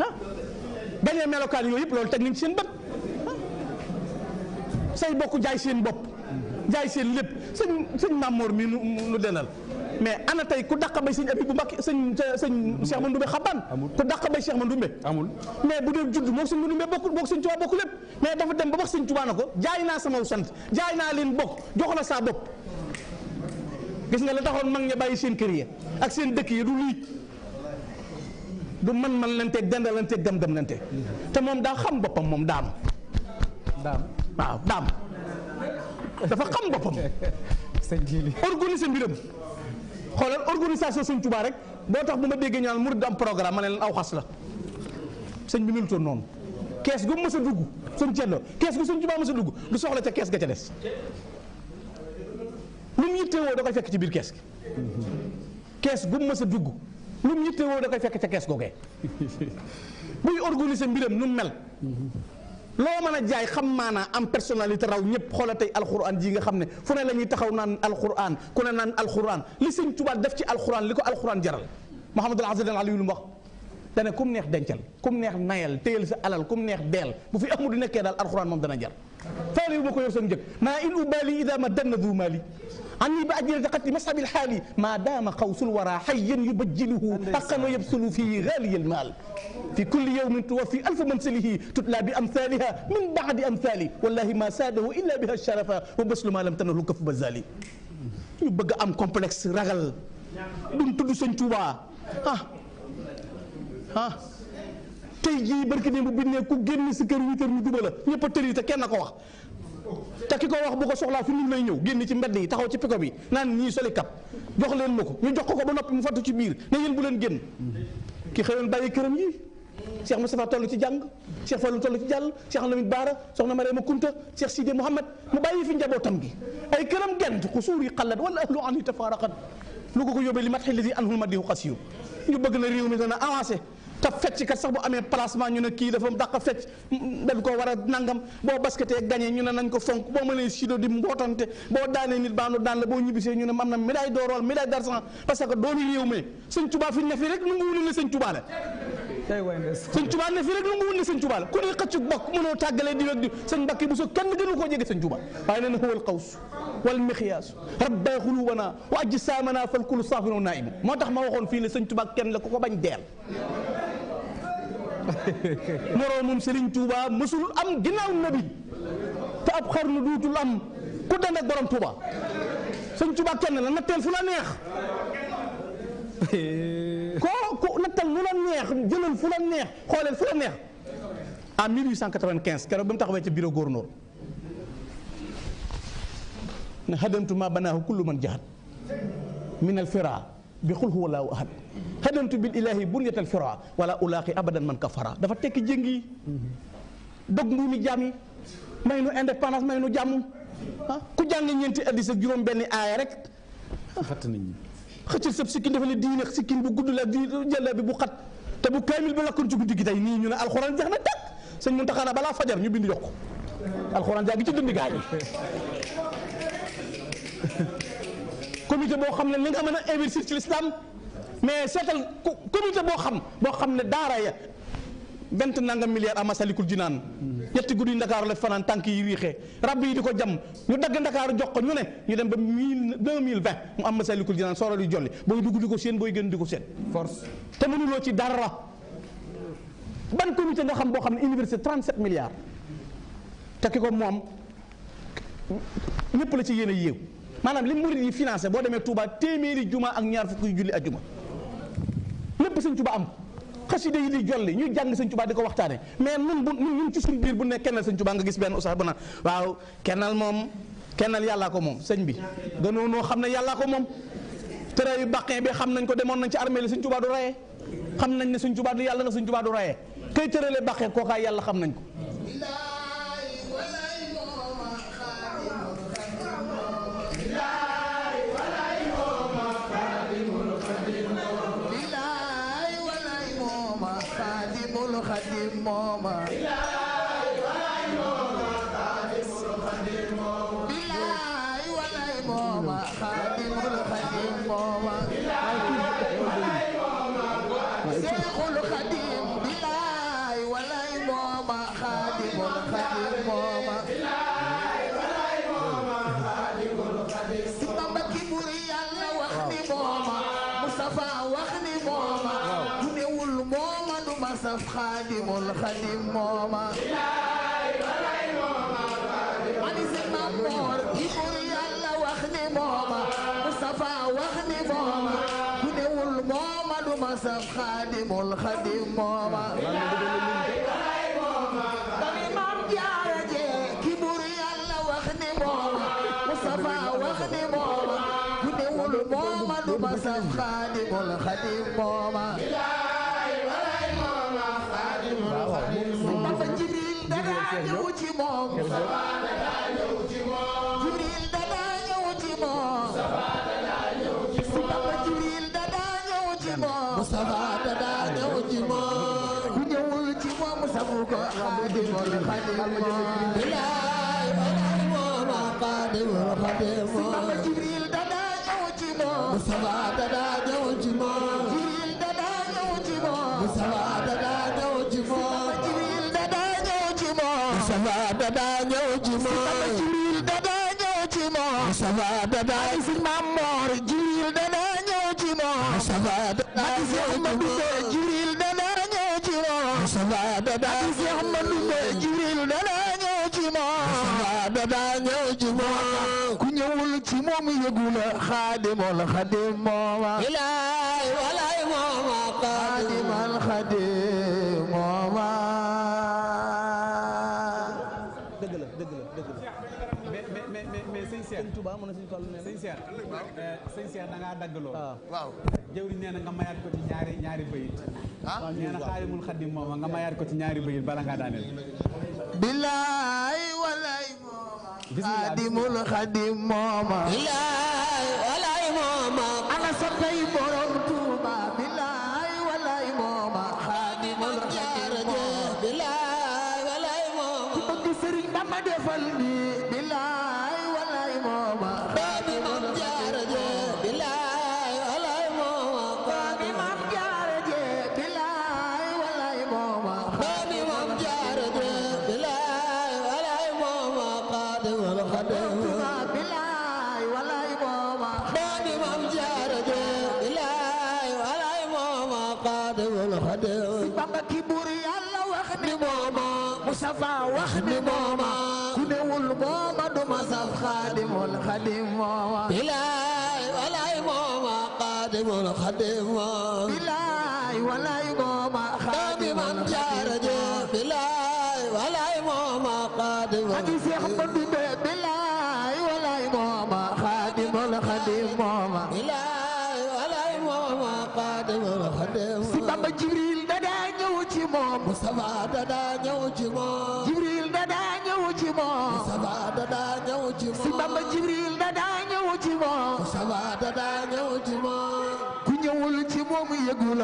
ah. gañe melokaan yooyu yëpp loolu teg nañ ci seen bët ah. say bokk jaay seen bopp jaay seen lépp sëñ sëñ Mamoor mi nu nu denal mais ana tey ku dàq bay sëñ abi bu Mbàkke sëñ sëñ Cheikh Mandoumbe xabaan ku dàq bay Cheikh Mandoumbe amul mais bu dee judd moom sëñ Mandoumbe bokkul boog sëñ Tuubaa bokku lépp mais dafa dem ba wax sëñ Tuubaa na ko jaay naa samaw sant jaay naa leen bokk jox la saa bopp gis nga la taxoon mag ña bàyyi seen kër yi ak seen dëkk yi du lii du man man lanteeg dendalante gam gam lante te moom daa xam boppam moom daam daam waaw daam dafa xam boppam sëñ ji li organiser mbiram xoolal organisation sëñ Tuubaa rek boo tax bu ma déggee ñaan murid am programme ma ne leen aw xas la sëñ bi melutoon noonu kees gu mës a dugg sëñ Ceddo kees gu sëñ Tuubaa mës a dugg du soxla ca kees ga ca des lu mu yittewoo da fekk ci biir kees gi kees gu mës a lu mu da koy fekk ca kees googee buy organiser mbiram nu mel loo mën a jaay xam maa maanaa am personnalité raw ñëpp xoola tey alxuraan ji nga xam ne fu ne la ñuy taxaw naan alxuraan ku ne naan alxuraan li sëñ Tuubaa def ci alxuraan li ko alxuraan jaral Muhammadul Aziz al Aliyu lu wax dane kum neex dencal kum neex nayal téyel sa alal kum neex deel bu fi amul du nekkee daal alxuraan moom dana jar faale yu ma ko yor seen njëg maa in ubaali ida ma danna du maali anni ba ajjil daqat li mashabil xaali maa daama xawsul wara xayyan yubajjiluhu xaqan wa yabsulu fi gaaliya almaal fi kulli yawmin tuwaffi alfu mansilihi tutla bi amthaliha min baadi amthali wallahi ma saadahu illa biha sharafa wa baslu ma lam tanahu kafu bazali ñu bëgg am complexe ragal duñ tudd sëñ Tuubaa ah ah tey jii barki démb bi ne ku génn si kër huit heures ñu duba la ñëpp a tëri te kenn ko wax te ki ko wax bu soxlaa fi ñun lay ñëw génn ci mbedd yi taxaw ci piko bi naan ñii soli jox leen ma ko ñu jox ko ko ba noppi mu fattu ci biir ne yéen bu leen génn ki xëyoon bàyyi këram yi Cheikh Moustapha toll ci jàng Cheikh Fallou toll ci jàll Cheikh Lamine Baara soxna Mariama Kunta Cheikh Sidi Mouhamad mu bàyyi fi njabootam gi ay këram gent ku suur yi xalat wala ahlu an yi tafaaraqat lu ko ko yóbbee li mat ma diu xas bëgg na réew mi dana avancé ta fecc kat sax bu amee placement ñu ne kii dafa dàq fecc dañ ko war a nangam boo basketee gagné ñu ne nañ ko fonk boo mënee sido di mbootante boo daanee nit baanu daan la boo ñibbisee ñu ne am na médaille d'or wala médaille d'argent parce que doomu réew mi sëñ Tuubaa fi ne fi rek lu mu wul ne sëñ la sëñ Tuubaa ne fii rek lu mu wul ne sëñ la ku ne xëcc bokk mënoo tàggalee di di sëñ Mbàkke bu so kenn gënu koo jege sëñ Tuubaa la ku ko moroomum Serigne Touba mësul am ginnaaw nabi te ab xarnu duutul am ku dend ak borom Touba Serigne kenn la natteel fu la neex koo ku nattal lu la neex jëlal fu la neex xooleel fu la neex en 1895 keroog ba mu taxawee ci bureau gouverneur ne xadamtu ma banaahu man jaxat min al bi xul huwa laahu ahad xadantu bil ilahi bunyatal fira wala ulaaqi abadan man kafara dafa tekk jéngi dog mbuumi jaam yi may nu indépendance may nu jàmm ah, ku jàng ñeenti addis ak juróom benn aaya rek xatt ah, nañ ñi xëccal sab sikkin dafa ne diine sikkin bu gudd la di bi bu xat te bu kaamil ba lakkoon ci guddi gi tey nii ñu ne alxuraan jeex na tàkk sëñ mun taxaana balaa fajar ñu bind yokk alxuraan jaa gi ci dund gaa yi comité boo xam ne li nga mën a investir ci l'islam mais seetal comité boo xam boo xam ne daara ya vingt nangam milliards ama salikul jinaan ñetti guddi ndakaaru la fanaan tànk yi riixee rab yi di ko jam ñu dagg ndakaaru jox ko ñu ne ñu dem ba mille deux mille vingt mu am masalikul jinaan soral yu jolli booy dugg di ko seen booy gën di ko seen force te mënuloo ci dara ban comité nga xam boo xam ne université 37 milliards te ki ko moom ñépp la ci yéen a yéew maanaam li murid yi financé boo demee Touba téeméeri juma ak ñaar fukki julli ak juma lépp sëñ Touba am xasida yi di jolli ñuy jàng sëñ cubaa di ko waxtaane mais nun bu ñun ci suñu biir bu ne kennal sëñ Touba nga gis benn ustaas bu na waaw kennal moom kennal yàllaa ko moom sëñ bi gënoon noo xam ne yàllaa ko moom tere yu baqin bi xam nañ ko demoon nañ ci armée li sëñ Touba du rayee xam nañ ne sëñ Touba du yàlla nga sëñ Touba du rayee kay tërale baqee kookaay yàlla xam nañ ko mooma xadim mooma mani si mam moor ki bur yàlla wax ni mooma Mustafa wax ni mooma ku newul mooma du ma saf xadimul xadim mooma jibril dana ñëw ci moom Mustafa dana ñëw ci moom jibril dana ñëw ci moom Mustafa dana ñëw ci moom jibril dana ñëw ci moom Mustafa dana ñëw ci moom yëgula xaadimul xadim mooma laa dagg loolu ah. waaw jëwriñ nee na nga mayaat ko ci ñaari ñaari bayit ah. nee na xaalimul xaddim mooma nga mayaat ko ci ñaari bayit bala ngaa daaneel bilaay walay mooma xaadimul xaddim mooma bilaay walay mooma ana sa tey borom tuuba bilaay walay mooma xaadimul xaddim mooma bilaay walay mooma ku bëgg sëriñ ba ma defal ni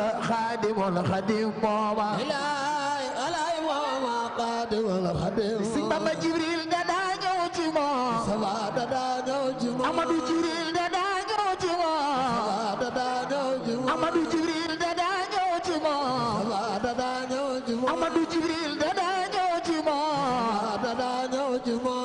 xaadimul xadim mooma ilaay alaay mooma xaadimul jibril da daa ñëw ci moom jibril da daa ñëw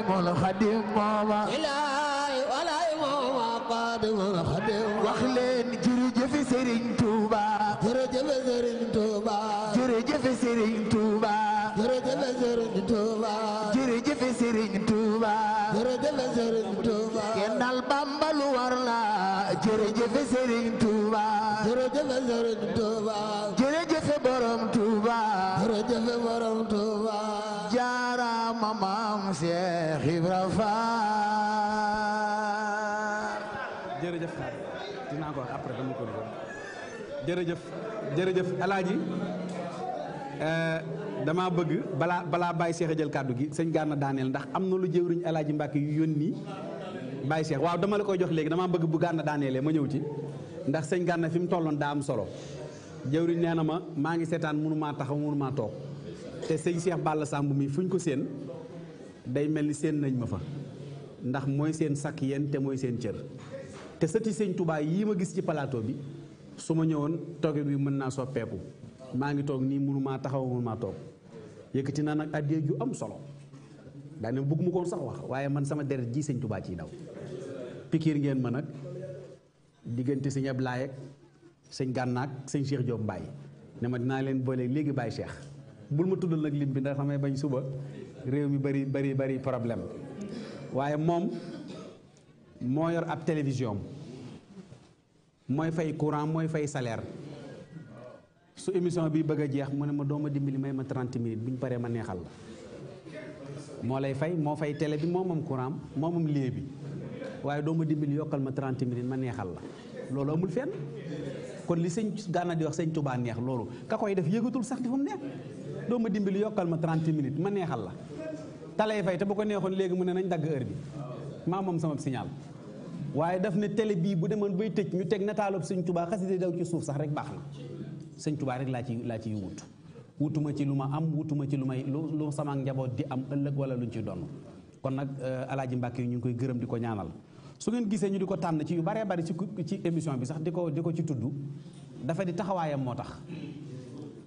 xadimul xadim mooma ilaay walaay mooma xadimul xadim wax leen jërëjëf Serigne Touba jërëjëf Serigne Touba jërëjëf Serigne Touba jërëjëf Serigne Touba jërëjëf Serigne Touba jërëjëf Serigne Touba kennal Bamba lu war la jërëjëf Serigne Touba jërëjëf Serigne Touba jërëjëf borom Touba jërëjëf borom Touba ma maam Cheikh jërëjëf xaar dinaa dama euh, damaa bëgg balaa balaa Baye Cheikh jël kàddu gi sëñ Gana daaneel ndax am na lu jëwriñ alaaji Mbàkke yu nii Baye Cheikh waaw dama la koy jox léegi damaa bëgg bu Gana daaneelee ma ñëw ci ndax sëñ Gana fi mu tolloon daa am solo jëwriñ nee na ma maa ngi seetaan mënumaa taxaw mënumaa toog te sëñ Cheikh Balla Samb mi fu ñu ko séen day mel ni séen nañ ma fa ndax mooy seen sakk yéen te mooy seen cër te sëti sëñ Touba yii ma gis ci plateau bi su ma ñëwoon tooge bi mën naa soppeeku maa ngi toog nii mënumaa taxaw mënumaa toog yëkkati naa nag addiya ju am solo daane bëgg mu koon sax wax waaye man sama deret ji sëñ Touba ciy daw pikiir ngeen ma nag diggante sëñ Ablaye ak sëñ Gànnaak sëñ Cheikh Diop Mbaye ne ma dinaa leen boole léegi baay Cheikh bul ma tuddal nag lim bi ndax damay bañ suba réew mi bari bari bari problème waaye moom moo yor ab télévision mooy fay courant mooy fay salaire su émission bi bëgg a jeex mu ne ma dooma dimbili may ma 30 minutes buñ paree ma neexal la moo lay fay moo fay télé bi moo moom courant moo moom lieu bi waaye dooma dimbali yokkal ma 30 minutes ma neexal la loolu amul fenn kon li sëñ Gana di wax sëñ Touba neex loolu ka koy def yëgatul sax di fu mu neex doo ma dimbali yokkal ma 30 minutes ma neexal la talay fay te bu ko neexoon léegi mu ne nañ dagg heure bi maa moom sama signal waaye daf ne tele bii bu demoon bay tëj ñu teg na taaloo sëñ tubaa xasida daw ci suuf sax rek baax na sëñ tubaa rek laa ci laa ciy wut wutuma ci lu ma am wutuma ci lu may lu sama njaboot di am ëllëg wala luñ ci donn kon nag euh, alaaji Mbàkke yi ñu ngi koy gërëm di ko ñaanal su ngeen gisee ñu di ko tànn ci yu baree bari ci ci émission bi sax di ko di ko ci tudd dafa di taxawaayam moo tax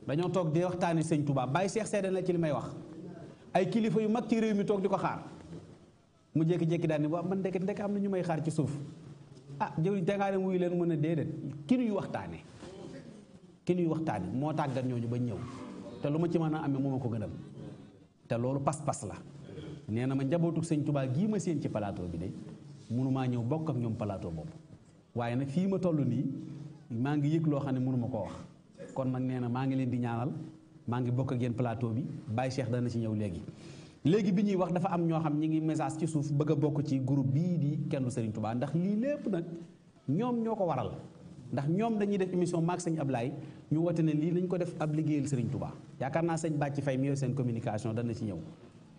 dañoo toog di waxtaani sëñ Touba bàyyi seex seede na ci li may wax ay kilifa yu mag ci réew mi toog di ko xaar mu jékki-jékki daal ni waaw man ndeket ndek am na ñu may xaar ci suuf ah jëwriñ te ngaa dem wuyu leen mën a déedéet ki nuy waxtaane ki nuy waxtaane moo tàggat ñooñu ba ñëw te lu ma ci mën a amee moo ma ko gënal te loolu pas-pas la nee na ma njabootu sëñ Touba gii ma seen ci palaatoo bi de mënumaa ñëw bokk ak ñoom palaatoo boobu waaye nag fii ma toll nii maa ngi yëg loo xam ne mënuma koo wax kon nag nee na maa ngi leen di ñaanal maa ngi bokk génn yéen plateau bi Baye Cheikh dana ci ñëw léegi léegi bi ñuy wax dafa am ñoo xam ñi ngi message ci suuf bëgg a bokk ci group bii di kenn du Serigne Touba ndax lii lépp nag ñoom ñoo ko waral ndax ñoom dañuy def émission maag sëñ laay ñu woote ne lii lañ ko def ab liggéeyal Serigne Touba yaakaar naa sëñ Bàcci Fay mi yor seen communication dana ci ñëw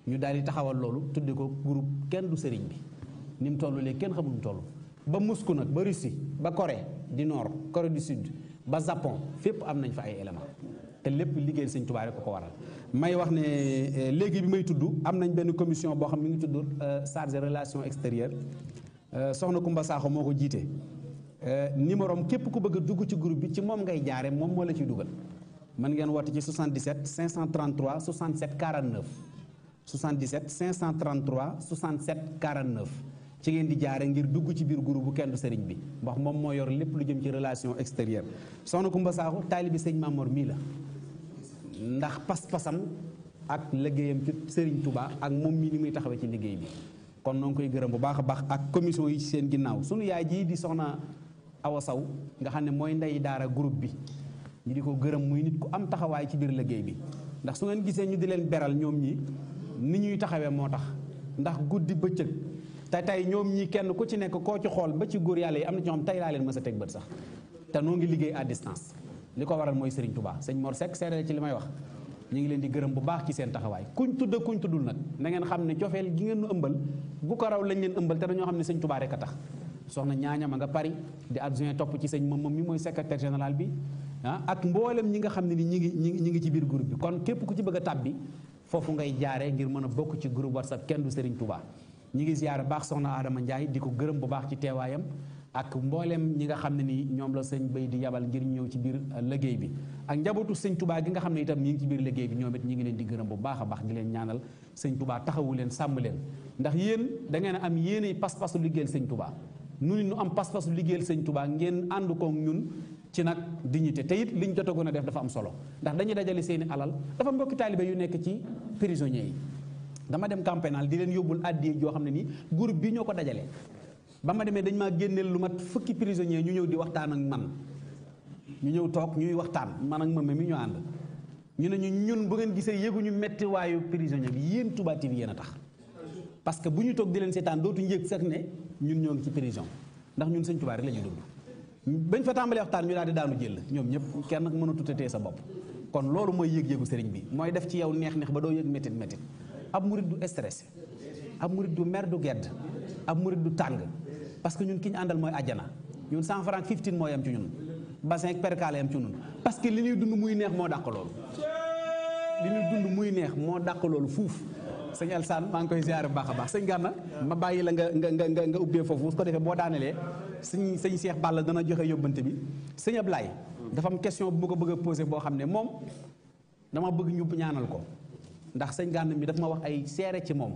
ñu daal di taxawal loolu tudde ko groupe kenn du Serigne bi ni mu toll léegi kenn xamul mu toll ba Moscou nag ba Russie ba Corée du Nord Corée du Sud ba Japon fépp am nañ fa ay éléments te lépp liggéey sëñ Tuubaa ko ko waral may wax ne euh, léegi bi may tudd am nañ benn commission boo xam mi ngi tudd euh, chargé relation extérieure euh, soxna Kumba Saaxo moo ko jiite numéro am képp ku bëgg dugg ci groupe bi ci moom ngay jaare moom moo la ciy dugal mën ngeen woote ci 77 533 67 49 77 533 67 49 ci ngeen di jaare ngir dugg ci biir group bu kenn du sëriñ bi ndax moom moo yor lépp lu jëm ci relation extérieure soxna Kumba Saaxu taalibi sëñ Mamor mii la ndax pas-pasam ak liggéeyam ci sëriñ Touba ak moom mii li muy taxawee ci liggéey bi kon noo ngi koy gërëm bu baax a baax ak commission yi ci seen ginnaaw sunu yaay jii di soxna Awa Saw nga xam ne mooy ndey daara groupe bi ñu di ko gërëm muy nit ku am taxawaay ci biir liggéey bi ndax su ngeen gisee ñu di leen beral ñoom ñi ni ñuy taxawee moo tax ndax guddi bëccëg te tey ñoom ñi kenn ku ci nekk koo ci xool ba ci góor yàlla yi am na ci ñoom tey laa leen mës a teg bët sax te noo ngi liggéey à distance li ko waral mooy Serigne Touba sëñ Mor Seck seere ci li may wax ñu ngi leen di gërëm bu baax ci seen taxawaay kuñ tudd kuñ tuddul nag na ngeen xam ne cofeel gi ngeen nu ëmbal bu ko raw lañ leen ëmbal te ñoo xam ne sëñ Touba rek a tax soxna ñaañam a nga Paris di adjoint topp ci sëñ moom moom mi mooy secrétaire général bi ah ak mboolem ñi nga xam ne ni ñi ngi ñi ñi ngi ci biir groupe bi kon képp ku ci bëgg a tàbbi foofu ngay jaaree ngir mën a bokk ci groupe WhatsApp kenn du Serigne Touba ñi ngi ziyaara baax soxna Adama Ndiaye di ko gërëm bu baax ci teewaayam ak mbooleem ñi nga xam ne ni ñoom la sëñ bay di yabal ngir ñëw ci biir euh, liggéey bi ak njabootu sëñ tubaa gi nga xam ne itam ñi ngi ci biir liggéey bi ñoom it ñi ngi leen di bu baax a baax di leen ñaanal taxawu leen sàmm leen ndax yéen da ngeen am yéenay pas-pasu liggéeyal sëñ tubaa nu ñu am pas-pasu liggéey sëñ tubaa ngeen ànd koog ñun ci nag dignité te it liñ jotagoon a def dafa am solo ndax dañuy dajale seeni alal dafa mbokki taalibe yu nekk ci prisonniers yi dama dem camp pénal di leen yóbbul àddiya joo xam ne nii groupe bi ñoo ko dajale ba ma demee dañ maa génneel lu mat fukki prisonnier ñu ñëw di waxtaan ak man ñu ñëw toog ñuy waxtaan man ak mame mi ñu ànd ñu ne ñu ñun bu ngeen gisee yëguñu waayu prisonnier bi yéen Touba TV yéen a tax parce que bu ñu toog di leen seetaan dootuñu yëg sax ne ñun ñoo ngi ci prison ndax ñun sëñ Touba rek la ñu dund bañ fa tàmbalee waxtaan ñu daal di daanu jël ñoom ñëpp mënatu tëtee sa bopp kon loolu mooy yëg-yëgu sëriñ bi mooy def ci yow neex neex ba doo yëg métit métit ab murit du stressé ab murit du mer du gedd ab murit du tàng parce que ñun kiñ àndal mooy àjjana ñun 100 francs 15 moo yem ci ñun bassin ak percale yem que li ñuy dund muy neex moo dàq loolu li ñuy dund muy neex moo dàq loolu fuuf sëñ Alsaan maa ngi koy ziare bu baax a baax sëñ Gana ma bàyyi la nga nga nga nga ubbee foofu ko defee boo daanelee sëñ sëñ Cheikh Balla dana joxe yóbbante bi sëñ Ablaye dafa am bu ma ko bëgg a posé boo xam ne moom dama bëgg ñu ñaanal ko ndax sëñ gànn mi daf ma wax ay seere ci moom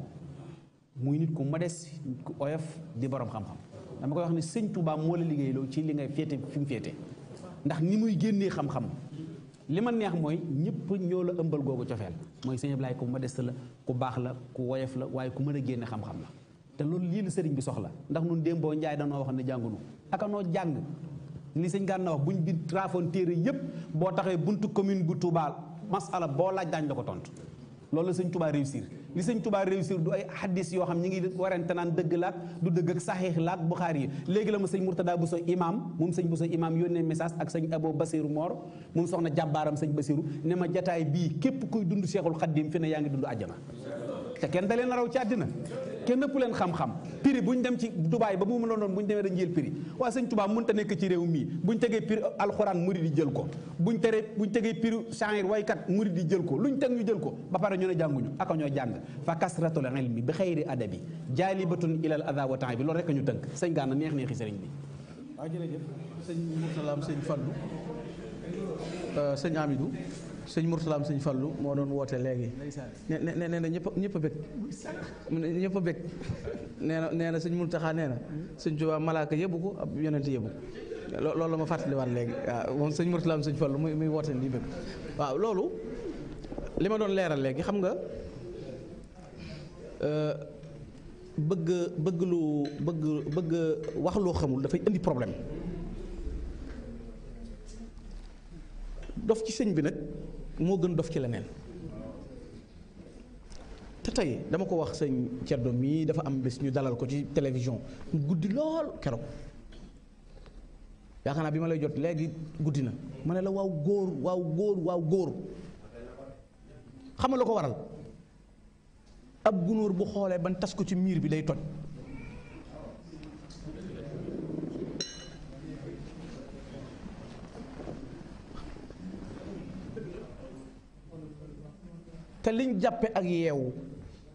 muy nit ku modeste nit ku oyof di borom xam-xam dama koy wax ne sëñ Touba moo la liggéeyloo ci li ngay féete fi mu féete ndax ni muy génne xam-xam li ma neex mooy ñëpp ñoo la ëmbal googu cofeel mooy sëñ Ablaye ku modeste la ku baax la ku woyof la waaye ku mën a génne xam-xam la te loolu lii la sëriñ bi soxla ndax nun démboo njaay danoo wax ne jàngunu aka noo jàng li sëñ gànn wax buñ bi téere yépp boo taxee buntu commune bu Touba masala boo laaj daañ la ko tontu loolu la sëñ tubaa réussir li sëñ tubaa réussir du ay hadis yoo xam ñi ngi warante naan dëgg laak du dëgg ak saxiix laak buxaari yi léegi la ma sëñ murtada bu sa imam moom sëñ bu sa imam yónnee message ak sëñ abo basiru moor moom soxna jàbbaaram sëñ basiru ne ma jataay bii képp kuy dund seexul xaddim fi ne yaa ngi dund àjjana te kenn da leen raw ci àddina kenn ëpp leen xam-xam prix bu ñu dem ci Dubaay ba mu mënoon doon bu ñu demee dañ jël prix waa sëñ Tuubaa mun a nekk ci réew mii bu ñu tegee prix alxuraan murid di jël ko bu ñu teree bu ñu tegee prix shangir waykat murid di jël ko lu ñu teg ñu jël ko ba pare ñu ne jànguñu aka ñoo jàng fa kasratul ilmi bi xayri adabi jaalibatun ilal ada wa temps bi loolu rek ñu tënk sëñ Gana neex neexi sëriñ bi waaw jërëjëf sëñ Mourtalaam sëñ Fallou euh, sëñ Amidou sëñ Murtalaam sëñ Fallu moo doon woote léegi ne ne nee na ñëpp ñëpp a bëgg ñëpp a bëgg nee na nee na sëñ Murtaxaa nee na sëñ Tuubaa malaaka yëbbu ko ab yonent yëbbu loolu la ma fàttaliwaat léegi waaw moom sëñ Murtalaam sëñ Fallu muy muy woote lii bëgg waaw loolu li ma doon leeral léegi xam nga euh, bëgg bëgg lu bëgg bëgg wax loo xamul dafay indi problème dof ci sëñ bi nag moo gën dof ci leneen te tey dama ko wax sëñ Thierno mii dafa am bis ñu dalal ko ci télévision guddi lool keroog yaakaar naa bi ma lay jot léegi guddi na ma ne la waaw góor waaw góor waaw góor xam nga la ko waral ab gunóor bu xoolee ban tas ko ci miir bi day toj. te liñ jàppe ak yeewu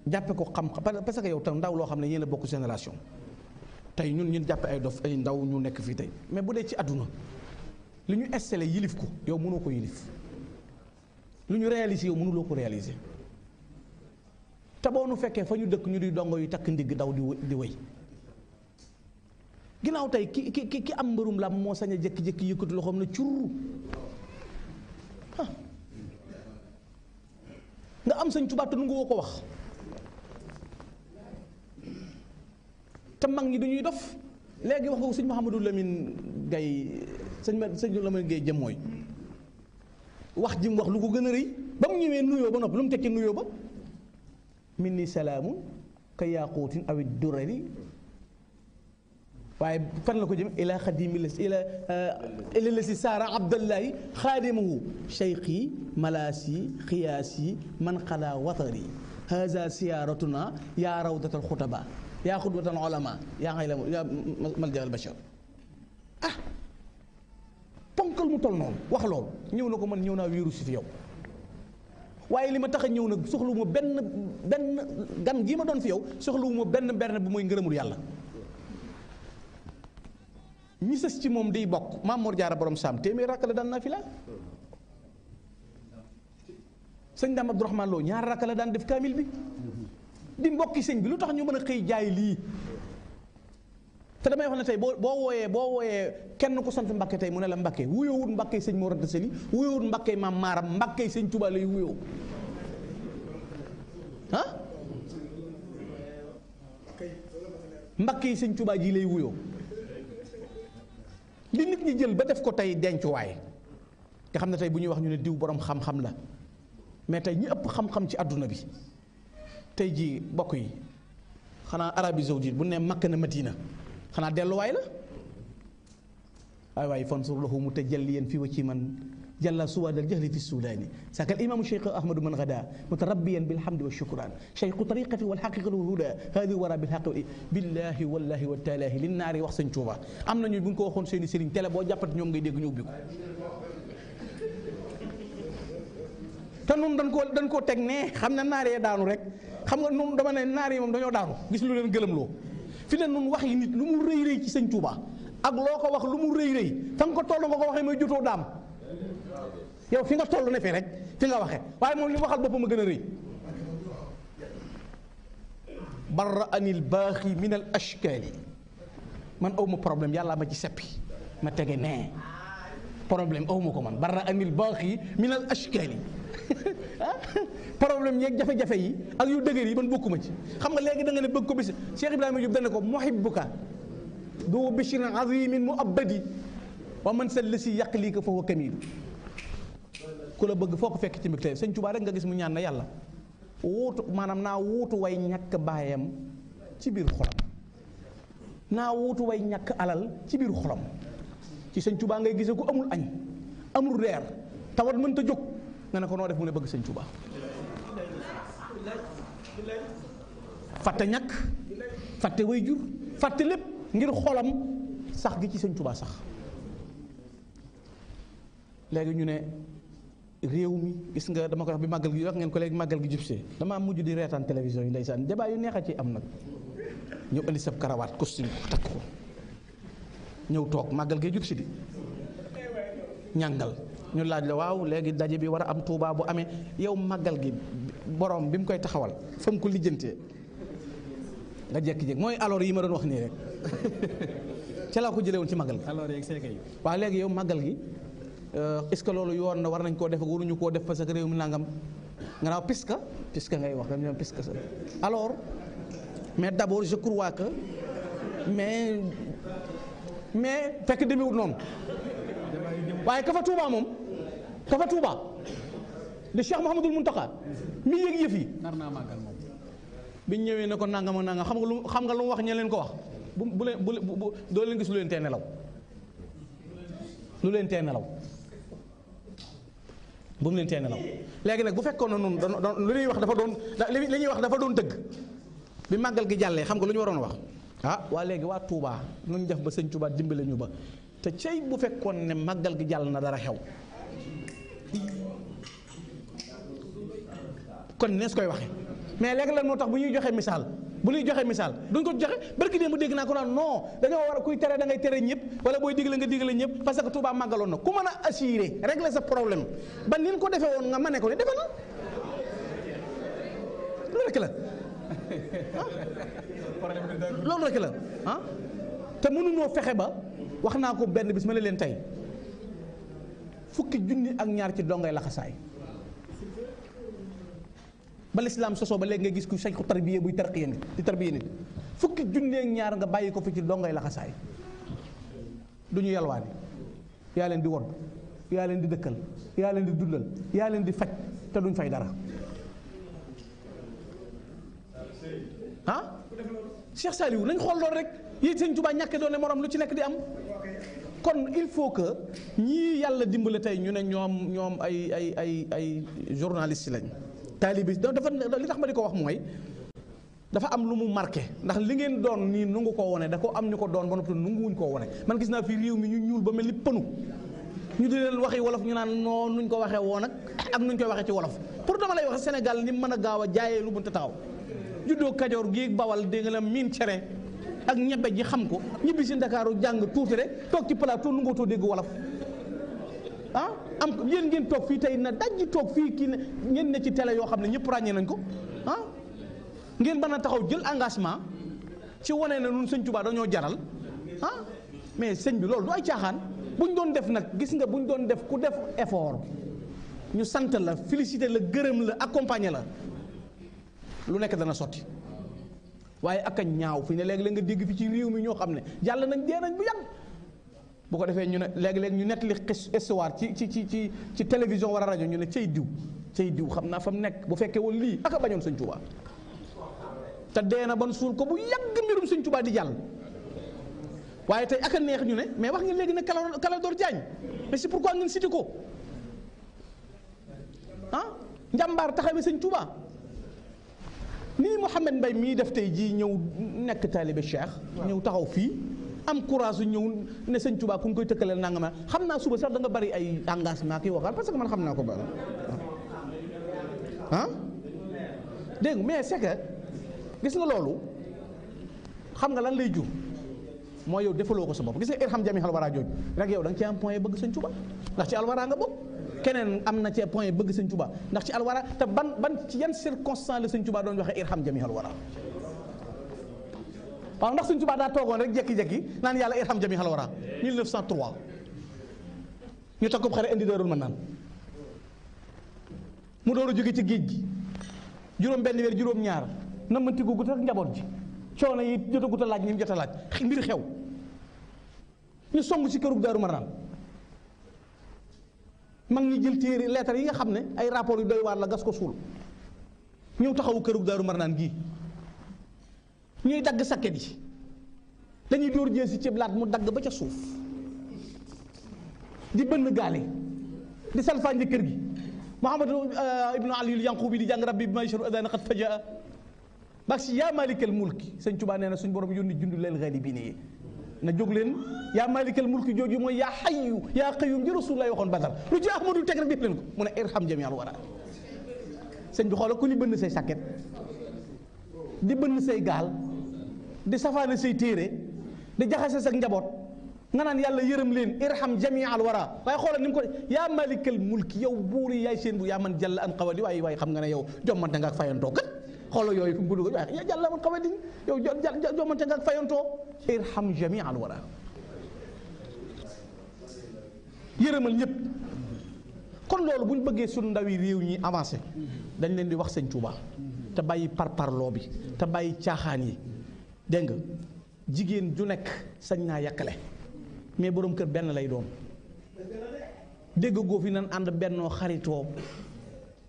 jàppe ko xam parce que yow tam ndaw loo xam ne yéen a bokk génération tey ñun ñun jàppe ay dof ay ndaw ñu nekk fii tey mais bu dee ci adduna li ñu installé yilif ko yow mënoo ko yilif lu ñu réaliser yow mënuloo ko réaliser te boo nu fekkee fa ñu dëkk ñu di dongo yu takk ndigg daw di di wéy ginnaaw tey ki ki ki am mbërum lam moo sañ a jékki-jékki yëkkati loxoom na cur ah. nga am sëñ Tuubaa te nu nga ko wax te mag ñi duñuy dof léegi wax nga ko sëñ Mouhamadou Lamine Gaye sëñ sëñ ma Gaye jëm wax ji mu wax lu ko gën a rëy ba mu ñëwee nuyoo ba noppi lu mu tekki nuyoo ba min ni salaamu ka yaaquutin awit durari waaye fan la ko jëm ila xadimi la ila euh, ila la si saara abdallahi xaadimahu cheikhi malaasi xiyaasi man xala watari haza siyaaratuna yaa rawdatal xutaba yaa xudwatal ah, mu tol noonu wax loolu ñëw na ko man ñëw naa wéeru si fi yow waaye li ma tax ñëw nag soxluwuma benn benn gan gi ma doon fi yow soxluwuma benn benn bu mooy ngërëmul yàlla ñi ci moom di bokk maam Mor Jaara borom saam téeméer rakk la daan nafila sëñ Dame Abdourahmane Lo ñaar rakk la daan def kaamil bi di mbokki sëñ bi lu tax ñu mën a xëy jaay lii te damay wax ne tey boo boo wooyee boo wooyee kenn ku sant Mbàkke tey mu ne la Mbàkke wuyowut Mbàkke sëñ Mor Anta Sali wuyowut Mbàkke maam Maaram Mbàkke sëñ Tuubaa lay wuyoo ah sëñ Tuubaa ji lay wuyoo li nit ñi jël ba def ko tey dencuwaay nga xam ne tey bu ñuy wax ñu ne diw boroom xam-xam la mais tey ñi ëpp xam-xam ci àdduna bi tey jii bokk yi xanaa Arabie Saoudite bu ne Makka na Madina xanaa delluwaay la waaye waaye fan suur loxo mu te jël yéen fii wa ci man jalla suwaad al jahli fi sudaani saka al imaamu cheikh ahmadu man gada mutarabbiyan bilhamdi wa shukran cheikhu tariqati walxaqiqati walhuda haadi wara bilhaqi billahi wallahi wa taalaahi li naari wa sëñ Tuuba am nañu bu ñu ko waxoon seen i sëriñ télé boo jàppati ñoom ngay dégg ñu ubbi ko te noonu dañ koo dañ koo teg ne xam na naar yee daanu rek xam nga noonu dama ne naar yi moom dañoo daanu gis lu leen gëlëm loo fi leen noonu wax yi nit lu mu rëy ci sëñ Tuuba ak loo ko wax lu mu rëy rëy fa ko toll nga ko waxee mooy jotoo daam yow fi nga toll ne fi rek fi nga waxe waaye moom li waxal boppam a gën a rëy barra anil baaxi min al man aw ma problème yàlla ma ci seppi ma tege ne problème aw ma ko man barra anil baaxi min al ashkaali ah, problème yeeg jafe-jafe yi ak yu dëgër yi man bokkuma ci xam nga léegi danga ne bëgg ko bis Cheikh Ibrahima Diop dana ko muhibbuka du bishrin azimin mu abadi wa man sa lësi yàq lii ko foofu kamiilu ku la bëgg foofu ko fekk ci mbégte sëñ Tuubaa rek nga gis mu ñaan na yàlla wuutu maanaam naa wuutu way ñàkk baayam ci biir xolam naa wuutu way ñàkk alal ci biir xolam ci sëñ ngay gise ko amul añ amul reer tawat mënta jóg nga ne ko noo def mu ne bëgg sëñ Tuubaa ñakk fatte way jur fàtte lépp ngir xolam sax gi ci sëñ sax léegi ñu ne réew mi gis nga dama koy wax bi màggal gi wax ngeen ko léegi màggal gi jub see damaa mujj di reetaan télévision yi ndeysaan débat yu neex a ci am nag ñëw indi sab karawaat costume ko takk ko ñëw toog màggal gee jub si di ñàngal ñu laaj la waaw léegi daje bi war am tuubaa bu amee yow màggal gi borom bi mu koy taxawal fa ko lijjantee nga jekki mooy alors yi ma doon wax laa ko jëlee woon ci màggal gi waaw léegi yow màggal gi Euh, est-ce que loolu yoon na war nañ koo def ak waruñu koo def parce que réew mi nangam nga naaw puisque ngay wax dama ne puisque sa alors mais d'abord je crois que mais mais fekk demewut noonu waaye ka fa Touba moom ka fa Touba de Cheikh Mouhamadul Mountakha mi yëg yëf yi. nar naa màggal moom. biñ ñëwee ne ko nangam ak nangam xam nga lu xam nga lu mu wax ña leen ko wax bu bu leen bu bu doo leen gis lu leen tee nelaw lu leen tee nelaw. bu mu leen tee nelaw léegi nag bu fekkoon na noonu doon li ñuy wax dafa doon li ñuy wax dafa doon dëgg bi màggal gi jàllee xam nga lu ñu waroon wax ah waa léegi waa Touba nu ñu def ba sëñ Touba dimbale ñu ba te cey bu fekkoon ne màggal gi jàll na dara xew kon nees koy waxe mais léegi lan moo tax bu ñuy joxee misaal bu ñuy joxee misaal duñ ko joxe barki dee mu dégg naa ko naan non dañoo war a kuy tere da ngay tere ñëpp wala booy digle nga digle ñëpp parce que Touba màggaloon na ku mën a assurer régler sa problème ba ni ko defee woon nga mane ko ne defe loolu rek la loolu rek la ah te mënunoo fexe ba wax naa ko benn bis ma ne leen tey fukki junni ak ñaar ci dongay laxasaay ba lislaam sosoo ba léegi nga gis ku sañ ko tarbiye buy tarqiye nit di tarbiye nit fukki junneeg ñaar nga bàyyi ko fi ci dongay laxasaay du ñu yalwaani yaa leen di wodd yaa leen di dëkkal yaa leen di dundal yaa leen di faj te duñ fay dara ah Cheikh Saliou nañ xool loolu rek yi sëñ Tuubaa ñàkke doone morom lu ci nekk di am kon il faut que ñii yàlla dimbale tey ñu ne ñoom ñoom ay ay ay ay journaliste lañ taalibi donc dafa li tax ma di ko wax mooy dafa am lu mu marqué ndax li ngeen doon nii nu ngu ko wone da ko am ñu ko doon ba noppi nunguwuñ koo wone man gis naa fi réew mi ñu ñuul ba mel ni pënu ñu di leen waxi wolof ñu naan noo nuñ ko waxee woon ak ak nuñ koy waxee ci wolof pour dama lay wax Sénégal ni mën a gaaw a jaayee lu bunta taxaw juddoo Kajoor gi Bawal dégg nga la miin cere ak ñebe ji xam ko ñibbi si Ndakaaru jàng tuuti rek toog ci plateau nu nga too dégg am yéen ngeen toog fii tey na dajji toog fii kii ne ngeen ne ci télé yoo xam ne ñëpp ràññee nañ ko ah ngeen mën a taxaw jël engagement ci wane na nun sëñ dañoo jaral ah mais sëñ bi loolu du ay caaxaan bu doon def nag gis nga bu doon def ku def effort ñu sant la félicité la gërëm la accompagner la lu nekk dana sotti waaye ak a ñaaw fi ne léegi la nga dégg fi ci réew mi ñoo xam ne yàlla nañ dee nañ bu yàgg bu ko defee ñu ne léeg-léeg ñu nettali histoire ci ci ci ci ci télévision wala rajo ñu ne cay diw cay diw xam naa fa mu nekk bu fekkee woon lii aka bañoon sëñ Tuubaa te dee na ban suul ko bu yàgg mbirum sëñ Tuubaa di jàll waaye tey aka neex ñu ne mais wax nga léegi ne Clédor Clédor Diagne mais c'est pourquoi ngeen cité ko ah njàmbaar taxawee sëñ Tuubaa nii Mouhamed mbay mii def tey jii ñëw nekk taalibe Cheikh ñëw taxaw fii am courage su ñëw ne sëñ Tuubaa ku ñu koy tëkkaleel nanga ma xam naa suba sax da nga bari ay engagement ki waxal parce que man xam naa ko ba ah, ah? dégg mais c'est que gis nga loolu xam nga lan lay jur mooy yow defaloo ko sa bopp gis nga irham jami alwara jooju rek yow da nga ci am point bëgg sañ Tuubaa ndax ci waraa nga bokk keneen am na ci point bëgg sëñ Tuubaa ndax ci alwara te ban ban ci yan circonstance la sëñ Tuubaa doon waxe irham jami alwara waaw ndax Sëñ Tuubaa daa toogoon rek jekki-jekki naan yàlla irham jami xal wara 1903 ñu takku xare indi Daarul Manaan mu door a jóge ci géej gi juróom benn weer juróom ñaar na mënti gu njaboot ji coono yi jot a gut laaj ñi mu jot a laaj mbir xew ñu song ci kërug Daaru Manaan mag ñi jël téere leetar yi nga xam ne ay rapport yu doy waar la gas ko suul ñëw taxawu kërug Daaru Manaan gii ñuy dagg sakket yi dañuy dóor jël si cëb laat mu dagg ba ca suuf di bënn gaale di salfaañ kër gi Muhammadu euh, ibnu Aliyu Yanqubi di jàng rabbi bi ma yashuru adana qad fajaa bak si yaa malikal mulki sëñ Tuubaa nee suñ borom yónni jundu leel gaalibine yi na jóg leen yaa malikal mulki jooju mooy yaa xayu yaa qayyum ji Rasulullah waxoon badar lu ci Ahmadu teg rek def leen ko mu ne irham jamial wara sëñ bi xoolal ku ñu bënn say sakket di bënn say gaal di safaane say téere di jaxase sa njaboot nga naan yàlla yërëm leen irham jamii al wara waaye xoolal ni mu ko yaa malikal mulki yow buur yi yaay seen bu yaa man jàll an xawadi waaye waaye xam nga ne yow jommante nga ak fayantoo kat xoolal yooyu ku gudd waaye yaa jàll an xawadi yow jommante nga ak fayantoo irham jamii al wara yërëmal ñëpp kon loolu bu ñu bëggee suñu yi réew ñii avancé dañ leen di wax sëñ Tuuba te bàyyi parparloo bi te bàyyi caaxaan yi dégg nga jigéen ju nekk sañ naa yàqale mais boroom kër benn lay doom dégg góof yi nan ànd bennoo xaritoo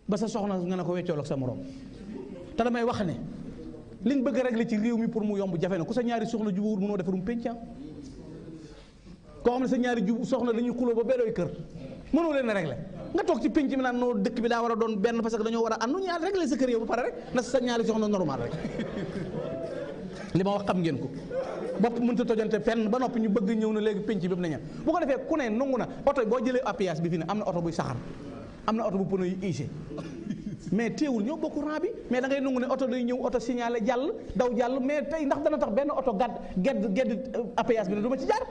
ba sa soxna nga ne ko weccool ak sa morom te damay wax ne liñ bëgg rek la ci réew mi pour mu yomb jafe na ku sa ñaari soxla jubawul mënoo defarum pénca koo sa ñaari jub soxna dañuy xuloo ba bedooy kër mënoo leen a réglé nga ci pénc mi naan noo bi daa a doon benn parce que dañoo war a àndu ah, ñaar sa kër yow ba pare rek na sa ñaari soxna normal rek li ma wax xam ngeen ko bopp mënut a tojante fenn ba noppi ñu bëgg ñëw na léegi penc bépp na ña bu ko defee ku ne nangu na oto boo jëlee appuyage bi fi ne am na oto buy am na oto bu pneu yu usé mais téewul ñoo bokk rang bi mais da ngay nangu ne oto day ñëw oto signalé jàll daw jàll mais tey ndax dana tax benn oto gàdd gedd gedd euh, appuyage bi ne du ci jaar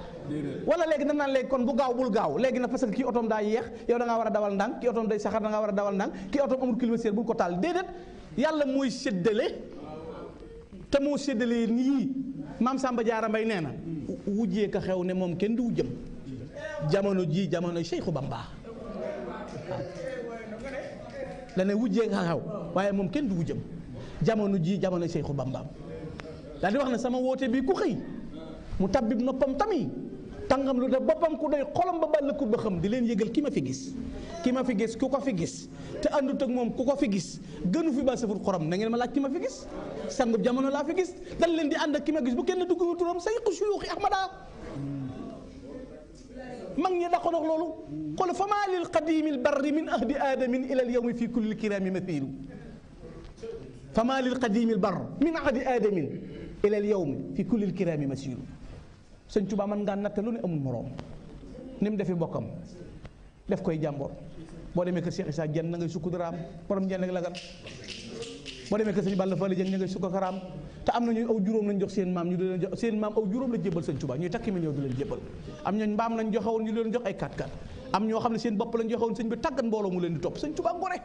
wala léegi dañ naan léegi kon bu gaaw bul gaaw léegi nag parce que kii otoom daa yeex yow da ngaa war a dawal ndànk kii otoom day saxar da ngaa war a dawal ndànk kii otoom amul climatiseur bul ko taal déedéet yàlla mooy séddale te moo séddalee nii maam Samba Diarra Mbaye nee na wujjee xew ne moom kenn du wujjam jamono jii jamono Cheikhu Bamba dana wujjee ka xew waaye moom kenn du wujjam jamono jii jamono Cheikhu Bamba daal di wax ne sama woote bi ku xëy mu tabbib noppam tamit tàngam lu da boppam ku doy xolam ba bàll ku ba xam di leen yëgal ki ma fi gis ki ma fi gis ku ko fi gis te àndut ak moom ku ko fi gis gënu fi ba safur xorom na ngeen ma laaj ki ma fi gis sangub jamono laa fi gis dal leen di ànd ak ki ma gis bu kenn dugg turam say xusuyuuxi ahmada mag ñi daqo dox loolu xool fa maa lil qadimi l barri min ahdi aadamin ila al yawmi fi kulli kirami mathilu fa maa lil qadimi l barr min ahdi aadamin ila al yawmi fi kulli kirami sëñ Tuubaa man ngaa natte lu ne amul moroom ni mu defi mbokkam def koy jàmbor boo demee kër Cheikh Issa Dieng na ngay sukk daraam borom njënd ak lagat boo demee kër sëñ Balla Fally Dieng na ngay sukk karaam te am na ñuy aw juróom lañ jox seen maam ñu di leen jox seen maam aw juróom lañ jébbal sëñ Tuubaa ñuy takki million di lañ joxewoon ñu leen jox ay kat kat am ñoo xam ne seen bopp lañ joxewoon sañ bi tàggat mbooloo mu leen di topp sëñ Tuubaa ngore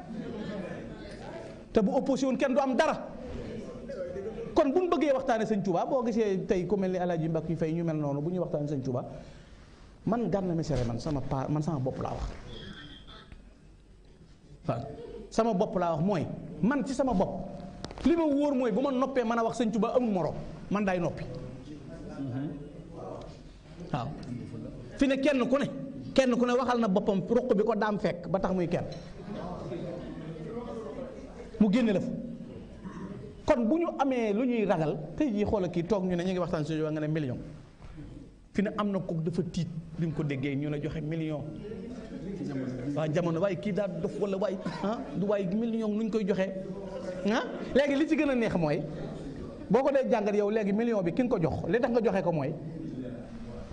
te bu woon kenn du am dara kon bu mu bëggee waxtaane sañ Touba boo gisee tey ku mel ni Alaaji Mbàkke Fay ñu mel noonu bu ñuy waxtaane sëñ Touba man Gana Messere man sama pa man sama bopp laa wax sama bopp laa wax mooy man ci sama bopp li ma wóor mooy bu ma noppee man a wax sëñ Touba amul morom man daay noppi waaw fi ne kenn ku ne kenn ku ne waxal na boppam ruq bi ko daam fekk ba tax muy kenn mu génne la fa kon bu ñu amee lu ñuy ragal te jii xoola kii toog ñu ne ñu ngi waxtaan suñu wax nga ne million fi ne am na ko dafa tiit bi mu ko déggee ñu la joxe million waa jamono waaye kii daal dof wala waaye ah du waaye million nuñ koy joxe ah léegi li ci gën a neex mooy boo ko dee jàngat yow léegi million bi ki nga ko jox li tax nga joxe ko mooy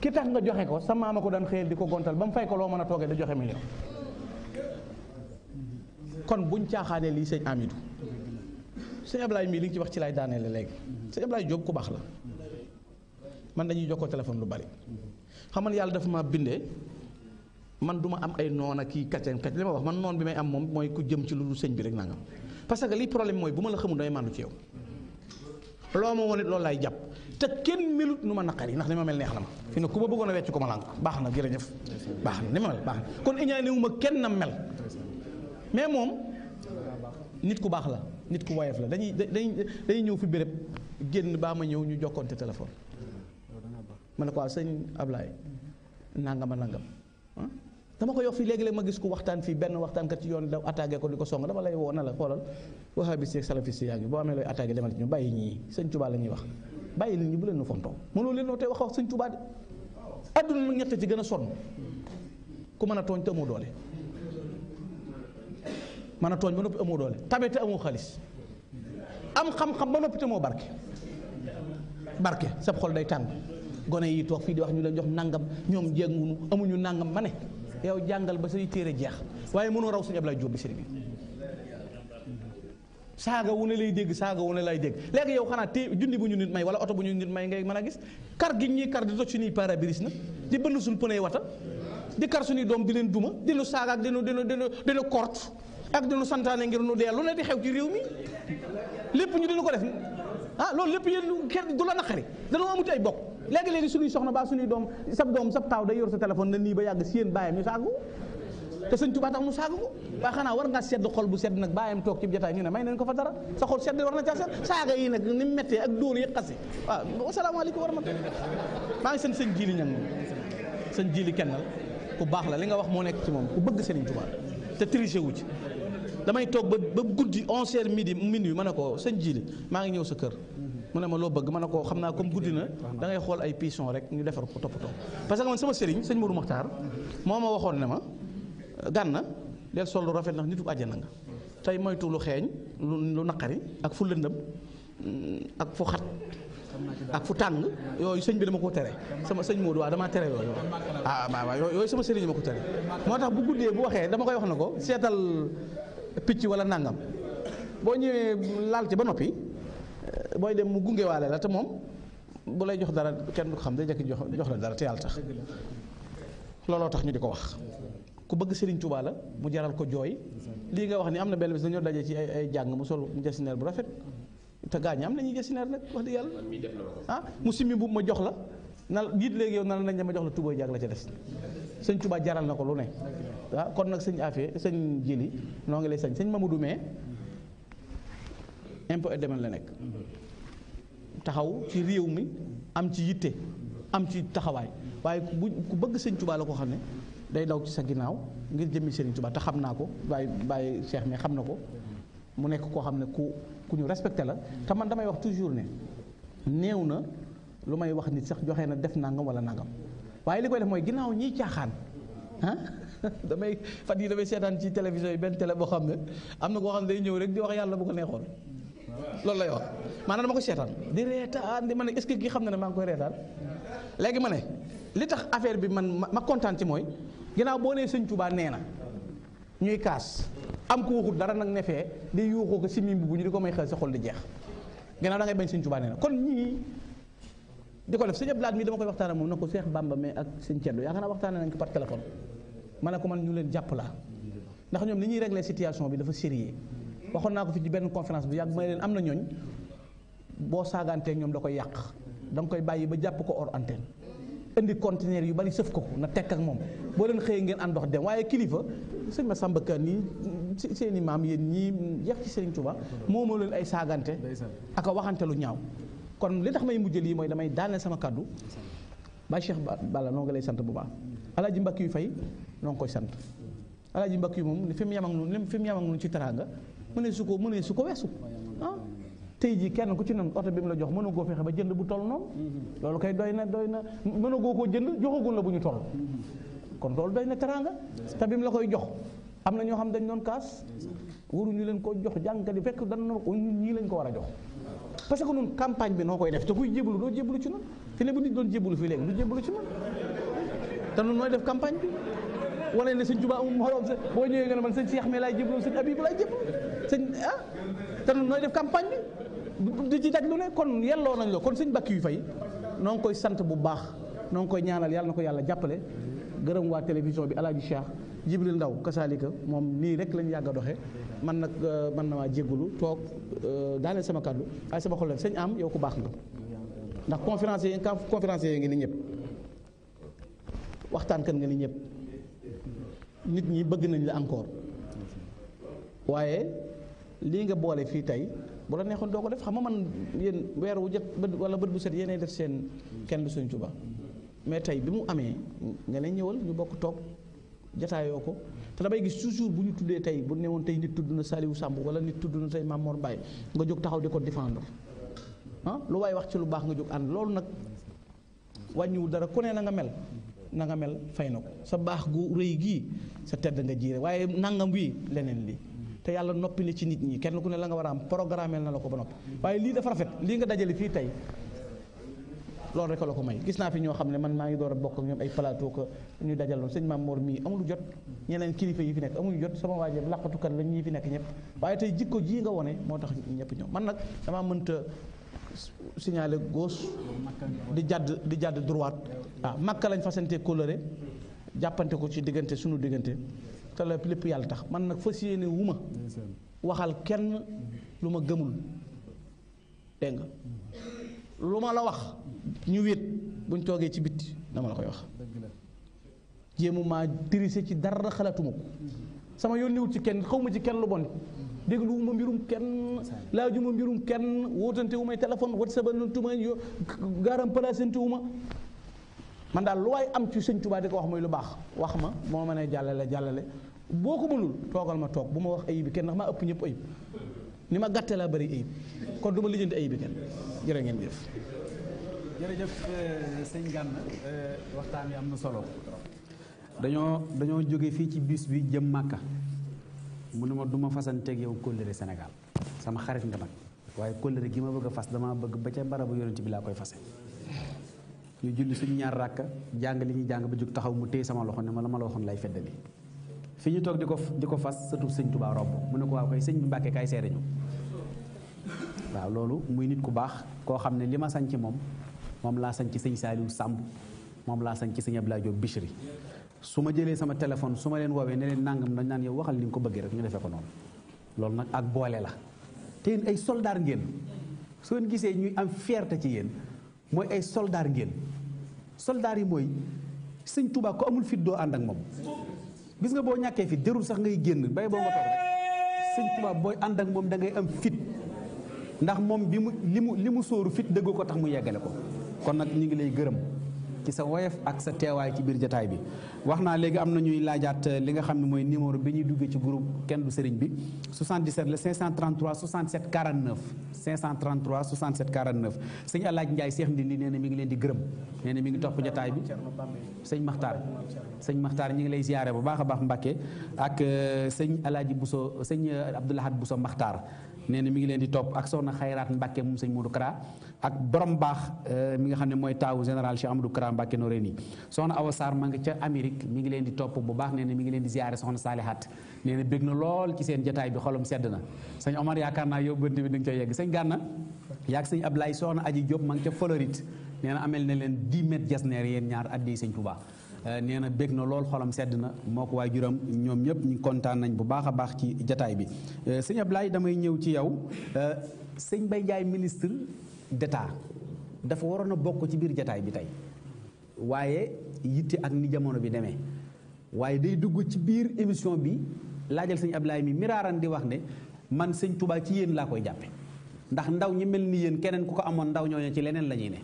ki tax nga joxe ko sa maama ko daan xëyal di ko gontal ba mu fay ko loo mën a toogee da joxe million kon buñ caaxaanee lii sëñ Amidou sëñ Ablaye li nga ci wax ci laay daaneele léegi sëñ Ablaye Diop ku baax la man dañuy jokkoo téléphone lu bari xam yàlla dafa ma bindee man du ma am ay noon ak kii kàcceem kàcce li wax man noon bi may am moom mooy ku jëm ci lu dul bi rek nangam parce que li problème mooy bu ma la xamul damay màndu ci yow loo ma woon loolu laay jàpp te kenn melut nu ma naqari ndax ni mel neex na ma fi ne ku ma bëggoon a wecc ko ma lànk baax na jërëjëf baax na ni ma mel baax na kon wu ma kenn na mel moom nit ku baax la nit ku woyof la dañuy dañuy dañuy ñëw fi béréb génn baa ma ñëw ñu jokkoon te téléphone ma ne ko waaw ab Ablaye nangama nangam dama ko yox fii léegi-léeg ma gis ku waxtaan fii benn waxtaankat ci yoon daw attaqué ko di ko song dama lay woo na la xoolal wahabiste ak salafiste yaa ngi boo amee looy attaqué demal ci ñu bàyyi ñii sëñ Touba la ñuy wax bàyyi nit ñi bu leen nu fontoo mënoo leen noo tey wax wax sëñ Touba àdduna adduna ñett ci gën a sonn ku mën a tooñ te doole mën a tooñ ba noppi amoo doole tabe te amoo xaalis am xam-xam ba noppi te moo barke barke sab xol day tàng gone yi toog fii di wax ñu leen jox nangam ñoom jénguñu amuñu nangam ma ne yow jàngal ba say téere jeex waaye mënoo raw suñu Ablaye Diop bi sëriñ bi saaga wu ne lay dégg saaga wu ne lay dégg léegi yow xanaa té junni bu ñu nit may wala oto bu ñu nit may ngay mën a gis kar gi ñuy kar di toj suñuy pare-brise na di bënn suñu pëney wata di kar suñuy doom di leen duma di nu saaga ak di nu di ak dinu santaane ngir nu dee lu ne di xew ci réew mi lépp ñu dinu ko def ah loolu lépp yéen kenn du la naqari danoo amuti ay bokk léegi-léegi suñuy soxna baa suñuy doom sab doom sab taaw day yor sa téléphone na nii ba yàgg seen bàyyam ñu saagu te sëñ Tuubaa tax mu saagu ko waaye xanaa war ngaa sedd xol bu sedd nag baayam toog ci jotaay ñu ne may nañ ko fa dara sa xol sedd war na caa sedd saaga yi nag ni mu méttee ak dóor yi xase waaw asalaamaaleykum wa rahmatulah maa ngi seen sëñ jiili ñang moom sëñ jiili kennal ku baax la li nga wax moo nekk ci moom ku bëgg Sëriñ Tuubaa te triché wu ci damay toog ba ba guddi 11h midi minuit ma ne ko sëñ Jili maa ngi ñëw sa kër. Mhm. mu ne ma loo bëgg ma ne ko xam naa comme guddi na mhm. da ngay xool ay piisons rek ñu defar ko toppatoo parce que man sama sëriñ sëñ Mourou Makhtar moo ma waxoon ne ma na del sol lu rafet ndax nitu aja nga tey moytu lu xeeñ lu naqari ak fu lëndëm mm, ak fu xat ak fu tàng yooyu sëñ bi dama ko tere sama sëñ Modou waaw damaa tere yooyu ah waaw waaw yooyu sama sëriñ ma ko tere moo tax bu guddee bu waxee dama koy wax picc wala nangam boo ñëwee laal ci ba noppi booy dem mu gungewaale la te moom bu lay jox dara kenn du ko xam day jekki jox jox la dara te yàlla tax looloo tax ñu di ko wax ku bëgg Sëriñ Tuubaa mu jaral ko jooy lii nga wax ni am na benn bis dañoo dajee ci ay ay jàng mu sol jasineer bu rafet te gaañ am nañuy jasineer nag wax dëgg yàlla ah mu simmi bu ma jox la na jiit léegi yow na nañ dama jox la tubooy jàng la ca des sëñ Touba jaral na ko lu ne waaw ah, kon nag sëñ Afia sëñ Jili noo ngi lay sañ sëñ Mamadou Mee impôt et domaine la nekk taxaw ci réew mi am ci yitte am ci taxawaay waaye bu ku bëgg sëñ Touba la ko xam ne day daw ci sa ginnaaw ngir jëmmi sëriñ Touba te xam naa ko bàyyi bàyyi Cheikh mi xam na ko mu nekk koo xam ne ku ku ñu respecté la te man damay wax toujours ne néew na lu may wax nit sax joxe na def nangam wala nangam. waaye li koy def mooy ginnaaw ñiy caaxaan ah damay fan yi damay seetaan ci télévision yi benn télé boo xam ne am na koo xam ne day ñëw rek di wax yàlla bu ko neexoon loolu lay wax maanaam dama ko seetaan di reetaan di ma ne est-ce que kii xam na ne maa ngi koy reetaan léegi ma ne li tax affaire bi man ma kontaan ci mooy ginnaaw boo nee sëñ Touba nee na ñuy kaas am ku waxut dara nag ne fee di yuuxoo ko si mim ñu di ko may xel sa xol di jeex ginnaaw da ngay bañ di ko def sëñ Abdou Lahad mi dama koy waxtaan moom na ko Cheikh Bamba mais ak sëñ Thierno yaakaar naa waxtaan nañ ko par téléphone ma ne ko man ñu leen jàpp la ndax ñoom li ñuy régler situation bi dafa sérieux waxoon naa ko fi ci benn conférence bi yàgg may leen am na ñooñ boo saagantee ñoom da koy yàq da nga koy bàyyi ba jàpp ko hors antenne indi conteneur yu bari sëf ko ko na tekk ak moom boo leen xëyee ngeen àndox dem waaye kilifa sëñ ma Samba Kane yi seen i maam yéen ñii jeex ci Serigne Touba moo ay saagante ak a waxante lu ñaaw kon li tax may mujjël yi mooy damay daaneel sama kàddu Baay Cheikh Balla noo ngi lay sant bu baax alaaji mbakk yu fay noo ngi koy sant alaaji mbakk yu moom fi mu yam ak noonu fi mu yam noonu ci teraanga mënee su ko mënee su ko weesu ah tey jii kenn ku ci nan oto bi mu la jox mënoo koo fexe ba jënd bu toll noonu loolu koy doy na doy na mënagoo koo jënd joxagul la bu ñu toll kon loolu doy na teraanga te bi mu la koy jox am na ñoo xam dañ doon kaas waruñu leen koo jox jàngkat yi fekk dañ noonu ñii lañ ko war a jox parce que ñun campagne bi noo koy def te kuy jébbalu doo jébbalu ci ñun fi ne bu nit doon jébbalu fii léegi du jébbalu ci ñun te ñun nooy def campagne bi wane ne sëñ Tuubaa amul morom sa boo ñëwee nga man sëñ Seex mi laay jébbalu sëñ Habib laay jébbalu sëñ ah te def campagne bi di ci daj lu ne kon yelloo nañ la kon sëñ bakk yu fay noo ngi koy sant bu baax noo koy ñaanal yàlla na ko yàlla jàppale gërëm waa télévision bi Alaaji Cheikh Jibril Ndaw kasaalika moom nii rek lañ yàgg a doxe man nag euh, man na maa jéggulu toog euh, daaneel sama kàddu ay sama xol la sëñ am yow ku baax nga ndax conférencier yi conférencier ngi ni ñëpp waxtaan kan nga ni ñëpp nit ñi bëgg nañ la encore waaye lii nga boole fii tey bu la neexoon doo ko def xam ma man yéen weer wu jot bët wala bët bu set yéenay def seen kenn du Sëñ Tuubaa mais tey bi mu amee nga ne ñëwal ñu bokk toog jataayoo ko te damay gis toujours bu ñu tuddee tey bu newoon tey nit tudd na Saliou Samb wala nit tudd na tey Mamor Mbaye nga jóg taxaw di ko défendre ah lu waaye wax ci lu baax nga jóg ànd loolu nag wàññiwul dara ku ne na nga mel na nga mel fay na ko sa baax gu rëy gii sa tedd nga jiire waaye nangam wii leneen lii te yàlla noppi na ci nit ñi kenn ku ne la nga war a am programmeel na la ko ba nopp waaye lii dafa rafet lii nga dajale fii tey loolu rek la ko may gis naa fi ñoo xam ne man maa ngi door a bokk ak ñoom ay plateau que ñu dajaloon sëñ Maam Mor mii amul jot ñeneen kilifa yi fi nekk amul jot sama waajee làqatukat la ñii fi nekk ñëpp waaye tey jikko jii nga wone moo tax ñëpp ñëw man nag mënta signalé gauche di jàdd di jàdd droite waaw ah, makka lañ fasante coloré jàppante ko ci diggante suñu diggante te la lépp yàlla tax man nag fas yéene wu ma waxal kenn lu ma gëmul dégg nga lu ma la wax ñu wéet buñ toogee ci bitti dama la koy wax jéemu maa dirise ci dara xalaatuma ko sama yónniwut ci kenn xaw ma ci kenn lu bon déglu wu ma mbirum kenn laaju ma mbirum kenn wootante wu may téléphone whatsappante ma yo gaaram palaasante ma man daal lu waaye am ci sëñ Tuubaa di ko wax mooy lu baax wax ma moo mën a jàllale jàllale boo ko mënul toogal ma toog bu ma wax ayib bi kenn ndax maa ëpp ñëpp ayib ni ma gàtte laa bëri ayib kon du ma lijjanti ayib bi kenn jërë ngeen jërëjëf euh, sëñ Gana euh, waxtaan wi am na solo dañoo dañoo jóge fii ci bis bi jëm Màkka mu ne ma du ma fasanteeg yow kóllëre Sénégal sama xarit nga nag waaye kóllëre gi ma bëgg a fas dama bëgg ba ca barabu yonent bi laa koy fase ñu julli suñu ñaar ràkk jàng li ñuy jàng ba jóg taxaw mu téye sama loxo ne ma la ma la waxoon lay feddali fi ñu toog di ko di ko fas sëtu sëñ Tuubaa romb mu ne ko waaw koy sëñ bi Mbàkke kaay seere ñu waaw loolu muy nit ku baax koo xam ne li ma sañ ci moom moom laa sañ ci sëñ Saliou sàmb moom laa sañ ci sëñ Abdoulaye Diop Bichri su ma jëlee sama téléphone su ma leen woowee ne leen nangam dañ naan yow waxal ni nga ko bëggee rek ñu defee ko noonu loolu nag ak boole la te yéen ay soldaar ngeen su gisee ñuy am fierté ci yéen mooy ay soldaar soldaar yi mooy sëñ Touba ko amul fit doo ànd ak moom gis nga boo ñàkkee fit jërul sax ngay génn bay boo nga toog booy ànd ak moom da ngay am fit ndax moom bi mu li mu li mu sóoru fit dëgg ko tax mu yeggale ko kon nag ñu ngi lay gërëm ci sa woyof ak sa teewaay ci biir jataay bi wax naa léegi am na ñuy laajaat euh, li nga xam ne mooy numéro bi ñuy duggee ci group kenn du sëriñ bi 77 la 533 67 49 533 67 49 sëñ Alaaji Njaay Seex Ndindi nee na mi ngi leen di gërëm nee mi ngi topp jataay bi sëñ Maxtaar sëñ Maxtaar ñi ngi lay ziyaare bu baax a baax Mbàkke ak euh, sëñ Alaaji Buso sëñ euh, bu Buso Maxtaar nee na mi ngi leen di topp ak soxna Xayraat Mbàkke moom sëñ Modou Kara ak borom baax euh, mi nga xam ne mooy taawu général Cheikh Amadou Kara Mbacké Noreyni soxna Awa Sarr ma ca Amérique mi ngi leen di topp bu baax nee na mi ngi leen di ziare soxna Saalihat nee na bég na lool ci seen jataay bi xolam sedd naa yóbbante bi da nga ca yegg sëñ Gànna yaag sëñ Ablaye soxna Aji Diop ma nga ca Floride nee na na leen 10 mètres jasneer yéen ñaar addi sëñ Touba euh, nee na bég na lool xolam sedd na moo waay juram ñoom ñëpp ñu kontaan nañ bu baax a baax ci jataay bi euh, sëñ Ablaye damay ñëw ci yow sëñ Baye Ndiaye ministre d'état dafa waroon a bokk ci biir jataay bi tey waaye yitte ak ni jamono bi demee waaye day dugg ci biir émission bi laajal sëñ Ablaye mi miraaran di wax ne man sëñ Touba ci yéen laa koy jàppe ndax ndaw ñi mel ni yéen keneen ku ko amoon ndaw ñooñu ci leneen la ñuy ne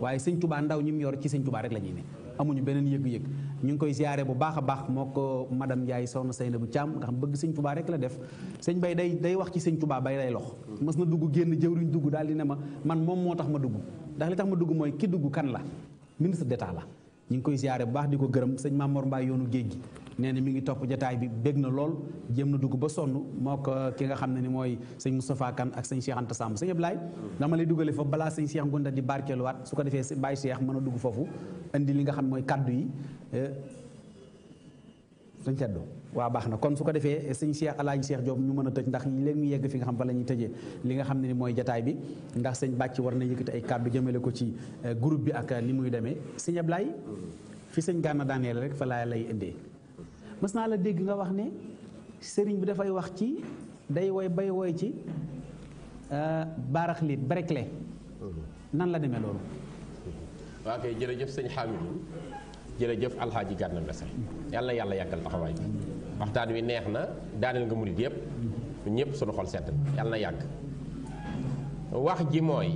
waaye sëñ Touba ndaw ñi mu yor ci sëñ Touba rek la ñuy ne amuñu beneen yëg-yëg ñu ngi koy ziare bu baax a baax moo ko madame Ndiaye soxna Seynabou Thiam nga xam bëgg sëñ Touba rek la def sëñ bay day day wax ci sëñ tubaa bay lay lox mos na dugg génn jëwriñ dugg daal di ne ma man moom moo tax ma dugg ndax li tax ma dugg mooy ki dugg kan la ministre d'état la ñu ngi koy ziare bu baax di ko gërëm sëñ Mamor Mbaye yoonu géej gi nee na mi ngi topp jataay bi bég na lool jëm na dugg ba sonn moo ko euh, ki nga xam ne ni mooy sëñ Moustapha ak sëñ Cheikh Anta Samb sëñ Ablaye dama lay dugale fa balaa sëñ Cheikh Ngounda di barkeeluwaat su ko defee Baye Cheikh mën a dugg foofu indi li nga xam mooy kaddu yi euh, sëñ Thierno waaw baax na kon su ko defee sëñ Cheikh Alaaji Cheikh Diop ñu mën a tëj ndax leen mu yegg fi nga xam fa la ñuy tëjee li nga xam ne ni mooy jataay bi ndax sañ Bàcc war na yëkkati ay kaddu jëmale ko ci euh, groupe bi ak ni muy demee sëñ Ablaye fi sëñ Gana daaneel rek fa laa lay indee mës naa la dégg nga wax ni sëriñ bi dafay wax ci day woy bay woy ci euh, baaraxlit berekle mm-hmm. nan la demee loolu waa kay jërëjëf sëñ Hamidou jërëjëf alxaaji Gana Messere yàlla yàlla yàggal taxawaay bi waxtaan wi neex na daaneel nga murit yëpp ñëpp sunu xol sedd yàlla na yàgg wax ji mooy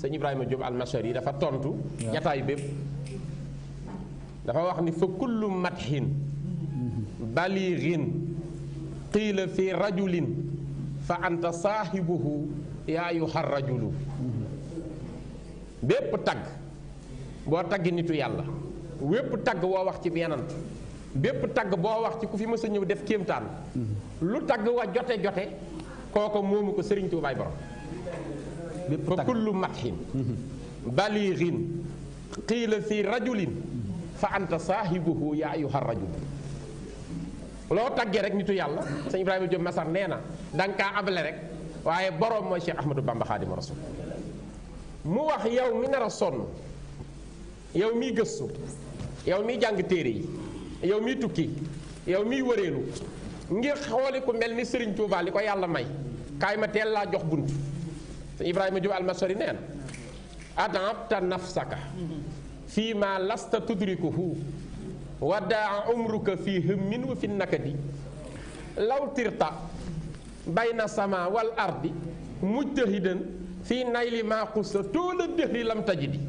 sëñ Ibrahima Diop almasar yi dafa tontu ñettaay bépp dafa wax ni fa kullu matxin baliigin qiila fi rajulin fa anta saaxibuhu yaa yuha rajulu bépp tagg boo tagg nitu yàlla wépp tagg boo wax ci yenant bépp tagg boo wax ci ku fi mës ñëw def kéemtaan lu tagg wa jote jote kooko moomu ko sëriñ tuubaay borom fa kullu matxin baliigin qiila fi rajulin fa anta saaxibuhu yaa ayuha rajul loo taggee rek nitu yàlla sëñ Ibrahima Diop Masar nee na da nga abale rek waaye boroom mooy Cheikh Ahmadou Bamba Xaadimu Rasul mu wax yow mi nar a sonn yow miy gëstu yow miy jàng téere yi yow miy tukki yow miy wëreelu ngir xooli ku mel ni Serigne Touba li ko yàlla may kaay ma teel laa jox bunt sëñ Ibrahima Diop Almasari nee na adamta nafsaka fii ma lasta tudrikuhu wadaa umruka fii hëmmin wa fi nakadi law tirta na sama wal ardi mujtahidan fii nayli maa xussa tóola dëhri lam tajidi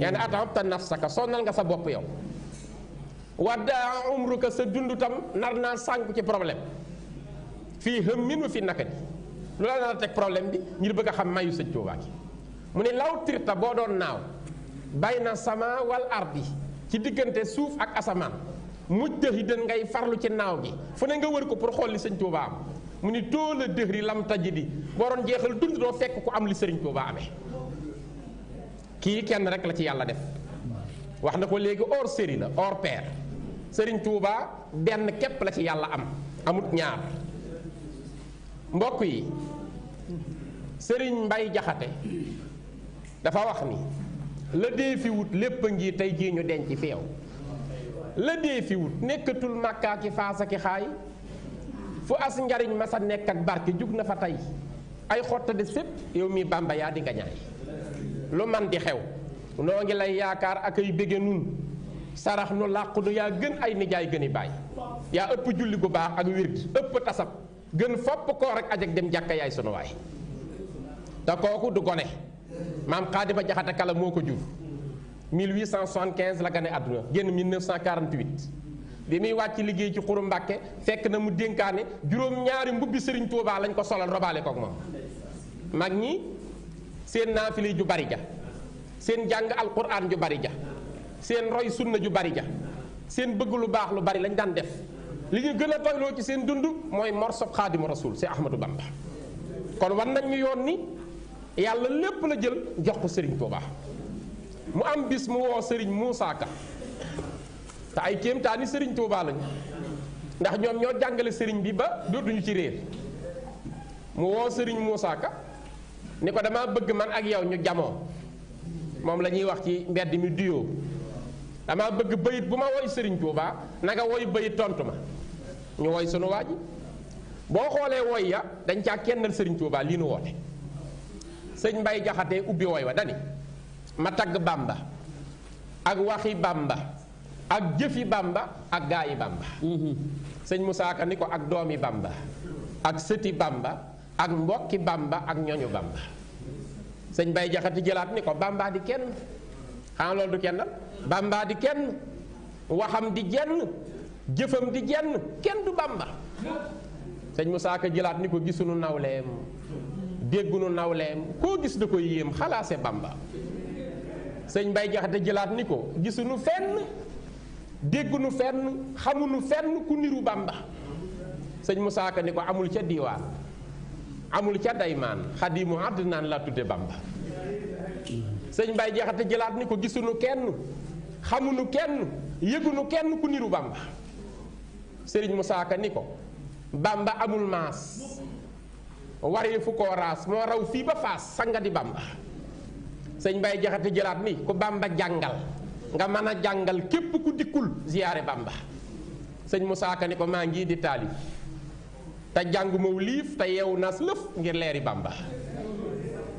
yaa ne atabta nafsaka sonnal nga sa bopp yow waddaa umruka sa dund tam nar naa sànk ci problème fii hëmmin wa fi nakadi lu la nar teg problème bi ngir bëgg a xam mayu sëñ Tuubaa ki mu ne law tirta boo doon naaw bay na sama wal ardi ci diggante suuf ak asamaan mujtahidan ngay farlu ci naaw gi fu ne nga wër ko pour xool li sëñ Tuuba mu ni tóol a dëhri lam taji di boroon jeexal dund doo fekk ku am li sëriñ Tuuba amee kii kenn rek la ci yàlla def wax na ko léegi hors série la hors pair sëriñ Tuuba benn képp la ci yàlla am amut ñaar mbokk yi sëriñ Mbay Jaxate dafa wax ni la dee fi wut lépp a ngi tey jii ñu denc fi yow la dee fi wut nekkatul màkkaa ki faasa ki xaay fu as njariñ ma sa nekk ak barke jug na fa tey ay xotta des yow mi bàmba yaa di nga lu man di xew noo ngi lay yaakaar ak ay bége nun sarax nu làqu nu yaa gën ay nijaay gën i baay yaa ëpp julli gu baax ak wird ëpp tasab gën fopp koo rek aj ak dem jàkka yaay sunu waay te kooku du gone maam Xaadima Jaxate Kala moo ko jur 1875 la gane àdduna génn 1948 bi muy wàcc liggéey ci xuru Mbàkke fekk na mu dénkaane juróom ñaari mbubbi Serigne Touba lañ ko solal robaale koog moom mag ñi seen naafili ju bari ja seen jàng alquran ju bari ja seen roy sunna ju bari ja seen bëgg lu baax lu bari lañ daan def li ñu gën a toyloo ci seen dund mooy morsob xaadimu rasul si Ahmadou Bamba kon war nañ ñu yoon ni yàlla lépp la jël jox ko Serigne Touba mu am bis mu woo Serigne Moussa Ka te ay kéemtaani sëriñ Touba lañu ndax ñoom ñoo jàngale Serigne bi ba dootuñu ci réer mu woo sëriñ Moussa Ka ni ko dama bëgg man ak yow ñu jamoo moom la ñuy wax ci mbedd mi duyoo dama bëgg bayit bu ma woy sëriñ Touba na woy bayit tontu ma ñu woy sunu waa boo xoolee woy ya dañ caa kennal sëriñ Touba lii nu woote. sëñ Mbay Jaxate ubbi woy wa dani ma tagg Bàmba ak waxi Bàmba ak jëfi Bàmba ak gaayi Bàmba mhm. sëñ Musaa Ka ni ko ak doomi Bàmba ak sëti Bàmba ak mbokki Bàmba ak ñoñu Bàmba sëñ Mbay Jaxate jëlaat ni ko Bàmba di kenn xanaa loolu du kenn Bàmba di kenn waxam di jenn jëfam di jenn kenn du Bàmba sëñ Musaa Ka jëlaat ni ko gisunu nawleem déggunu nawleem koo gis da ko yéem xalaase Bamba sëñ bay Jaxate jëlaat ni ko gisunu fenn déggunu fenn xamunu fenn ku niru Bamba sëñ Musaa Ka ni ko amul ca diiwaan amul ca daymaan xadimu àddinaan laa tudde Bamba sëñ Mbay Jaxate jëlaat ni ko gisunu kenn xamunu kenn yëgunu kenn ku niru Bamba sëriñ Musaa Ka ni ko Bamba amul maas waree fu koo raas moo raw fii ba faas sanga di bamba sëñ Baye jaxate jëlaat ni ku bamba jàngal nga mën a jàngal képp ku dikkul ziyaare bamba sëñ Moussa Ka ni ko maa ngi di taalif te jàng maw liif te yeewu nas lëf ngir leeri bamba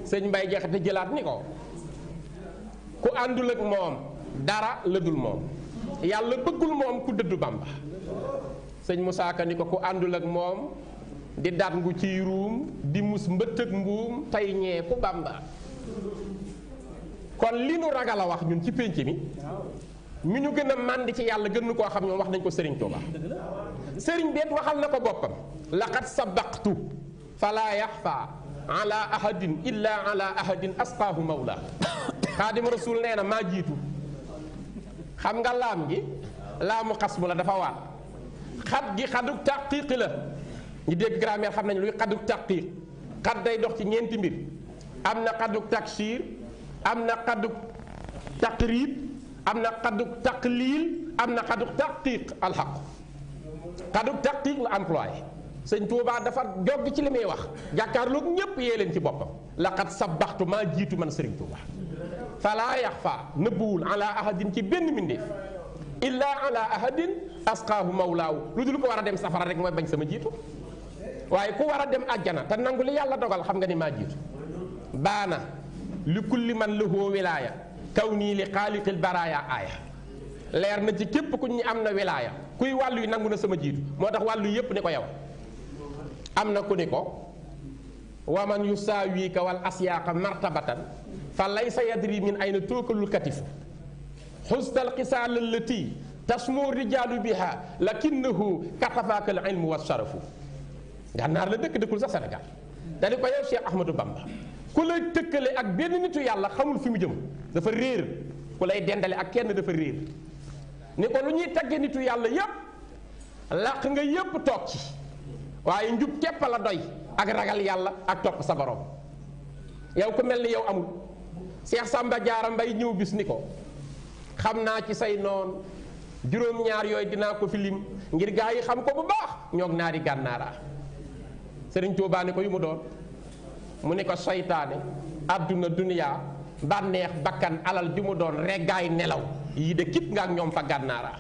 sëñ Baye jaxate jëlaat ni ko ku àndul ak moom dara la dul moom yàlla bëggul moom ku dëddu bamba sëñ Moussa ni ko ku àndul ak moom di dàngu ciy ruum di mus mbëttëg mbuum tey ñee ku bàmba kon li nu ragal a wax ñun ci pénc mi mi ñu gën a màndi ci yàlla gën koo xam ñoom wax nañ ko sëriñ Tuuba sëriñ beet waxal na ko boppam laqad sabaqtu fala yaxfa ala ahadin illa ala ahadin asqaahu mawla xaadim rasul nee na maa jiitu xam nga laam gi laamu xas mu la dafa waat xat gi xaduk tàqiiqi la ñu dégg grammaire xam nañ luy xaddu taqdiir xad day dox ci ñeenti mbir am na xaddu taksiir am na xaddu taqrib am na xaddu taqliil am na xaddu taqiiq alxaq xaddu taqiiq la employé sëñ Tuubaa dafa jog ci li muy wax jàkkaarloog ñépp yee leen ci boppam laqad sabbaxtu maa jiitu man sëriñ Tuubaa falaa yaxfa nëbbuwul ala ahadin ci benn mbindéef illaa ala ahadin asqaahu mawlaahu lu dul ko war a dem safara rek mooy bañ sama jiitu waaye ku war a dem àjjana te nangu li yàlla dogal xam nga ni maa jiitu baana li kulli man lahu wilaaya kaw nii li xaaliqil baraaya aaya leer na ci képp ku ñu am na wilaaya kuy wàllu yi nangu na sama jiitu moo tax wàllu yépp ni ko yow am na ku ni ko wa man yusaawiika wal asyaaqa martabatan fa laysa yadri min ayna tookalul katifu xustal xisaal allati tasmoo rijaalu biha lakinnahu katafaaka al ilmu wa sarafu gànnaar la dëkk dëkkul sax Sénégal dañu ko yow Cheikh Ahmadou Bamba ku lay tëkkale ak benn nitu yàlla xamul fi mu jëm dafa réer ku lay dendale ak kenn dafa réer ni ko lu ñuy tagge nitu yàlla yépp làq nga yépp toog ci waaye njub képp la doy ak ragal yàlla ak topp sa borom yow ku mel ni yow amul Cheikh sàmba Diarra Mbaye ñëw bis ni ko xam naa ci say noon juróom-ñaar yooyu dinaa ko fi lim ngir gaa yi xam ko bu baax ñoog naari gànnaaraa sëriñ Tuubaa ni ko yu mu doon mu ni ko soytaane àdduna duniyaa bànneex bakkan alal bi mu doon reggaay nelaw yii de kit nga ak ñoom fa gànnaaraa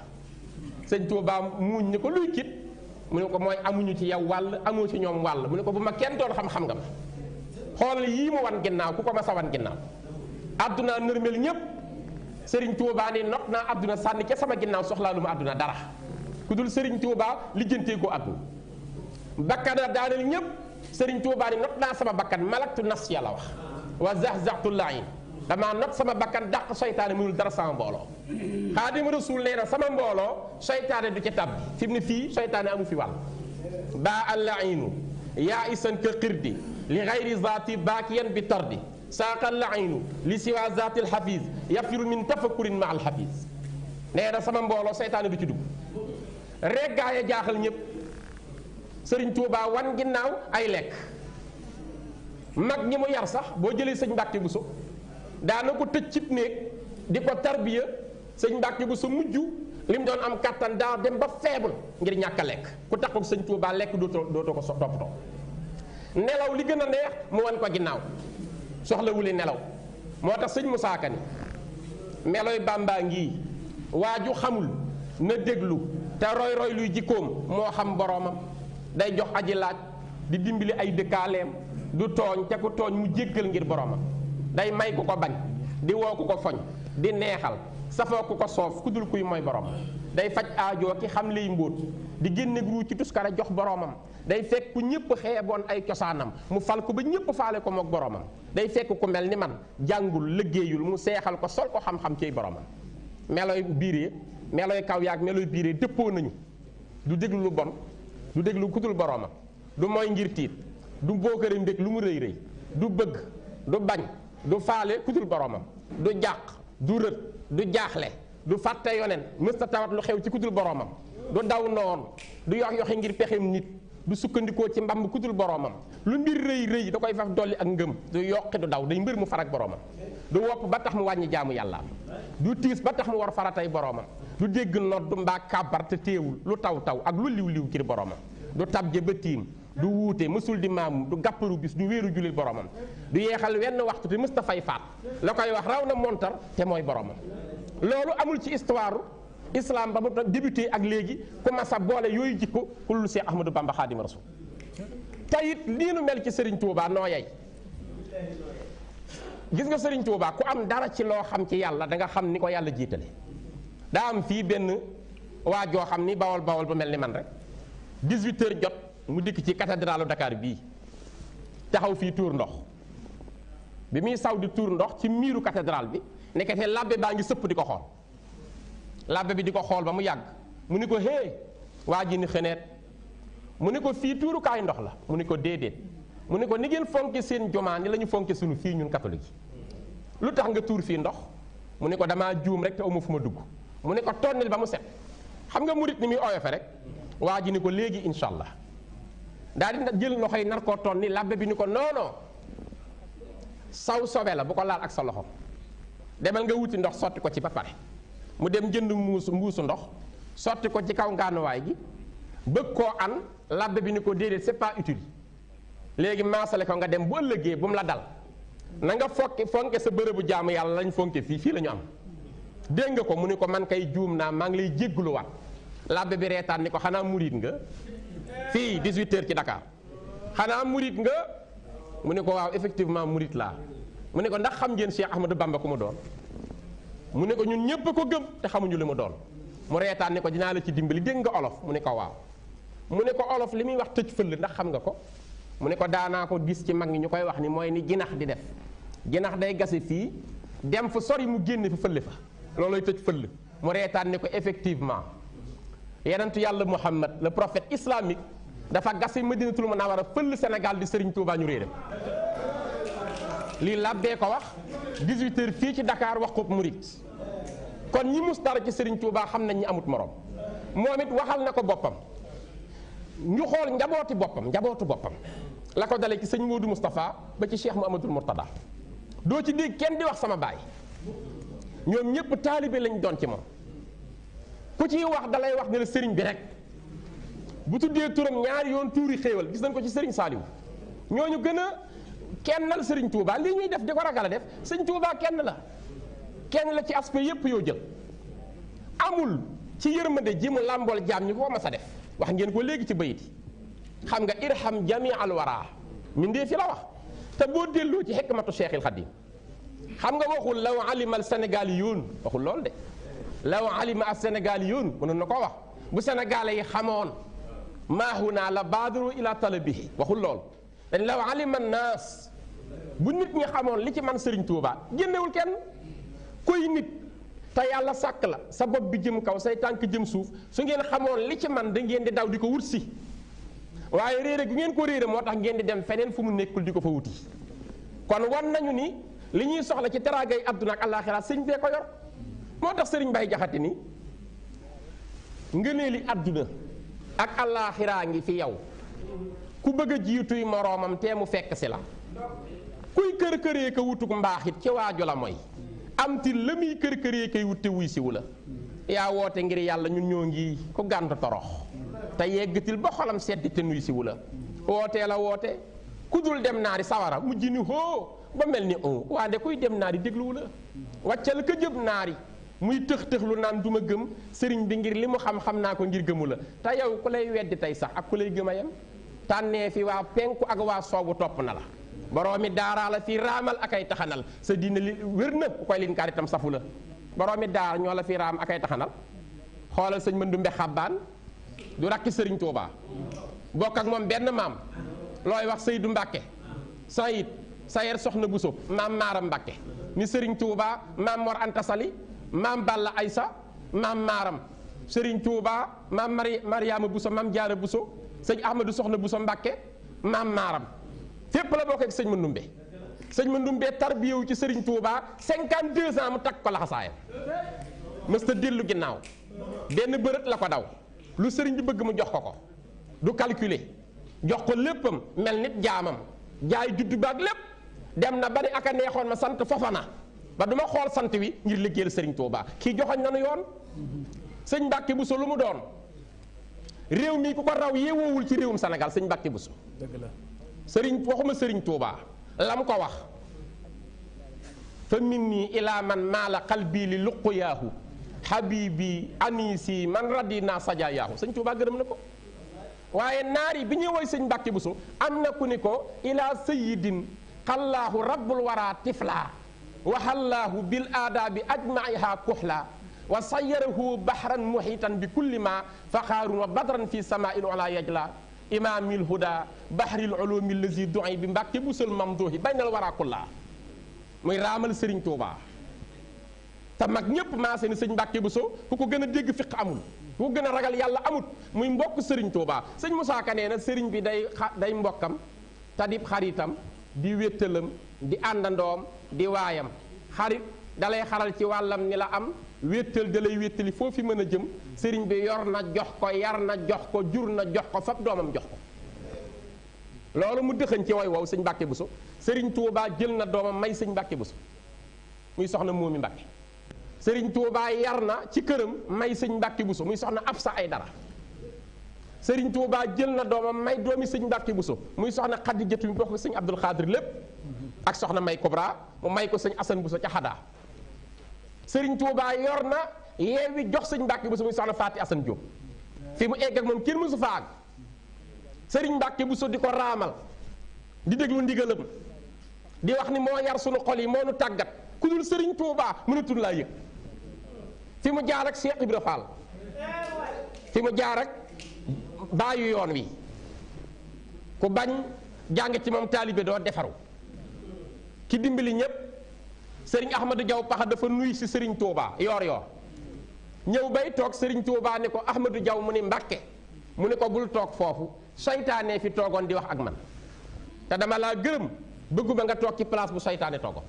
sëñ Tuubaa muuñ ni ko luy kit mu ne ko mooy amuñu ci yow wàll amoo ci ñoom wàll mu ne ko bu ma kenn doon xam-xam nga ma xoolal yii ma wan ginnaaw ku ko ma sa ginnaaw àdduna nërmel ñépp sëriñ Tuubaa ni not naa àdduna sànni ca sama ginnaaw soxlaa lu ma àdduna dara ku dul sëriñ Tuubaa lijjantee ko àdduna bakkan a daaneel ñëpp Serigne Touba ni not naa sama bakkan malaktu nas yàlla wax wa zahzahtu laayin damaa not sama bakkan dàq seytaane mënul dara sama mbooloo xaadimu rasul nee na sama mbooloo seytaane du ca tab fi mu ne fii seytaane amu fi wàll baa al laayinu yaa isan ka xirdi li xayri zaati baakiyan bi tardi saaqal laayinu li siwa zaati alxafiis yafiru min tafakkurin ma alxafiis nee na sama mbooloo seytaane du ci dugg reggaaya jaaxal ñëpp sëriñ Touba wan ginnaaw ay lekk mag ñi mu yar sax boo jëlee sëñ Mbàkke Buso daana ko tëj cib néeg di ko tarbiya sëñ Mbàkke Buso mujj li mu doon am kàttan daa dem ba faible ngir ñàkk lekk ku tax ak sëñ Touba lekk dootoo dootoo ko toppatoo nelaw li gën a neex mu wan ko ginnaaw soxlawuli nelaw moo tax sëñ Moussa Ka ni melooy Bàmbaa ngii waaju xamul na déglu te roy roy luy jikkoom moo xam boroomam day jox aji laaj di dimbali ay dëkkaaleem du tooñ ca ku tooñ mu jékkal ngir boromam day may ku ko bañ di woo ku ko foñ di neexal safoo ku ko soof ku dul kuy mooy borom day faj aajoo ki xam liy mbóot di génne guru ci tuskara jox boromam day fekk ku ñëpp xeeboon ay cosaanam mu fal ko ba ñëpp faale ko mook boromam day fekk ku mel ni man jàngul liggéeyul mu seexal ko sol ko xam-xam ciy boromam melooy biiree melooy kaw yaag melooy biiree dëppoo nañu du déglu bon du déglu kutul borooma du mooy ngir tiit du bookarim dég lu mu rëy rëy du bëgg du bañ du faale kutul boromam du jàq du rët du jaaxle du fàtte yonen mësta tawat lu xew ci kutul boroomam du daw noon du yox yoxi ngir pexem nit du sukkandikoo ci mbamb ku dul boroomam lu mbir rëy rëy da koy faf dolli ak ngëm du yoqi du daw day mbir mu farak boroomam du wopp ba tax mu wàññi jaamu yàlla du tiis ba tax mu war faratay boroomam du dégg nodd mbaa kàbbar te téewul lu taw taw ak lu liw liw ci boroomam du tabje ba tiim du wuute mësul di maamum du gàpparu bis du wéeru julil boromam du yeexal wenn waxtu te mës fay faat la koy wax raw na montar te mooy boromam loolu amul ci islam ba mu débuté ak léegi ku masa boole yooyu jikko ku lu Seex Ahmadou Bamba Xaadimu tayit lii nu mel ci Serigne Touba noo yay gis nga Serigne Touba ku am dara ci loo xam ci yàlla danga xam ni ko yàlla jiitale daa am fii benn waa joo xam ni bawol bawol bu mel ni man rek 18 jot mu dikk ci cathédralu Dakar bii taxaw fii tuur ndox bi muy saw di tuur ndox ci miiru cathédrale bi nekkete labbe baa ngi sëpp di ko xool. labbe bi di ko xool ba mu yàgg mu ni ko hee waa ji ni xeneet mu ni ko fii tuurukaay ndox la mu ni ko déedéet mu ni ko ni ngeen fonke seen jumaa ni la ñu fonke sunu fii ñun catholique yi lu tax nga tuur fii ndox mu ni ko damaa juum rek te amu fu ma dugg mu ni ko tonnil ba mu set xam nga murit ni muy oyofe rek waa ji ko léegi allah daal di jël loxo yi nar koo tonni labbe bi ni ko non saw sobe la bu ko laal ak sa loxo demal nga wuti ndox sotti ko ci ba pare mu dem jënd muus mbuusu ndox sotti ko ci kaw ngaanuwaay gi bëgg koo an labbe bi ni ko déedéet c'est pas utile léegi maasale ko nga dem bu ëllëgee bu mu la dal na nga fokki fonke sa bërëbu jaamu yàlla lañ fonke fii fii la ñu am dégg nga ko mu ni ko man kay juum naa maa ngi lay jégguluwaat labbe bi reetaan ni ko xanaa murit nga fii 18 ci Dakar xanaa murit nga mu ne ko waaw effectivement murit laa mu ne ko ndax xam ngeen Cheikh Ahmadou Bamba ku mu doon mu ne ko ñun ñépp ko gëm te xamuñu li mu doon mu reetaan ne ko dinaa la ci dimbali dégg nga olof mu ne ko waaw mu ne ko olof li muy wax tëj fël ndax xam nga ko mu ne ko daanaa ko gis ci mag ñi ñu koy wax ni mooy ni jinax di def jinax day gase fii dem fu sori mu génne fa fëll fa looloy tëj fël mu reetaan ne ko effectivement yenentu yàlla Muhammad le prophète islamique dafa gase war a fëll senegal di Serigne Touba ñu réere lii làbbee ko wax 18h fii ci Dakar wax ko murit kon ñi mus dara ci Serigne Touba xam nañ ñi amut moroom moom it waxal na ko boppam ñu xool njabooti boppam njabootu boppam la ko dalee ci sëñ Modou Moustapha ba ci Cheikh Mouhamadoul Mourtada doo ci dégg kenn di wax sama baay ñoom ñëpp taalibe lañ doon ci moom ku ciy wax dalay wax ne la sëriñ bi rek bu tuddee turam ñaari yoon tuuri xéewal gis nañ ko ci sëriñ Saliou ñooñu gën kennal sëriñ Touba lii ñuy def di ko ragal a def sëriñ Touba kenn la kenn la ci aspect yépp yoo jël amul ci yërmande ji mu làmbool jaam ñi ko mas a def wax ngeen ko léegi ci bayit yi xam nga irham jami al wara mindee fi wax te boo delloo ci xikmatu Cheikhil Xadim xam nga waxul law alima al sénégaliyuun waxul lool de law alima al sénégaliyuun mënoon na ko wax bu sénégalais yi xamoon maahuna la baadiru ila talabihi waxul lool dañ law alima naas bu nit ñi xamoon li ci man sëriñ Touba génnewul kenn koy nit te yàlla sàkk la sa bopp bi jëm kaw say tànk jëm suuf su ngeen xamoon li ci man da ngeen di daw di ko wut si waaye réere gu ngeen ko réere moo tax ngeen di dem feneen fu mu nekkul di ko fa wuti kon wan nañu ni li ñuy soxla ci teraagay àdduna ak àllaaxira sëñ bee ko moo tax sëriñ Baye jaxati ni ngëneeli àdduna ak àllaaxiraa ngi fi yow ku bëgg a jiituy moroomam te mu fekk si la kuy kër-këree ka wutuk mbaaxit ci waaju la mooy am ti la muy kër-këree kay wut te wuy siwu la yaa woote ngir yàlla ñun ñoo ngi ku gànt torox te yeggatil ba xolam sedd te nuy siwu la woote la woote ku dul dem naari sawara mujj ni hoo ba mel ni un waa de kuy dem naari dégluwu la wàccal ka jëm naari muy tëx tëx lu naan duma gëm sëriñ bi ngir li mu xam xam naa ko ngir gëmu la te yow ku lay weddi tey sax ak ku lay gëm a tànnee fi waa penku ak waa soowu topp na la boroomi daaraa la fi raamal ak taxanal sa diina li wér na ku koy linkaar itam safu la boroomi daar ñoo la fi raam akay ay taxanal xoolal sëñ Mëndu Mbe Xabbaan du rakki sëriñ Tuubaa bokk ak moom benn maam looy wax Seydou Mbàkke Sayid Sayer Soxna Buso maam Maara Mbàkke ni sëriñ Tuubaa maam Mor Anta maam Balla Aysa maam Maaram sëriñ Tuubaa maam Mari Mariyaama Buso maam Jaara Buso sëñ Ahmadou Soxna Bousso Mbàkke maam maaram fépp la bokk ak sëñ Mandumbe sëñ Mandumbe tarbiyewu ci sëriñ Touba 52 ans mu takk ko laxasaayam mësta dellu ginnaaw benn bërët la ko daw lu sëriñ bi bëgg mu jox ko ko du calculer jox ko léppam mel nit jaamam jaay juddu baat lépp dem na ba ne ak a neexoon ma sant Fofana ba du ma xool sant wi ngir liggéeyal sëriñ Touba kii na nanu yoon sëñ Mbàkke Bousso lu mu doon réew mi ku ko raw yeewoowul ci réewum senegal sëñ Mbàkke Buso dëgg la sëriñ waxuma sëriñ Tuubaa la mu ko wax fa minni ilaa man maala qalbi li luqyaahu habibi anisi man radina sajayaahu sëñ Tuubaa gërëm na ko waaye naar bi ñuy woy sëñ Mbàkke Buso am na ku ni ko ilaa sayyidin xallaahu rabbul wara tifla wa xallaahu bil aadaabi ajmaiha kuxla wa sayarahu bahran muhitan bi kulli ma faxaarun wa badran fi samail ola yajla imaamil huda bahril ulumi lazi doy bi mbàkke bu sël mamduhi bay nal waraakullaa muy raamal sëriñ tuubaa te mag ñépp maase ni sëñ mbàkke bu so ku ko gën a dégg fiq amul ku ko gën a ragal yàlla amut muy mbokk sëriñ tuubaa sëñ Musaa Ka nee na sëriñ bi day day mbokkam tadib xaritam di wéttalam di àndandoom di waayam xarit dalay xaral ci wàllam ni la am wéttal dalay wéttali foo fi mën a jëm sëriñ bi yor na jox ko yar na jox ko jur na jox ko fab doomam jox ko loolu mu dëxëñ ci woy wow sëñ Mbàkke Buso sëriñ Tuubaa jël na doomam may sëñ Mbàkke Buso muy soxna Moomi Mbàkke sëriñ Tuubaa yar na ci këram may sëñ Mbàkke Buso muy soxna Absa Aydara sëriñ Tuubaa jël na doomam may doomi sëñ Mbàkke Buso muy soxna Xadijatu mi bokk sëñ Abdul Xaadir lépp ak soxna May Kubra mu may ko sëñ Asan Buso ca Xadaa Serigne Touba yor na yeewi jox sëñ Mbàkke so muy soxna Faati Asan Jóob fi mu egg ak moom kenn mësu fa sëriñ Serigne bu so di ko raamal di déglu ndigalam di wax ni moo yar sunu xol yi moo nu tàggat ku dul Serigne Touba mënatul laa yëg fi mu jaar ak Cheikh Ibra Fall fi mu jaar ak bàyyu yoon wi ku bañ jàng ci moom taalibe doo defaru ki dimbali ñépp sëriñ Ahmadou jaw Paxa dafa nuy si sëriñ Touba yoor yor ñëw bay toog sëriñ Touba ne ko Ahmadou Diaw mu ni mbakke mu ne ko bul toog foofu saytaane fi toogoon di wax ak man te dama laa gërëm bëgguma nga toog ci place bu saytaane toogoon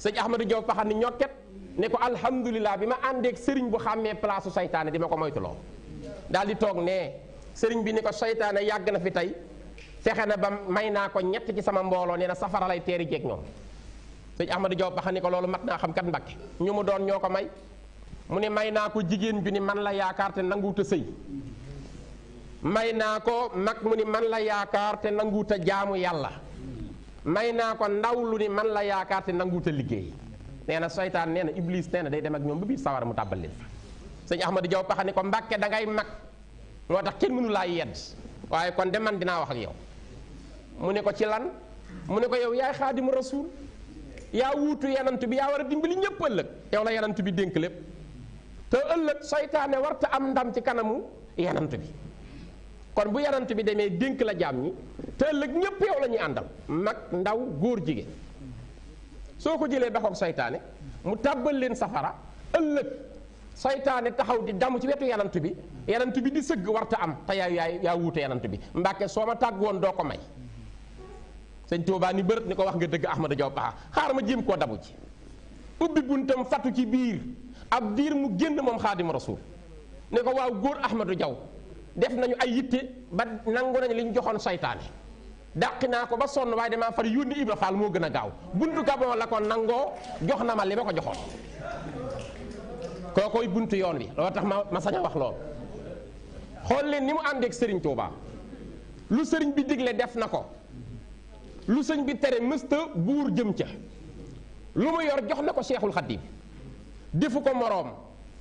sëñ Ahmadou Diaw Paxa ni ñokket ne ko alhamdulilah bi ma àndeek sëriñ bu xàmmee place su saytaane di ma ko moytuloo daal di toog nee sëriñ bi ni ko seytaane yàgg na fi tey fexe na ba may naa ko ñett ci sama mbooloo nee na safara lay teeri jeeg ñoom. sëñ Ahmadu Jaw baxa ko loolu mat naa xam kat Mbàkke ñu mu doon ñoo ko may mu ne may naa ko jigéen ju ni man la yaakaar te nanguut a sëy may naa ko mag mu ne man la yaakaar te nanguut a jaamu yàlla may naa ko ndaw lu ni man la yaakaar te nanguut a liggéey nee na seytaan nee na iblis nee na day dem ak ñoom ba biir sawara mu tàbbal leen fa sëñ Ahmadu Jaw baxa ni ko Mbàkke dangay ngay mag moo tax kenn mënu laa yedd waaye kon de man dinaa wax ak yow mu ne ko yaa wuutu yanant bi yaa war a dimbali ñëpp ëllëg yow la yanant bi dénk lépp te ëllëg soytaane warta am ndam ci kanamu yanant bi kon bu yanant bi demee dénk la jaam ñi te ëllëg ñëpp yow la ñuy àndal mag ndaw góor jigéen soo ko jëlee baxoog soytaane mu tàbbal leen safara ëllëg soytaane taxaw di damu ci wetu yanant bi yanant bi di sëgg warta am te yaay yaay yaa wuute yanant bi mbàkke soo ma tàgg woon doo ko may sëñ Tuubaa ni bërët ni ko wax nga dëgg Ahmada Jaw Paxa xaar ma jéem koo dabu ci ubbi buntam fatu ci biir ab biir mu génn moom xaadima rasul ne ko waaw góor Ahmadu Jaw def nañu ay yitte ba nangu nañ li ñu joxoon saytaane dàqi naa ko ba sonn waaye damaa far yónni Ibra Fall moo gën a gaaw buntu gabon la ko nangoo jox na ma li ma ko joxoon kookoy bunt yoon wi loolu tax ma ma saña wax lool xool leen ni mu àndeek sëriñ Tuubaa lu sëriñ bi digle def na ko lu sëñ bi tere mësta buur jëm ca lu mu yor jox na ko Seexul Xaddim defu ko moroom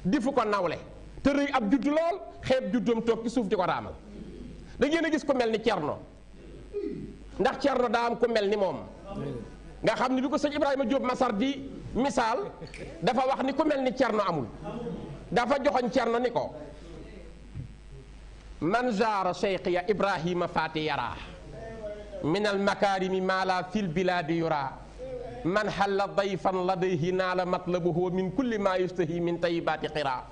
defu ko nawle te rëy ab juddu lool xeeb juddam toog ci suuf di ko raamal da ngeen gis ku mel ni Cerno ndax Cerno daa am ku mel ni moom nga xam ni bi ko sëñ Ibrahima Diop Masar di misaal dafa wax ni ku mel ni Cerno amul dafa joxoñ Cerno ni ko man jaara Cheikh ya Ibrahima faati yaraa min almakarimi maa la fil bilaadi yura man xalla dayfan ladayhi naala matlabuhu min kulli maa yustahi min tayibaati qira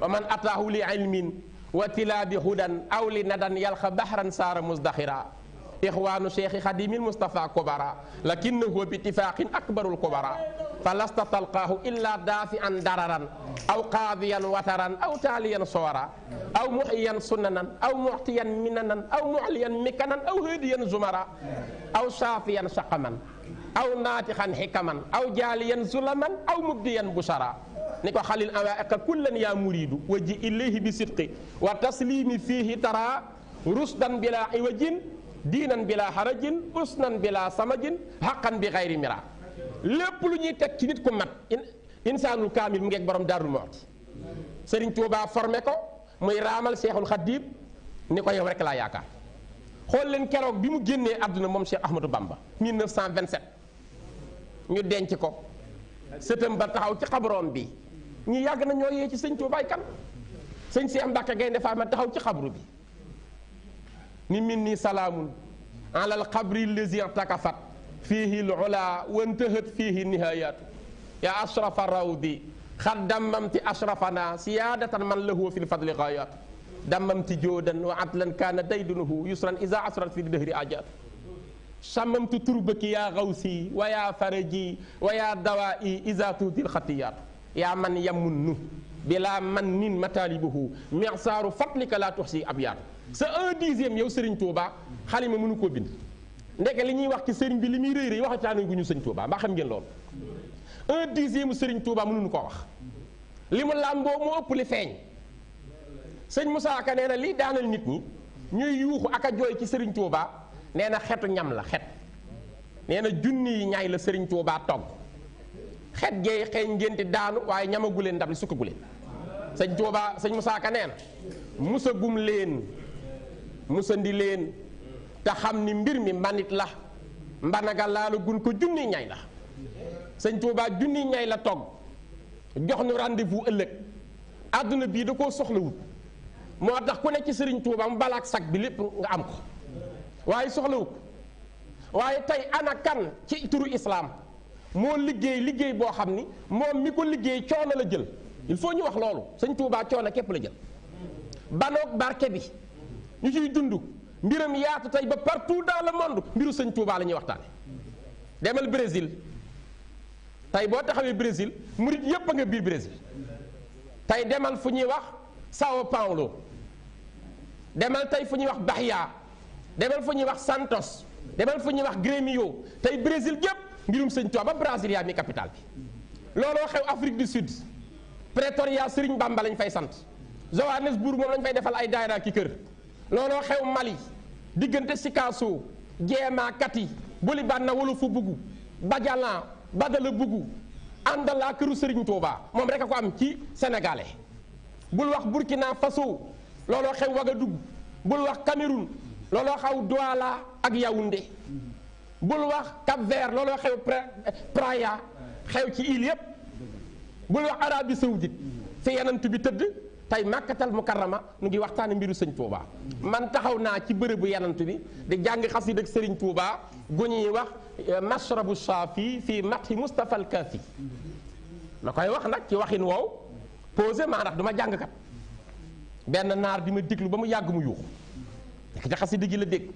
wa man ataahu li ilmin wa tilaabi hudan aw li nadan yalxa baxran saara musdaxira ixwaanu cheikhi xadimil mustafa kubara lakinnahu bi tifaqin akbarul kubara fa lasta talqaahu illa daafi an dararan aw qaadiyan wataran aw taaliyan soora aw muxiyan sunanan aw muxtiyan minanan aw muxliyan mikanan aw hëdiyan zumara aw saafiyan saqaman aw naatixan xikaman aw jaaliyan zulaman aw mubdiyan busara ni ko xalil awaaqa kullan yaa muridu wa ji ilayhi bi sidqi wa taslimi fiihi tara rusdan bila iwajin diinan bi laa xarajin usnan bi laa samajin xaqan bi xayri mira lépp lu ñuy teg ci nit ku mat insaanul kaamil mu ngeeg borom daarul mooti sëriñ Tuubaa formé ko muy raamal seexul xaddiib ni ko yow rek laa yaakaar xool leen keroog bi mu génnee àdduna moom Cheikh Ahmadou Bamba 1927 ñu denc ko sëtam ba taxaw ci xabroom bi ñu yàgg na ñoo yee ci sëñ Tuubaa kan sëñ Cheikh Mbàkke Gaynde Fatma taxaw ci xabru bi ni minni salaamun alal qabri lazi irtakafat fiihi l ula wantahat fiihi nihayaatu ya ashrafa rawdi xad dammamti ashrafana siyaadatan man lahu fi lfadli gaayaatu dammamti joodan wa atlan kaana daydunuhu yusran iza asrat fi dëhri ajaatu sàmmamtu turbaki yaa xawsi wa yaa faraji wa yaa dawaa'i iza tuhdil xatiyaatu yaa man yamunnu bila man nin mataalibuhu mi'saaru fatlika laa tuxsi abyaatu sa un dixième yow Serigne Touba xalima mënu koo bind ndeke li ñuy wax ci sëriñ bi li muy rëy rëy waxataane gu ñu Serigne Touba mbaa xam ngeen loolu un dixième Serigne Touba mënuñu koo wax li mu làmboo moo ëpp li feeñ sëñ Moussa Ka nee na li daanal nit ñi ñuy yuuxu ak a jooy ci Serigne Touba nee na xetu ñam la xet nee na junni yi ñaay la Serigne Touba togg xet geey xeeñ ngénti daanu waaye ñamagu leen ndab li sukkagu leen sëñ Touba sëñ Moussa Ka nee na musagum leen. musandi leen te xam ni mbir mi mbanit la mbanaga gun ko junni ñay la sëñ Tuubaa junni ñay la togg jox nu rendez-vous ëllëg àdduna bii da koo soxlawut moo tax ku ne ci sëriñ Tuubaa mu balaak sag bi lépp nga am ko waaye soxlawut waaye tey ana kan ci turu islaam moo liggéey liggéey boo xam ni moom mi ko liggéey coono la jël il faut ñu wax loolu sëñ Tuubaa coono képp la jël banoog barke bi ñu ciy dund mbiram yaatu tey ba partout dans le monde mbiru sëñ Touba la ñuy waxtaane demal Brésil tay boo taxawee Brésil murit yépp a nga biir Brésil tey demal fu ñuy wax Sao Paulo demal tey fu ñuy wax Bahia demal fu ñuy wax Santos demal fu ñuy wax Grêmio tey Brésil gépp mbirum sëñ Touba ba Brasilia mi capital bi looloo xew Afrique du Sud Pretoria Serigne Bamba lañ fay sant Johannesburg moom lañ fay defal ay daayira ki kër looloo xew Mali diggante Sikasso Jeema Kati Buli Banna Wolofu Bugu Bajalan Badala Bugu Andala këru Serigne Touba moom rek a ko am ci sénégalais bul wax Burkina Faso looloo xew Ouagadougou bul wax Cameroun looloo xaw Douala ak Yaoundé bul wax Cap-Vert looloo xew Praia xew ci île yépp bul wax Arabie Saoudite fi yenant bi tëdd tey màkkatal mukarrama mu ngi waxtaane mbiru sëñ Touba man taxaw naa ci bërëbu yanantu bi di jàng xasida ak sëriñ Touba gu ñuy wax eh, mashrabu saafi fii mathi Mustafa al Kaafi ma koy wax nag ci waxin woow posé maa ndax du ma jàng kat benn naar bi ma déglu ba mu yàgg mu yuux nekk ci xasida gi la dégg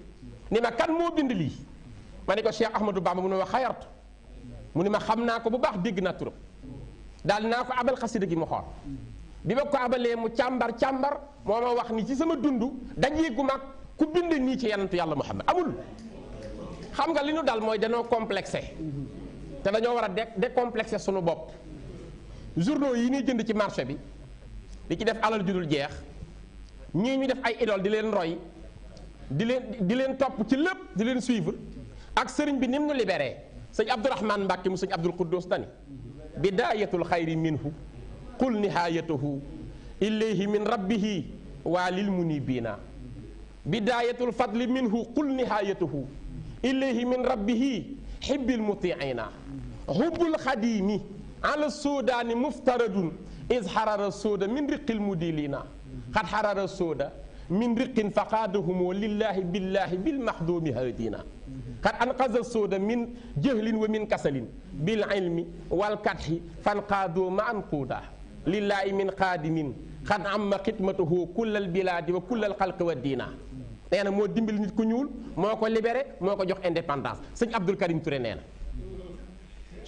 ni ma kan moo bind lii ma ne ko Cheikh Ahmadou Bamba mu ne ma xayartu mu ne ma xam naa ko bu baax dégg naa turam dal naa ko abal xasida gi mu xool bi ma ko mu càmbar càmbar moo ma wax ni ci sama dund dajee gu mag ku bind nii ci yenant yàlla Muhammad amul xam nga li ñu dal mooy dañoo complexé te dañoo war a décomplexé suñu bopp journaux yi ñuy jënd ci marché bi di ci def alal ju dul jeex ñii ñu def ay idole di leen roy di leen di leen topp ci lépp di leen suivre ak sëriñ bi ni mu nu libéré sëñ Abdourahman Mbàkke mu sëñ Abdul Quddus dani bidaayatul xayri minhu qul nihayatuhu ilayhi min rabbihi waa lil munibina bidayatul fadli minhu qul nihayatuhu ilayhi min rabbihi xibbil mutiina xubbul xadiimi ala soodaani muftaradun is xarara sooda min riqil mudilina xat xarara sooda min riqin faqaadahumoo lillahi billahi bil maxduumi haadina xat anqaza sooda min jëhlin wa min kasalin bil ilmi wal katxi fanqaadoo ma an quudaa lillaahi min xaadimin xad amma xidmatuhu kullal bilaadi wa kullal xalqi wa diina nee na moo dimbali nit ku ñuul moo ko libere moo ko jox indépendance sëñ Abdul Karim Touré nee na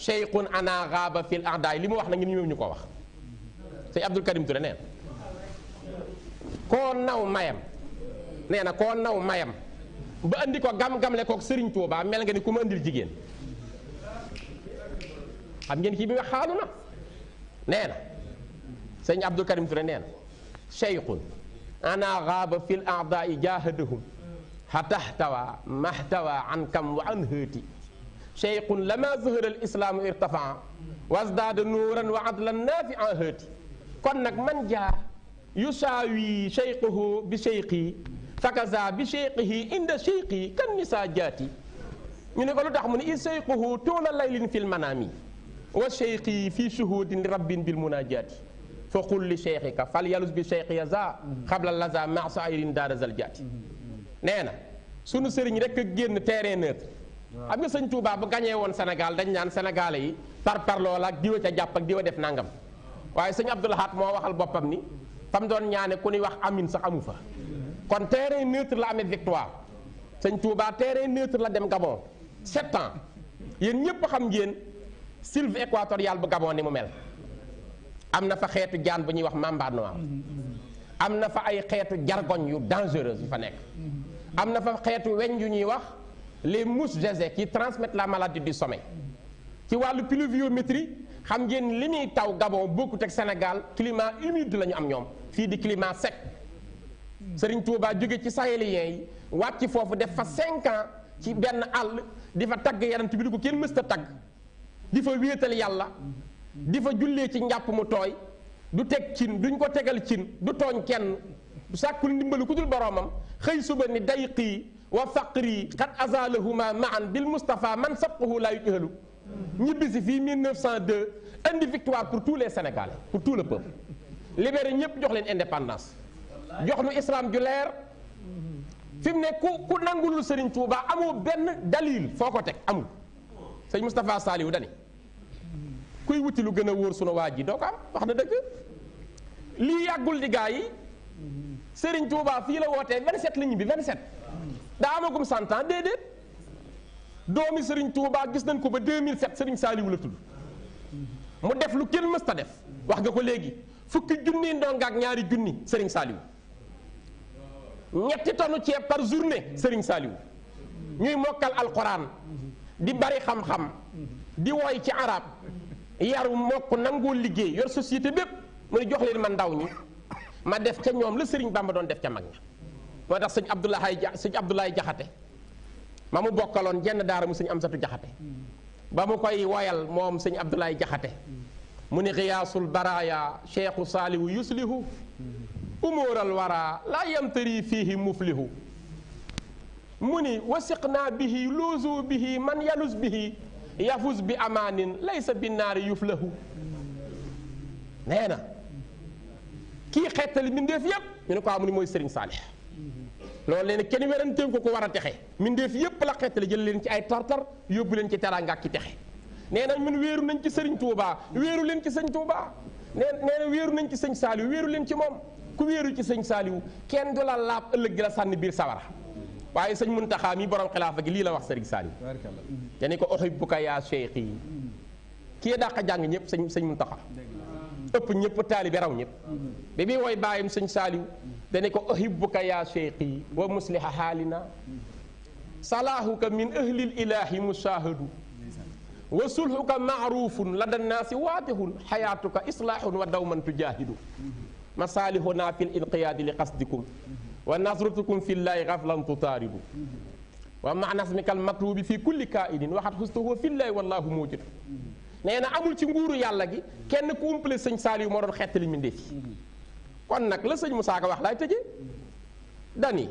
cheyqun ana gaaba fil adaay li mu wax nag ñun ñu ko wax sëñ Abdul Karim Touré nee koo naw mayam nee na koo naw mayam ba andi ko gam-gamle kook Sëriñ Tuubaa mel nga ni ku ma andil jigéen xam ngeen kii bi nga xaalu na nee sëñ Abdou Karim Touré nee na cheyqun ana xaaba fil aadaa'i jaahadahum xataxtawa maxtawa an kam wa an hëti cheyqun lama zahara al islaamu irtafaa wasdaada nuuran wa adlan naafian hëti kon nag man jaa yusaawi cheyquhu bi cheyqi fakaza bi cheyqihi inda cheyqi kan nisa jaati ñu ne ko lu tax mu ne i cheyquhu tuula laylin fil manaami wa cheyqi fi shuhudin rabbin bil munajaati fa qul li ka fal yalus bi cheikh yaza xabla laza masa ayrin daara zaljaati nee na sunu sëriñ rek a génn terrain neutre am nga sëñ Touba bu gañee woon senegal dañ naan sénégalais yi par par loola ak diwa ca jàpp ak diwa def nangam waaye sëñ Abdou Lahad moo waxal boppam ni fam doon ñaane ku ñuy wax amin sax amu fa kon terrain neutre la amee victoire sëñ Touba terrain neutre la dem Gabon sept ans yéen ñëpp xam ngeen sylve équatoriale bu Gabon ni mu am na fa xeetu jaan bu ñuy wax mamba noir am na fa ay xeetu jargoñ yu dangereuse yu fa nekk am na fa xeetu weñ yu ñuy wax les mousses jaezae qui transmettent la maladie du sommeil ci wàllu pluviométrie xam ngeen li ñuy taw Gabon bokkut ak Sénégal climat humide lañu ñu am ñoom fii di climat sec Serigne Touba jóge ci sahélien yi wàcc ci foofu def fa 5 ans ci benn àll di fa tagg yonent bi ko kenn mës ta tagg di fa wéetal yàlla di fa jullee ci njàpp mu tooy du teg cin duñ ko tegal cin du tooñ kenn sàkkul ndimbalu ku dul boroomam xëy suba ni dayqii wa faqrii xat azalahuma maan bil Mustapha man sabqahu laa yujhalu ñibbisi fii 1902 indi victoire pour tous les Sénégalais pour tout le peuple libéré ñëpp jox leen indépendance jox nu islam ju leer fi mu ne ku ku nangulul Serigne Touba amoo benn dalil foo ko teg amul sëñ Moustapha Saliou dani kuy wuti lu gën a wóor sunu waa ji doo ko am wax na dëgg lii yàggul di gaa yi Serigne Touba fii la wootee 27 la ñibbi set daa amagum 100 ans déedéet doomi sëriñ Touba gis nañ ko ba 2007 Serigne Saliou la tudd mu def lu kenn mësta def wax nga ko léegi fukki junni ndonga ak ñaari junni sëriñ Saliou ñetti tonu ceeb par journée sëriñ Saliou ñuy mokkal alquran di bari xam-xam di woy ci arab yaru mokk nangoo liggéey yor société bépp mu ne jox leen ma ndaw ñi ma def ca ñoom la sëriñ ma doon def ca mag ña moo tax sëñ Abdoulaye ja sëñ Abdoulaye Jaxate ma mu bokkaloon jenn daara mu sëñ Amsatu Jaxate ba mu koy woyal moom sëñ Abdoulaye Jaxate mu ne xiyaasul baraaya cheikhu saalihu yuslihu umóoral wara laa yamtari fiihi muflihu mu ni wasiq naa bihi loosoo bihi man yalus bihi yafus bi amaanin laysa naar yuflahu nee na kii xettali mbindeef yëpp ñu ne ko mu ni mooy sëriñ Serigne Saalix loolu leen kenn weranteewu ko ko war a texe mbindeef yëpp la xettali jël leen ci ay tartar yóbbu leen ci teraanga ki ci texe nee na ñun wéeru nañ ci sëriñ Touba weeru leen ci sëñ Touba nee nee na nañ ci sëñ Saaliw wéeru leen ci moom ku wéeru ci sëñ Saaliw kenn du la laab ëllëg gi la sànni biir sawara waaye sëñ Muntaxa mi borom xilaafa ak lii la wax sëriñ Saliou dani ko uhibbuka yaa cheikhi kii dàq jàng ñëpp sëñ sëñ Muntaxa ëpp ñëpp taalibe raw ñëpp bi muy wooy bàyyam sëñ Saliou dani ko uhibbuka yaa cheikhi wa musliha haalina salaahuka min ahlil ilaahi musaahadu wa sulhuka maarufun la dannaasi waatihun xayaatuka islaahun wa dawman tujaahidu masaalihuna fil inqiyaadi li qasdikum wa nasratukum fillahi gaflan tutaaridu wa ma nasmikal bi fii kulli kaidin waxat xustahu fillahi wallahu mujid nee na amul ci nguuru yàlla gi kenn ku umpale sëñ Saaliw moo doon xettali mbindéef yi kon nag la sëñ mu Ka wax laay tëje dani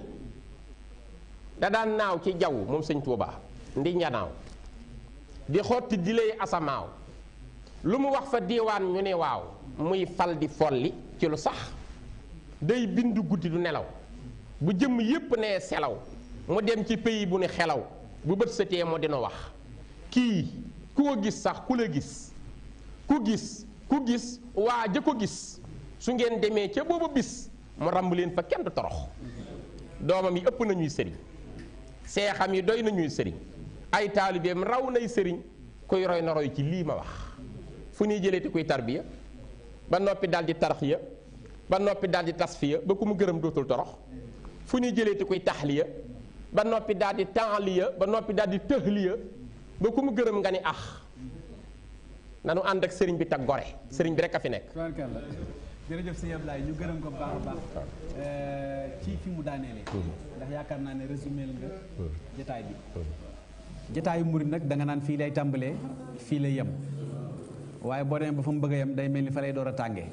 da daan naaw ci jaww moom sëñ Tuubaa ndi njanaaw di xotti di lay asamaaw lu mu wax fa diiwaan ñu ne waaw muy fal di folli ci lu sax day bind guddi du nelaw bu jëmm yépp nee selaw mu dem ci pays bu ne xelaw bu bët sa setee mu dina wax kii ku ko gis sax ku la gis ku gis ku gis waa ja ko gis su ngeen demee ca booba bis mu ramb leen fa kenn torox doomam yi ëpp nañuy sëriñ seexam yi doy nañuy sëriñ ay taalibeem raw nay sëriñ kuy roy na roy ci lii ma wax fu ñuy jëlee te kuy tarbiya ba noppi daal di tarxiya ba noppi daal di tasfiya ba ku mu gërëm dootul torox fu ñu jëlee ti kuy taxliya ba noppi daal di taaliya ba noppi daal di tëhliya ba ku mu gërëm nga ni ax ah, nanu ànd ak sëriñ bi tag gore sëriñ bi rek a fi nekk jërëjëf sëñ Ablaye ñu gërëm ko baax fi mu daaneele mm-hmm. ndax yaakaar naa ne résumé nga mm-hmm. jataay bi mm-hmm. jataayu murit nag danga naan fii lay tàmbalee fii lay yem waaye boo demee ba fa mu bëgg a yem day mel ni fa lay door a tàngee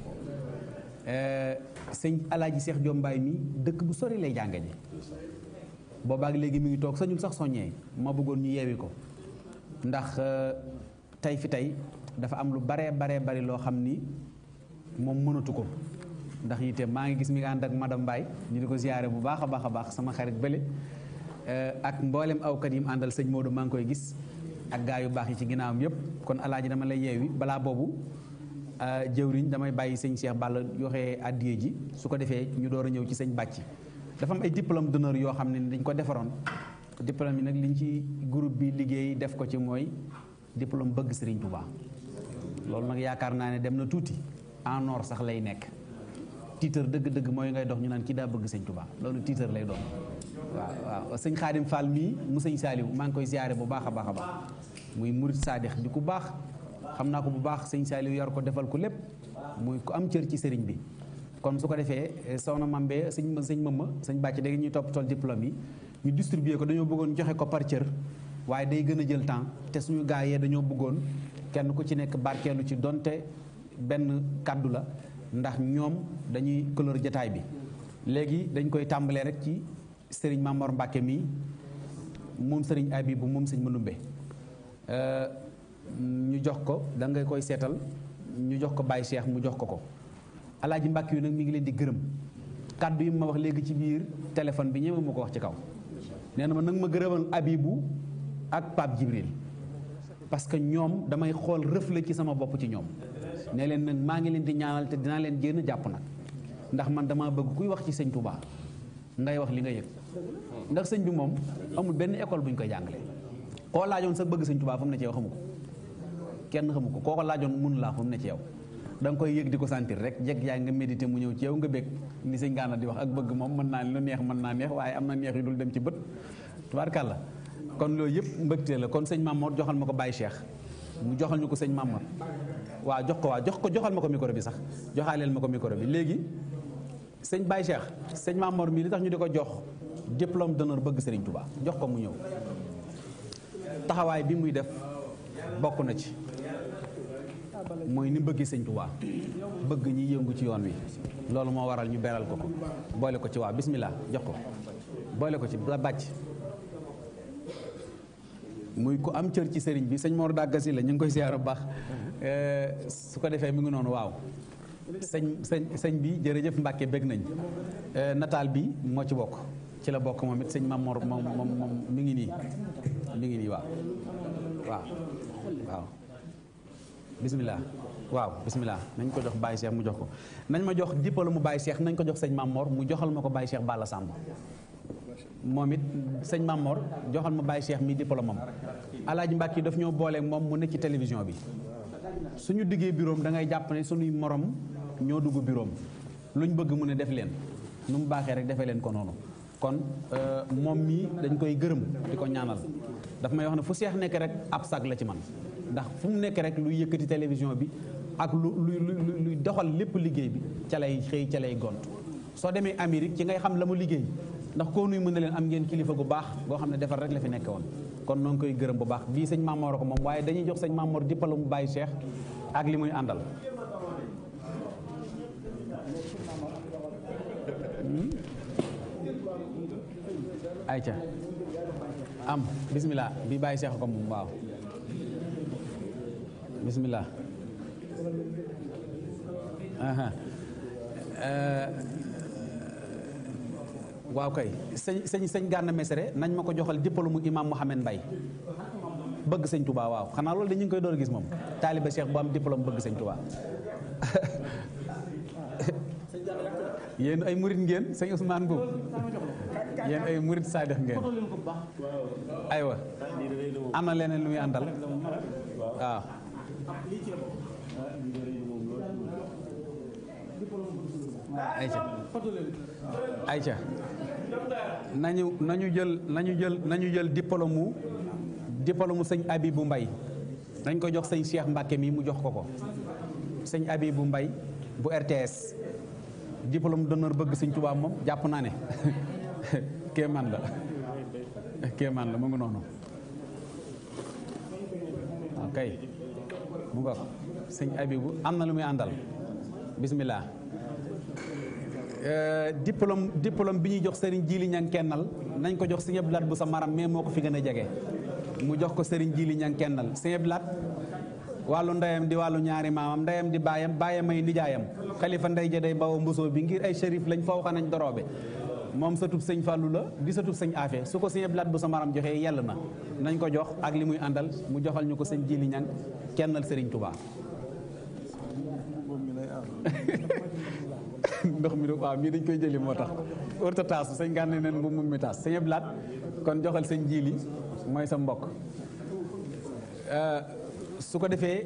Euh, sëñ alaaji seex jombaay mi dëkk bu sori lay jànga ji boobaak léegi mu ngi toog sañul sax soññee ma bëggoon ñu yeewi ko ndax euh, tey fi tey dafa am lu baree baree bari loo xam ni moom mënatu ko ndax itam maa ngi gis mi ngi ànd ak madame Mbaye ñu di ko ziyaare bu baax a baax a baax sama xarit bële euh, ak mboolem awkat yim àndal sëñ Modou maa ngi koy gis ak gaa yu baax yi ci ginnaawam yëpp kon alaaji dama lay yeewi balaa boobu Euh, jëwriñ damay bàyyi sëñ Cheikh Balla yoxee addiye ji su ko defee ñu door a ñëw ci sañ bàcc dafa am ay diplôme d'honneur yoo xam ne dañ ko defaroon diplôme yi nag li liñ ci groupe bi liggéey def ko ci mooy diplôme bëgg Serigne Touba loolu nag yaakaar naa ne dem na tuuti en or sax lay nekk tiitër dëgg-dëgg mooy ngay dox ñu naan kii daa bëgg sëñ Touba loolu tiitër lay doon waaw waaw sëñ Xaadim Fall mii mu sëñ Saaliw maa ngi koy ziyaare bu baax a baax a baax muy murit baax xam naa ko bu baax sëñ Saliou yar ko defal ko lépp muy ku am cër ci sëriñ bi kon su ko defee eh, soxna Mambé sëñ sëñ Mama sëñ Bàcc da ñuy topp tool diplôme yi ñu distribuer ko dañoo bëggoon joxe ko par cër waaye day gën a jël temps te suñu gaa yee dañoo bëggoon kenn ku ci nekk barkeelu ci donte benn kàddu la ndax ñoom dañuy couleur jataay bi léegi dañ koy tàmbalee rek ci sëriñ Mamor Mbàkke mii moom sëriñ Abi bu moom sëñ Manumbe euh, ñu jox ko da nga koy seetal ñu jox ko Baye Cheikh mu jox ko ko alaaji mbàkk yu nag mi ngi leen di gërëm kàddu yi ma wax léegi ci biir téléphone bi ñëw ma ko wax ci kaw nee na ma nag ma gërëmal Abibu ak Pape Jibril parce que ñoom damay xool reflet ci sama bopp ci ñoom ne leen nag maa ngi leen di ñaanal te dinaa leen jéem jàpp nag ndax man damaa bëgg kuy wax ci sëñ Touba ngay wax li nga yëg ndax sëñ bi moom amul benn école bu ñu koy jàngalee koo laajoon sa bëgg sëñ Touba fa mu ne cee kenn xamu ko koo ko laajoon mun laa fu mu ne ci yow da nga koy yëg di ko sentir rek jekk yaa nga médite mu ñëw ci yow nga bég ni sëñ gaana di wax ak bëgg moom mën naa lu neex mën naa neex waaye am na neex yu dul dem ci bët tubaarkàlla kon loolu yëpp mbëgte la kon sëñ Mamoor joxal ma ko Baye Cheikh mu joxal ñu ko sëñ Mamoor waa jox ko waa jox ko joxal ma ko micro bi sax joxaaleel ma ko mikoro bi léegi sëñ bay Cheikh sëñ Mamoor mii li tax ñu di ko jox diplôme d'honneur bëgg Sëriñ Touba jox ko mu ñëw taxawaay bi muy def bokk na ci mooy ni bëggee sëñ Tuubaa bëgg ñi yëngu ci yoon wi loolu moo waral ñu beral ko ko boole ko ci waa bismillah jox ko boole ko ci la bàcc muy ku am cër ci sëriñ bi sëñ Mor Dàggasi la ñu ngi koy siyaar bu baax eh, su ko defee mi ngi noonu waaw sëñ sëñ sëñ bi jërëjëf Mbàkke bég nañ eh, nataal bi moo ci bokk ci la bokk moom it sëñ Mamor moom moom mi ngi nii mi ngi nii waaw waaw bisimilah waaw bisimilah nañ ko jox Baye Cheikh mu jox ko nañ ma jox dippalu mu bàyyi Cheikh nañ ko jox sëñ Mamor mu joxal ma ko Baye Cheikh Balla Samb moom it sëñ Mamor joxal ma Baye Cheikh mi diplôme am Alaaji Mbàkke daf ñoo booleeg moom mu nekk ci télévision bi suñu diggee bureau dangay ngay jàpp ne suñuy morom ñoo dugg bureau luñ bëgg mu ne def leen nu mu baaxee rek defee leen ko noonu kon euh, moom mii dañ koy gërëm di ko ñaanal daf may wax ne fu seex nekk rek ab sag la ci man ndax fu mu nekk rek luy yëkkati télévision bi ak lu luy luy doxal lépp liggéey bi ca lay xëy ca lay gont soo demee Amérique ci ngay xam la mu liggéey ndax koo nuy mën na leen am ngeen kilifa gu baax goo xam ne defar rek la fi nekk woon kon noo ngi koy gërëm bu baax bii sëñ Mamor ko moom waaye dañuy jox sëñ Mamor diplôme mu Baye Cheikh ak li àndal hmm? ayca am bismillah bi Baye Cheikh ko moom waaw bismillah aha eh, waaw kay sëñ sëñ sëñ Gana Messere nañ ma ko joxal diplôme imam Mohamed Mbaye bëgg sëñ Touba waaw xanaa loolu dañu ngi koy door gis moom taaliba Cheikh bu am diplôme bëgg sëñ Touba yéen ay murit ngeen sëñ Ousmane Mbuub yéen ay murit saadix ngeen aywa am na leneen lu muy àndal waaw ayca ayca nañu nañu jël nañu jël nañu jël diplôme mu diplôme mu sëñ Abibou Mbaye nañ ko jox sëñ Cheikh Mbacke mi mu jox ko ko sëñ bu mbay bu RTS diplôme d'honneur bëgg sëñ Tuubaa moom jàpp naa ne kéemaan la kéemaan la mu ngi noonu ok mu ngoog sëñ Abibu am na lu muy àndal bisimilah. Euh, diplôme diplôme bi ñuy jox sëriñ Jili Ñang kennal nañ ko jox sëñ bu sa maram mais moo ko fi gën a jege mu jox ko sëriñ Jili Ñang kennal sëñ Abdu Laat wàllu ndeyam di wàllu ñaari maamam ndeyam di baayam baayam ay nijaayam xalifa ndey ja day bawa mbusoo bi ngir ay shérif lañ foo waxa nañ doroobe moom satub sëñ Fallou la di satub sëñ Afé su ko sëñ Blaat bu sa maram joxee yell na nañ ko jox ak li muy àndal mu joxal ñu ko sëñ Jili Ñang kennal Sëriñ Touba. ndox mi mii dañ koy jëli moo tax wërta taasu sëñ gànne neen bu kon joxal sëñ Jili mooy sa mbokk euh, su ko defee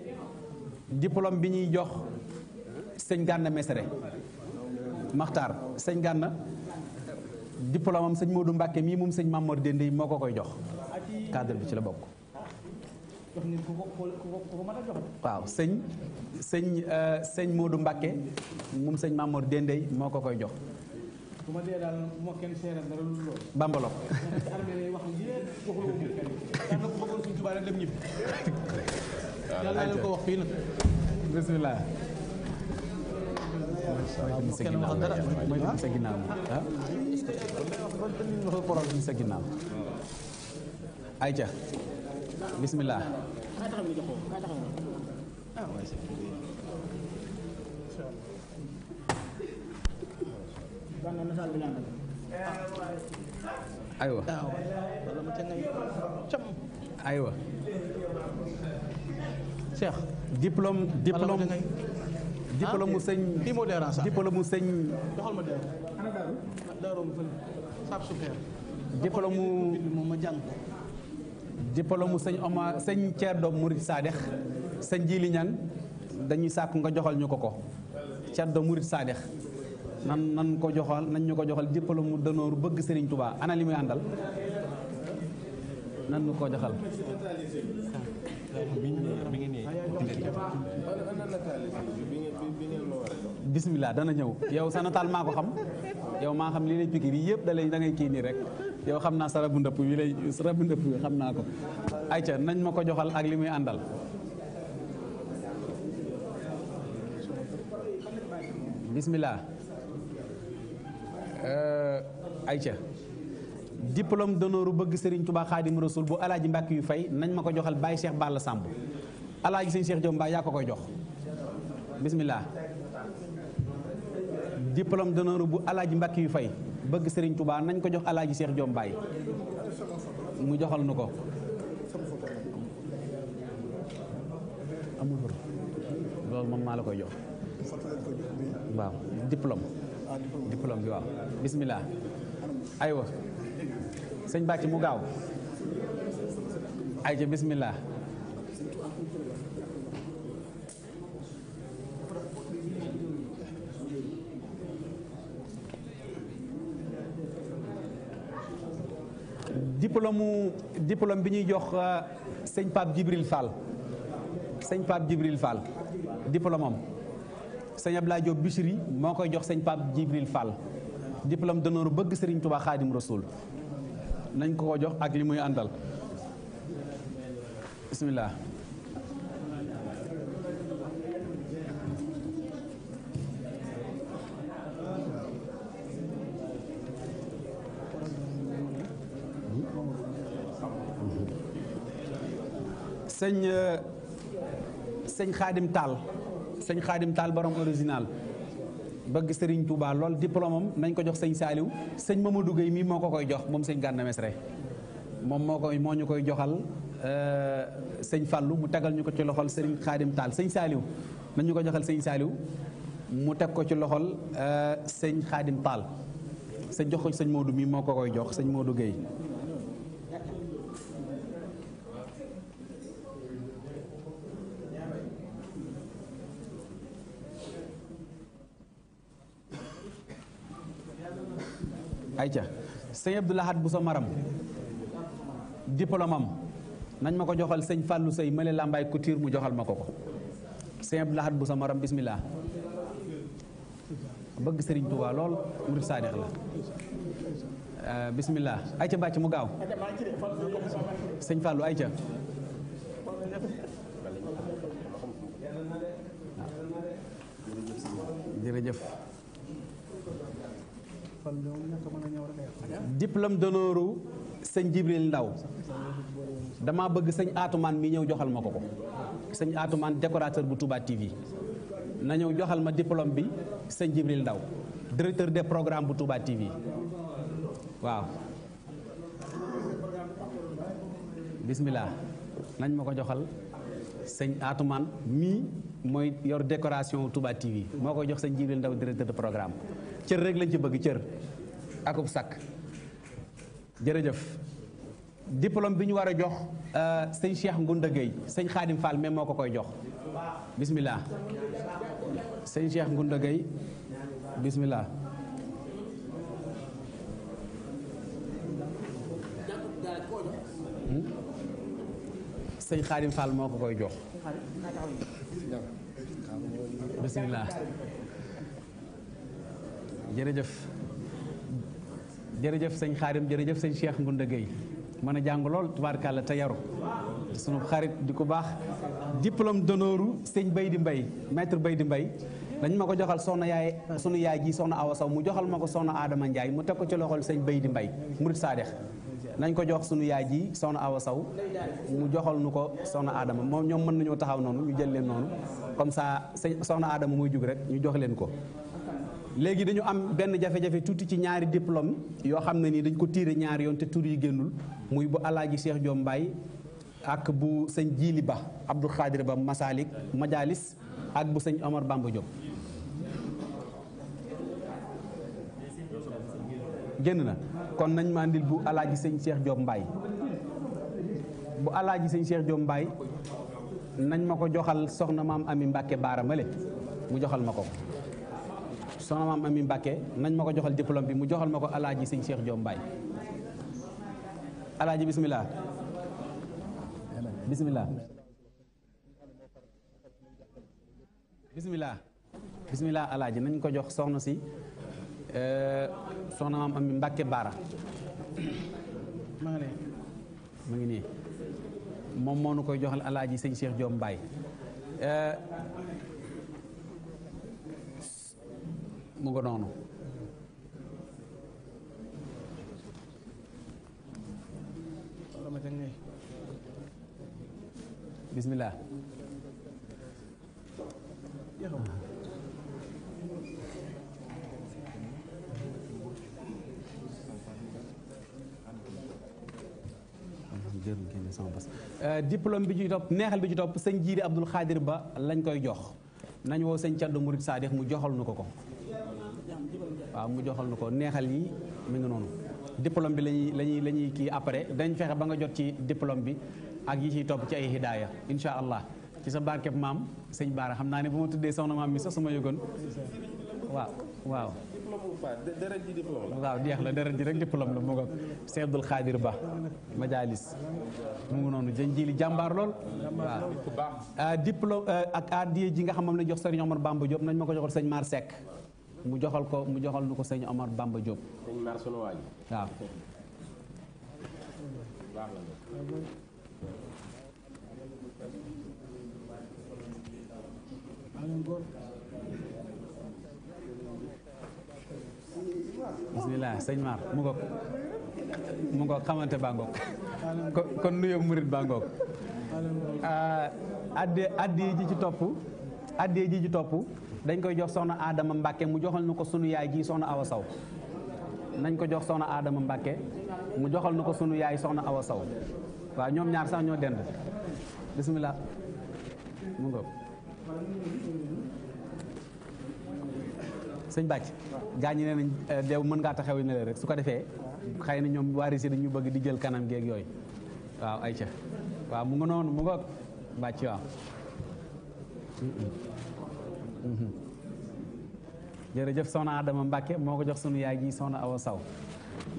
diplôme bi ñuy jox sëñ gànna mesere maxtaar sëñ gànna diplôme am sëñ Modou Mbacke mii moom sëñ Mamour Dende moo ko koy jox cadre bi ci la bokk. waaw sëñ sëñ euh, sëñ Modou Mbacke moom sëñ Mamour Dende yi moo ko koy jox. bu ma dee sa ginnaaw mooy sa ginnaaw ah mooy sa ginnaaw ayca bismillah aywa aywa Cheikh diplôme diplôme diplôme mu ah, sëñ. kii moo dee raasaal mu sëñ. joxal ma delloo. ana mu fële. Saab Super. diplôme mu moom ma jàng ko. diplôme mu sëñ Omar sëñ Thierno Mouride Sadex dañuy sàkk nga joxal ñu ko ko Thierno Mouride Sadex nan nan ko joxal nañ ñu ko joxal diplôme mu danoor bëgg Serigne tubaa ana li muy àndal nan ñu ko joxal. Ah, bismillah dana ñëw yow sa nataal maa ko xam yow maa xam li lay pikir yi yëpp da lay kii nii rek yow xam naa sa rabu ndëpp wi lay sa rabu ndëpp wi xam naa ko ayca nañ ma ko joxal ak li muy àndal bismillah ayca diplôme d'honneur bëgg Serigne Touba Khadim Rasoul bu alaaji Mbàkke yu fay nañ ma ko joxal baay seex Balla Samb alaaji sëñ Cheikh Diom Ba yaa ko koy jox bismillah diplôme d'honneur bu alaaji Mbàkke yu fay bëgg Serigne tubaa nañ ko jox alaaj Seex Joom Baay mu joxal nu ko loolu moom maa la koy jox waaw diplôme diplôme bi waaw bismillah aywa mu gaaw ay ca bismillah diplôme diplôme bi ñuy jox euh, sëñ Pape Djibril Fall sëñ Pape Djibril Fall diplôme am sëñ Abdoulaye Diop Bichri moo koy jox sëñ Pape Djibril Fall diplôme d'honneur bëgg Serigne Touba Khadim Rasoul nañ ko jox ak li muy àndal bismillah sëñ euh, sëñ xaadim taal sëñ xaadim taal borom original bëgg sëriñ tuubaa lool diplôme am nañ ko jox sëñ saaliw sëñ ma mu Gueye mii moo ko koy jox moom sëñ Gana Messere moom moo koy moo ñu koy joxal euh, sëñ Fallou mu tegal ñu ko ci loxol sëriñ xaadim taal sëñ saaliw nañu ko joxal sëñ saaliw mu teg ko ci loxol euh, sëñ xaadim taal sëñ jox ko sëñ Modou mii moo ko koy jox sëñ Modou Gueye ayca sëñ Abdou Lahad bu sa maram diplôme nañ ma ko joxal sëñ fàllu Sey male làmbaay couture mu joxal ma ko ko sëñ Abdou Lahad bu sa maram bismillah bëgg sëriñ Touba lool murid saadix la euh, bismillah ayca bàcc mu gaaw sëñ Fallou ayca jërëjëf diplôme d'honneur sëñ Jibril Ndaw damaa bëgg sëñ Atumaan mi ñëw joxal ma ko ko sëñ Atumaan décorateur bu Touba TV na ñëw joxal ma diplôme bi sëñ Jibril Ndaw directeur des programme bu Touba TV waaw bismillah nañ ma ko joxal sëñ Atumaan mii mooy yor décoration Touba TV moo koy jox sëñ Jibril Ndaw directeur de programme cër rek lañ ci bëgg cër akub sàkk jërëjëf diplôme bi ñu war a jox euh, sëñ Cheikh Ngunda Gueye sëñ Xaadim Fall moo ko koy jox bismillah sëñ Cheikh Ngunda Gueye bismillah hmm? sëñ Xaadim koy jox jërëjëf jërëjëf sëñ xaarim jërëjëf sëñ Cheikh Ngunda Gueye mën a jàng lool tubaarkàlla te yaru sunu xarit di ku baax diplôme d'honneur sëñ Baydi Mbay maître Baydi Mbay dañ ma ko joxal soxna yaay sunu yaay ji soxna Awa Sow mu joxal ma ko soxna Adama Ndiaye mu teg ko ci loxol sëñ Baydi Mbay murit nañ ko jox sunu yaay ji soxna Awa Sow mu joxal nu ko soxna Adama moom ñoom mën nañoo taxaw noonu ñu jël leen noonu comme ça soxna Adama muy jug rek ñu jox leen ko léegi dañu am benn jafe-jafe tuuti ci ñaari diplôme yoo xam ne nii dañ ko tiire ñaari yoon te tur yi génnul muy bu alaaji Cheikh Diom Mbaye bu sëñ Jiili Ba Abdou Khadir Ba Masalik ak bu sëñ Omar Bamba Diop génn na kon nañ ma ndil bu alaaji sëñ seex Diom Mbaye bu alaaji sëñ Cheikh Diom Mbaye nañ ma ko joxal soxna maam Ami Mbàkke Baara mu joxal ma ko sama maam Ami Mbàkke nañ ma ko joxal diplôme bi mu joxal ma ko alaaji sëñ Cheikh Diom Mbaye alaaji bisimilah bisimilah bisimilah bisimilah alaaji nañ ko jox soxna si euh, soxna maam Ami Mbàkke Baara ma ngi ngi nii moom moo nu koy joxal alaaji sëñ Cheikh Diom Mbaye euh, mu nga noonu bismillah euh, diplôme bi ci topp neexal bi ci topp sëñ Jiiri Abdul Xaadir Ba lañ koy jox nañ woo sëñ Caddu Murid Saadix mu joxal nu ko ko waaw mu joxal nu ko neexal yi mi ngi noonu diplôme bi lañuy lañuy la ñuy kii après dañ fexe ba nga jot ci diplôme bi ak yi ciy topp ci ay hidaaya insha allah ci sa barkeb maam sëñ Baara xam naa ne bu ma tuddee soxna maam mi sax su ma waaw waaw waaw jeex la deret ji rek diplôme la mu nga Seex Xaadir Ba majaalis mu ngi noonu jën jili jàmbaar lool waaw ah, diplôme euh, ak addiye ji nga xam moom la jox sëriñ Omar Bamba Diop nañ ma ko joxoon sëñ Mar Seck mu joxal ko mu joxal nu ko sëñ Omar Bamba Diop. sëñ Mar sunu waa ji. waaw. bisimilah sëñ Mar mu ngoog xamante baa ngoog kon nuyoo murit baa ngoog ah, adde addi ji ci topp addi ji ci topp. dañ koy jox soxna Adama Mbacke mu joxal na ko sunu yaay ji soxna Awa Saw nañ ko jox soxna Adama Mbacke mu joxal nu ko sunu yaay soxna Awa Saw waaw ñoom ñaar sax ñoo dend bisimilah mu ngoog sëñ bàcc gaa ñi nee nañ eh, deew mën ngaa taxaw ne la rek su ko defee xëy na ñoom waa Russie dañu bëgg di jël kanam geeg yooyu waaw ay ca waaw mu nga mu ngoog bàcc waaw Mhm. jërëjëf soxna Adama Mbacke moo ko jox sunu yaay ji soxna Awa Saw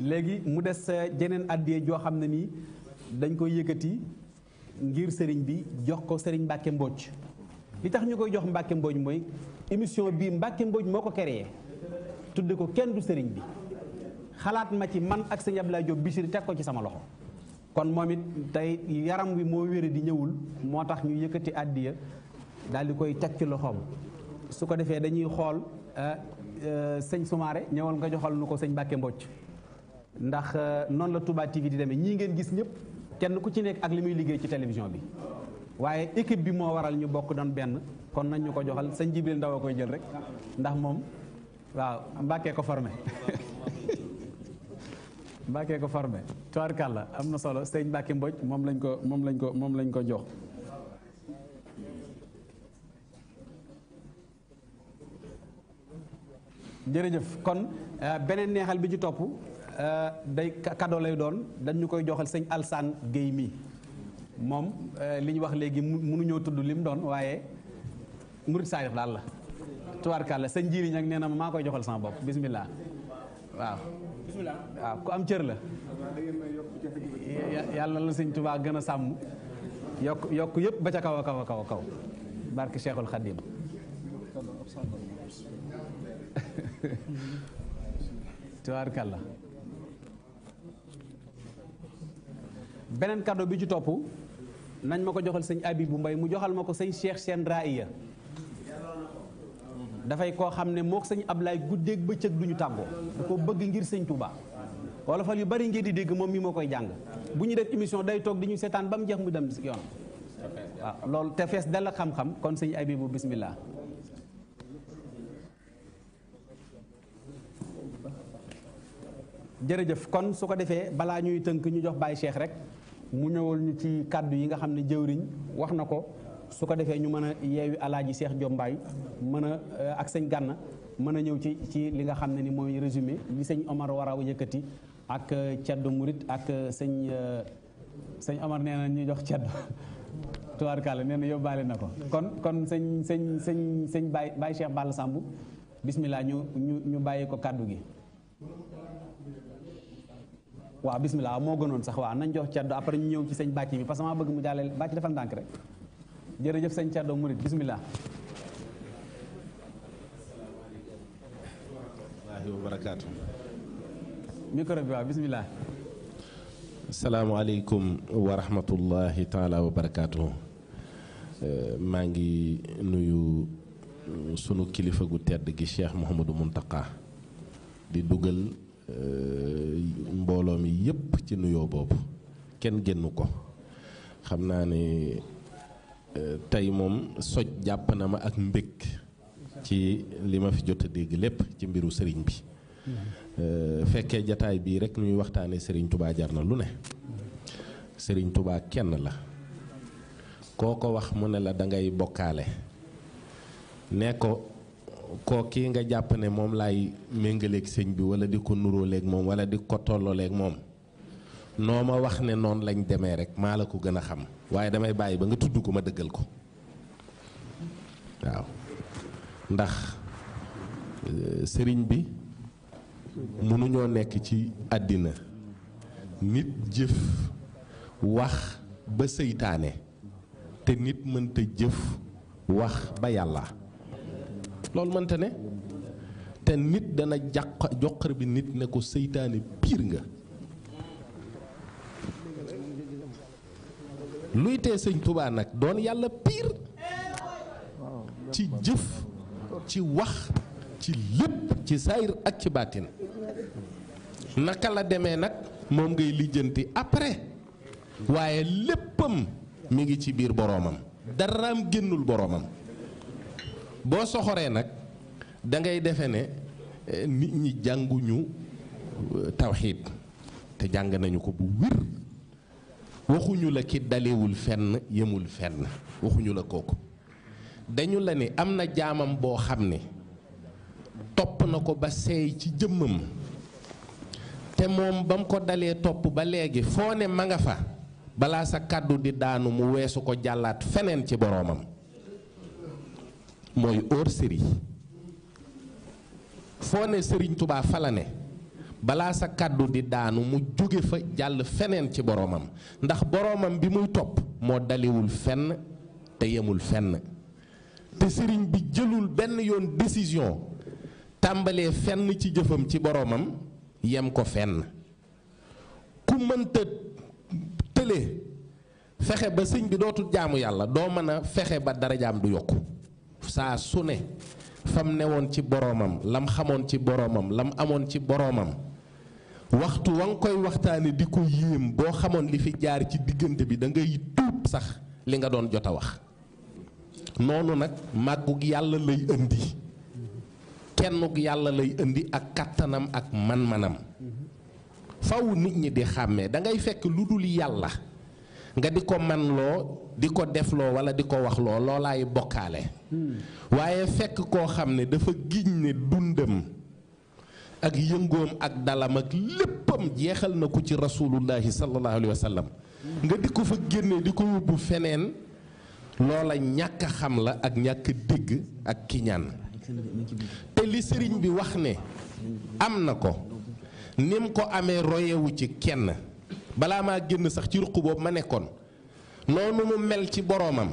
léegi mu des euh, jeneen addiye joo xam ne nii dañ koy yëkkati ngir sëriñ bi jox ko sëriñ Mbacke Mbodj li tax ñu koy jox Mbacke Mbodj mooy émission bi Mbacke Mbodj moo ko créé tudde ko kenn du sëriñ bi xalaat ma ci man ak sëñ Abdoulaye Diop Bichri teg ko ci sama loxo kon moom it tey yaram wi moo wére di ñëwul moo tax ñu yëkkati addiya daal di koy teg ci loxoom su ko defee dañuy xool eh, eh, sëñ Soumaré ñëwal nga joxal nu ko sëñ Mbàkke Mbocc ndax eh, noonu la Touba TV di demee ñii ngeen gis ñëpp kenn ku ci nekk ak li muy liggéey ci télévision bi waaye équipe bi moo waral ñu bokk doon benn kon nañ ñu ko joxal sëñ Jibril Ndaw a koy jël rek ndax moom waaw Mbàkke ko forme Mbàkke ko formé tubaarkàlla am na solo sëñ Mbàkke Mbocc moom lañ ko moom lañ ko moom lañ ko jox jërëjëf kon euh, beneen neexal bi ci topp euh, day cadeau lay doon dañ koy joxal sëñ Alsaan Guèye mi moom euh, li ñu wax léegi mu ñëw tudd li mu doon waaye murit saadix daal la tubaarkàlla sëñ Jiili nag nee maa koy joxal sama bopp bisimilah waaw ku am cër la yàlla la sëñ Tubaa gën a sàmm yokk yokk yëpp ba ca kaw a kaw a kaw a kaw barke Cheikhul tubaarkàlla beneen cadeau bi ci topp nañ ma ko joxal sëñ Abibu Mbay mu joxal ma ko sëñ Cheikh seen raaya dafay koo xam ne mook sëñ Ablaay guddeeg bëccëg duñu tàggoo da ko bëgg ngir sëñ Touba wala yu bari ngeen di dégg moom mi moo koy jàng bu ñu def émission day toog di ñu seetaan ba mu jeex mu dem yoon waaw loolu te fees dal xam-xam kon sëñ Abibu bismillah jërëjëf kon su ko defee balaa ñuy tënk ñu jox bàyyi Cheikh rek mu ñëwal ñu ci kàddu yi nga xam ne jëwriñ wax na ko su ko defee ñu mën a yeewi alaaji Cheikh Jombaay mën a euh, ak sëñ Gànna mën a ñëw ci ci li nga xam ne ni mooy résumé li sëñ Omar war a yëkkati ak euh, ceddu murit ak euh, sëñ sëñ Omar nee na ñu jox ceddu tubaarkàlla nee na yóbbaale na ko kon kon sëñ sëñ sëñ sëñ Baye Baye Cheikh Balla Samb ñu ñu ñu bàyyi ko kàddu gi waaw bisimilah moo gënoon sax waa nañ jox ceddo après ñu ñëw ci sëñ bàcc bi parce que maa bëgg mu jàllale bàcc defal ndànk rek jërëjëf sëñ ceddo murit bisimilah wa barakaatu micro bi wa barakaatu euh, maa ngi nuyu sunu kilifa gu tedd gi cheikh mouhamadou muntaka di dugal Euh, mbooloo mi yépp ci nuyoo boobu kenn génn ko xam naa ni euh, tey moom soj jàpp na ma ak mbég ci li ma fi jot a dégg lépp ci mbiru sëriñ bi mm-hmm. euh, fekkee jataay bii rek ñuy waxtaane sëriñ tubaa jar na lu ne sëriñ tubaa kenn la koo ko wax mu ne la dangay bokkaale ne ko koo kii nga jàpp ne moom laay méngaleek sëñ bi wala di ko nuróoleeg moom wala di ko tollooleek moom noo ma wax ne noonu lañ demee rek maa la ko gën a xam waaye damay bàyyi ba nga tudd ko ma dëggal ko waaw ndax euh, sëriñ bi mënuñoo nekk ci àddina nit jëf wax ba séytaane te nit mënta jëf wax ba yàlla loolu mënta ne te nit dana jàq joqar bi nit ne ko seytaane piir nga luy tee sëñ Tuubaa nag doon yàlla piir ci jëf ci wax ci lépp ci saayir ak ci baatin naka la demee nag moom ngay lijjanti après waaye léppam mu ngi ci biir boroomam daraam génnul boroomam boo soxoree nag dangay defe ne eh, nit ñi jànguñu eh, tawxiit te jàng nañu ko bu wér waxuñu la ki dalewul fenn yemul fenn waxuñu la kooku dañu la ne am na jaamam boo xam ne topp na ko ba seey ci jëmmam te moom ba mu ko dalee topp ba léegi foo ne ma nga fa balaa sa kàddu di daanu mu weesu ko jàllaat feneen ci boroomam mooy hors sëriñ foo ne sëriñ Touba fala ne balaa sa kàddu di daanu mu jóge fa jàll feneen ci boromam ndax boromam bi muy topp moo daliwul fenn te yemul fenn te sëriñ bi jëlul benn yoon décision tàmbalee fenn ci jëfam ci boromam yem ko fenn ku mënta tële fexe ba sëñ bi dootul jaamu yàlla doo mën a fexe ba dara darajaam du yokku saa su ne fam newoon ci boroomam lam xamoon ci boroomam lam amoon ci boroomam waxtu wa nga koy waxtaane di ko yéem boo xamoon li fi jaar ci diggante bi dangay ngay tuub sax li nga doon jot a wax noonu nag màggug yàlla lay indi kennug yàlla lay indi ak kattanam ak man-manam faw nit ñi di xàmmee da ngay fekk lu dul yàlla nga di ko man loo di ko def loo wala di ko wax loo loolaay bokkaale waaye fekk koo xam ne dafa giñ ne dundam ak yëngoom ak dalam ak léppam jeexal na ko ci rasulullahi sallallahu alayhi nga di ko fa génne di ko yóbbu feneen loola ñàkk xam la ak ñàkk digg ak kiñaan te li sëriñ bi wax ne am na ko nim ko amee royewu ci kenn balaa maa génn sax ci ruq boobu ma nekkoon noonu mu mel ci boroomam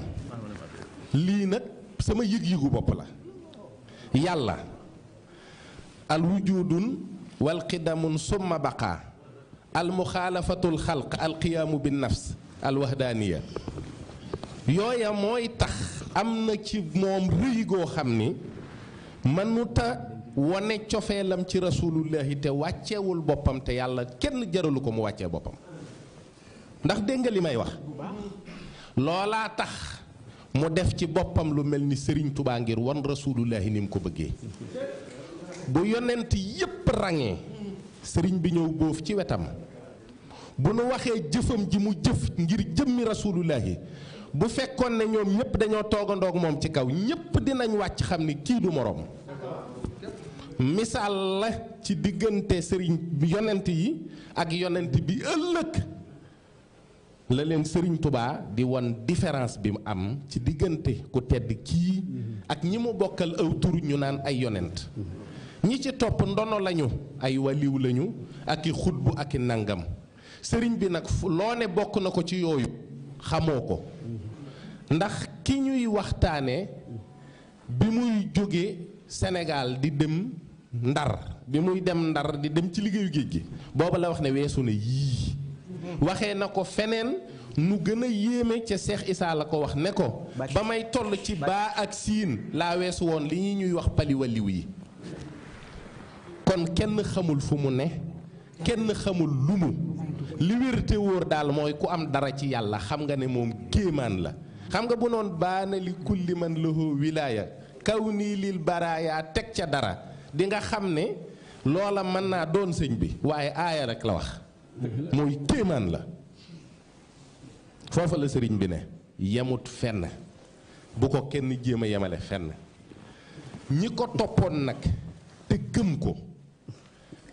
lii nag sama yëg-yëgu bopp la yàlla al wujudun wal qidamun summa baqaa al muxaalafatul xalq al qiyaamu bin nafs al yooya mooy tax am na ci moom rëy goo xam ni mënuta wone cofeelam ci rasuulullahi te wàccewul boppam te yàlla kenn jaralu ko mu wàccee boppam ndax dégg nga li may wax loolaa tax mu def ci boppam lu mel ni Serigne Touba ngir wan rasulullahi ni mu ko bëggee bu yonent yépp ràññee sëriñ bi ñëw boof ci wetam bu nu waxee jëfam ji mu jëf ngir jëmmi rasulullahi bu fekkoon ne ñoom ñépp dañoo toogandoog moom ci kaw ñépp dinañ wàcc xam ni kii du moroom misaal la ci diggante sëriñ yonent yi ak yonent bi ëllëg la sëriñ Serigne di wan différence bi mu am ci diggante ku tedd kii ak ñi mu bokkal aw ñu naan ay yonent ñi ci topp ndono lañu ay waliw lañu ak i xutbu ak i nangam sëriñ bi nag loo ne bokk na ko ci yooyu xamoo ko ndax ki ñuy waxtaane bi muy jóge senegal di dem Ndar bi muy dem Ndar di dem ci liggéeyu géej gi booba la wax ne weesu na yii waxee na ko feneen nu gën a yéeme ca Cheikh Issa la ko wax ne ko ba may toll ci baa ak siin laa weesu woon li ñuy ñuy wax paliwaliw yi kon kenn xamul fu mu ne kenn xamul lu mu li wér te wóor daal mooy ku am dara ci yàlla xam nga ne moom kéemaan la xam nga bu noon baana li kulli man lahu wilaaya kaw nii lil baraayaa teg ca dara dinga xam ne loola mën naa doon sëñ bi waaye aaya rek la wax mooy téemaan la foofa la sëriñ bi ne yemut fenn bu ko kenn jéem a yemale fenn ñi ko toppoon nag te gëm ko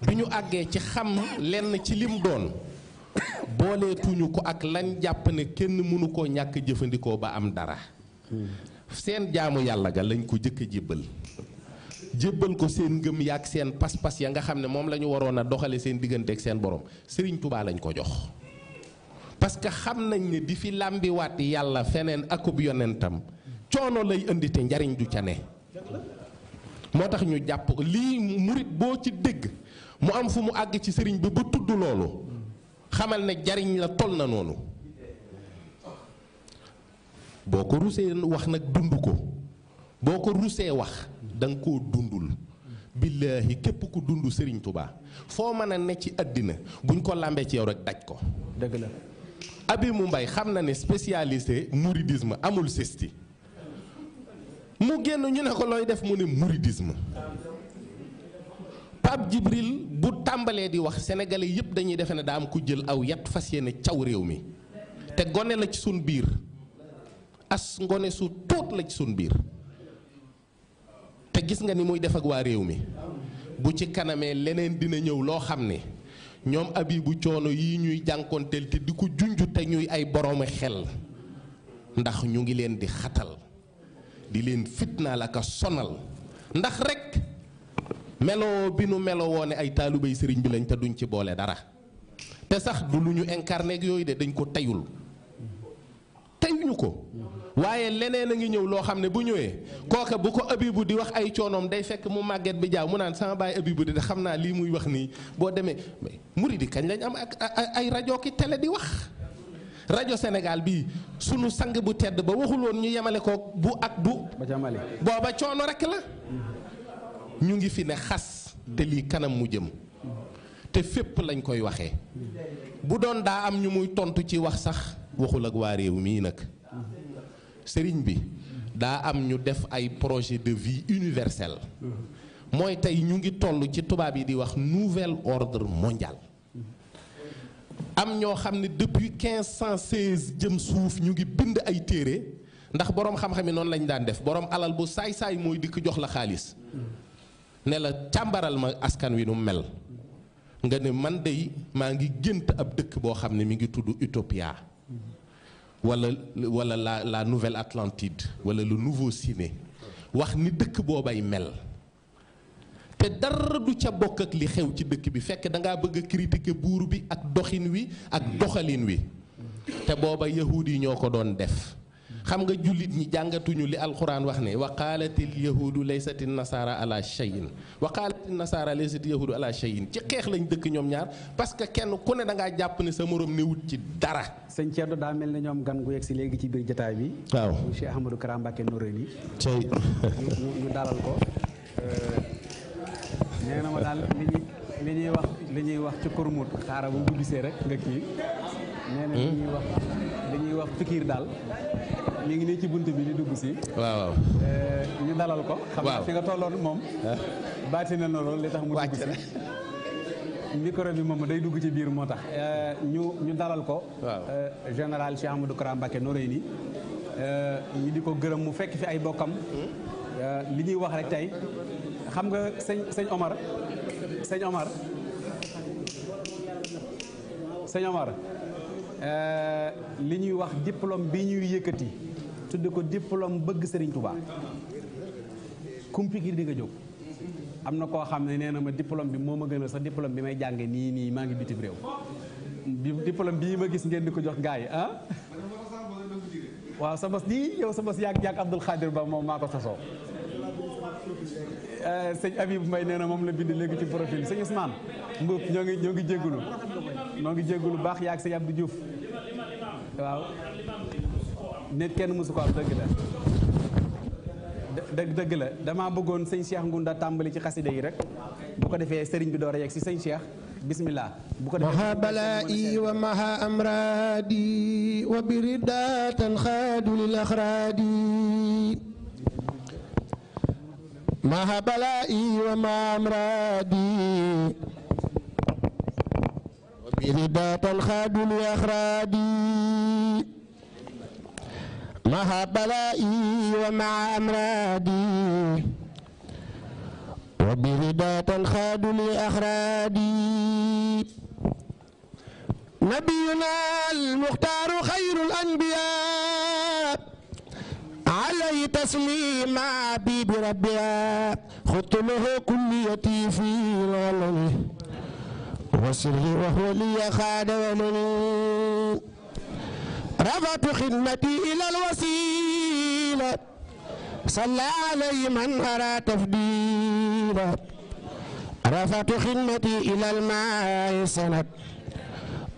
bi ñu àggee ci xam lenn ci lim doon booleetuñu ko ak lañ jàpp ne kenn mënu koo ñàkk jëfandikoo ba am dara hmm. seen jaamu yàlla ga lañ ko jëkk a jébbal jébbal ko seen ngëm yaak seen pas-pas ya nga xam ne moom lañu ñu waroon a doxale seen diggante ak seen borom Serigne Touba lañ ko jox. parce que xam nañ ne di fi làmbiwaat yàlla feneen akub yonentam coono lay indi te njariñ du ca ne. moo tax ñu jàpp lii murit boo ci dégg mu am fu mu àgg ci sëriñ bi ba tudd loolu xamal ne jariñ la toll na noonu boo ko rusee wax nag dund ko boo ko rusee wax danga ko koo dundul billaahi képp ku dund sëriñ tubaa foo mën a ne ci àddina buñ ko làmbee ci yow rek daj ko. dëgg la Abimou Mbaye xam na ne spécialisé mouridisme amul sisti mu génn ñu ne ko looy def mu ne mouridisme Pape Djibril bu tàmbalee di wax sénégalais yëpp dañuy defe ne daa am ku jël aw yat fas yéene caw réew mi te gone la ci sun biir as ngone su tuut la ci sun biir. te gis nga ni muy def ak waa réew mi bu ci kanamee leneen dina ñëw loo xam ni ñoom Abibu coono yi ñuy jànkonteel te di ko junj te ñuy ay boroomi xel ndax ñu ngi leen di xatal di leen fitnaal ak a sonal ndax rek meloo bi nu melo woone ay taalibey sëriñ bi lañ te duñ ci boole dara te sax du lu ñu incarné yooyu de dañ ko teyul teyuñu ko waaye leneen a ngi ñëw loo xam ne bu ñëwee kooke bu ko bu di wax ay coonoom day fekk mu màgget bi jaaw mu naan sama baay bu di xam naa lii muy wax nii boo demee muridi kañ lañu am ak ay rajo ki télé di wax rajo Sénégal bii sunu sang bu tedd ba waxul woon ñu yemale ko bu ak bu booba coono rek la ñu ngi fi ne xas te lii kanam mu jëm te fépp lañ koy waxee bu doon daa am ñu muy tontu ci wax sax waxul ak waa réew mii nag sëriñ bi daa am ñu def ay projet de vie universel mooy tey ñu ngi toll ci tubaab yi di wax nouvelle ordre mondial am ñoo xam ne depuis quinze cent seize jëm suuf ñu ngi bind ay téere ndax boroom xam-xam yi noonu lañ daan def boroom alal bu saay-saay mooy dikk jox la xaalis ne la càmbaral ma askan wi nu mel nga ne man dey maa ngi gént ab dëkk boo xam ne mi ngi tudd Utopia wala wala la la nouvelle Atlantide wala lu nouveau ciné wax ni dëkk boobay mel te dara du ca bokk ak li xew ci dëkk bi fekk da ngaa bëgg a critiquer buur bi ak doxin wi ak doxalin wi te booba yahuud yi ñoo ko doon def xam nga jullit ñi jàngatuñu li alxuraan wax ne wa qaalatil yahudu laysati nasaara ala cheyin wa qaalatil nasaara laysati yahudu ala cheyin ci xeex lañ dëkk ñoom ñaar parce que kenn ku ne da ngaa jàpp ne sa morom newut ci dara sëñ Thierno daa mel ne ñoom gan gu yegg si léegi ci biir jataay bi waaw monsieur Ahmadou Kara Mbacké Noreyni tey ñu dalal ko nee na daal li ñuy wax li ñuy wax ci kormut xaaral rek nga kii hmm? daal mi ngi nii ci bunt bi di dugg si. waaw waaw. Eh, ñu dalal ko. xam nga fi nga tolloon moom. Eh? baati na lool la tax mu dugg si. micro bi moom day dugg ci biir moo tax. Eh, ñu ñu dalal ko. waaw général Cheikh Amadou Kara Mbacké Noreyni ñu di ko gërëm mu fekk fi ay bokkam. li ñuy wax rek tey xam nga sëñ sëñ Omar sëñ Omar sëñ Omar. Euh, li ñuy wax diplôme bi ñuy yëkkati tudde ko diplôme bëgg sëriñ Touba kumpi gi nga jóg am na koo xam ne nee na ma diplôme bi moo ma gënal sa diplôme bi may jànge nii nii maa ngi bitim réew bi bii ma gis ngeen di ko jox gaa yi ah? waaw sa bos di yow sa bos yàgg yàgg Abdoul Khadir Ba moom maa ko sosoo Euh, sëñ Habib Mbaye nee na moom la bind léegi ci profil sëñ Ousmane Mbuub ñoo ngi ñoo ngi ngi jégalu baax yaa ak sëñ Abdou Diouf waaw nit kenn mësu ko am dëgg la dëgg dëgg la damaa bëggoon sëñ Cheikh Ngunda tàmbali ci xasida yi rek bu ko defee sëriñ bi door a yegg si sëñ Cheikh bismillah bu ko defee maha balaa'i wa maha amraadi wa xaadu lil axraadi مع بلائي ومع امرادي وبلدا تنخاد لأخرادي مع بلائي ومع امرادي وبلدا تنخاد لأخرادي نبينا المختار خير الأنبياء علي تسليما بي بربها خدت له كليتي في الغلل وسري وهو لي خان وللي رفعت خدمتي إلى الوسيلة صلى علي من أرى تفديلا رفعت خدمتي إلى الماء سند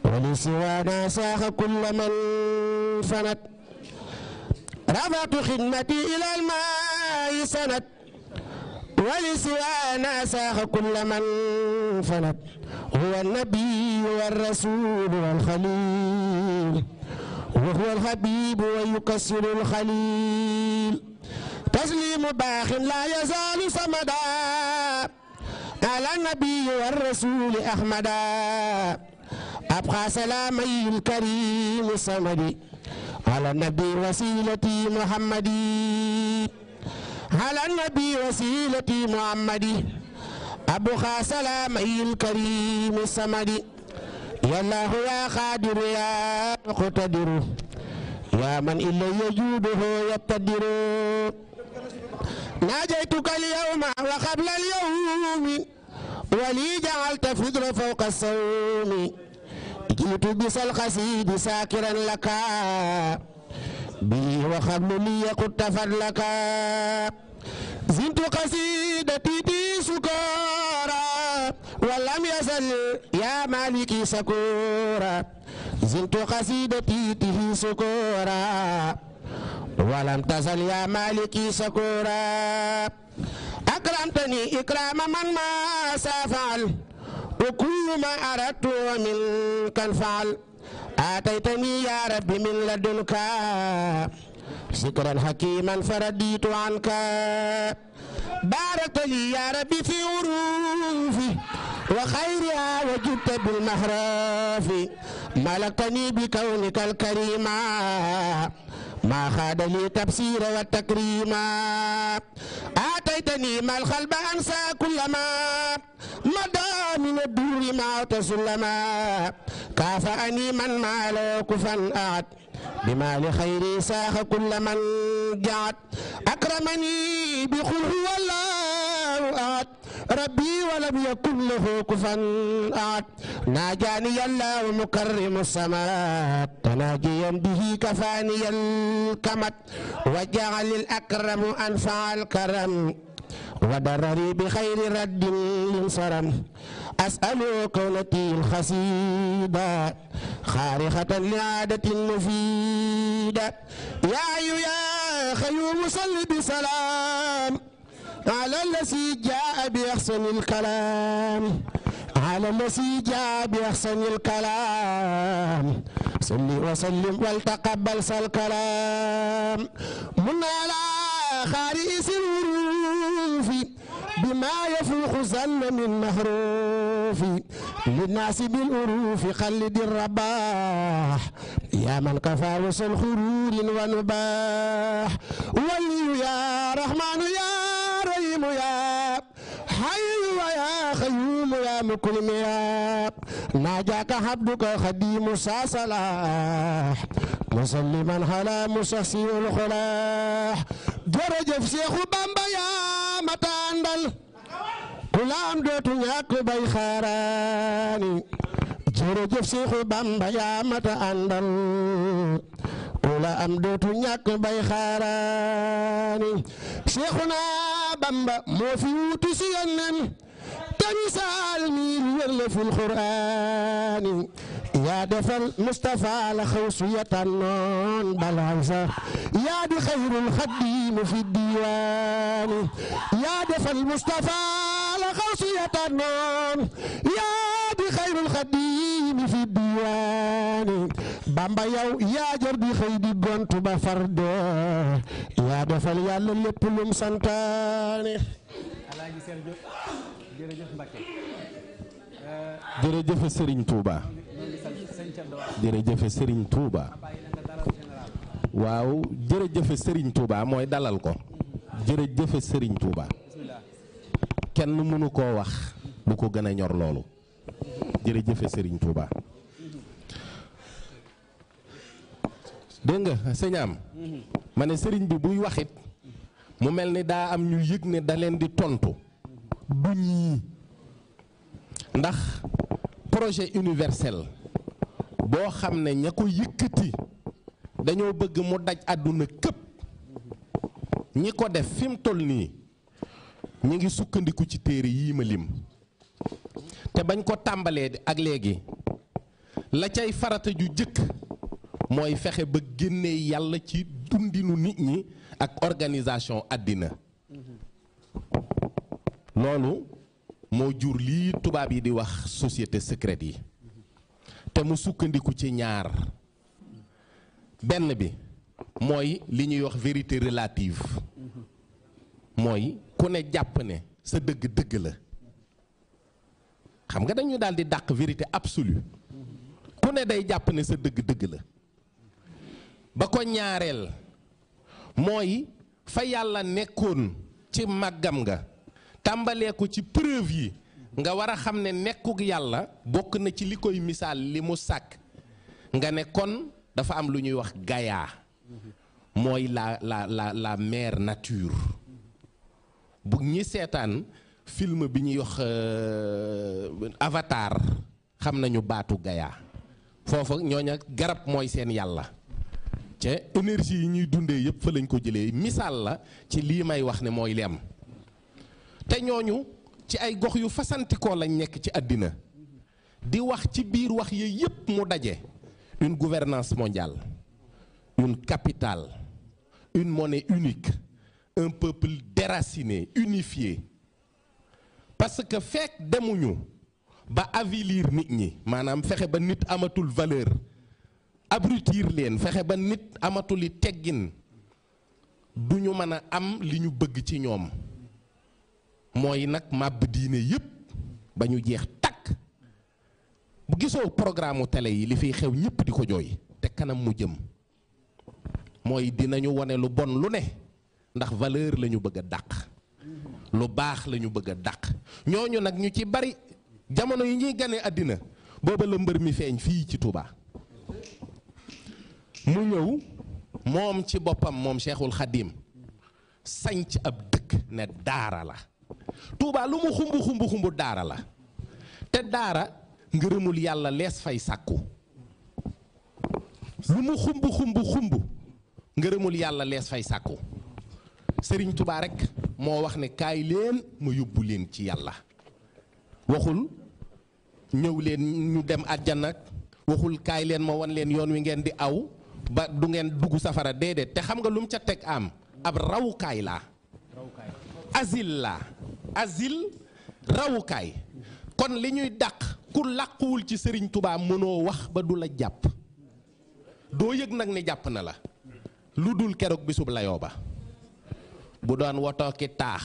ولسوانا ساخ كل من فند رفعت خدمتي إلى الماء سند ولسوى ناساخ كل من فند هو النبي والرسول والخليل وهو الحبيب ويكسر الخليل تسليم باخ لا يزال صمدا على النبي والرسول أحمدا أبقى سلامي الكريم الصمد على النبي وسيلتي محمدي على النبي وسيلتي محمدي أبوخا سلامي الكريم السمدي يا الله يا قادر يا مقتدر يا من إلا يجوده يبتدر ناجيتك اليوم وقبل اليوم ولي جعلت فدر فوق الصوم جئت بالقصيد ساكرا لك به وخبل لي قد فضلك زنت قصيدتي بي سكارا ولم يزل يا مالكي سكورا زنت قصيدتي به سكورا ولم تزل يا مالكي سكورا أكرمتني إكرام من ما سافعل وكل ما أردت ومنك الفعل آتيتني يا رب من لدنك ذكرا حكيما فرديت عنك بارك لي يا رب في عروفي وخيرها وجدت بالمحراف ملكتني بكونك الكريم ما خاد لي تبصير والتكريما آتيتني ما الخلب أنسى كلما مدى من الدور ما تسلما كافأني من ما له كفا أعد بما لخيري ساخ كل من جعت أكرمني بقل هو الله أحد ربي ولم يكن له كفا أحد ناجاني الله مكرم السماء تناجيا به كفاني الكمد وجعل الأكرم أنفع الكرم ودرري بخير رد صرم أسأل قولتي الخسيدة خارخة لعادة مفيدة يا أيها يا خيوم صل بسلام على الذي جاء بأحسن الكلام على الذي جاء بأحسن الكلام صل وسلم ولتقبل الكلام من على خاريس الوروف بما يفوق زن من مهروف للناس بالأروف خلد الرباح يا من كفى وصل خرور ونباح ولي يا رحمن يا رحيم يا حي ويا خيوم يا مكرم يا ناجاك عبدك خديم صلاح مسلما على مسخسي الخلاح jërëjëf Seexu Bamba yaa ma tàndal ku la am dootu ñàkk bay xaaraani jërëjëf Seexu Bamba yaa ma tàndal la am dootu ñàkk bay xaaraani Seexuna Bamba moo fi wutu si yoon nan te misaal la xuraani yaa defal Moustapha la xaw su yatannoon balaaw di xayrul xaddiim fi diwaani yaa di xayrul xaddiim fi diwaani Bamba yow yaa jar di xëy di gontu defal yàlla lépp lum santaane. Alaaji Seer jërëjëfe sëriñ Touba waaw jërëjëfe sëriñ Touba mooy dalal ko jëfe sëriñ Touba kenn mënu koo wax lu ko gën a ñor loolu jërëjëfe Serigne Touba dégg nga sëñaam mane sëriñ ne Serigne bi buy waxit mu mel ni daa am ñu yëg ne da leen di tontu du ñii ndax projet universel. boo xam ne ña ko yëkkati dañoo bëgg mu daj àdduna këpp ñi ko def fi toll nii ñu ngi sukkandiku ci téere yii ma lim te bañ ko tàmbalee ak léegi la cay farata ju jëkk mooy fexe ba génne yàlla ci dundinu nit ñi ak organisation àddina loolu moo jur lii tubaab yi di wax société secrète yi te mu sukkandiku ci ñaar benn bi mooy li ñuy wax vérité relative mooy ku ne jàpp ne sa dëgg dëgg la xam nga dañu daal di dàq vérité absolue ku ne day jàpp ne sa dëgg dëgg la ba ko ñaareel mooy fa yàlla nekkoon ci màggam nga ko ci preuve yi nga war a xam ne nekkug yàlla bokk na ci li koy misaal li mu sàkk nga ne kon dafa am lu ñuy wax gayaa mooy la la la la nature bu ñi seetaan film bi ñuy wax euh, Avatar xam nañu baatu gayaa foofa ñooña garab mooy seen yàlla ca énergie yi ñuy dundee yépp fa lañ ko jëlee misaal la ci lii may wax ne mooy lem te ñooñu ci ay gox yu fasantikoo lañ nekk ci àddina di wax ci biir wax yi yépp mu daje une gouvernance mondiale une capitale une monnaie unique un peuple déraciné unifie parce que fekk demuñu ba aviliir nit ñi maanaam fexe ba nit amatul valeur abrutir leen fexe ba nit amatul amatuli teggin duñu mën a am li ñu bëgg ci ñoom mooy nag màbb diine yépp ba ñu jeex takk bu gisoo programme mu télé yi li fiy xew ñëpp di ko jooy te kanam mu jëm mooy dinañu wane lu bon lu ne ndax valeur lañu ñu bëgg a dàq lu baax lañu ñu bëgg a dàq ñooñu nag ñu ci bari jamono yi ñuy gane àddina booba la mbër mi feeñ fii ci Touba mu ñëw moom ci boppam moom seexul Khadim sanc ab dëkk ne daara la Touba lu mu xumbu xumbu xumbu daara la te daara ngërëmul yàlla lees fay sàkku lu mu xumbu xumbu ngërëmul yàlla lees fay sàkku Sëriñ Touba rekk moo wax ne kaay leen ma yóbbu leen ci yàlla waxul ñëw leen ñu dem àjjana waxul kaay leen ma wan leen yoon wi ngeen di aw ba du ngeen dugg safara déedéet te xam nga lu mu ca teg am ab rawukaay laa asil la asil rawukaay kon li ñuy daq ku làquwul ci sëriñ tubaab mënoo wax ba du la jàpp doo yëg nag ne jàpp na la lu dul keroog bisub layoo ba bu doon wotooki taax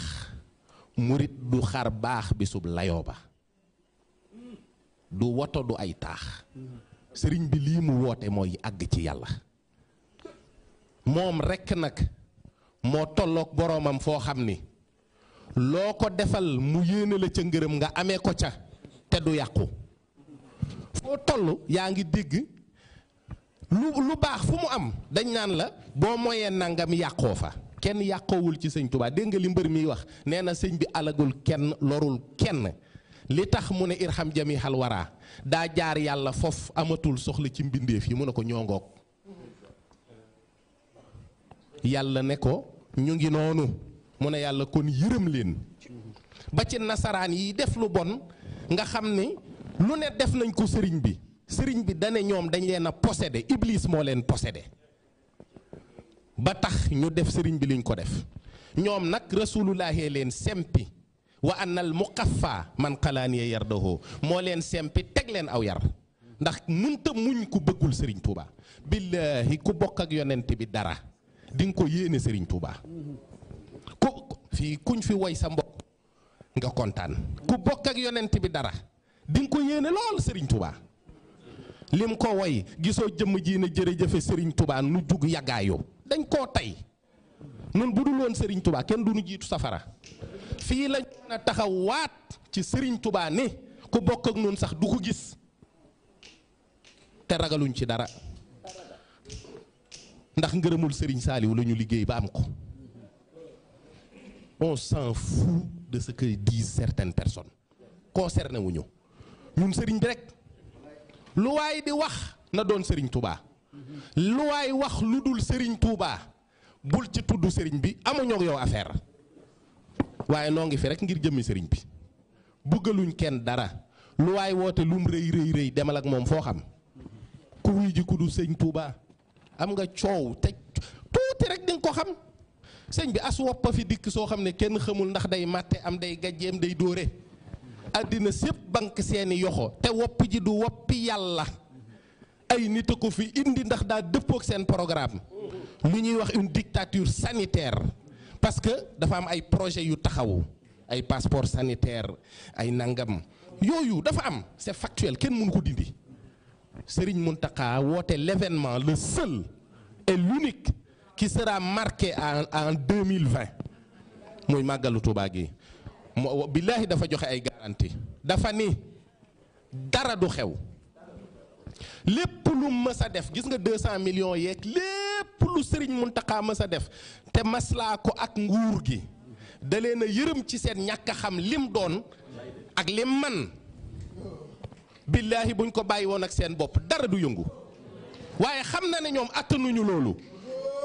murit du xar baax bisub layoo ba du woto du ay taax sëriñ bi lii mu woote mooy àgg ci yàlla moom rekk nag moo tollook boroomam foo xam ni loo ko defal mu yéene la ca ngërëm nga amee ko ca te du yàqu foo toll yaa ngi dégg lu lu baax fu mu am dañ naan la boo moyee nangam yàqoo fa kenn yàqoowul ci sëñ Tuubaa dégg nga li mbër miy wax nee na sëñ bi alagul kenn lorul kenn li tax mu ne irham jami xal waraa daa jaar yàlla foofu amatul soxla ci mbindeef yi mu ne ko ñongoog yàlla ne ko ñu ngi noonu mu ne yàlla kon yërëm leen ba ci nasaraan yi def lu bon nga xam ni lu ne def nañ ko sëriñ bi sëriñ bi dane ñoom dañ leen a possédé iblis moo leen posede ba tax ñu def sëriñ bi liñ ko def ñoom nag rasulullaahee leen sempi wa mu muqaffa man xalaanee yardahu moo leen sempi teg leen aw yar ndax munta muñ ku bëggul sëriñ Touba billaahi ku bokk ak yonent bi dara di ko yéene sëriñ Touba fii kuñ fi woy sa mbokk nga kontaan ku bokk ak yonent bi dara di nga ko yéene lool sëriñ Touba lim ko woy gisoo jëmm ji ne jërëjëfe Serigne Touba nu jug yàggaayo dañ koo tey nun bu dul woon sëriñ tubaa kenn du nu jiitu safara fii lañ mën a taxaw waat ci sëriñ Touba ne ku bokk ak nun sax du ko gis te ragaluñ ci dara ndax ngërëmul Serigne Saliou la ñu liggéey ba am ko. on s'en fout de ce que disent certaines personnes concerné wu ñu ñun sëriñ bi rek lu waay di wax na doon sëriñ Touba lu waay wax lu dul sëriñ Touba bul ci tudd sëriñ bi amuñoo ak yow affaire waaye noo ngi fi rek ngir jëmmi sëriñ bi bëggaluñ kenn dara lu waay woote lum rëy rëy rëy demal ak moom foo xam ku wuy ji ku sëriñ Touba am nga coow te tuuti rek di ko xam. sëñ bi as woppa fi dikk soo xam ne kenn xamul ndax day màtte am day gajjeem day dóore àddina sépp bank seeni yoxo te wopp ji du woppi yàlla ay nit a ko fi indi ndax daa dëppook seen programme lu ñuy wax une dictature sanitaire parce que dafa am ay projet yu taxawu ay passeport sanitaire ay nangam yooyu dafa am c'est factuel kenn mënu ko dindi mun taqa woote l'événement le seul et l'unique qui sera marqué en en deux mille vingt muy màggalu Tuubaa gi moo billaahi dafa joxe ay garantie dafa ni dara du xew lépp lu mës a def gis nga deux cent millions yeeg lépp lu Sëriñ Muntaxa mës a def te maslaa ko ak nguur gi da leen a yërëm ci seen ñàkk xam lim doon ak lim man billaahi buñ ko bàyyi woon ak seen bopp dara du yëngu waaye xam na ne ñoom attanuñu loolu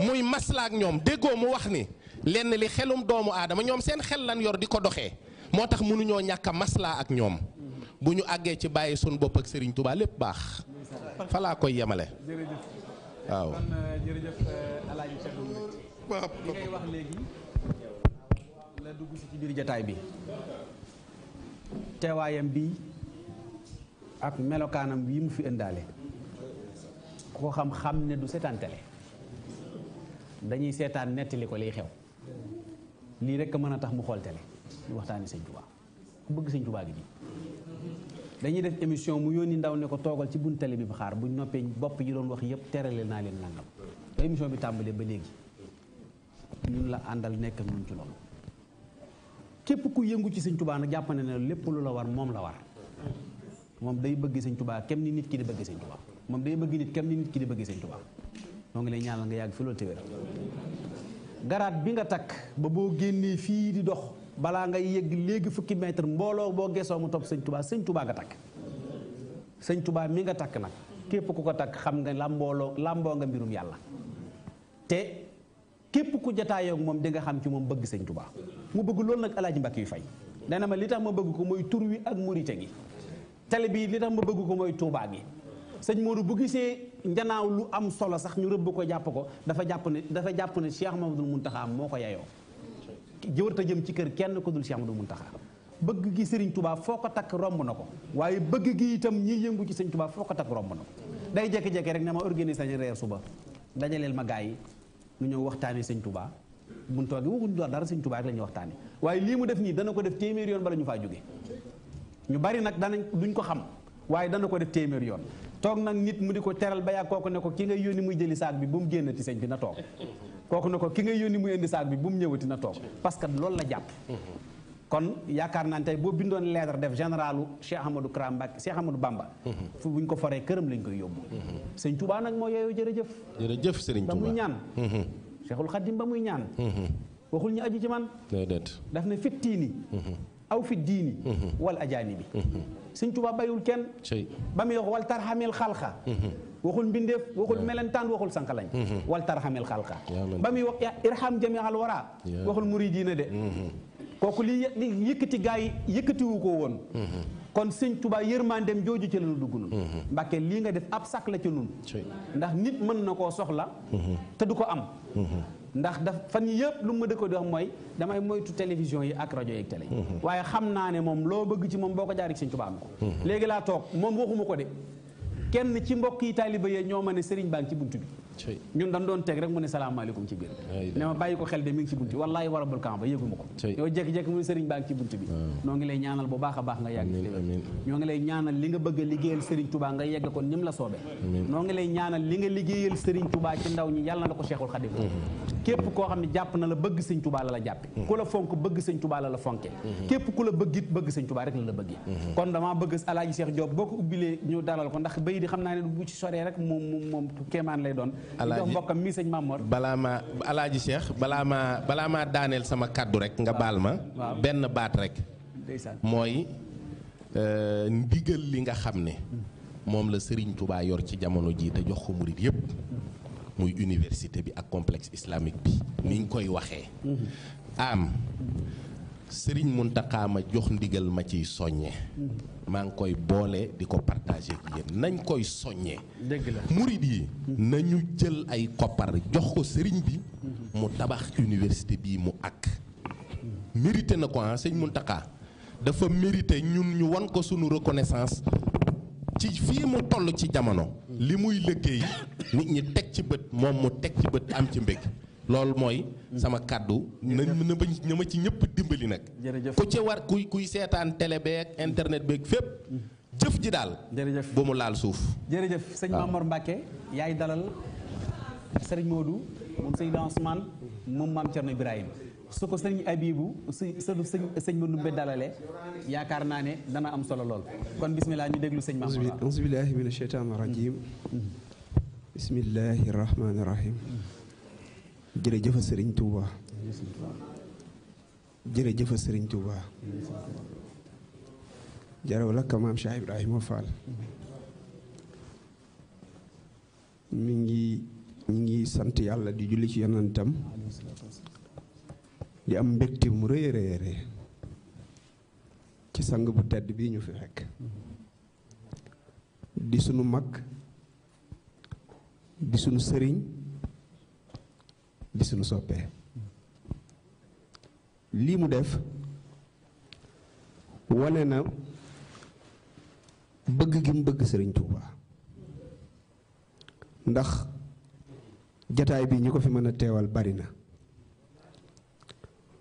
muy maslaa maslaak ñoom déggoo mu wax ni lenn li xelum doomu aadama ñoom seen xel lan yor di ko doxee moo tax mënuñoo ñàkk a maslaa ak ñoom bu ñu àggee ci bàyyi sun bopp ak sëriñ Touba lépp baax falaa koy yemale euh, euh, waaw li léegi la dugg si jataay bi teewaayam bi ak melokaanam wi mu fi indaale koo xam xam ne du setantale dañuy seetaan nettali ko liy xew lii rek mën a tax mu xool télé ñu waxtaani sëñ Tuubaa ku bëgg sañ Tuubaa gi ji dañuy def émission mu yónni ndaw ne ko toogal ci bunt bi bu xaar buñ noppee bopp yi doon wax yëpp terale naa leen nangam ba émission bi tàmbalee ba léegi ñun la àndal nekk ñun ci loolu képp ku yëngu ci sëñ Tuubaa nag jàpp na ne lépp lu la war moom la war moom day bëgg sëñ Tuubaa kem ni nit ki di bëgg sëñ Tuubaa moom day bëgg nit kem ni nit ki di bëgg sëñ Tuubaa moo ngi lay ñaanal nga yàgg fi loolu téwér garaat bi nga takk ba boo génnee fii di dox balaa nga yëg léegi fukki mètre mbooloo boo gesoo mu topp sëñ tubaa sëñ tubaa nga takk sëñ tubaa mi nga takk nag képp ku ko takk xam nga làmbooloo làmboo nga mbirum yàlla te képp ku jataayoo moom di xam ci moom bëgg sëñ mu bëgg loolu nag alaaj mbakk yi fay na ma li tax ma bëgg ko mooy tur wi ak murite gi tele bi li tax ma bëgg ko mooy tuubaa gi sëñ Modou bu gisee njanaaw lu am solo sax ñu rëbb ko jàpp ko dafa jàpp ne dafa jàpp ne Cheikh Mamadou Muntaxa moo ko yayoo jëwërta jëm ci kër kenn ko dul Cheikh Mamadou Muntaxa bëgg gi Serigne Touba foo ko takk romb na ko waaye bëgg gi itam ñi yëngu ci sëñ tubaa foo ko takk romb na ko day jékki-jékki rek ne ma organiser nañu reer suba dajaleel ma gars yi ñu ñëw waxtaanee Serigne Touba buñ toogee waxuñ dara Serigne tubaa rek la ñuy waaye lii mu def nii dana ko def téeméer yoon bala faa jóge ñu bari nag danañ duñ ko xam waaye dana ko def téeméer yoon toog nag nit mu di ko teral ba yàgg kooku ne ko ki nga yónni muy jëli saag bi bu mu génnati sëñ bi na toog kooku ne ko ki nga yónni muy indi saag bi bu mu ñëwati na toog parce que loolu la jàpp kon yaakaar naa ne tey boo bindoon lettre def généralu Cheikh Amadou Kara Mbacké Cheikh Amadou Bamba fu buñ ko foree këram lañ koy yóbbu sëñ Touba nag moo yeyoo jërëjëf a sëriñ Touba ba muy ñaan mhm. Cheikhul Khadim ba muy ñaan mhm. waxul ñu aju ci man déedéet daf aw fi diini mhm. wal ajaani bi mhm. sëñ Tuubaa bayul kenn ba muy wax wal tarxamil xalxa mhm. waxul mbindeef waxul melentaan waxul sankalañ wal tarxamil xalxa ba muy wax irham jamial wara waxul muridiina de kooku li yëkkati gaa yi yëkkatiwu ko woon kon sëñ Tuubaa yërmaandeem jooju ci la nu dugg nun Mbàkke lii nga def ab sàkk la ci nun ndax nit mën na koo soxla te du ko am ndax daf fan yii yëpp lu ma dëkkoon di wax mooy damay moytu télévision yi ak rajo yeeg télé mhm. waaye xam naa ne moom loo bëgg ci moom boo ko jaar ak Sëñ Tuubaa am ko mhm. léegi laa toog moom waxuma ko de kenn ci mbokk yi taaliba yee ñoo ma ne sëriñ baa ngi ci bunt bi ñun dañ doon teg rek mu ne salaamaaleykum ci biir ne ma ko xel de mi ngi ci bunt bi wallaahi warabul kamba yëguma ko yow jékki-jékki mu baa ah. lay ñaanal a baax nga yàgg ñoo ngi lay ñaanal li nga bëgg a liggéeyal sëriñ Touba nga yegg ko ni mu la soobee noo ngi lay ñaanal li nga liggéeyal sëriñ Touba ci ndaw ñi yàlla na la ko Cheikhul Khadim mm-hmm. képp koo xam ne jàpp na la bëgg sëñ Touba la la jàppe mm-hmm. ku la fonk bëgg sëñ Touba la la fonke mm-hmm. képp ku la bëgg sëñ Touba rek la la bëggee kon dama bëgg Alaaji Cheikh Diop boo ko ubbilee ñu dalal ko ndax bay di xam naa ne bu ci soree rek moom moom moom kéemaan lay doon alaaji mbokkam mi sëñ Mamor balaa maa alaaji Cheikh balaa maa balaa maa daaneel sama kàddu rek nga baal ma benn baat rek mooy euh, ndigal li nga xam ne moom la Serigne Touba yor ci jamono jii te jox ko yépp muy université bi ak complexe islamique bi ni koy waxee mm-hmm. am sëriñ Mountakha ma jox ndigal ma ciy soññe maa ngi koy boole di ko partagé ak nañ koy soññee. dëgg la murid yi. Hmm. nañu jël ay koppar jox ko sëriñ bi. Hmm. mu tabax université bii mu ak hmm. mérité na ko ah sëñ Mountakha dafa mérité ñun ñu wan ko sunu reconnaissance ci fii mu toll ci jamono. li muy liggéey nit ñi teg ci bët moom mu teg ci bët am ci mbég. loolu mooy. sama kàddu na na bañ na ma ci ñëpp dimbali nag. ku ci war kuy kuy seetaan télé beeg internet beeg fépp. Mm. jëf ji daal. jërëjëf bu mu laal suuf. jërëjëf sëñ Mamor Mbacke yaay dalal Serigne Modou moom sëñ Ousmane moom maam Thierno Ibrahima su ko sëñ Abibu su sëñ sëñ Modou Mbé dalale yaakaar naa ne dana am solo lool kon bisimilah ñu déglu sëñ Mamor. auzu billaahi mina sheytaani rajiim. Mm. bismillaahi rahmaani rahiim. Mm. jërëjëf sëriñ Touba jërëjëf sëriñ Touba jaraw la ka maam Ibrahima Fall mi ngi ñu ngi sant yàlla di julli ci itam di am mbégte mu rëy a rëy ci sang bu tedd bii ñu fi fekk di sunu mag di sunu sëriñ di suñu soppee lii mu def wane na bëgg gi mu bëgg sëriñ Touba ndax jataay bi ñu ko fi mën a teewal bari na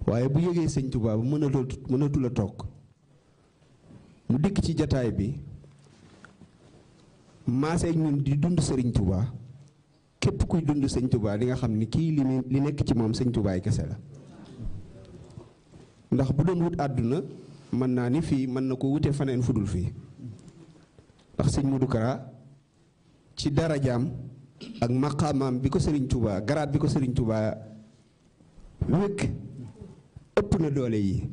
waaye bu yëgee sëñ Touba bu mënatul mënatul a toog mu dikk ci jataay bi maasee ñun di dund sëriñ Touba. lépp kuy dund sëñ Touba di nga xam ni kii li li nekk ci moom sëñ Touba kese la ndax bu doon wut àdduna mën naa ni fii mën na ko wute faneen fudul fii ndax sëñ Modou Kara ci darajaam ak maqaamaam bi ko sëriñ Touba garaat bi ko sëriñ Touba wékk ëpp na doole yi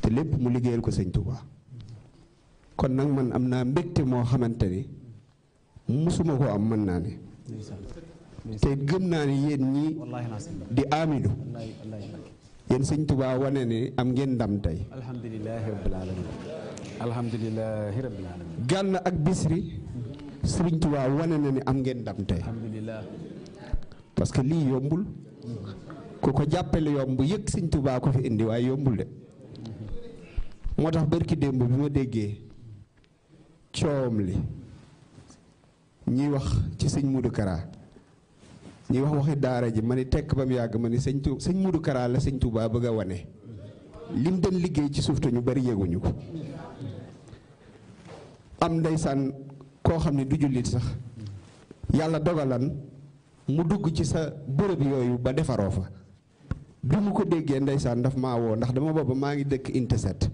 te lépp mu liggéeyal ko sëñ Touba kon nag man am naa mbégte moo xamante ni musuma ko am mën naa ne te gëm naa ne yéen ñi di aamidu yéen sëñ Tuubaa wane ne am ngeen ndam tey alhamdulilahi rabbil gànn ak bisri sëriñ Tuubaa wane na ne am ngeen ndam tey parce que lii yombul ku ko jàppale yomb yëg sëñ tubaa ko fi indiwaay waaye yombul de moo tax barki démb bi ma déggee coom li ñuy wax ci sëñ Modou Kara ñuy wax waxi daara ji ma ni tekk ba mu yàgg ma ni sëñ tu sëñ Modou Kara la sëñ Touba bëgg a wane lim doon liggéey ci suuf te ñu bari yéguñu ko am ndeysaan koo xam ne du jullit sax yàlla dogalan mu dugg ci sa bërëb yooyu ba defaroo fa bi mu ko déggee ndeysaan daf maa woo ndax dama booba maa ngi dëkk inteset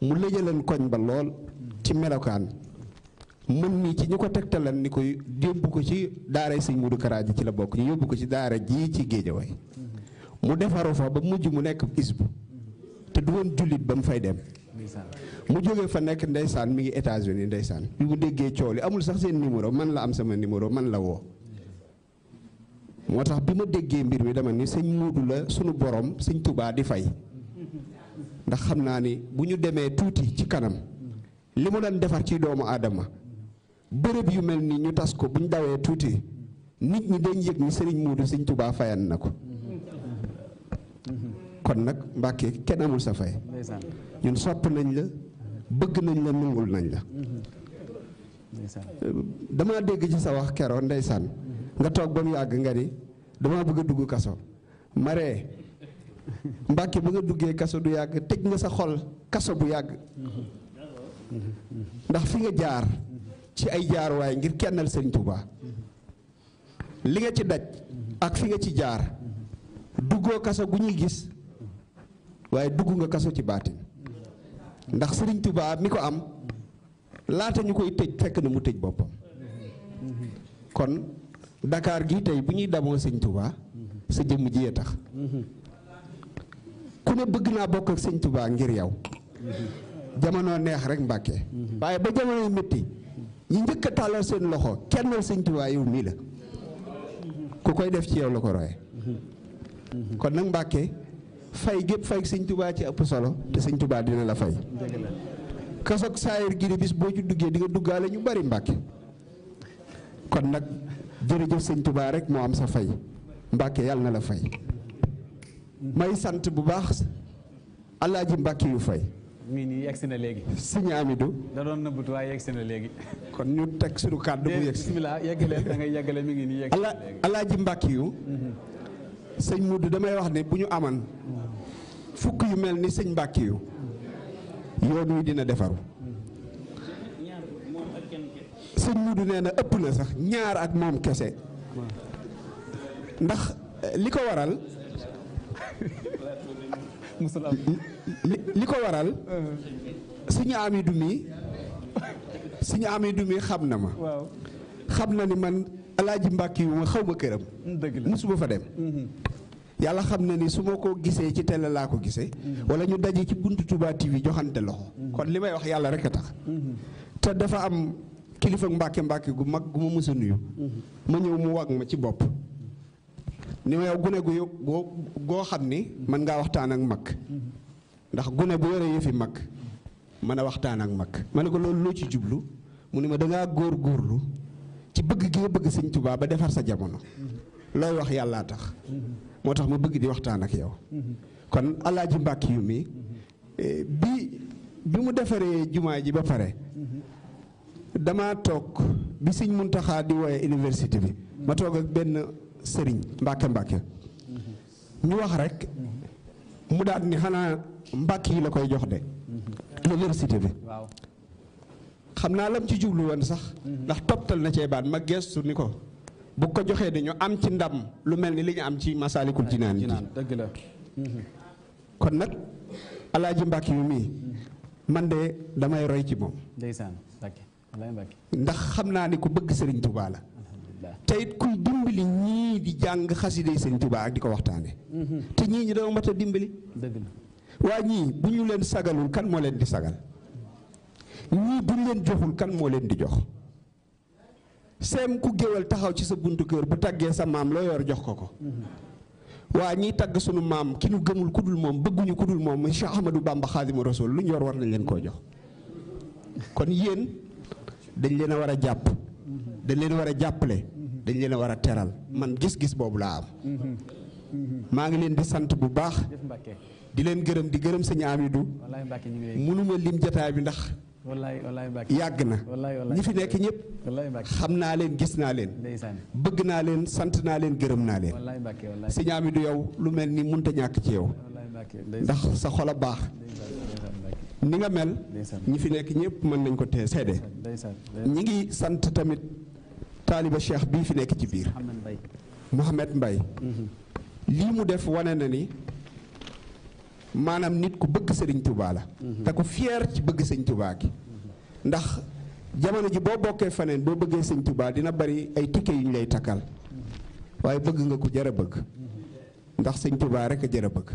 mu lëjaleen koñ ba lool ci melokaan man mii ci ñu ko tegtalan ni koy yóbbu ko ci daara sëñ Mudu Kara ci la bokk yóbbu ko ci daara jii ci Géejawaay mu defaru fa ba mujj mu nekk isbu te du woon jullit ba mu fay dem mu jóge fa nekk ndeysaan mi ngi États-Unis ndeysaan bi mu déggee coow li amul sax seen numéro man la am sama numéro man la woo moo tax bi ma déggee mbir mi dama ni sëñ Muudu la sunu borom sëñ Tubaa di fay ndax xam naa ni bu ñu demee tuuti ci kanam li mu daan defar ci doomu aadama bërëb yu mel nii ñu tas ko bu ñu dawee tuuti nit ñi dañ yëg ni sëriñ Moodu sëñ Tubaa fayan na ko kon nag Mbàkke kenn amul sa fay ñun sopp nañ la bëgg nañ la nangul nañ la damaa dégg ci sa wax kero ndeysaan nga toog ba mu yàgg nga ni dama bëgg a dugg kaso mare Mbàkke ba nga duggee kaso du yàgg tëj nga sa xol kaso bu yàgg ndax fi nga jaar ci ay jaaruwaay ngir kennal sëñ Touba li nga ci daj ak fi nga ci jaar duggoo kaso gu ñuy gis waaye dugg nga kaso ci baatin ndax sëriñ tubaa mi ko am laata ñu koy tëj fekk na mu tëj boppam kon dakaar gi tey bu ñuy damoo sëñ Touba sa jëmm jiyee tax ku ne bëgg naa bokk ak sëñ Touba ngir yow jamono neex rek Mbàkke waaye ba jamono métti ñi njëkk a tàllal seen loxo kenn sëñ Tuubaa yow mii la ku koy def ci yow la ko roye kon nag Mbàkke fay gépp fay sëñ Tuubaa ci ëpp solo te sëñ Tuubaa dina la fay kasoog saayir gi di bis boo ci duggee di nga duggaale ñu bari Mbàkke kon nag jërëjëf sëñ Tuubaa rek moo am sa fay Mbàkke yàlla na la fay may sant bu baax Alaaji Mbàkke yu fay mii nii yegsi na léegi. sëñ Amidou. da doon nëbbut waaye yegsi na léegi. kon ñu teg suñu kàddu bu yegsi. bisimilah yeggale da ngi nii yegsi na léegi. alaaji mbàkk mhm. sëñ Moudou damay wax ne bu ñu aman fukk yu mel ni sëñ mbàkk yu yoon wi dina defaru sëñ Moudou nee na ëpp na sax ñaar ak moom kese ndax eh, li ko waral. musul li ko waral. Euh. suñu ami du mi suñu amee du mi xam na ma. xam na ni man alaaji mbàkk yu ma xaw ma këram. dëgg la musuma fa dem. Mhm. yàlla xam na ni su ma ko gisee ci télé laa ko gisee. Mhm. wala ñu daje ci buntu Touba TV joxante loxo. Mhm. kon li may wax yàlla rek a tax. te dafa am kilifa mbàkke mbàkke gu mag gu ma mës a nuyu. ma ñëw mu wag ma ci bopp. ni ma yow gune gu goo goo xam ni man ngaa waxtaan ak mag ndax gune bu yore yëfi mag mën a waxtaan ak mag ma ne ko loolu loo ci jublu mu ni ma dangaa góor góorlu ci bëgg gi bëgg siñ Tuubaa ba defar sa jamono looy wax yàllaa tax moo tax ma bëgg di waxtaan ak yow kon alaaji mbàkk yu mi bi bi mu defaree jumaa ji ba pare dama toog bi sëñ Muntaxaa di wooye université bi ma toog ak benn sëriñ mbàkke mbakke ñu wax rek mu daal ni xanaa mbakk yi la koy jox de l'université bi xam naa lam ci jublu woon sax ndax toptal na cee baat ma geestu ni ko bu ko joxee dañu am ci ndam lu mel ni li ñu am ci masaalikul jinaan ji dëgg la kon nag alaaji mbàkk yu mii man de damay roy ci moom ndeysaan ndax xam naa ni ku bëgg sëriñ Tuubaa te it kuy dimbali ñii di jàng xasida yi sëñ Tuubaa ak di ko waxtaane mm-hmm. te ñii ñi doo mat a dimbali waa ñii bu ñu leen sagalul kan moo leen di sagal ñii bu ñu leen joxul kan moo leen di jox seen ku géwél taxaw ci sa buntu kër bu tàggee sa maam loo yor jox ko ko mm-hmm. waa ñii tagg sunu maam ki nu gëmul ku dul moom bëgguñu ku dul moom muy Cheikh Ahmadou Bamba Xaadimu Rasuul lu ñu yor war nañ leen koo jox kon yéen dañ leen a war a jàpp dañ leen war a jàppale dañ leen war a teral man gis-gis boobu laa am maa ngi leen di sant bu baax di leen gërëm di gërëm sëñ Amidou mënuma lim jataay bi ndax yàgg na ñi fi nekk ñëpp xam naa leen gis naa leen bëgg naa leen sant naa leen gërëm naa leen sëñ du yow lu mel ni mënta ñàkk ci yow ndax sa xol a baax ni nga mel ñi fi nekk ñëpp mën nañ ko tee seede ñi ngi sant tamit taaliba cheikh bii fi nekk ci biir Mouhamed Mbaye mhm. lii mu def wane na ni maanaam nit ku bëgg sëriñ tubaa la mhm. te ku fier ci bëgg sëñ tubaa gi mhm. ndax jamono ji boo bokkee faneen boo bëggee sëñ tubaa dina bari ay tikke yu ñu lay takkal waaye bëgg nga ko jar a bëgg ndax sëñ tubaa rek a jar a bëgg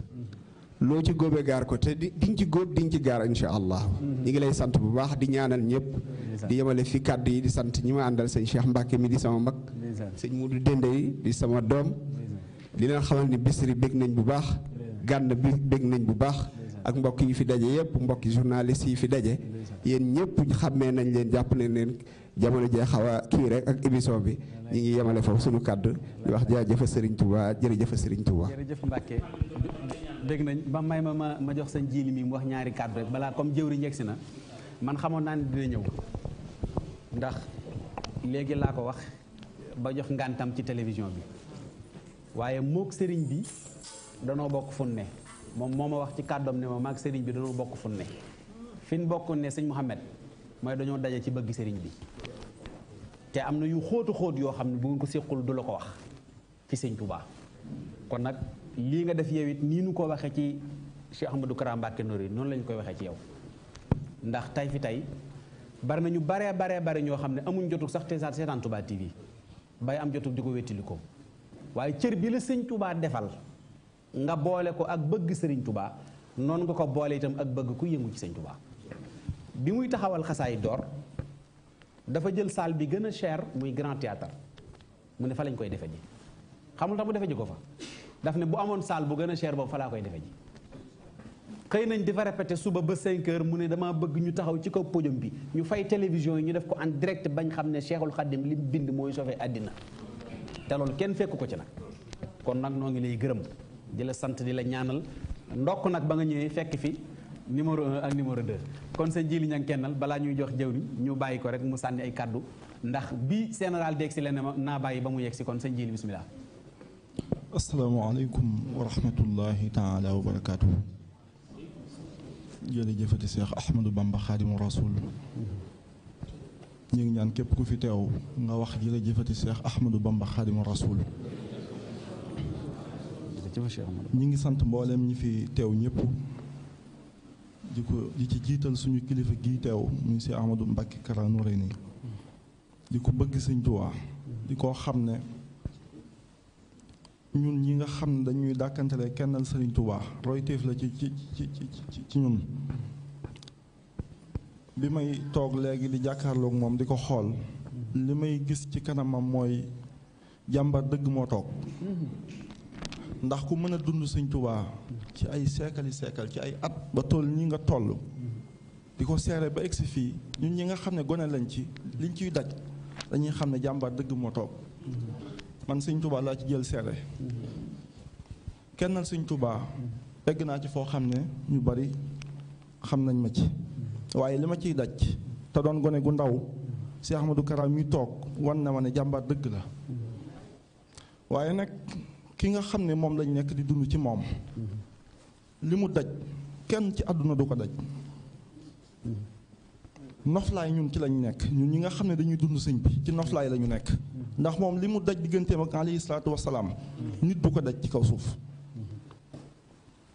loo ci góobee gaar ko te di diñ ci góob diñ ci gaar incha allah mm-hmm. ñi ngi lay sant bu baax di ñaanal ñëpp di yemale fi kàddu yi di sant ñi ma àndal sëñ Cheikh Mbacke mi di sama mag sëñ Mudu Dende yi di sama doom di leen xamal ni Bichri bég nañ bu baax gànn bi bég nañ bu baax ak mbokk yi fi daje yëpp mbokki journaliste yi fi daje yéen ñëpp xammee nañ leen jàpp ne leen jamono jee xaw a rek ak émission bi ñu ngi yemale foofu suñu kàddu di wax jaajëf Serigne Touba jërëjëf Serigne Touba. jërëjëf Mbacke dégg nañ ba may ma ma ma jox sañ jiili mi mu wax ñaari kàddu rek balaa comme jëwriñ yegsi na man xamoon naa ne dina ñëw ndax léegi laa ko wax ba jox ngàntam ci télévision bi waaye mook sëriñ bi danoo bokk fun ne moom moo ma wax ci kàddoom ne ma maag sëriñ bi danoo bokk fun ne fi ñu bokk ne sëñ Mouhamed. mooy dañoo daje ci bëgg sëriñ bi te am na yu xóotu xóot yoo xam ne bu ngeen ko séqul du la ko wax ci sëñ Touba kon nag lii nga def yow it nii nu ko waxee ci Cheikh Ahmadou Kara Mbacké Noreyni noonu lañ koy waxee ci yow ndax tay fi tey bari na ñu baree baree bare ñoo xam ne amuñ jotuk sax te seetaan Touba TV bay am jotuk di ko wettili ko waaye cër bi la sëñ Touba defal nga boole ko ak bëgg sëriñ tubaa noonu nga ko boole itam ak bëgg ku yëngu ci sëñ Touba. bi muy taxawal xasaay door dafa jël salle bi gën a cher muy grand théâtre mu ne fa lañ koy defe ji xamul tax mu defe ji ko fa daf ne bu amoon salle bu gën a cher boobu fa laa koy defe ji xëy nañ di fa répété suba ba 5 mu ne damaa bëgg ñu taxaw ci kaw podium bi ñu fay télévision yi ñu def ko en direct bañ xam ne Cheikhul Khadim li mu bind mooy sofee àddina te loolu kenn fekk ko ci nag kon nag noo ngi lay gërëm di la sant di la ñaanal ndokk nag ba nga ñëwee fekk fi numéro 1 ak numéro 2. kon sa jili ñang kennal balaa ñuy jox jëw ñu bàyyi ko rek mu sànni ay kàddu ndax bi général deeg si la ne ma naa bàyyi ba mu yegg si kon sa jili bismillah asalaamaaleykum wa rahmatullahi taala wa barakaatu. jërëjëfati Seex Ahmadou Bamba Xaadimu Rasuul. ñu ngi ñaan képp ku fi teew nga wax jërëjëfati Seex Ahmadou Bamba Xaadimu Rasuul. ñu ngi sant mboolem ñu fi teew ñëpp. di ko di ci jiital suñu kilifa gii teew monsieur Amadou Mbacke Kara Noreyni di ko bëgg sëñ Tuubaa di ko xam ne ñun ñi nga xam ne dañuy dàkkantale kennal sëriñ Tuubaa royteef la ci ci ci ci ci ñun bi may toog léegi di jàkkaarlook moom di ko xool li may gis ci kanamam mooy jàmbar dëgg moo toog ndax ku mën a dund sëñ tubaa ci ay seekali seekal ci ay at ba toll ñi nga toll di ko seere ba egsi fii ñun ñi nga xam ne gone lañ ci liñ ciy daj dañuy xam ne jàmbaar dëgg moo toog man sëñ tubaa laa ci jël seere kennal sëñ tubaa egg naa ci foo xam ne ñu bari xam nañ ma ci waaye li ma ciy daj te doon gone gu ndaw si Ahmadou Kara mi toog wan na ma ne jàmbaar dëgg la waaye nag ki nga xam ne moom lañ nekk di dund ci moom li mu daj kenn ci àdduna du ko daj noflaay ñun ci lañu nekk ñun ñi nga xam ne dañuy dund sëñ bi ci noflaay lañu nekk ndax moom li mu daj digganteem ak alayhi salaatu wasalaam nit du ko daj ci kaw suuf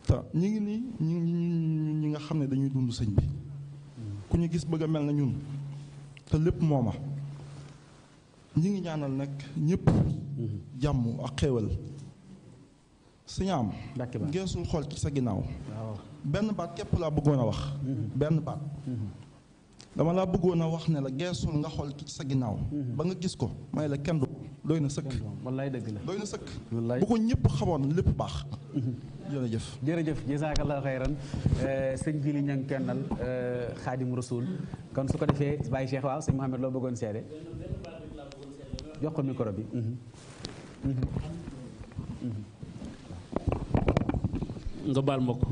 te ñu ngi nii ñu ñun nga xam ne dañuy dund sëñ bi ku ñu gis bëgg a mel na ñun te lépp mooma ñi ngi ñaanal nag ñëpp jàmm ak xéewal siñaam geesul xool ci sa ginnaaw benn baat képp laa bëggoon a wax mm-hmm. benn baat mm-hmm. dama laa bëggoon a wax ne la geesul nga xool ci sa ginnaaw mm-hmm. ba nga gis ko may la kenn du doy na sëkk wallaay dëgg la doy na sëkk bu ko ñëpp xamoon lépp baax jërëjëf jërëjëf jazakallahu xayran eh, sëñ bi li ñang kennal eh, xaadim rasul kon su ko defee bàyyi seex waaw sëñ Mouhamed loo bëggoon seede jox bi nga baal ma ko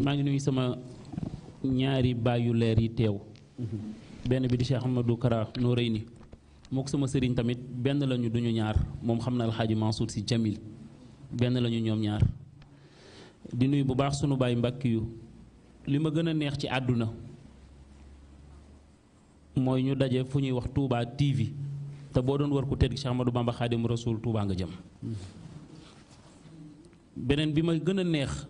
maa ngi nuyu sama ñaari baay yu leer yi teew benn bi di Cheikh noo Kara Noreyni mook sama sëriñ tamit benn lañu duñu ñaar moom xam na alxaaji Mansour si Jamil benn lañu ñoom ñaar di nuyu bu baax sunu baay mbàkki yu li ma gën a neex ci àdduna mooy ñu daje fu ñuy wax Touba TV te boo doon war ku tedd Cheikh Amadou Bamba Xaadimu Rasuul nga jëm beneen bi ma gën a neex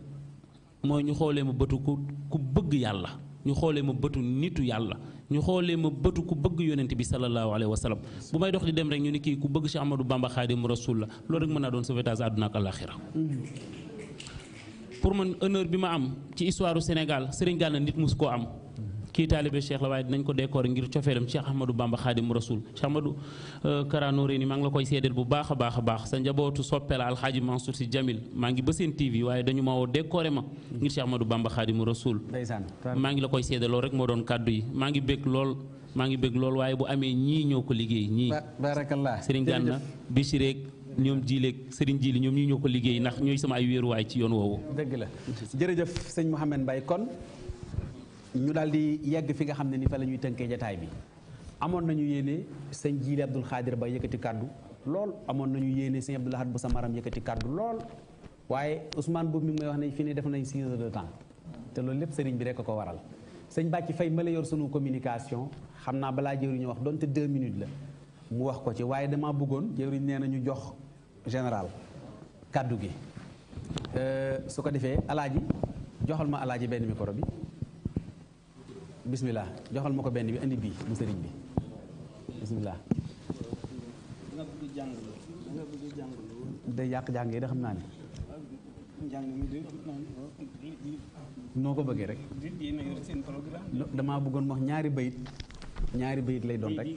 mooy ñu xoolee ma bëtu ku ku bëgg yàlla ñu xoolee ma bëtu nitu yàlla ñu xoolee ma bëtu ku bëgg yonent bi sallallahu alayhi wa sallam bu may dox di dem rek ñu ni kii ku bëgg Cheikh Ahmadou Bamba Xaadimu Rasuul la loolu rek mën a doon sauvetage àdduna ak àllaaxira pour man honneur bi ma am ci histoire du Sénégal Serigne Gana nit mus koo am. kii taalibe Cheikh la waaye dinañ ko décorer ngir cofeelam Cheikh Ahmadou Bamba Xaadim Rasul Cheikh Ahmadou euh, Karano Reni maa ngi la koy seedeel bu baax a baax a baax sa njabootu soppe la Alxaaji Mansour si Jamil maa ngi ba seen TV waaye dañu ma woo décorer ma ngir Cheikh Ahmadou Bamba Xaadim Rasul maa ngi la koy seedeel lool rek moo doon kàddu yi maa ngi bég lool maa ngi bég lool waaye bu amee ñii ñoo ko liggéey ñii barakallah Serigne Ganna Bichireek ñoom jiileeg Serigne Jili ñoom ñii ñoo ko liggéey ndax ñooy sama ay wéeruwaay ci yoon woowu dëgg la ñu daal di yegg fi nga xam ne ni fa la ñuy tënkee jataay bi amoon nañu yéene sëñ Jiili Abdul Xaadir ba yëkkati kàddu lool amoon nañu yéene sëñ Abdul Ahad bu sa maram yëkkati kàddu lool waaye Ousmane boobu mi ngi may wax nañ fii ne def nañ six heures de temps te lool lépp sëriñ bi rek ko waral sëñ Bàcci Fay ma la yor sunu communication xam naa balaa jëwriñu wax donte deux minutes la mu wax ko ci waaye damaa bëggoon jëwriñ nee na jox général kàddu gi euh, su ko defee alaaji joxal ma alaaji benn micro bi bismillah joxal ma ko benn bi indi bii bu sëriñ bi bismillah day yàq jàng yi da xam naa ne noo ko bëggee rek damaa bëggoon wax ñaari bayit ñaari bayit lay doon rek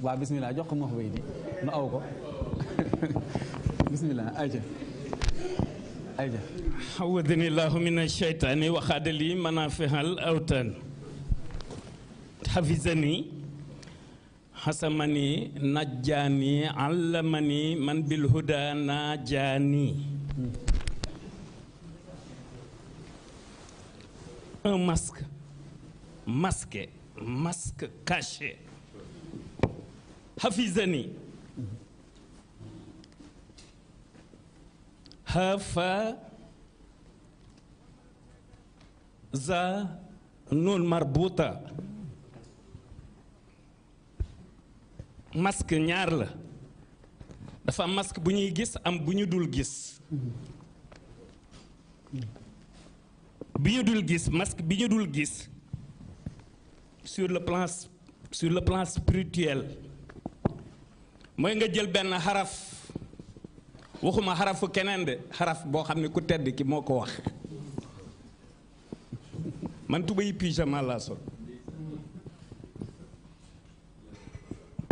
waaw bismillah jox ko mu wax bayit yi nu aw ko bismillah ayca ayca awadani llahu min alcheytaani waxaadali manafihal awtaan hafizani hasamani najjaani allamani man bil huda najaani un masque masqué masque hafizani hafa nun marbuta masque ñaar la dafa am masque bu ñuy gis am bu ñu dul gis bi ñu dul gis masque bi ñu dul gis sur le plan sur le place spirituel mooy nga jël benn xaraf waxuma xarafu keneen de xaraf boo xam ne ku tedd ki moo ko wax man tubéy pyjama laa sol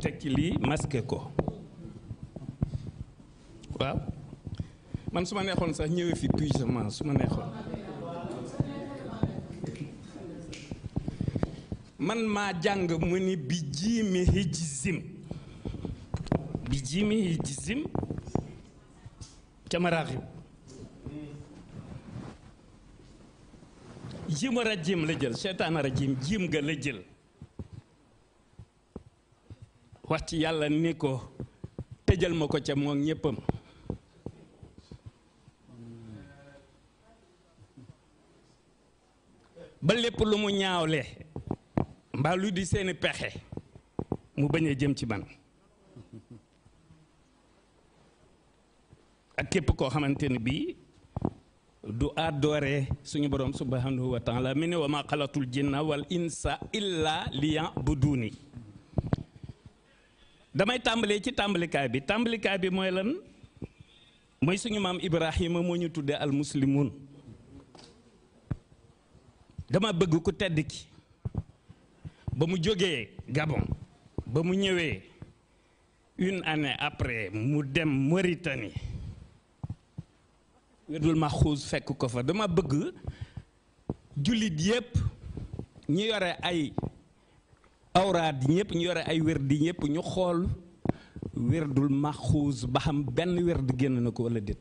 teg ci li masqué ko waaw man su ma neexoon sax ñëwee fi puissamment su ma neexoon man maa jàng mu ni bi jiimi hijzim bi jiimi hijzim ca maraaxib jiima rajim la jël seytaana rajim jiim ga la jël wax ci yàlla ni ko tëjal ma ko ca moom ñéppam ba lépp lu mu ñaawle mbaa lu di seeni pexe mu bañ a jëm ci man ak képp koo xamante ne bii du adoore suñu borom subhanahu wa taala mi ne wa ma xalatul jinna wal insa illa liyan bu duuni damay tàmbalee ci tàmbalikaay bi tàmbalikaay bi mooy lan mooy suñu maam Ibrahima moo ñu tuddee al muslimun dama bëgg ku tedd ki ba mu jógee Gabon ba mu ñëwee une année après mu dem Mauritanie wedul ma fekk ko fa dama bëgg jullit yépp ñu yore ay awraad ñëpp ñu yore ay wér di ñëpp ñu xool wérdul maxuus ba xam benn wérd génn na ko wala déet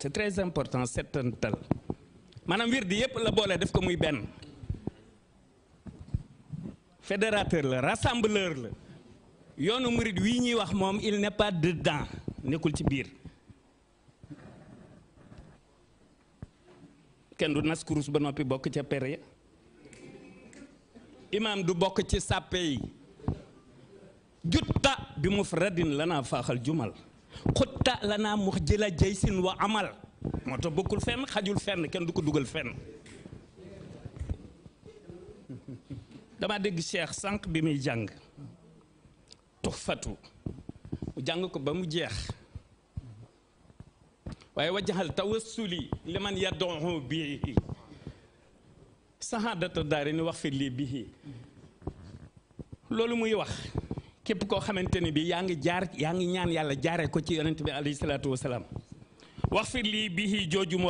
c'est très important settantal maanaam wérdi yëpp la boole def ko muy benn fédérateur la rassembleur la yoonu murid wi ñuy wax moom il n'est pas dedans nekkul ci biir kenn du nas kurus ba noppi bokk ca pere ya imaam du bokk ci sàppe yi jutta bi mufradin lanaa faaxal jumal xutta lanaa mux jëla jaysin wa amal moo tax bokkul fenn xajul fenn kenn du ko dugal fenn dama dégg cheikh sànq bi muy jàng tuxfatu mu jàng ko ba mu jeex waaye wajaxal tawassuli liman yad'u bii saxaadata daari ni wax firli bii loolu muy wax képp koo xamante ni bii yaa ngi jaar yaa ngi ñaan yàlla jaaree ko ci yonent bi alayhi salaatu wasalaam wax fir lii bii jooju mu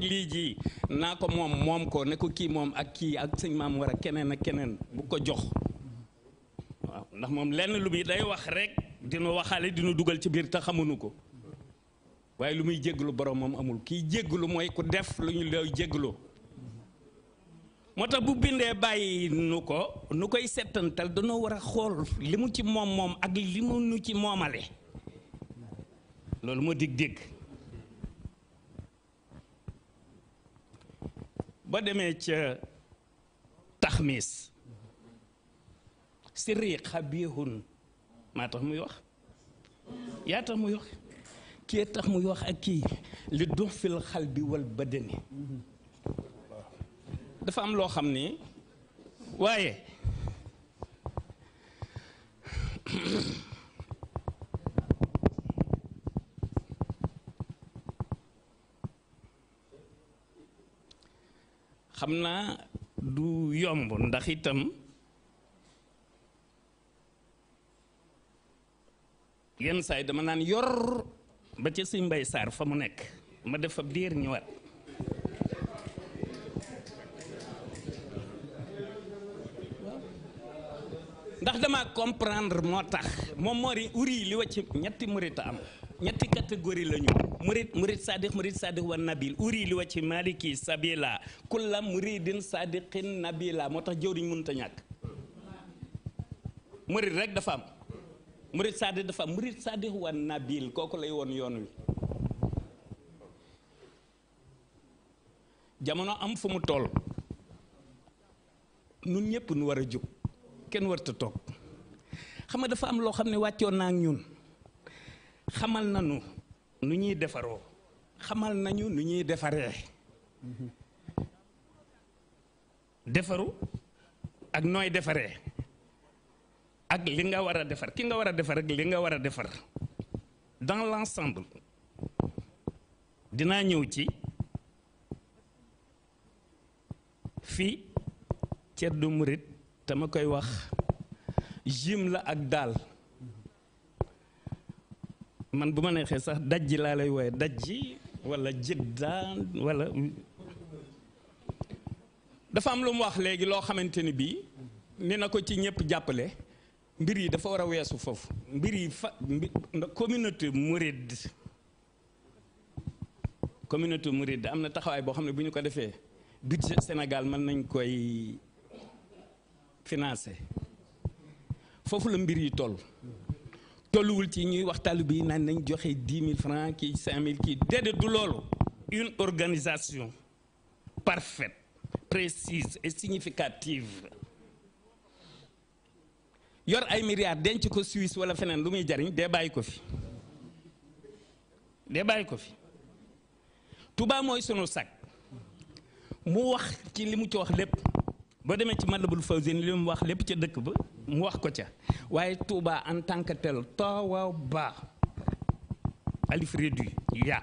lii ji naa ko moom moom ko ne ko kii moom ak kii ak sëñ maam war a keneen ak keneen bu ko jox waaw ndax moom lenn lu muy day wax rek dina waxaale dina dugal ci biir te xamuñu ko waaye lu muy jégglu borom moom amul kii jégglu mooy ku def lu ñu lay jégglu moo tax bu bindee bàyyi nu ko nu koy settantal danoo war a xool li mu ci moom moom ak li mu nu ci moomale loolu moo dig dégg ba demee ca taxmis sirri xabihun maa tax muy wax yaa tax muy wax kii tax muy wax ak kii li dox fil xal bi wal badani dafa am loo xam ni waaye xam naa du yomb ndax itam yenn saa yi dama naan yor ba ca si mbay saar fa mu nekk ma def ab diir ñëwaat ndax damaa comprendre moo tax moom mori uri li wacc ñetti murit am ñetti catégorie la ñu murit murit sadiq murit sadiq wa nabil uri li wacc maliki sabila kulla muridin sadiqin nabila moo tax jëwriñ mënut a ñàkk murit rek dafa am murit sadiq dafa am murit sadiq wa nabil kooku lay woon yoon wi jamono am fu mu toll nun ñëpp nu war a jóg kenn warta toog xam nga dafa am loo xam ne wàccoon naa ak ñun xamal nañu nu ñuy defaroo xamal nañu nu ñuy defaree defaru ak nooy defaree ak li nga war a defar ki nga war a defar ak li nga war a defar dans l'ensemble dinaa ñëw ci fii Ceddu Murit dama koy wax jim la ak daal man bu ma neexee sax dajji laa lay wooye dajji wala jiddaan wala dafa am lu mu wax léegi loo xamante ni bii ni na ko ci ñëpp jàppale mbir yi dafa war a weesu foofu mbir yi fa communauté mouride communauté mouride am na taxawaay boo xam ne bu ñu ko defee budget Sénégal mën nañ koy financé foofu la mbir yi toll tolluwul ci ñuy wax taalibe yi naan nañ joxe dix mille francs kii cinq mille kii déedéet du loolu une organisation parfaite précise et significative yor ay milliards denc ko Suisse wala feneen lu muy jariñ dee bàyyi ko fi dee bàyyi ko fi Touba mooy sunu sac mu wax ci li mu ci wax lépp boo demee ci Matlabul Fawzayni li mu wax lépp ca dëkk ba mu wax ko ca waaye Touba en tant que tel toowa ba alif réduit yaa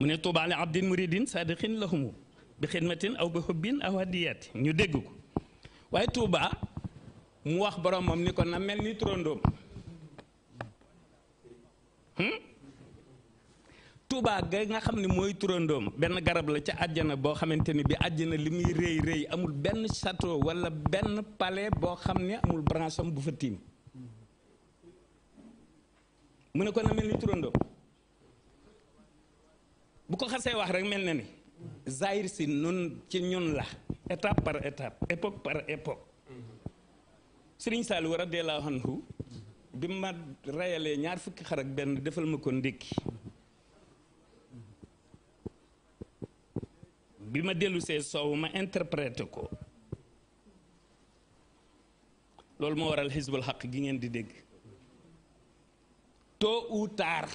mu ne Touba li abdin muridin sadiqin lahumu bi xidmatin aw bi hubbin aw hadiyati ñu dégg ko waaye Touba mu wax boromam ni ko na mel ni turandoom hmm? Touba ga nga xam ne mooy turandoom benn garab la ca àjjana boo xamante ni bi àjjana li muy rëy rëy amul benn château walla benn pale boo xam ne amul branche am bu fa tiim mu ne ko na mel ni turandoom bu ko xasee wax rek mel na ni Zahir si nun ci ñun la étape par étape époque par époque Serigne Saliou radiyallahu anhu bi ma rayalee ñaar fukki xar ak benn defal ma ko ndékki bi ma dellu see soow ma interprété ko loolu moo waral xisbul xaq gi ngeen di dégg tôt ou tard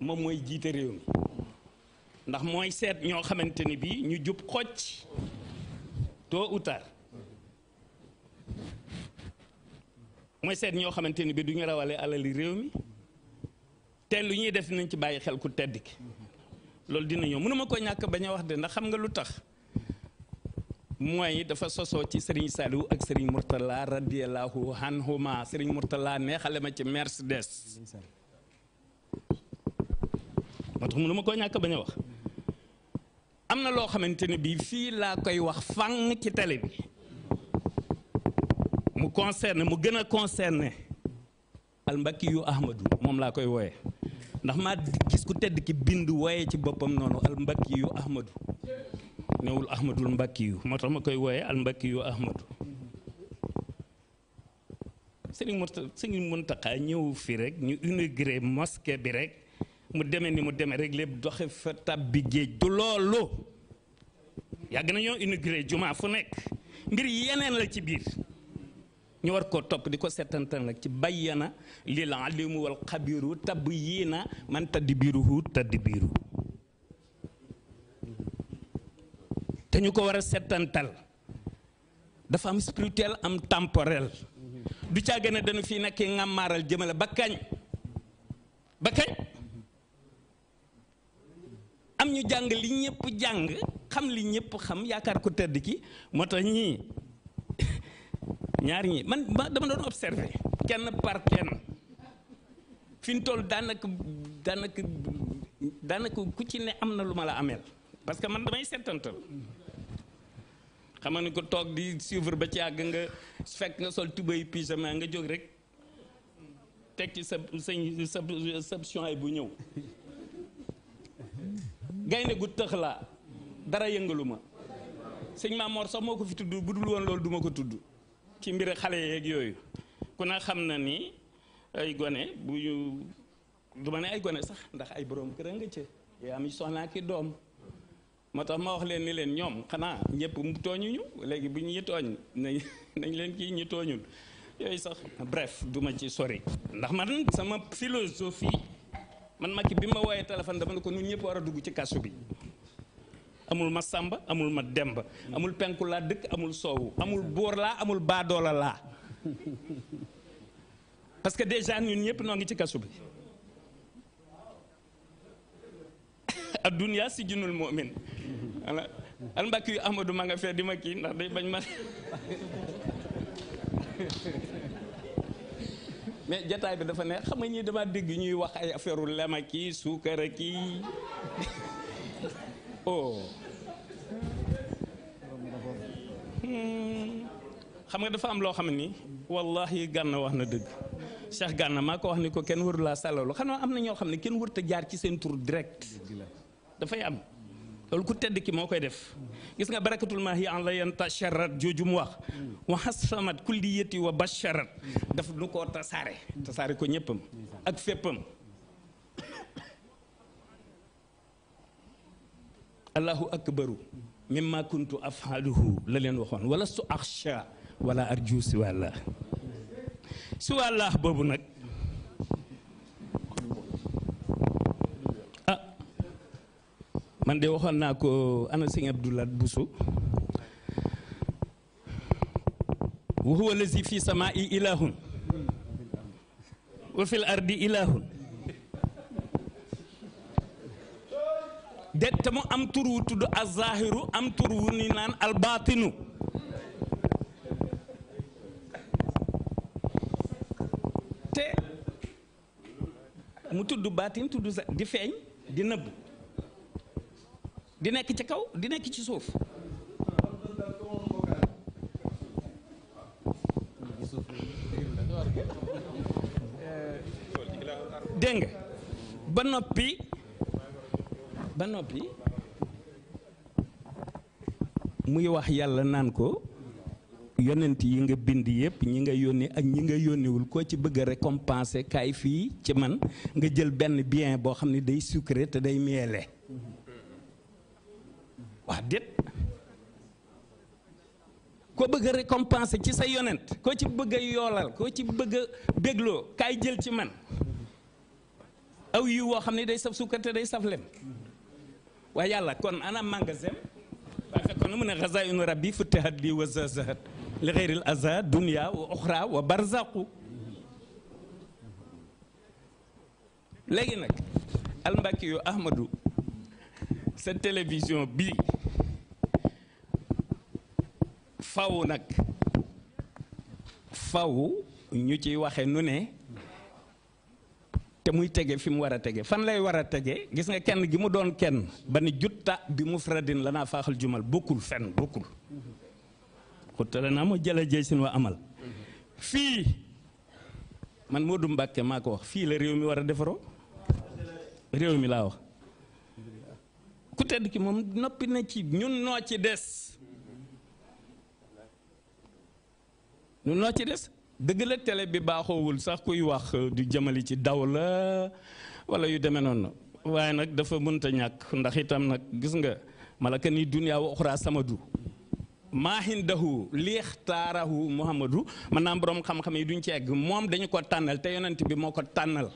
moom mooy jiite réew mi ndax mooy seet ñoo xamante ni bii ñu jub xocc tôt ou tard mooy seet ñoo xamante ni bii du ñu rawale alali réew mi te lu ñuy def nañ ci bàyyi xel ku tedd ki loolu dina ñëw mënuma koo ñàkk bañ a wax de ndax xam nga lu tax mooy dafa sosoo ci Serigne Saliou ak sëriñ Serigne Mourtala radiyallahu anhuma Serigne Mourtala neexale ma ci Mercedes moo tax mënuma koo ñàkk bañ a wax am na loo xamante ne bii fii laa koy wax fang ci tele bi mu concerné mu gën a concerné al Mbakkiyu Ahmadu moom laa koy wooye ndax maa gis ku tedd ki bind waaye ci boppam noonu al mbakki yu ahmadu newul ahmadul mbakki yu moo tax ma koy wooye al mbakki yu ahmadu sëriñ Murta sëriñ Muntaxa ñëw fi rek ñu inauguré mosquée bi rek mu deme ni mu demee rek lépp doxe fa tàbbi géej du loolu yàgg na ñoo inauguré jumaa fu nekk mbir yeneen la ci biir ñu war koo topp di ko settantal nag ci bayyana lil alimu wal xabiru tabb yii na man tadbiruhu tadbiru te ñu ko war a settantal dafa am spirituel am temporel du càgg ne dañu fii nekk ngàmmaaral jëmale ba kañ ba kañ am ñu jàng li ñëpp jàng xam li ñëpp xam yaakaar ko tëdd ki moo tax ñii ñaar ñi man dama doon observé kenn par kenn fi mu toll daanaka daanaka daanaka ku ci ne am na lu ma la ameel parce que man damay settantal xam nga ni ko toog di suivre ba ci àgg nga fekk nga sol tubéy pyjama nga jóg rek teg ci sa sa sa sa bu ñëw gaynde gu tëx la dara yëngalu ma sëñ Maam Mor sax moo ko fi tudd bu dul woon loolu duma ko tudd ci mbir xale yeeg yooyu ku ne xam na ni ay gone bu ñu du ne ay gone sax ndax ay borom kër a nga ca yaa am soxna ki doom moo tax ma wax leen ni leen ñoom xanaa ñëpp mu tooñuñu léegi bu ñu tooñ nañ nañ leen kii ñu tooñul yooyu sax bref duma ci sori ndax man sama philosophie man Macky bi ma wooyee téléphone dama ne ko ñun ñëpp war a dugg ci kasu bi amul ma sàmb amul ma demba amul penku laa dëkk amul soowu amul boor laa amul baadoola laa parce que déjà ñun ñëpp noo ngi ci kasu bi addunya sijnul mu'min ala al mbàkk yu ma nga fee di ma kii ndax day bañ ma mais jataay bi dafa ne xam nga ñi dama dégg ñuy wax ay affaire lema kii suukara kii oh hmm. xam nga dafa am loo xam ni wallahi gànna wax na dëgg Cheikh gànna maa ko wax ni ko kenn wër laa sàllalu xanaa am na ñoo xam ne kenn wër te jaar ci seen tur direct dafay am loolu ku tedd ki moo koy def gis nga barakatul maahi an la yan tasharat jooju mu wax wa xasamat kulliyati wa basharat daf nu ko tasaare tasaare ko ñëppam ak féppam allahu akbaru mimma kuntu afaaluhu la leen waxoon wala su axsha wala arju si wàlla si wàlla boobu nag ah man de waxoon naa ko ana sëñ Abdoulaat Bousso wa huwa lazi fi samaa'i ilahun wa fil ardi ilahun de te mu am tur wu tudd azahiru am tur wu ni naan albatinu te mu tudd baatin tudd sa di feeñ di nëbb di nekk ci kaw di nekk ci suuf dégg ba noppi ba noppi muy wax yàlla naan ko yonent yi nga bind yëpp ñi nga yónni ak ñi nga yónniwul koo ci bëgg a kaay fii ci man nga jël benn bien boo xam ne day sucré te day meele wax déet koo bëgg a récompenser ci sa yonent koo ci bëgg yoolal koo ci bëgg bégloo kaay jël ci man aw yi woo xam ne day saf sucré te day saf lem waa yàlla kon ana magasin parce que kon mu ne xazaa'inu rabbi futihat lii wa zazahat li xeyril aza dunya wa uxra wa barzaqu léegi nag almbaki yu ahmadou sa télévision bii faw nag faw ñu ci waxe nu ne te muy tege fi mu war a tege fan lay war a tege gis nga kenn gi mu doon kenn ba ni jutta bi mufradin la naa faaxal jumal bokkul fenn bokkul xuttale naa mu jëla jëysin wa amal fii man moo Modou Mbacke maa ko wax fii la réew mi war a defaroo réew mi laa wax ku tedd ki moom noppi na ci ñun noo ci des ñun noo ci des dëgg la télé bi baaxoowul sax kuy wax euh, du jëmali ci daw la wala yu demee noonu waaye nag dafa mënta ñàkk ndax itam nag gis nga malaka ni dunya wa uxra samadu maahindahu liixtaarahu muhammadu man naam boroom xam-xam yi duñ ci egg moom dañu ko tànnal te yonent bi moo ko tànnal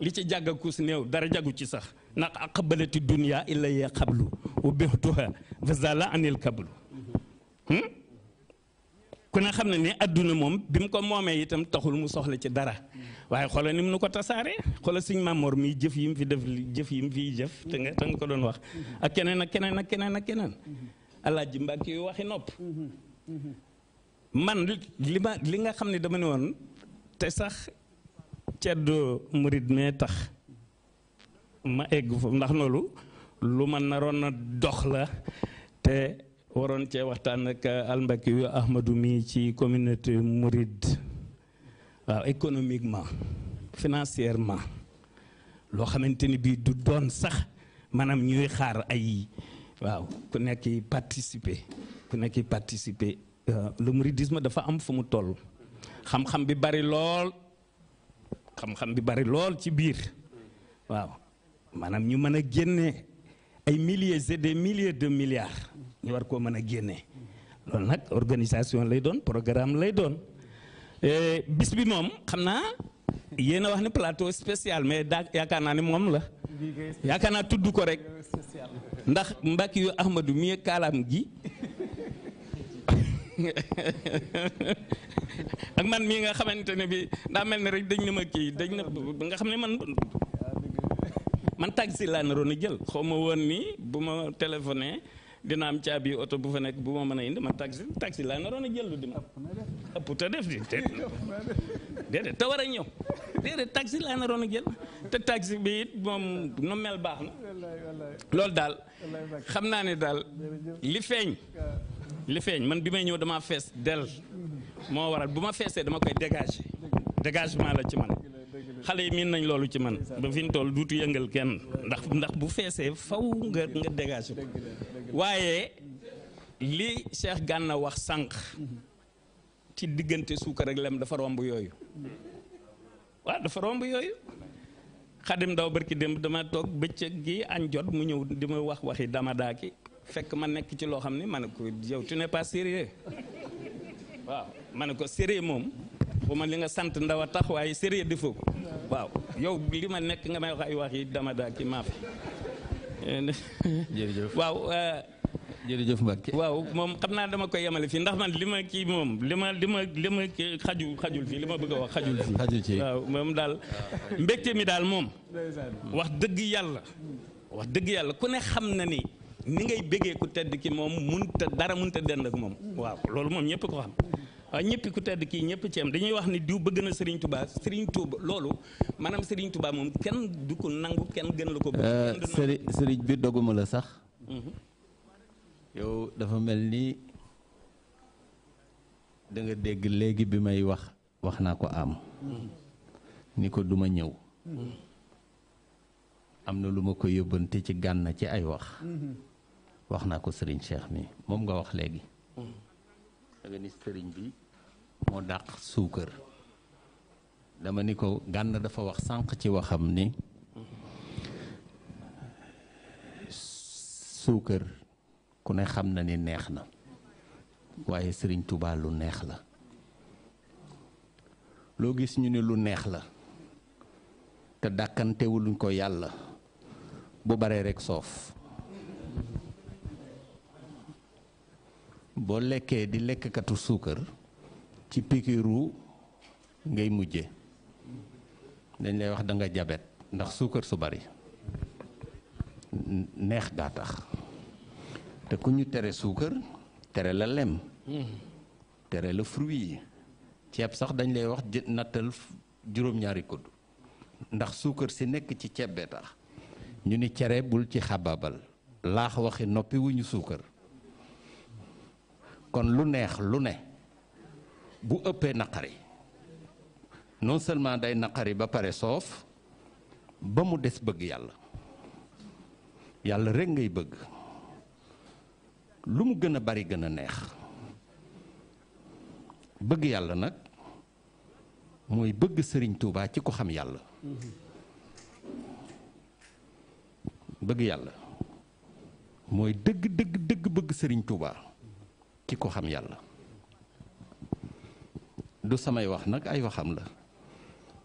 li ci jàgg kus néew dara jagu ci sax ndax aqbalati dunya illa yee xablu wa bixtuha fa zala anil kablu hmm? ku ne xam ne ne adduna moom bi mu ko moomee itam taxul mu soxla ci dara waaye xoolal ni mu nu ko tasaare xoolal suñ Mamor mii jëf yi mu fi def jëf yi mu fiy jëf te nga te nga ko doon wax ak keneen ak keneen ak keneen ak keneen alaaji Mbàkke yu waxi nopp man li ma li nga xam ne dama ne woon te sax ceddo murid mee tax ma egg foofu ndax loolu lu ma naroon na dox la te waroon cee waxtaan ak eh, almbaki yu Ahmadou mi ci communauté Mouride waaw économiquement financièrement loo xamante ni bii du doon sax maanaam ñuy xaar ay waaw ku nekk yi participer ku nekk yi participer eh, le mouridisme dafa am fu mu toll xam-xam bi bari lool xam-xam bi bari lool ci biir waaw maanaam ñu mën a génne ay milliers et des milliers de milliards ñu war koo mën a génne loolu nag organisation lay doon programme lay doon eh, bis bi moom xam naa yéen a wax ne plateau spécial mais daa yaakaar naa ne moom la yaakaar naa tudd ko rek ndax Mbàkke yu Ahmadu mi kaalaam gi ak man mii nga xamante ne bi ndax mel ni rek dañ na ma kii dañ na nga xam ne man man si laa naroon a jël xaw ma woon nii bu ma téléphoné dina am caabi oto bu fa nekk bu ma mën a indi man taxi si laa naroon a jël lu dina ëpp te def di déedéet te war a ñëw déedéet taxi laa naroon a jël te taxi bi it moom nu mel baax na loolu daal xam naa ne daal li feeñ li feeñ man bi may ñëw damaa fees del moo waral bu ma feesee dama koy dégage dégagement la ci man xale yi miin nañ loolu ci man ba fi ñu toll duutu yëngal kenn ndax ndax bu feesee faw nga nga dégage waaye li Cheikh Gana wax sànq ci diggante suukar ak lem dafa romb yooyu waaw dafa romb yooyu xadim daw barki démb dama toog bëccëg gi añ jot mu ñëw di ma wax waxi dama daaki fekk ma nekk ci loo xam ne ma ne ko yow tu n'es pas sérieux waaw ma ne ko sérieux moom waxuma li nga sant ndaw a tax waaye sérieux defoo ko waaw yow li ma nekk nga may wax ay wax yi dama daal ci maaf jërëjëf waaw euh, waaw moom xam naa dama koy yemale fii ndax man li ma kii moom li ma li ma li ma xaju xajul fii li ma bëgg a wax xajul fii xajul ci waaw moom daal mbégte mi daal moom wax dëgg yàlla wax dëgg yàlla ku ne xam na ni ni ngay bëggee ku tedd ki moom munta dara munta dend ak moom waaw loolu moom ñëpp ko xam waaw ah, ñëpp ku tedd kii ñëpp ci am dañuy wax ni diw bëgg na Serigne Touba Serigne Touba loolu maanaam Serigne tubaa moom kenn du ko nangu kenn gën la ko bëgg. Euh, Serigne bi doguma la sax. Mhm. yow dafa mel nii da nga dégg léegi bi may wax wax naa ko am. Mhm. ni ko duma ñëw. Mhm. am na lu ma ko yóbbante ci gànn ci ay wax. wax naa ko sëriñ Cheikh mi moom nga wax léegi. da nga ni sëriñ bi moo dàq suukar dama ni ko gànn dafa wax sànq ci waxam ni suukar ku ne xam na ni neex na waaye sëriñ Tuubaa lu neex la loo gis ñu ne lu neex la te dàkkantewuluñ ko yàlla bu baree rekk soof boo lekkee di lekkkatu suukar ci pikiru ngay mujje dañ lay wax danga jabet ndax suukar su bari neex gaa tax te ku ñu tere suukar tere la lem tere la fruit yi ceeb sax dañ lay wax nattal juróom-ñaari kudd ndax suukar si nekk ci ceeb bee tax ñu ni cere bul ci xababal laax waxi noppi wu ñu suukar kon lu neex lu ne bu ëppee naqari non seulement day naqari ba pare soof ba mu des bëgg yàlla yàlla rekk ngay bëgg lu mu gën a bari gën a neex bëgg yàlla nag mooy bëgg sëriñ Touba ci ko xam yàlla bëgg yàlla mooy dëgg dëgg dëgg bëgg sëriñ Touba. ki ko xam yàlla du samay wax nag ay waxam la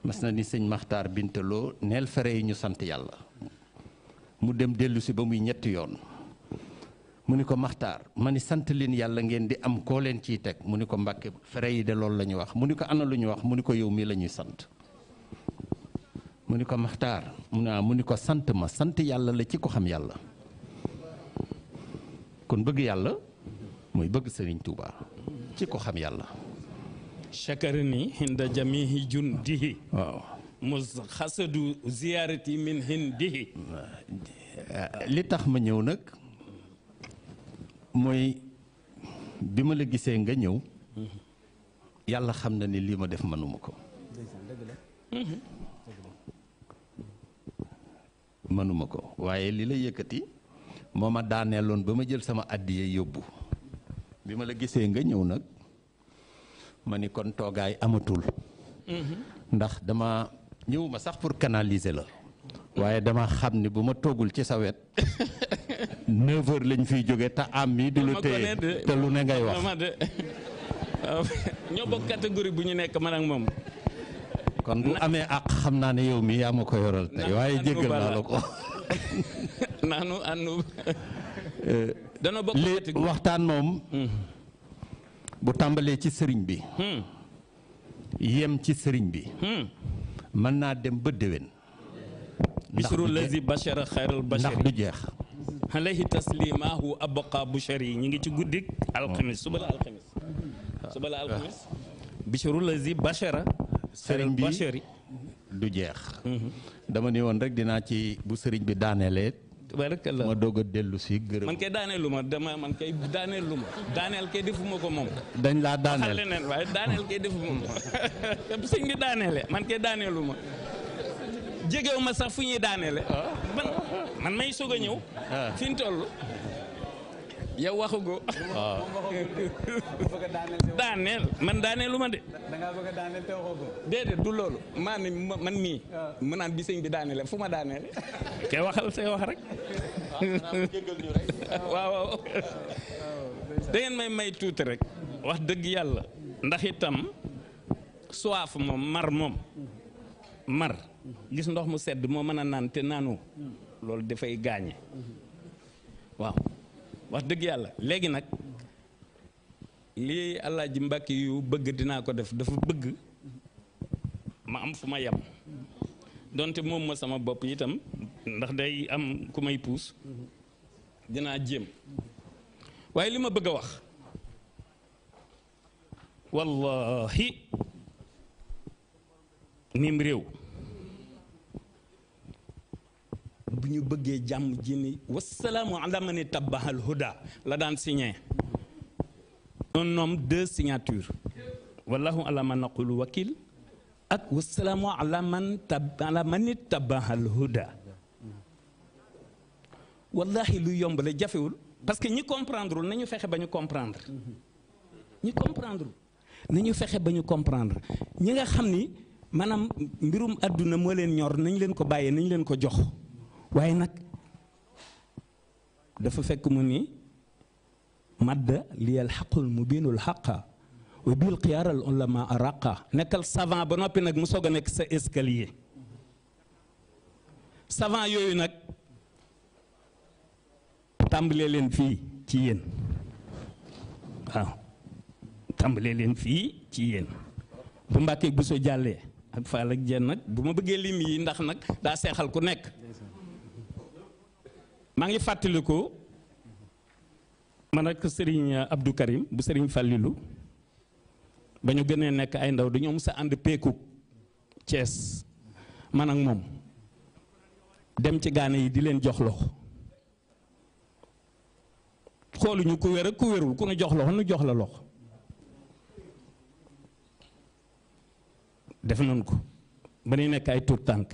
mas na ni sëñ Maxtaar Bintaloo neel fere yi ñu sant yàlla mu dem dellusi ba muy ñetti yoon mu ni ko Maxtaar ma ni sant leen yàlla ngeen di am koo leen ciy teg mu ni ko Mbàkke fere yi de loolu la ñu wax mu ni ko ana lu ñu wax mu ni ko yow mii la ñuy sant mu ni ko Maxtaar mu ne ah, mu ni ko sant ma sant yàlla la ci ko xam yàlla kon bëgg yàlla mooy bëgg Serigne Touba ci ko xam yàlla. chakarani hinda jamihi jundihi. waaw mus xasadu ziyaarati min hindihi. li tax ma ñëw nag mooy bi ma la gisee nga ñëw. yàlla xam na ni lii ma def mënuma ko. mënuma ko waaye li la yëkkati moo ma daaneeloon ba ma jël sama àddiya yóbbu. bi ma la gisee nga ñëw nag ma ni kon toogaay amatul. Mm-hmm. ndax dama ñëwuma sax pour canaliser la. waaye dama xam ni bu ma toogul ci sa wet. 9 lañ fiy jóge te am mi di la téye te lu ne ngay wax. ñoo bokk catégorie bu ñu nekk man ak moom. kon bu amee ak xam naa ne yow mi yaa ma ko yoral tey waaye jéggal naa la ko. naanu àndu. Euh, dana bokk waxtaan moom. bu tàmbalee ci sëriñ bi. Hmm. yem ci sëriñ bi. Hmm. mën naa dem ba déwén. bisru lazi bashara xayral ndax du jeex. alayhi taslimahu abqa bushari ñi ngi ci guddik alxamis suba la alxamis ah. sëriñ bi du jeex hmm. dama ni woon rek dinaa ci bu sëriñ bi daaneele tabarakallah ma doog a dellu si gërëm man kay daaneelu ma dama man kay daaneelu ma daaneel kay defuma ko moom dañ laa daaneel leneen waaye daaneel kay defuma ko sëñ bi daaneele man kay daaneelu ma jegew ma sax fu ñuy daaneele ah. man man may soog a ñëw ah. fi ñu yow waxugo waaw daaneel man daaneelu ma de. da ngaa bëgg a daaneel te waxugo déedéet du loolu maa ne man mii. Ah. ma naan bi sëñ bi daaneel fu ma daaneel. ke waxal say wax rek. waaw waaw da may may tuuti rek. wax dëgg yàlla. ndax itam soif moom mar moom. mar gis ndox mu sedd moo mën a naan te naanoo. Mm. loolu dafay gaañe mm-hmm. waaw. wax dëgg yàlla léegi nag li Alaaji Mbàkke yu bëgg dinaa ko def dafa bëgg ma am fu ma yem donte moom ma sama bopp itam ndax day am ku may puus dinaa jéem waaye li ma bëgg a wax wallahi nim réew bu ñu bëggee jàmm ji ni wasalaamu ala mani tabaxal huda la daan signé un homme deux signatures wallahu ala man naqul wakil ak wasalaamu ala man tab ala mani tabaxal huda wallahi lu yomb la jafewul parce que ñi comprendre wul nañu fexe ba ñu comprendre ñi comprendre nañu fexe ba ñu comprendre ñi nga xam ni maanaam mbirum àdduna moo leen ñor nañ leen ko bàyyee nañ leen ko jox waaye nag dafa fekk mu ni madda liyal xaqul mubinul xaqa wa bil xiyaaral ulama raqa nekkal savant ba noppi nag mu soog a nekk sa escalier savant yooyu nag tàmbalee leen fii ci yéen waaw leen fii ci yéen bu mbàkkee bu soo jàllee ak faal ak jenn bu ma bëggee lim yi ndax nag daa seexal ku nekk maa ngi fàttaliku man ak Serigne Abdou Karim bu Serigne Fallilou ba ñu gënee nekk ay ndaw dañoo mës a ànd peeku Thiès man ak moom dem ci gaane yi di leen jox loxo xooluñu ku wér ak ku wérul ku nu jox loxo nu jox la loxo def nañ ko ba ñuy nekk ay tuut tànk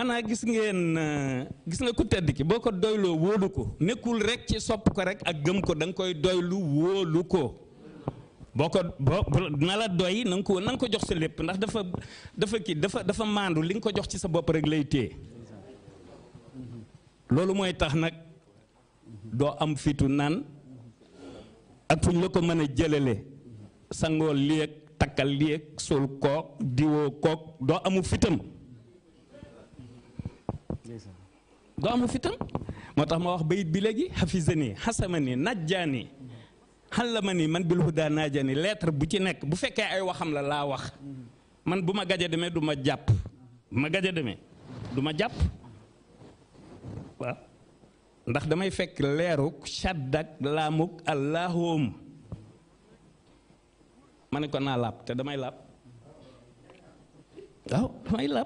naa gis ngeen euh, gis nga ko tedd ki boo ko doyloo wóolu ko nekkul rek ci sopp ko rek ak gëm ko danga koy doylu wóolu ko boo ko boo na la doy nanga ko nanga ko jox sa lépp ndax dafa dafa kii dafa dafa maandu li nga ko jox ci sa bopp rek lay téye loolu mooy tax nag doo am fitu nan ak fu ñu la ko mën a jëlale sangoo lii takkal lii ak sol kook diwoo kook doo amu fitam doo amu fitam moo tax ma wax bayit bi léegi xafisani xasamani najjaani xallamani man bil huda najjaani lettre bu ci nekk bu fekkee ay waxam la laa wax man bu ma gaja demee du ma jàpp ma gaja demee du ma jàpp waaw damay fekk leeruk shaddak laamuk ma ne naa laab te damay laab waaw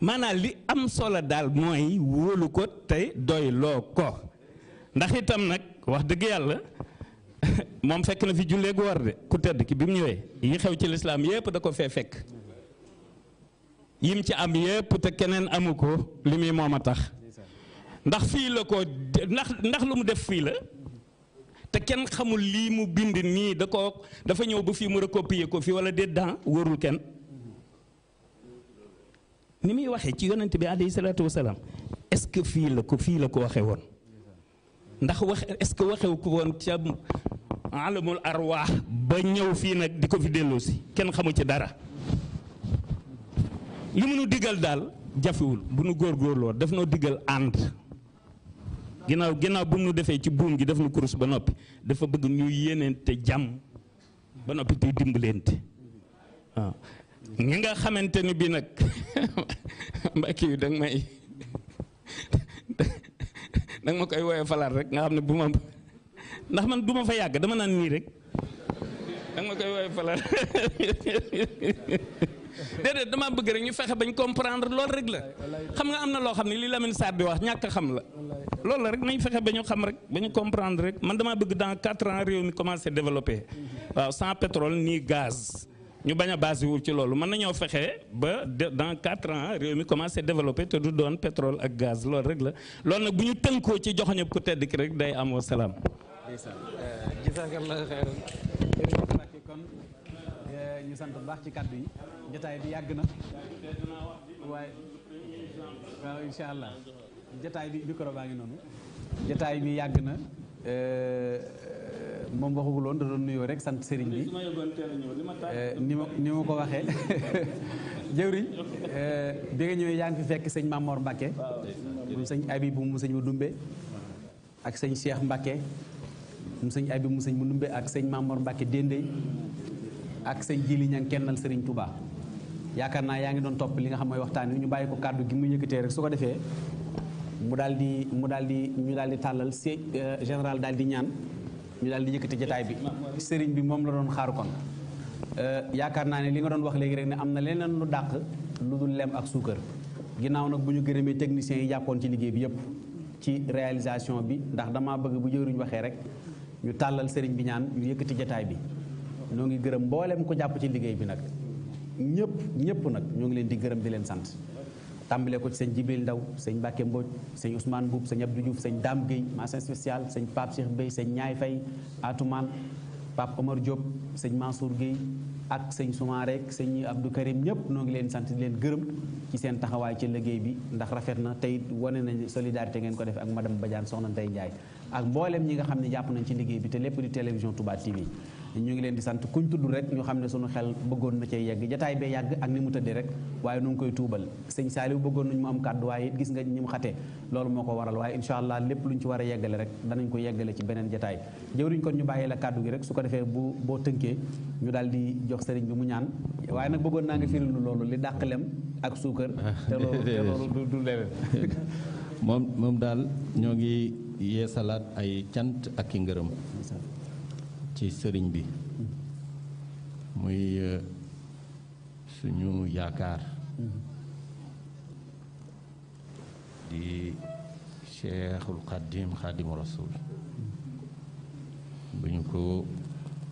maanaa li am solo daal mooy wóolu ko tey doy loo ko ndax itam nag wax dëgg yàlla moom fekk na fi jullee gu war de ku tedd ki bi mu ñëwee yi xew ci lislaam yépp da ko fee fekk yim ci am yépp te keneen amu ko li muy moom a tax ndax fii la ko ndax ndax lu mu def fii la te kenn xamul lii mu bind nii da ko dafa ñëw ba fii mu recopier ko fii wala déet dan wóorul kenn ni muy waxee ci yonent bi alayhi salaatu wasalaam est-ce que fii la ko fii la ko waxee woon ndax wax ce que waxewu ko woon ca alamul arwaax ba ñëw fii nag di ko fi dellu si kenn xamu ci dara li mu nu diggal daal jafewul bu nu góor góorgóorloo daf noo diggal ànd ginnaaw ginnaaw bu nu defee ci buum gi daf nu kurus ba noppi dafa bëgg ñu te jàmm ba noppi tuy dimbalente waaw ñi nga xamante ni bi nag mbàkki yu danga may danga ma koy woowee falaat rek nga xam ne bu ma ndax man du ma fa yàgg dama naan nii rek danga ma koy woowee falaat déedéet dama bëgg rek ñu fexe bañ comprendre lool rek la xam nga am na loo xam ne li Lamine saat bi wax ñàkk xam la loolu la rek nañ fexe ba ñu xam rek ba ñu comprendre rek man damaa bëgg dans quatre ans réew mi commencé développé waaw sans pétrole nii gaz ñu bañ a basé wu ci loolu mën nañoo fexe ba dans quatre ans réew mi commencé développé te du doon pétrole ak gaz loolu rek la lool nag bu ñu tënkoo ci joxoñu ku tedd ki rek day amoo salaam. Euh, euh, euh, ñu sant bu baax ci kàddu yi jotaay bi yàgg na waaye waaw incha allah jotaay bi bi micro baa ngi noonu jotaay bi yàgg na Euh, moom waxagul woon da doon nuyoo rek sant sëriñ bi euh, ni ma ni ma ko waxee jëwriñ euh, bi nga ñëwee yaa ngi fi fekk sëñ Mamor Mbacke mu sëñ Abi bu mu sëñ ma dumbe ak sëñ Cheikh Mbacke mu sëñ Abi mu sëñ mu dumbe ak sëñ Mamor mbakke déndéy ak sëñ Jili ñang kennal sëriñ Touba yaakaar naa yaa ngi doon topp li nga xam mooy waxtaan wi ñu bàyyi ko kàddu gi mu yëkkatee rek su ko defee mu daal di mu daal di ñu daal di tàllal si général daal di ñaan ñu daal di yëkkati jataay bi sëriñ bi moom la doon xaar kon euh, yaakaar naa ne li nga doon wax léegi rek ne am na leneen lu dàq lu dul lem ak suukar ginnaaw nag bu ñu gërëmee techniciens yi jàppoon ci liggéey bi yëpp ci réalisation bi ndax damaa bëgg bu jëriñ waxee rek ñu tàllal sëriñ bi ñaan ñu yëkkati jataay bi ñoo ngi gërëm mboolem ko jàpp ci liggéey bi nag ñëpp ñëpp nag ñoo ngi leen di gërëm di leen sant tàmbalee ko ci sëñ Jibril Ndaw sëñ Mbàkke Mbodj sëñ Ousmane Mbuub sëñ Abdou Diouf sëñ daam Guèye mention spéciale sëñ Pape Cheikh Bey seen Ñaay Fay Atumaan Pape Omar Diop sëñ Mansour géey ak sëñ Soumaré ak sëñ Abdou Karim ñëpp noo ngi leen sant di leen gërëm ci seen taxawaay ci liggéey bi ndax rafet na tey wane nañ solidarité ngeen ko def ak madame Badiane Soxna Ndey Ndiaye ak mboolem ñi nga xam ne jàpp nañ ci liggéey bi te lépp di télévision Touba TV ñu ngi leen di sant kuñ tudd rek ñu xam ne suñu xel bëggoon na cee yegg jataay bee yàgg ak ni mu tëddee rek waaye nu ngi koy tuubal sëñ Saaliw bëggoon nañu mu am kàddu waaye gis nga ñi mu xatee loolu moo ko waral waaye incha allah lépp luñ ci war a yeggale rek danañ ko yeggale ci beneen jataay jëwriñ kon ñu bàyyi la kàddu gi rek su ko defee bu boo tënkee ñu daal di jox sëriñ bi mu ñaan waaye nag bëggoon naa nga firil loolu li dàq lem ak suukar ah, te loolu te loolu du moom moom daal ñoo ngi yeesalaat ay cant ak i ngërëm ci sëriñ bi muy euh, suñu yaakaar di cheikhul xadim xadimu rasul bu ñu ko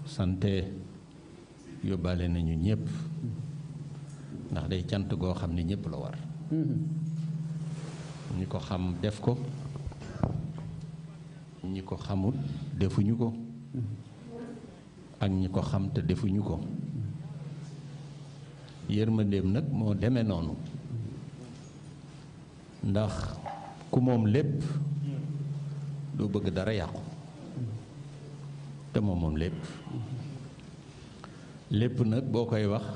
sante yóbbaale nañu ñëpp ndax day cant goo xam ne ñëpp la war ñi ko xam def ko ñi ko xamul defuñu ko ak ñi ko xam te defuñu ko yërmandeem nag moo demee noonu ndax ku moom lépp doo bëgg dara yàqu te moom moom lépp lépp nag boo koy wax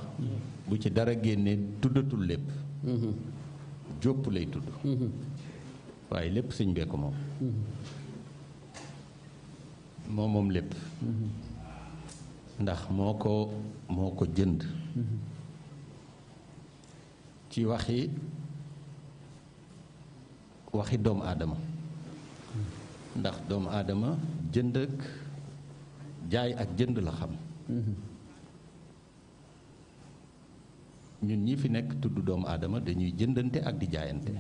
bu ci dara génnee tuddatul lépp jópp lay tudd waaye lépp sëñ bee ko moom moom moom lépp ndax moo ko moo ko jënd ci waxi waxi doomu aadama ndax doomu aadama jënd ak jaay ak jënd la xam ñun ñi fi nekk tudd doomu aadama dañuy jëndante ak di jaayante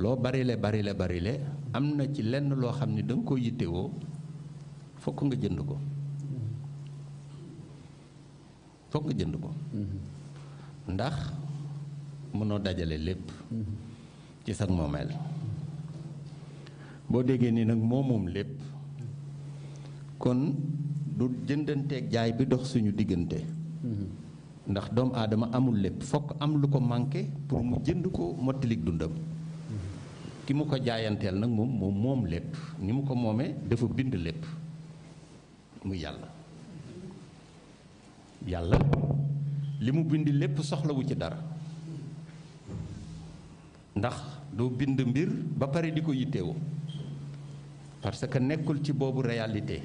loo barile bari barile am na ci lenn loo xam ne da nga ko yittewoo fokk nga jënd ko foog nga jënd ko mm-hmm. ndax mënoo dajale lépp mm-hmm. ci sag moomeel boo déggee nii nag moo moom lépp kon du jëndanteek jaay bi dox suñu diggante mm-hmm. ndax doom aadama amul lépp fokk am lu ko manqué pour mu jënd ko mottalik dundam ki mu ko jaayanteel nag moom moom moom lépp ni mu ko moomee dafa bind lépp muy yàlla yàlla li mu bind lépp soxlawu ci dara ndax du bind mbir ba pare di ko yittewoo parce que nekkul ci boobu réyalité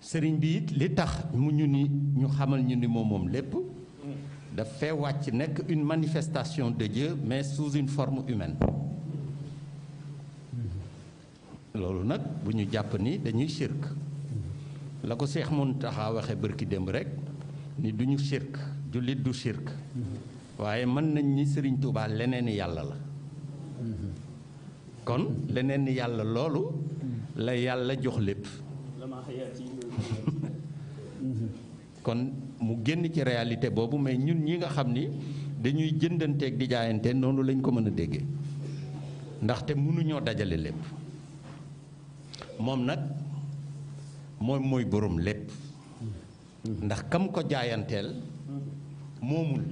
sëriñ bi it li tax mu ñu ni ñu xamal ñu ni moom lépp daf fee wàcc nekk une manifestation de Dieu mais sous une forme humaine loolu nag bu ñu jàpp ni dañuy shirk la ko Seex taxa waxe bërki démb rekk ni du ñu sirk jullit du sirk waaye mën nañ ni sëriñ Tuubaa leneen yàlla la kon leneen yàlla loolu la yàlla jox lépp kon mu génn ci réalité boobu mais ñun ñi nga xam ni dañuy jëndanteeg di jaayante noonu lañ ko mën a déggee ndaxte mënuñoo dajale lépp moom nag moom mooy boroom lépp ndax kam ko jaayanteel moomul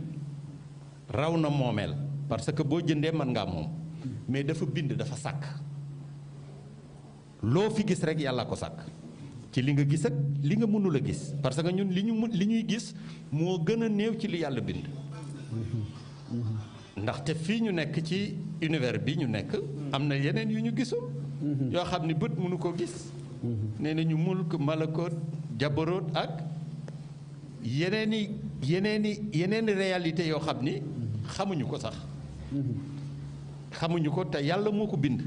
raw na moomeel parce que boo jëndee mën ngaa moom mais dafa bind dafa sàkk loo fi gis rek yàlla ko sàkk ci li nga gis li nga mënul a gis parce que ñun li ñu mën li ñuy gis moo gën a néew ci li yàlla bind ndaxte fii ñu nekk ci univers bi ñu nekk am na yeneen yu ñu gisul yoo xam ne bët mënu ko gis nee nañu mulk malakoot jabaroot ak yeneen i yeneen i yeneen i réalité yoo xam ni xamuñu ko sax xamuñu ko te yàlla moo ko bind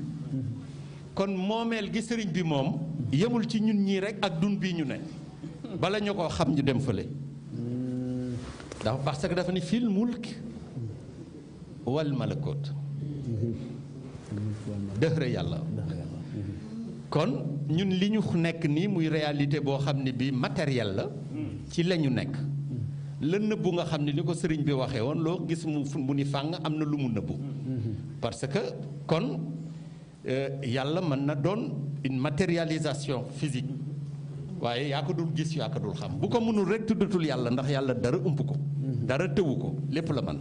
kon moomeel gi sëriñ bi moom yëmul ci ñun ñii rek ak dun bii ñu ne bala ñu koo xam ñu dem fële dafa parce que dafa ni fil mulk wal malakoot dëxëre yàlla kon ñun li ñu nekk nii muy réalité boo xam ne bii matériel la ci la ñu nekk la nëbbu nga xam ne li ko sëriñ bi waxee woon loo gis mu ni fàng am na lu mu nëbbu parce que kon euh, yàlla mën na doon une matérialisation physique waaye yaa ko dul gis yaa ko dul xam bu ko mënul rek tuddatul yàlla ndax yàlla dara ump ko dara tëwu ko lépp la mën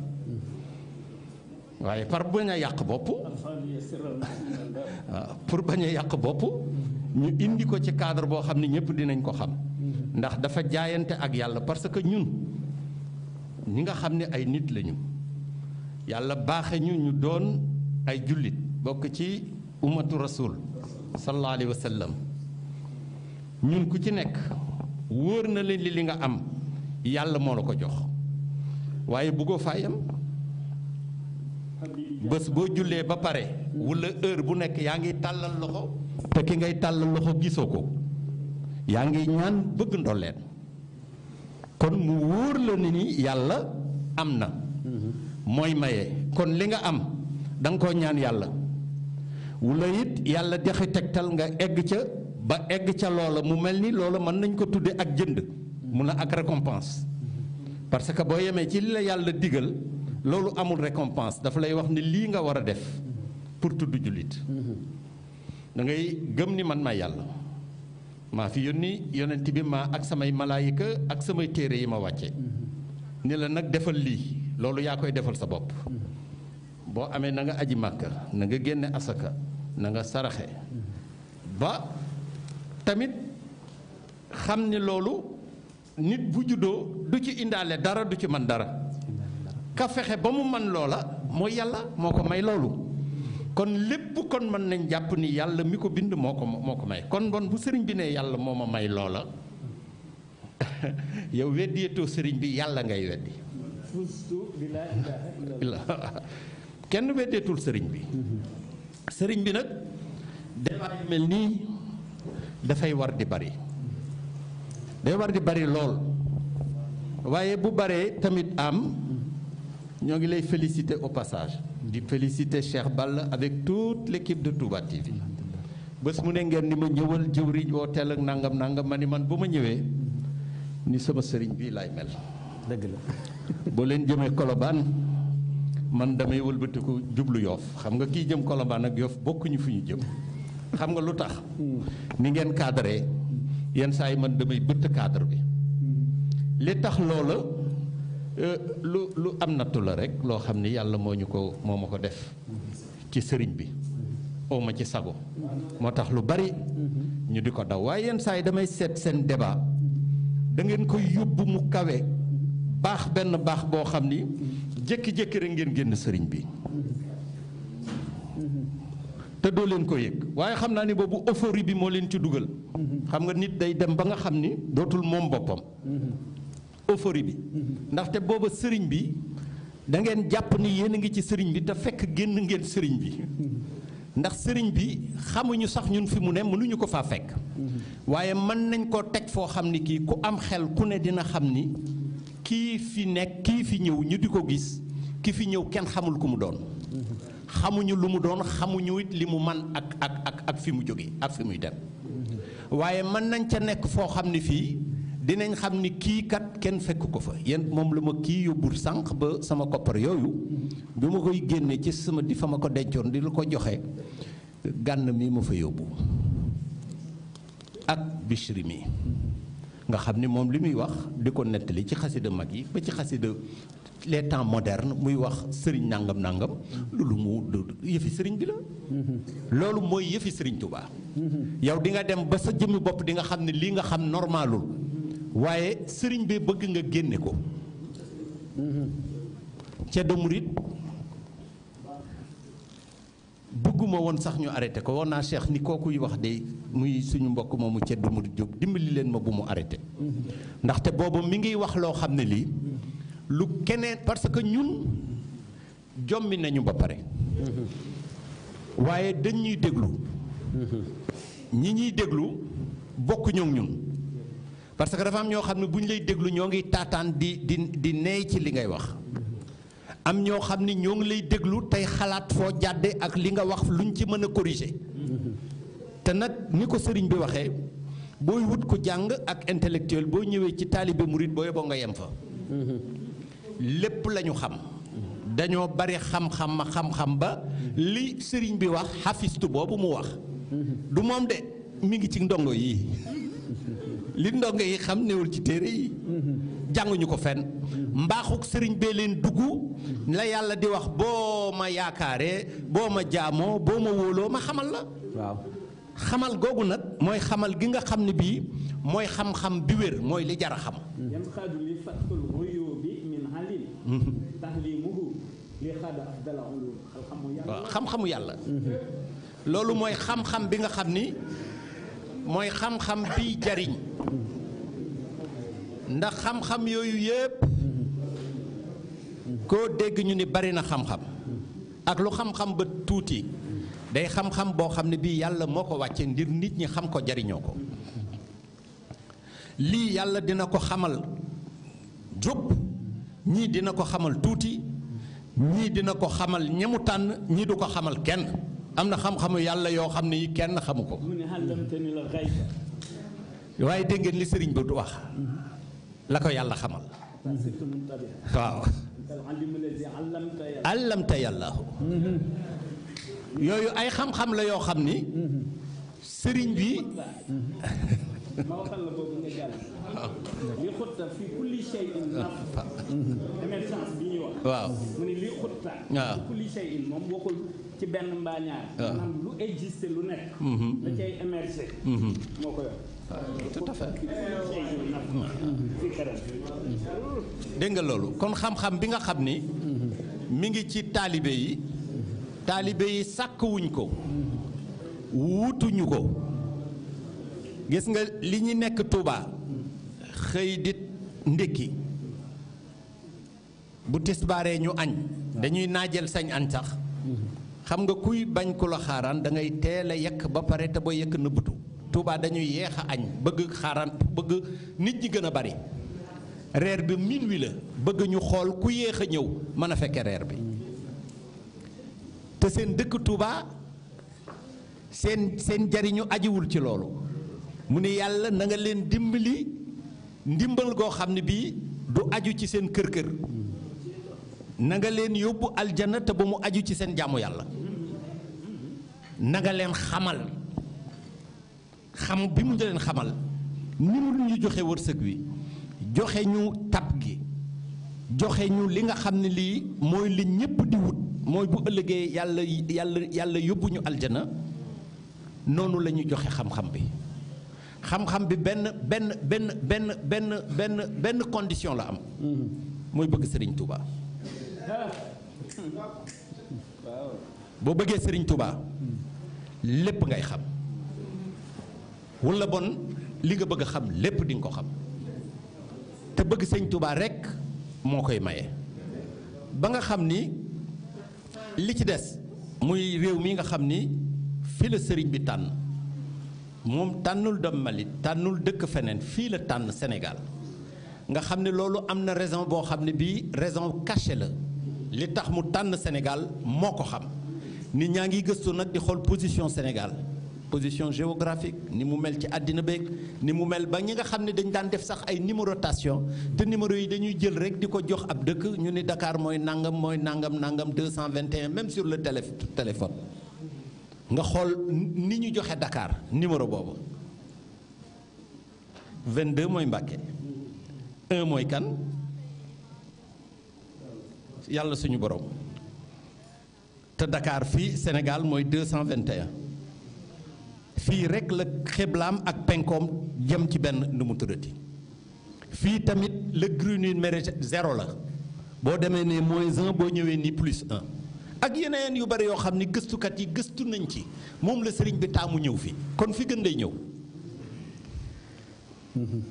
waaye par bañ a yàq bopp ah, pour bañ a yàq bopp ñu indi ko ci cadre boo xam ne ñëpp dinañ ko xam ndax dafa jaayante ak yàlla parce que ñun ñi nga xam ne ay nit lañu yàlla baaxe ñu doon ay jullit bokk ci ummatu rasul sallallahu alayhi ñun ku ci nekk wóor na leen li li nga am yàlla moo la ko jox waaye bëggoo faayam bés boo jullee ba pare wula heure bu nekk yaa ngiy tàllal loxo te ki ngay tàllal loxo gisoo ko yaa ngi ñaan bëgg ndolleen kon mu wóor la ni yàlla am na mooy maye kon li nga am danga nga koo ñaan yàlla wala it yàlla jaxi tegtal nga egg ca ba egg ca loola mu mel ni loola mën nañ ko tuddee ak jënd mu na ak récompense parce que boo yemee ci li la yàlla digal loolu amul récompense dafa lay wax ne lii nga war a def pour tudd jullit da gëm ni man maa yàlla maa fi yónni yonent bi maa ak samay malaayika ak samay téere yi ma wàcce ni la nag defal lii loolu yaa koy defal sa bopp boo amee na nga aji màkka nanga génne asaka nanga saraxe ba tamit xam ni loolu nit bu juddoo du ci indaale dara du ci man dara ka fexe ba mu man loola mooy yàlla moo ko may loolu kon lépp kon mën nañ jàpp ni yàlla mi ko bind moo ko moo ko may kon bon bu sëriñ bi ne yàlla moo ma may loola yow weddeetoo sëriñ bi yàlla ngay weddi kenn weddeetul sëriñ bi sëriñ bi nag débat yu mel nii dafay war di bari day war di bari lool waaye bu baree tamit am ñoo ngi lay félicité au passage di féliciter Cheikh Ball avec toute l'équipe de Touba TV bés mu ne ngeen ni ma ñëwal jëwriñ woo teel ak nangam nangam ma ni man bu ma ñëwee ni sama sëriñ bii laay mel. boo leen jëmee Colobane man damay wëlbatiku jublu yoof xam nga kii jëm Colobane ak yoof bokkuñu fi ñu jëm xam nga lu tax. ni ngeen cadré yenn saa yi man damay bëtt cadre bi li tax loola. Euh, lu lu am nattu la rek loo xam ni yàlla moo ñu ko moo ma ko def ci sëriñ bi oo ma ci sago moo tax lu bari ñu di ko daw waaye yenn saa yi damay seet seen débat dangeen koy yóbbu mu kawe baax benn baax boo xam ni jékki-jékki rek ngeen génn sëriñ bi te doo leen ko yëg waaye xam naa ni boobu euphorie bi moo leen ci dugal xam nga nit day dem ba nga xam ni dootul moom boppam euphorie bi ndaxte booba sëriñ bi da ngeen jàpp ni yéen a ngi ci sëriñ bi te fekk génn ngeen sëriñ bi ndax sëriñ bi xamuñu sax ñun fi mu ne mënuñu ko faa fekk waaye mën nañ koo teg foo xam ni kii ku am xel ku ne dina xam ni kii fi nekk kii fi ñëw ñu di ko gis ki fi ñëw kenn xamul ku mu doon xamuñu lu mu doon xamuñu it li mu man ak ak ak ak fi mu jóge ak fi muy dem waaye mën nañ ca nekk foo xam ni fii dinañ xam ni kii kat kenn fekk ko fa yéen moom la ma kii yóbbul sànq ba sama koppar yooyu bi ma koy génnee ci sama di fa ma ko dencoon di la ko joxe gànn mii ma fa yóbbu ak bishri mi nga xam ni moom li muy wax di ko nettali ci xasida mag yi ba ci xasida les temps modernes muy wax sëriñ nangam nangam lu mu yëfi sëriñ bi la. loolu mooy yëfi sëriñ Tuubaa. Mm-hmm. yow di nga dem ba sa jëmmi bopp di nga xam ne lii nga xam normalul. waaye sëriñ bi bëgg nga génne ko ceddo murit bëgguma woon sax ñu arrêté ko woon naa Cheikh ni kookuy wax de muy suñu mbokk moomu ceddo murit jóg dimbali leen ma bu mu arrêté ndaxte booba mi ngiy wax loo xam ne lii lu keneen parce que ñun jommi nañu ba pare waaye dañ ñuy déglu ñi ñuy déglu bokk ñoom ñun parce que dafa am ñoo xam ne bu ñu lay déglu ñoo ngi taataan di di di neey ci li ngay wax am ñoo xam ni ñoo ngi lay déglu tey xalaat foo jàdde ak li nga wax lu luñ ci mën a corriger te nag ni ko sëriñ bi waxee booy wut ko jàng ak intellectuel boo ñëwee ci taalibe murit boo yeboo nga yem fa lépp lañu xam dañoo bari xam-xam ma xam-xam ba li sëriñ bi wax xafistu boobu mu wax du moom de mu ngi ci ndongo yi li ndongo yi xam newul ci téere yi jànguñu ko fenn mbaaxuk sëriñ bee leen dugg la yàlla di wax boo ma yaakaaree boo ma jaamoo boo ma wóoloo ma xamal la xamal googu nag mooy xamal gi nga xam ne bii mooy xam-xam bi wér mooy li jar a xam waaw xam-xamu yàlla loolu mooy xam-xam bi nga xam ni mooy xam-xam bi jariñ ndax xam-xam yooyu yépp koo dégg ñu ni bari na xam-xam ak lu xam-xam ba tuuti day xam-xam boo xam ne bii yàlla moo ko wàcce ngir nit ñi xam ko jariñoo ko lii yàlla dina ko xamal jub ñii dina ko xamal tuuti ñii dina ko xamal ñemu tànn ñii du ko xamal kenn am na xam-xamu yàlla yoo xam ne yi kenn xamu ko. waaye dégg ngeen li sëriñ bi wax la ko yàlla xamal. waaw. allamta yàllaahu yooyu ay xam-xam la yoo xam ni. sëriñ bi. waaw ci benn mbaa ñaar. Ah. Mm-hmm. Mm-hmm. Ah, mm-hmm. nga loolu kon xam-xam bi nga xam ni. mi ngi ci taalibe yi. taalibe yi sàkkwuñ ko. wuutuñu ko. gis nga li ñu nekk Touba. xëy di ndékki. bu tisbaaree ñu añ. dañuy naajal sañ añ sax. xam nga kuy bañ ku la xaaraan da ngay teel a yekk ba pare te booy yekk nëbbatu Touba dañuy yeex a añ bëgg xaaraan bëgg nit ñi gën a bari reer bi minuit la bëgg ñu xool ku yéex a ñëw mën a fekk reer bi te seen dëkk Touba seen seen jariñu ajiwul ci loolu mu ne yàlla na nga leen dimbali ndimbal goo xam ne bii du aju ci seen kër kër nanga leen yóbbu aljana te ba mu aju ci seen jaamu yàlla na leen xamal xam bi mu leen xamal ni mu ñu joxe wërsëg wi joxe ñu tab gi joxe ñu li nga xam ne lii mooy li ñépp di wut mooy bu ëllëgee yàlla yàlla yàlla yóbbu ñu aljana noonu la ñu joxe xam-xam bi xam-xam bi benn benn benn benn benn benn benn condition la am mm-hmm. mooy bëgg Sëriñ Tuubaa boo bëggee sëriñ Touba lépp ngay xam wala bon li nga bëgg xam lépp dinga ko xam te bëgg sëñ Touba rekk moo koy maye ba nga xam ni li ci des muy réew mi nga xam ni fii la sëriñ bi tànn moom tànnul dem Mali tànnul dëkk feneen fii la tànn Sénégal nga xam ne loolu am na raison boo xam ne bii raison cachée la li tax mu tànn Sénégal moo ko xam nit ñaa ngi gëstu nag di xool position Sénégal position géographique ni mu mel ci àddina beeg ni mu mel ba ñi nga xam ne dañ daan def sax ay numérotation te numéro yi dañuy jël rek di ko jox ab dëkk ñu ni dakaar mooy nangam mooy nangam nangam 221 même sur le télé téléphone nga xool ni ñu joxe dakaar numéro boobu 22 mooy Mbacké 1 mooy kan yàlla suñu boroom te ndakaar fi Sénégal mooy 221 fii rekk la xiblaam ak penkoom jëm ci benn nu mu tuddati fii tamit le Greenwich zéro la boo demee ne moins boo ñëwee nii plus un ak yeneen yu bari yoo xam ni gëstukat yi gëstu nañ ci moom la sëriñ bi taamu ñëw fii kon fi gën day ñëw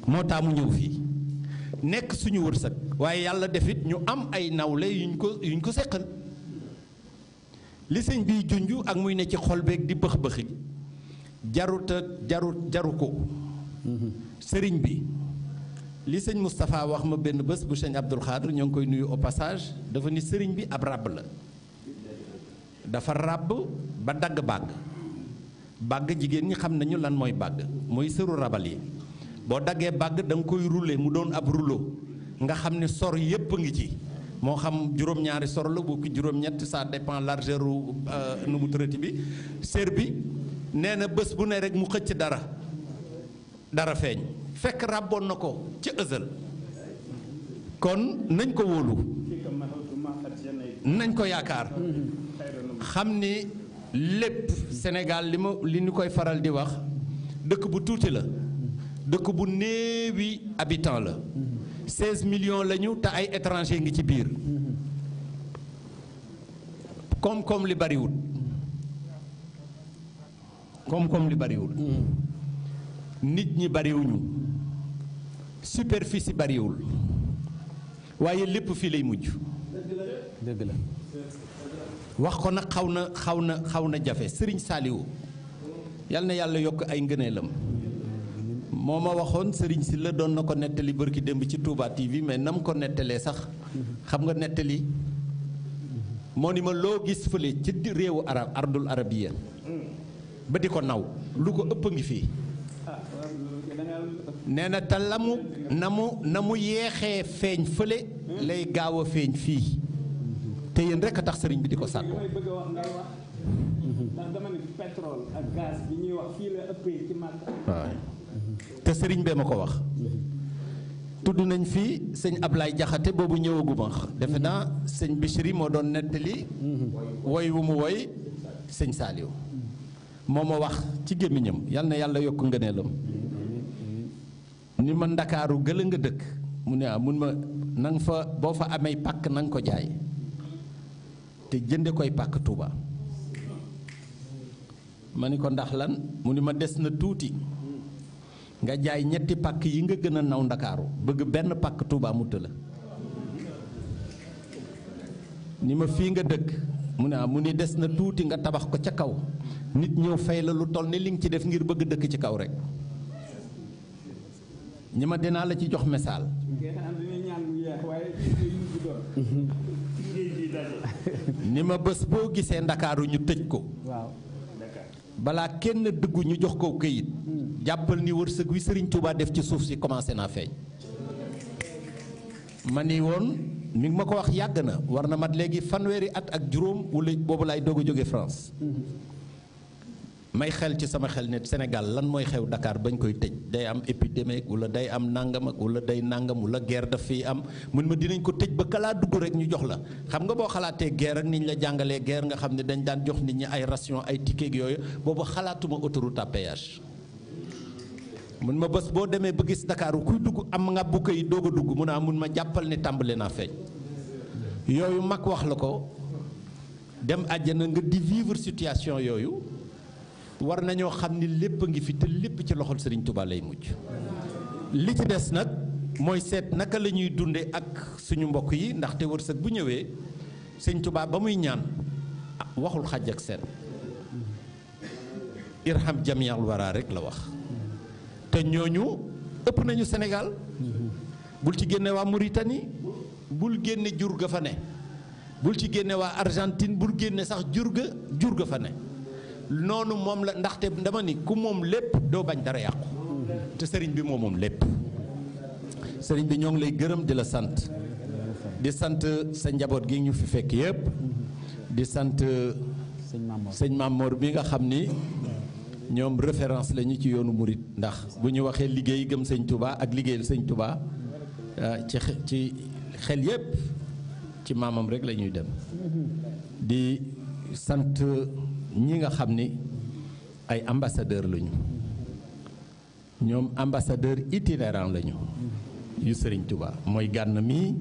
moo taamu ñëw fii nekk suñu wërsëg waaye yàlla def it ñu am ay nawle yuñ ko yuñ ko seqal li sëñ biy junj ak muy ne ci xol beeg di bëx bëxi jaruta jarut jaru ko sëriñ bi li sëñ Moustapha wax ma benn bés bu sëñ Abdul Xaadir ñoo ngi koy nuyu au dafa ni sëriñ bi ab ràbb la dafa ràbb ba dagg bàgg bàgg jigéen ñi xam nañu lan mooy bàgg mooy sëru rabal yi boo daggee bàgg da koy rouler mu doon ab rouleau nga xam ne sor yépp a ngi ci moo xam juróom-ñaari sor la bu ki juróom-ñett ça dépend largeur euh, nu mu tërati bi sér bi nee na bés bu ne rek mu xëcc dara dara feeñ fekk ràbboon na ko ci ësal kon nañ ko wóolu nañ ko yaakaar xam ni lépp Sénégal li ma li ñu koy faral di wax dëkk bu tuuti la dëkk bu néewi habitant la 16 million la ñu te ay étranger ngi ci biir koom-koom li bariwul koom-koom li bariwul nit ñi bariwuñu superficie bariwul waaye lépp fii lay mujj dëgg wax ko nag xaw na xaw na xaw na jafe Serigne Saliou yal na yàlla yokk ay ngëneelam moo ma waxoon si la doon na ko nettali bërki démb ci Touba TV mais nam ko nettalee sax xam nga nettali moo ni ma loo gis fële ci réewu ardul arabiya ba di ko naw lu ko ëpp ngi fii nee na te la mu na mu na mu yeexee feeñ fële lay gaaw a feeñ fii te yéen rek a tax sëriñ bi di ko sàkku te sëriñ bee ma ko wax tudd nañ fi sëñ Ablaye Jaxate boobu ñëwaguma defe naa sëñ Bichri moo doon nettali woy wu mu woy sëñ Saaliw moo ma wax ci gémmiñam yal na yàlla yokk ngëneelam ni ma ndakaaru gëla nga dëkk mu ne ah mun ma nang fa boo fa amee pàkk nang ko jaay te jënde koy pàkk Touba ma ni ko ndax lan mu ni ma des na tuuti nga jaay ñetti pàkk yi nga gën a naw ndakaaru bëgg benn pàkk Touba mu tëla ni ma fii nga dëkk mu ne ah, mu ni des na tuuti nga tabax ko ca kaw nit ñëw fay la lu toll ni li nga ci def ngir bëgg dëkk ci kaw rek ñi ma dinaa la ci jox misaal ni ma bés boo gisee ndakaaru ñu tëj ko balaa kenn dugg ñu jox ko këyit jàppal ni wërsëg wi sëriñ Touba def ci suuf si commencé naa feeñ ma ni woon mi ngi ma ko wax yàgg na war na mat léegi fanweeri at ak juróom wala boobu laay doog a jóge France may xel ci sama xel nit Sénégal lan mooy xew Dakar bañ koy tëj day am épidémie wala day am nangam ak wala day nangam wala guerre daf fii am mun ma dinañ ko tëj ba kalaa dugg rek ñu jox la xam nga boo xalaatee geer ak niñ la jàngalee guerre nga xam ne dañ daan jox nit ñi ay ration ay ticket yooyu boobu xalaatuma autoroute à péage mun ma bés boo demee ba gis Dakar kuy dugg am nga bu koy doog a dugg mun a mun ma jàppal ne tàmbale naa feeñ yooyu mag wax la ko dem àjjana nga di vivre situation yooyu war nañoo xam ni lépp a ngi fi te lépp ci loxol Serigne Touba lay mujj li ci des nag mooy seet naka lañuy dunde ak suñu mbokk yi ndaxte wërsëg bu ñëwee Serigne Touba ba muy ñaan waxul xaj ak seen irham jamial waraa rek la wax te ñooñu ëpp nañu senegal bul ci génne waa Mauritanie bul génne jur ga fa ne bul ci génnewaa Argentine bul génne sax jur ga jur ga fa ne noonu moom la ndaxte dama ni ku moom lépp doo bañ dara yàqu te sëriñ bi moo moom lépp sëriñ bi ñoo ngi lay gërëm di la sant di sant sa njaboot gi ñu fi fekk yépp di sant sëñ Mamor bi nga xam ni ñoom référence lañu ci yoonu murit ndax bu ñu waxee liggéey gëm sañ Touba ak liggéeyal sëñ Touba ah, ci ci xel yépp ci maamam rek lañuy dem di sant ñi nga xam ni ay ambassadeur lañu ñoom ambassadeur itinérant lañu yu sëriñ Touba mooy gànn mi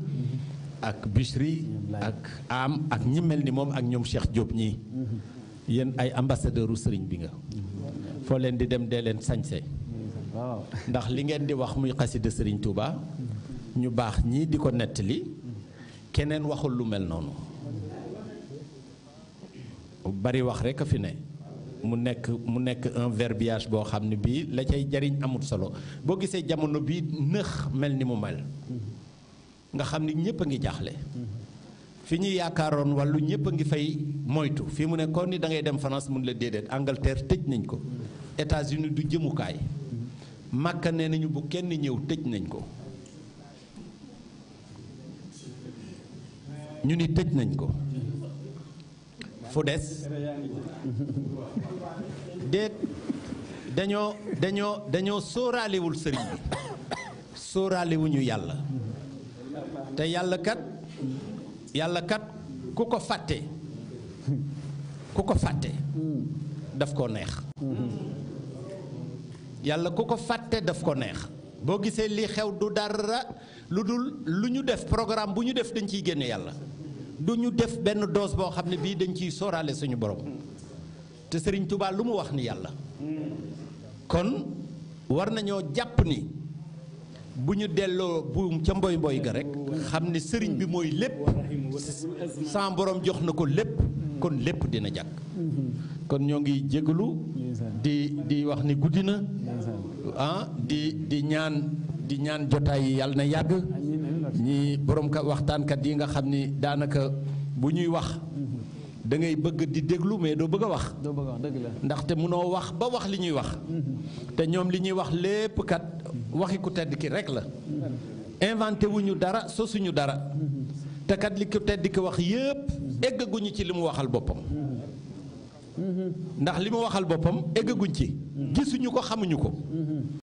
ak Bichri ak am ak ñi mel ni moom ak ñoom Cheikh Diop ñii yéen ay ambassadeur sëriñ bi nga foo leen di dem dee leen sañse ndax li ngeen di wax muy xasida sëriñ Touba ñu baax ñii di ko nettali keneen waxul lu mel noonu bari wax rek a fi ne mu nekk mu nekk un verbiage boo xam ne bii la cay jariñ amut solo boo gisee jamono bii nëx mel ni mu mel nga xam ni ñëpp a ngi jaaxle fi ñu yaakaaroon wàllu ñëpp a ngi fay moytu fii mu ne kon ni da ngay dem France mun la déedéet Angleterre tëj nañ ko états du jëmukaay màkka nee nañu bu kenn ñëw tëj nañ ko ñu ni tëj nañ ko fu des déet dañoo dañoo dañoo sóoraalewul sëriñ bi sóoraalewuñu yàlla te yàlla kat yàlla kat ku ko fàtte ku ko fàtte daf koo neex yàlla ku ko fàtte daf ko neex boo gisee lii xew du dara lu dul lu ñu def programme bu ñu def dañ ciy génne yàlla du ñu def benn doos boo xam ne bii dañ ciy sóoraale suñu borom te Sëriñ Tuubaa lu mu wax ni yàlla kon war nañoo jàpp ni bu ñu delloo buum ca mboy mboy ga rek xam ne sëriñ bi mooy lépp sans borom jox na ko lépp kon lépp dina jàkk kon ñoo ngi jégalu di di wax ni guddi na ah di ñaan di ñaan jotaay yi yàlla na yàgg ñi borom ka waxtaankat yi nga xam ni daanaka bu ñuy wax mhm. da ngay bëgg di déglu mais doo bëgg a wax. doo bëgg a wax dëgg ndaxte munoo wax ba wax li ñuy wax. Mhm. te ñoom li ñuy wax lépp kat mhm. waxi ku tedd ki rek la. inventé wuñu dara suñu dara. te kat li ku tedd ki wax yépp eggaguñu ci li mu waxal boppam. ndax li mu waxal boppam eggaguñ ci mm-hmm. gisuñu ko xamuñu ko mm-hmm.